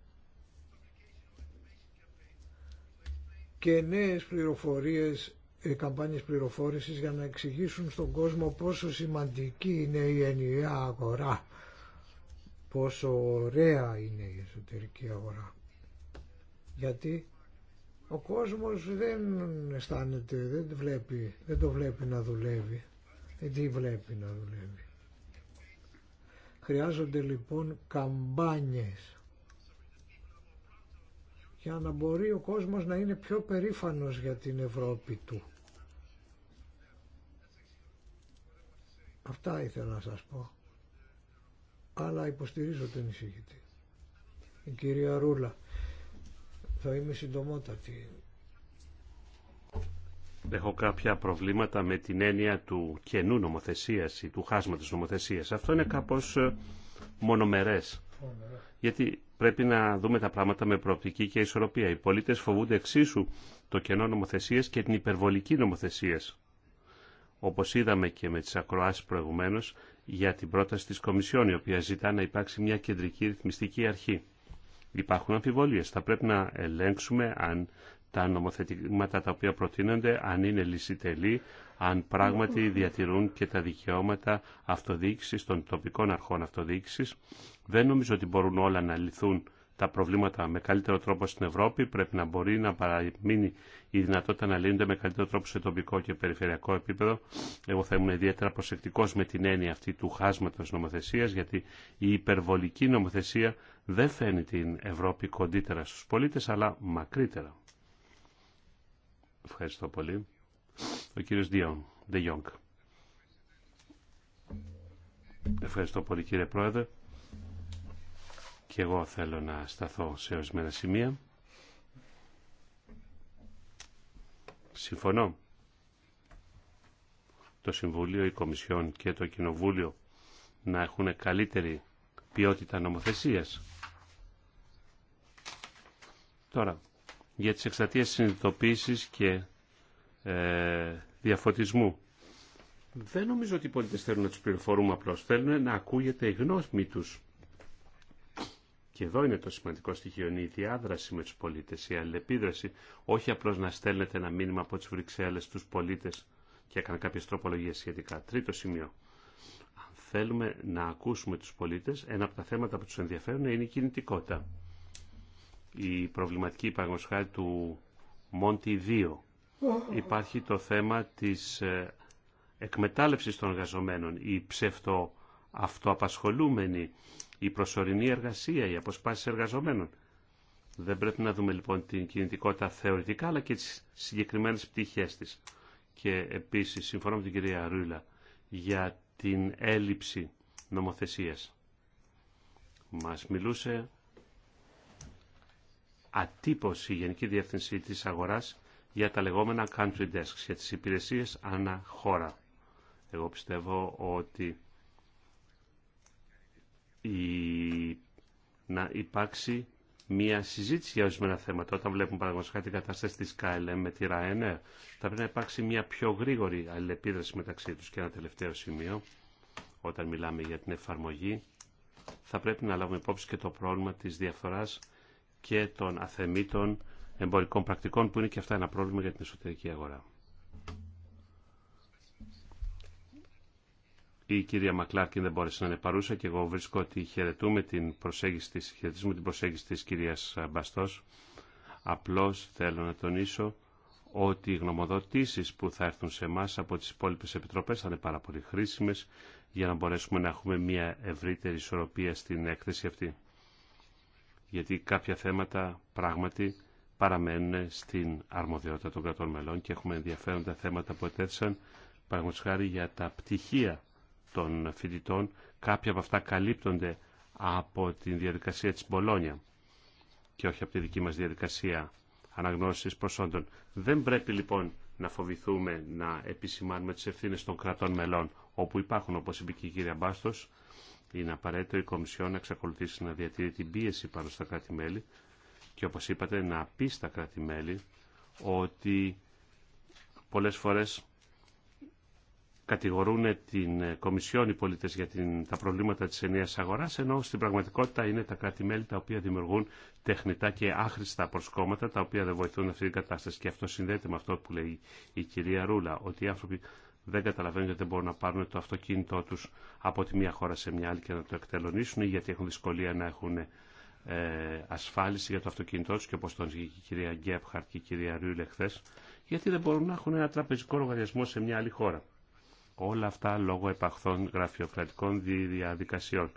και νέες πληροφορίες, ε, καμπάνιες πληροφόρησης για να εξηγήσουν στον κόσμο πόσο σημαντική είναι η ενιαία αγορά, πόσο ωραία είναι η εσωτερική αγορά. Γιατί ο κόσμος δεν αισθάνεται, δεν, βλέπει, δεν το βλέπει να δουλεύει, δεν βλέπει να δουλεύει. Χρειάζονται λοιπόν καμπάνιες για να μπορεί ο κόσμος να είναι πιο περήφανος για την Ευρώπη του. Αυτά ήθελα να σας πω. Αλλά υποστηρίζω τον εισηγητή. Η κυρία Ρούλα. Θα είμαι συντομότατη. Έχω κάποια προβλήματα με την έννοια του κενού νομοθεσίας ή του χάσματος νομοθεσίας. Αυτό είναι κάπως ε, μονομερές. Γιατί πρέπει να δούμε τα πράγματα με προοπτική και ισορροπία. Οι πολίτες φοβούνται εξίσου το κενό νομοθεσία και την υπερβολική νομοθεσία. Όπως είδαμε και με τις ακροασει προηγουμένω για την πρόταση τη Κομισιόν, η οποία ζητά να υπάρξει μια κεντρική ρυθμιστική αρχή. Υπάρχουν αμφιβολίε. Θα πρέπει να ελέγξουμε αν τα νομοθετήματα τα οποία προτείνονται, αν είναι λυσιτελή, αν πράγματι διατηρούν και τα δικαιώματα αυτοδιοίκησης των τοπικών αρχών αυτοδιοίκησης. Δεν νομίζω ότι μπορούν όλα να λυθούν τα προβλήματα με καλύτερο τρόπο στην Ευρώπη. Πρέπει να μπορεί να παραμείνει η δυνατότητα να λύνονται με καλύτερο τρόπο σε τοπικό και περιφερειακό επίπεδο. Εγώ θα ήμουν ιδιαίτερα προσεκτικό με την έννοια αυτή του χάσματο νομοθεσία, γιατί η υπερβολική νομοθεσία δεν φαίνει την Ευρώπη κοντύτερα στου πολίτε, αλλά μακρύτερα. Ευχαριστώ πολύ. Ο κύριος Δε Γιόγκ. Ευχαριστώ πολύ κύριε Πρόεδρε. Και εγώ θέλω να σταθώ σε ορισμένα σημεία. Συμφωνώ. Το Συμβούλιο, η Κομισιόν και το Κοινοβούλιο να έχουν καλύτερη ποιότητα νομοθεσίας. Τώρα, για τις εξαρτίες συνειδητοποίησης και ε, διαφωτισμού. Δεν νομίζω ότι οι πολίτες θέλουν να τους πληροφορούμε απλώς. Θέλουν να ακούγεται η γνώμη τους. Και εδώ είναι το σημαντικό στοιχείο, είναι η διάδραση με τους πολίτες, η αλληλεπίδραση. Όχι απλώς να στέλνετε ένα μήνυμα από τις Βρυξέλλες στους πολίτες και έκανα κάποιες τροπολογίες σχετικά. Τρίτο σημείο. Αν θέλουμε να ακούσουμε τους πολίτες, ένα από τα θέματα που τους ενδιαφέρουν είναι η κινητικότητα η προβληματική παραγωγή του Μόντι 2. Υπάρχει το θέμα της ε, εκμετάλλευσης των εργαζομένων, η ψευτο αυτοαπασχολούμενη, η προσωρινή εργασία, η αποσπάσεις εργαζομένων. Δεν πρέπει να δούμε λοιπόν την κινητικότητα θεωρητικά αλλά και τις συγκεκριμένες πτυχές της. Και επίσης, συμφωνώ με την κυρία Ρούλα, για την έλλειψη νομοθεσίας. Μας μιλούσε ατύπωση η Γενική Διεύθυνση της Αγοράς για τα λεγόμενα country desks, για τις υπηρεσίες ανά χώρα. Εγώ πιστεύω ότι η... να υπάρξει μια συζήτηση για ορισμένα θέματα. Όταν βλέπουμε παραγωγικά την κατάσταση τη KLM με τη Ryanair, θα πρέπει να υπάρξει μια πιο γρήγορη αλληλεπίδραση μεταξύ του Και ένα τελευταίο σημείο, όταν μιλάμε για την εφαρμογή, θα πρέπει να λάβουμε υπόψη και το πρόβλημα τη διαφοράς και των αθεμήτων εμπορικών πρακτικών που είναι και αυτά ένα πρόβλημα για την εσωτερική αγορά. Η κυρία Μακλάρκιν δεν μπόρεσε να είναι παρούσα και εγώ βρίσκω ότι χαιρετούμε την προσέγγιση της, χαιρετούμε την προσέγγιση της κυρίας Μπαστός. Απλώς θέλω να τονίσω ότι οι γνωμοδοτήσεις που θα έρθουν σε εμά από τις υπόλοιπε επιτροπές θα είναι πάρα πολύ χρήσιμες για να μπορέσουμε να έχουμε μια ευρύτερη ισορροπία στην έκθεση αυτή γιατί κάποια θέματα πράγματι παραμένουν στην αρμοδιότητα των κρατών μελών και έχουμε ενδιαφέροντα θέματα που ετέθησαν παραγωγής για τα πτυχία των φοιτητών. Κάποια από αυτά καλύπτονται από τη διαδικασία της Μπολόνια και όχι από τη δική μας διαδικασία αναγνώρισης προσόντων. Δεν πρέπει λοιπόν να φοβηθούμε να επισημάνουμε τις ευθύνες των κρατών μελών όπου υπάρχουν, όπως είπε και η κυρία Μπάστος, είναι απαραίτητο η Κομισιόν να εξακολουθήσει να διατηρεί την πίεση πάνω στα κράτη-μέλη και όπως είπατε να πει στα κράτη-μέλη ότι πολλές φορές κατηγορούν την Κομισιόν οι πολίτες για την, τα προβλήματα της ενιαίας αγοράς, ενώ στην πραγματικότητα είναι τα κράτη-μέλη τα οποία δημιουργούν τεχνητά και άχρηστα προσκόμματα, τα οποία δεν βοηθούν αυτή την κατάσταση. Και αυτό συνδέεται με αυτό που λέει η κυρία Ρούλα, ότι οι άνθρωποι δεν καταλαβαίνουν γιατί δεν μπορούν να πάρουν το αυτοκίνητό τους από τη μία χώρα σε μια άλλη και να το εκτελονίσουν ή γιατί έχουν δυσκολία να έχουν ε, ασφάλιση για το αυτοκίνητό τους και όπως τον η κυρία Γκέπχαρτ και η κυρία Ριούλε χθε, γιατί δεν μπορούν να έχουν ένα τραπεζικό λογαριασμό σε μια άλλη χώρα. Όλα αυτά λόγω επαχθών γραφειοκρατικών διαδικασιών.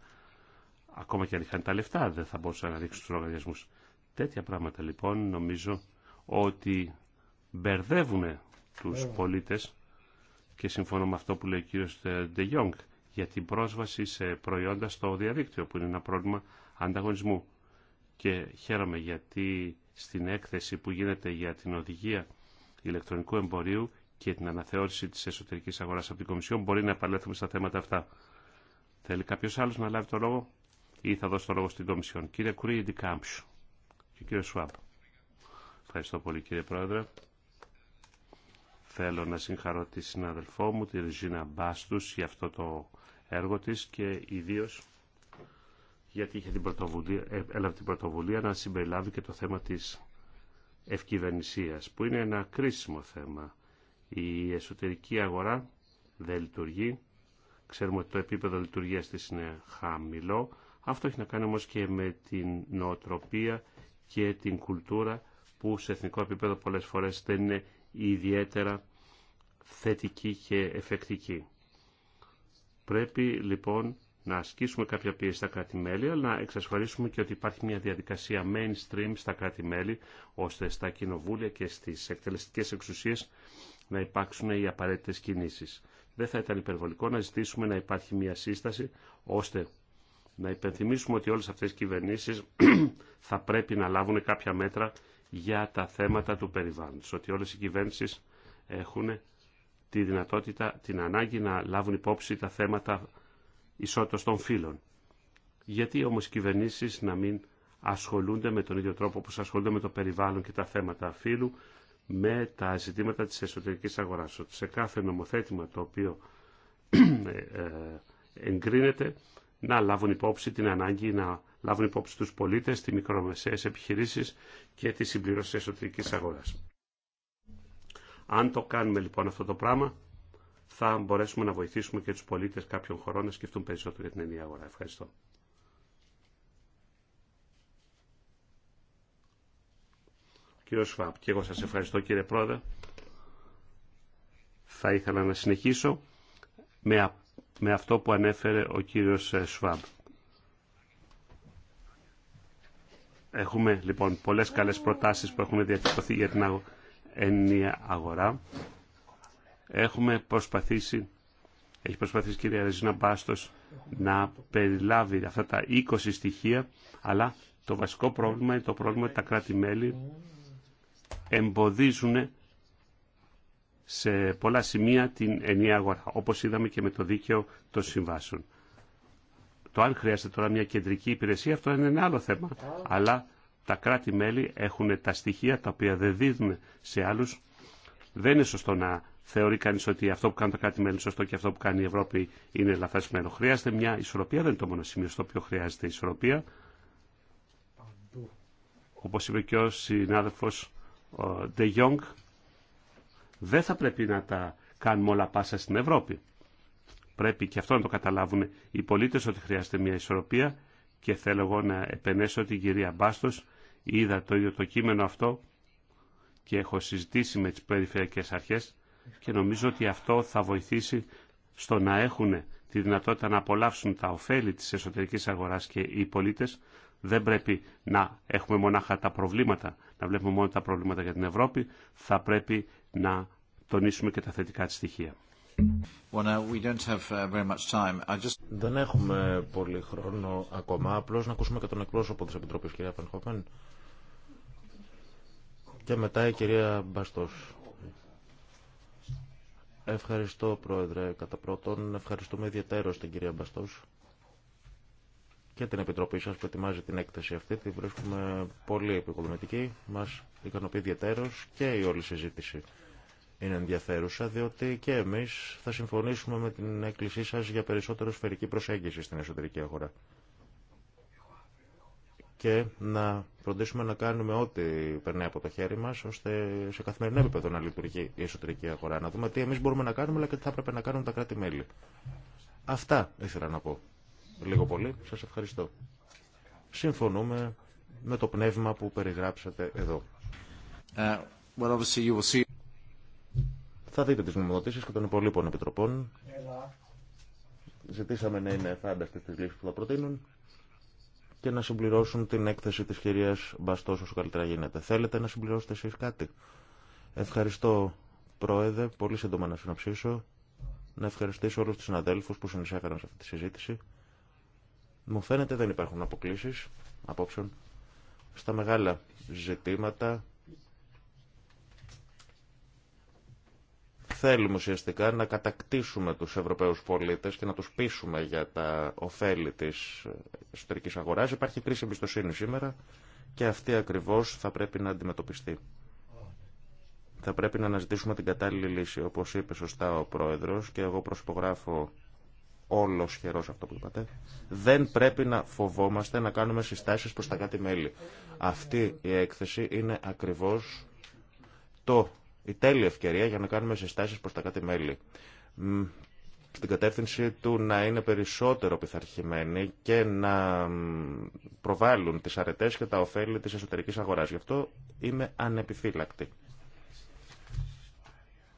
Ακόμα και αν είχαν τα λεφτά δεν θα μπορούσαν να δείξουν τους λογαριασμούς. Τέτοια πράγματα λοιπόν νομίζω ότι μπερδεύουν τους πολίτες και συμφωνώ με αυτό που λέει ο κύριος ε, De για την πρόσβαση σε προϊόντα στο διαδίκτυο που είναι ένα πρόβλημα ανταγωνισμού. Και χαίρομαι γιατί στην έκθεση που γίνεται για την οδηγία ηλεκτρονικού εμπορίου και την αναθεώρηση της εσωτερικής αγοράς από την Κομισιόν μπορεί να επαλέθουμε στα θέματα αυτά. Θέλει κάποιο άλλο να λάβει το λόγο ή θα δώσει το λόγο στην Κομισιόν. Κύριε Κουρή Ντικάμψου και κύριε Σουάπ. Ευχαριστώ πολύ κύριε Πρόεδρε. Θέλω να συγχαρώ τη συναδελφό μου, τη Ριζίνα Μπάστους, για αυτό το έργο της και ιδίως γιατί είχε την πρωτοβουλία, ε, έλαβε την πρωτοβουλία να συμπεριλάβει και το θέμα της ευκυβερνησίας, που είναι ένα κρίσιμο θέμα. Η εσωτερική αγορά δεν λειτουργεί. Ξέρουμε ότι το επίπεδο λειτουργίας της είναι χαμηλό. Αυτό έχει να κάνει όμως και με την νοοτροπία και την κουλτούρα που σε εθνικό επίπεδο πολλές φορές δεν είναι ιδιαίτερα θετική και εφεκτική. Πρέπει λοιπόν να ασκήσουμε κάποια πίεση στα κράτη-μέλη, αλλά να εξασφαλίσουμε και ότι υπάρχει μια διαδικασία mainstream στα κράτη-μέλη, ώστε στα κοινοβούλια και στις εκτελεστικές εξουσίες να υπάρξουν οι απαραίτητες κινήσεις. Δεν θα ήταν υπερβολικό να ζητήσουμε να υπάρχει μια σύσταση, ώστε να υπενθυμίσουμε ότι όλες αυτές οι κυβερνήσεις θα πρέπει να λάβουν κάποια μέτρα για τα θέματα του περιβάλλοντος, ότι όλες οι κυβέρνησεις έχουν τη δυνατότητα, την ανάγκη να λάβουν υπόψη τα θέματα ισότητας των φύλων. Γιατί όμως οι κυβερνήσεις να μην ασχολούνται με τον ίδιο τρόπο που ασχολούνται με το περιβάλλον και τα θέματα φύλου, με τα ζητήματα της εσωτερικής αγοράς. Ότι σε κάθε νομοθέτημα το οποίο ε, ε, εγκρίνεται να λάβουν υπόψη την ανάγκη να λάβουν υπόψη τους πολίτες, τις μικρομεσαίες επιχειρήσεις και τη συμπλήρωση της εσωτερικής αγοράς. Αν το κάνουμε λοιπόν αυτό το πράγμα, θα μπορέσουμε να βοηθήσουμε και τους πολίτες κάποιων χωρών να σκεφτούν περισσότερο για την ενιαία αγορά. Ευχαριστώ. Κύριο Σφάπ, και εγώ σας ευχαριστώ κύριε Πρόεδρε. Θα ήθελα να συνεχίσω με, αυτό που ανέφερε ο κύριος ε, Σφάπ. Έχουμε λοιπόν πολλές καλές προτάσεις που έχουν διατυπωθεί για την ενιαία αγορά. Έχουμε προσπαθήσει, έχει προσπαθήσει η κυρία Ρεζίνα Μπάστος να περιλάβει αυτά τα 20 στοιχεία, αλλά το βασικό πρόβλημα είναι το πρόβλημα ότι τα κράτη-μέλη εμποδίζουν σε πολλά σημεία την ενιαία αγορά, όπως είδαμε και με το δίκαιο των συμβάσεων. Το αν χρειάζεται τώρα μια κεντρική υπηρεσία, αυτό είναι ένα άλλο θέμα. Αλλά τα κράτη-μέλη έχουν τα στοιχεία τα οποία δεν δίδουν σε άλλου. Δεν είναι σωστό να θεωρεί κανεί ότι αυτό που κάνουν τα κράτη-μέλη είναι σωστό και αυτό που κάνει η Ευρώπη είναι λαθασμένο. Χρειάζεται μια ισορροπία, δεν είναι το μόνο σημείο στο οποίο χρειάζεται ισορροπία. όπω είπε και ο συνάδελφο De Jong, δεν θα πρέπει να τα κάνουμε όλα πάσα στην Ευρώπη πρέπει και αυτό να το καταλάβουν οι πολίτες ότι χρειάζεται μια ισορροπία και θέλω εγώ να επενέσω την κυρία Μπάστος. Είδα το ίδιο το κείμενο αυτό και έχω συζητήσει με τις περιφερειακές αρχές και νομίζω ότι αυτό θα βοηθήσει στο να έχουν τη δυνατότητα να απολαύσουν τα ωφέλη της εσωτερικής αγοράς και οι πολίτες. Δεν πρέπει να έχουμε μονάχα τα προβλήματα, να βλέπουμε μόνο τα προβλήματα για την Ευρώπη. Θα πρέπει να τονίσουμε και τα θετικά της στοιχεία. Δεν έχουμε πολύ χρόνο ακόμα. Απλώ να ακούσουμε και τον εκπρόσωπο τη Επιτροπή, κυρία Πανχόφεν. Και μετά η κυρία Μπαστό. Ευχαριστώ, Πρόεδρε. Κατά πρώτον, ευχαριστούμε ιδιαίτερω την κυρία Μπαστό και την Επιτροπή σα που ετοιμάζει την έκθεση αυτή. Τη βρίσκουμε πολύ επικοδομητική. Μα ικανοποιεί ιδιαίτερω και η όλη συζήτηση είναι ενδιαφέρουσα, διότι και εμείς θα συμφωνήσουμε με την έκκλησή σα για περισσότερο σφαιρική προσέγγιση στην εσωτερική αγορά. Και να φροντίσουμε να κάνουμε ό,τι περνάει από το χέρι μας, ώστε σε καθημερινό επίπεδο να λειτουργεί η εσωτερική αγορά. Να δούμε τι εμείς μπορούμε να κάνουμε, αλλά και τι θα έπρεπε να κάνουν τα κράτη-μέλη. Αυτά ήθελα να πω. Λίγο πολύ. Σα ευχαριστώ. Συμφωνούμε με το πνεύμα που περιγράψατε εδώ. Uh, well, θα δείτε τις νομοδοτήσεις και των υπολείπων επιτροπών. Ζητήσαμε να είναι φάνταστες τις λύσεις που θα προτείνουν και να συμπληρώσουν την έκθεση της κυρίας Μπαστός όσο καλύτερα γίνεται. Θέλετε να συμπληρώσετε εσείς κάτι. Ευχαριστώ Πρόεδρε, πολύ σύντομα να συνοψίσω. Να ευχαριστήσω όλους τους συναδέλφους που συνεισέφεραν σε αυτή τη συζήτηση. Μου φαίνεται δεν υπάρχουν αποκλήσεις απόψεων στα μεγάλα ζητήματα Θέλουμε ουσιαστικά να κατακτήσουμε τους Ευρωπαίους πολίτες και να τους πείσουμε για τα ωφέλη της εσωτερικής αγοράς. Υπάρχει κρίση εμπιστοσύνη σήμερα και αυτή ακριβώς θα πρέπει να αντιμετωπιστεί. Θα πρέπει να αναζητήσουμε την κατάλληλη λύση, όπως είπε σωστά ο Πρόεδρος και εγώ προσυπογράφω όλο χερό αυτό που είπατε, δεν πρέπει να φοβόμαστε να κάνουμε συστάσει προ τα κάτι μέλη. Αυτή η έκθεση είναι ακριβώ το η τέλεια ευκαιρία για να κάνουμε συστάσεις προς τα κάτι μέλη στην κατεύθυνση του να είναι περισσότερο πειθαρχημένοι και να προβάλλουν τις αρετές και τα ωφέλη της εσωτερικής αγοράς. Γι' αυτό είμαι ανεπιφύλακτη.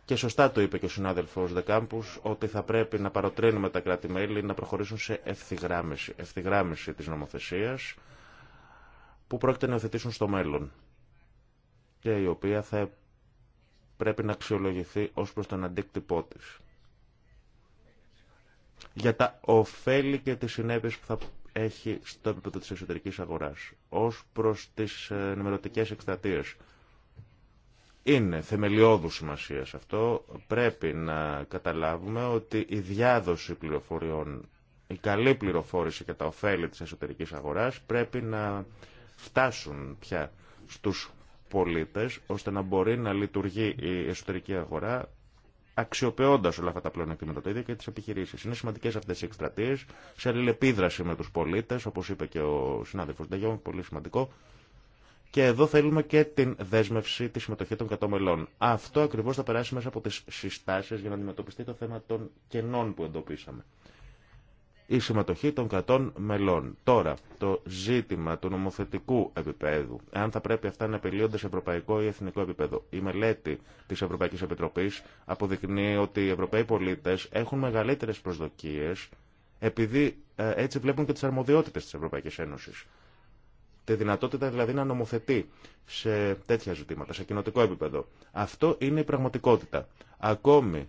Και σωστά το είπε και ο συνάδελφος Δεκάμπους ότι θα πρέπει να παροτρύνουμε τα κράτη-μέλη να προχωρήσουν σε ευθυγράμμιση, ευθυγράμμιση της νομοθεσίας που πρόκειται να υιοθετήσουν στο μέλλον και η οποία θα πρέπει να αξιολογηθεί ως προς τον αντίκτυπό της. Για τα ωφέλη και τις συνέπειες που θα έχει στο επίπεδο της εσωτερικής αγοράς, ως προς τις ε, νημερωτικές εκστατείες. Είναι θεμελιώδου σημασίας αυτό. Πρέπει να καταλάβουμε ότι η διάδοση πληροφοριών, η καλή πληροφόρηση και τα ωφέλη της εσωτερικής αγοράς πρέπει να φτάσουν πια στους πολίτες, ώστε να μπορεί να λειτουργεί η εσωτερική αγορά αξιοποιώντα όλα αυτά τα πλεονεκτήματα το ίδιο και τι επιχειρήσει. Είναι σημαντικέ αυτέ οι εκστρατείε σε αλληλεπίδραση με του πολίτε, όπω είπε και ο συνάδελφο Νταγιό, πολύ σημαντικό. Και εδώ θέλουμε και την δέσμευση, τη συμμετοχή των κατώμελών. Αυτό ακριβώ θα περάσει μέσα από τι συστάσει για να αντιμετωπιστεί το θέμα των κενών που εντοπίσαμε η συμμετοχή των κρατών μελών. Τώρα, το ζήτημα του νομοθετικού επίπεδου, εάν θα πρέπει αυτά να επιλύονται σε ευρωπαϊκό ή εθνικό επίπεδο. Η μελέτη της Ευρωπαϊκής Επιτροπής αποδεικνύει ότι οι Ευρωπαίοι πολίτες έχουν μεγαλύτερες προσδοκίες επειδή ε, έτσι βλέπουν και τις αρμοδιότητες της Ευρωπαϊκής Ένωσης. Τη δυνατότητα δηλαδή να νομοθετεί σε τέτοια ζητήματα, σε κοινοτικό επίπεδο. Αυτό είναι η πραγματικότητα. Ακόμη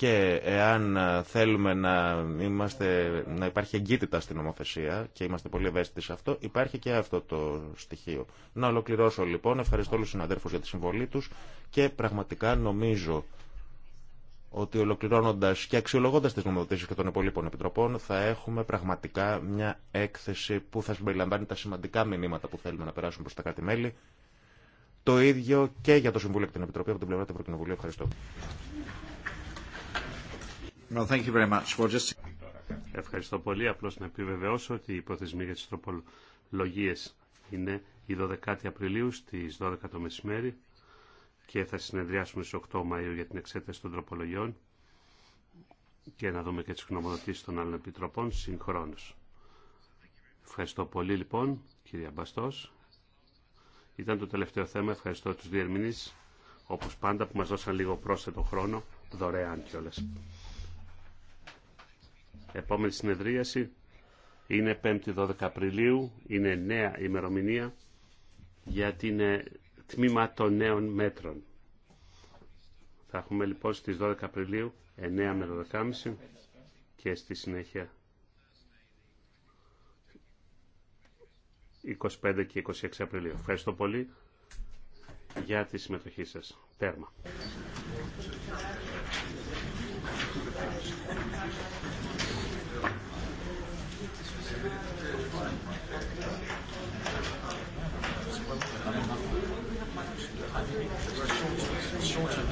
και εάν ε, θέλουμε να, είμαστε, να υπάρχει εγκύτητα στην νομοθεσία και είμαστε πολύ ευαίσθητοι σε αυτό, υπάρχει και αυτό το στοιχείο. Να ολοκληρώσω λοιπόν, ευχαριστώ όλους τους συναδέρφους για τη συμβολή τους και πραγματικά νομίζω ότι ολοκληρώνοντα και αξιολογώντα τι νομοθεσίες και των υπολείπων επιτροπών, θα έχουμε πραγματικά μια έκθεση που θα συμπεριλαμβάνει τα σημαντικά μηνύματα που θέλουμε να περάσουμε προς τα κράτη-μέλη. Το ίδιο και για το Συμβούλιο και την Επιτροπή από την πλευρά του Ευρωκοινοβουλίου. Ευχαριστώ. Ευχαριστώ πολύ. απλώ να επιβεβαιώσω ότι οι προθεσμοί για τι τροπολογίε είναι η 12η Απριλίου στι 12 το μεσημέρι και θα συνεδριάσουμε στις 8 Μαΐου για την εξέταση των τροπολογιών και να δούμε και τι γνωμοδοτήσει των άλλων επιτροπών συγχρόνω. Ευχαριστώ πολύ λοιπόν, κύριε Μπαστό. Ήταν το τελευταίο θέμα. Ευχαριστώ του διερμηνεί όπω πάντα, που μα δώσαν λίγο πρόσθετο χρόνο, δωρεάν κιόλα. Επόμενη συνεδρίαση είναι 5η 12 Απριλίου, είναι νέα ημερομηνία για την ε, τμήμα των νέων μέτρων. Θα έχουμε λοιπόν στις 12 Απριλίου 9 με 12.30 και στη συνέχεια 25 και 26 Απριλίου. Ευχαριστώ πολύ για τη συμμετοχή σας. Τέρμα. AUTHORWAVE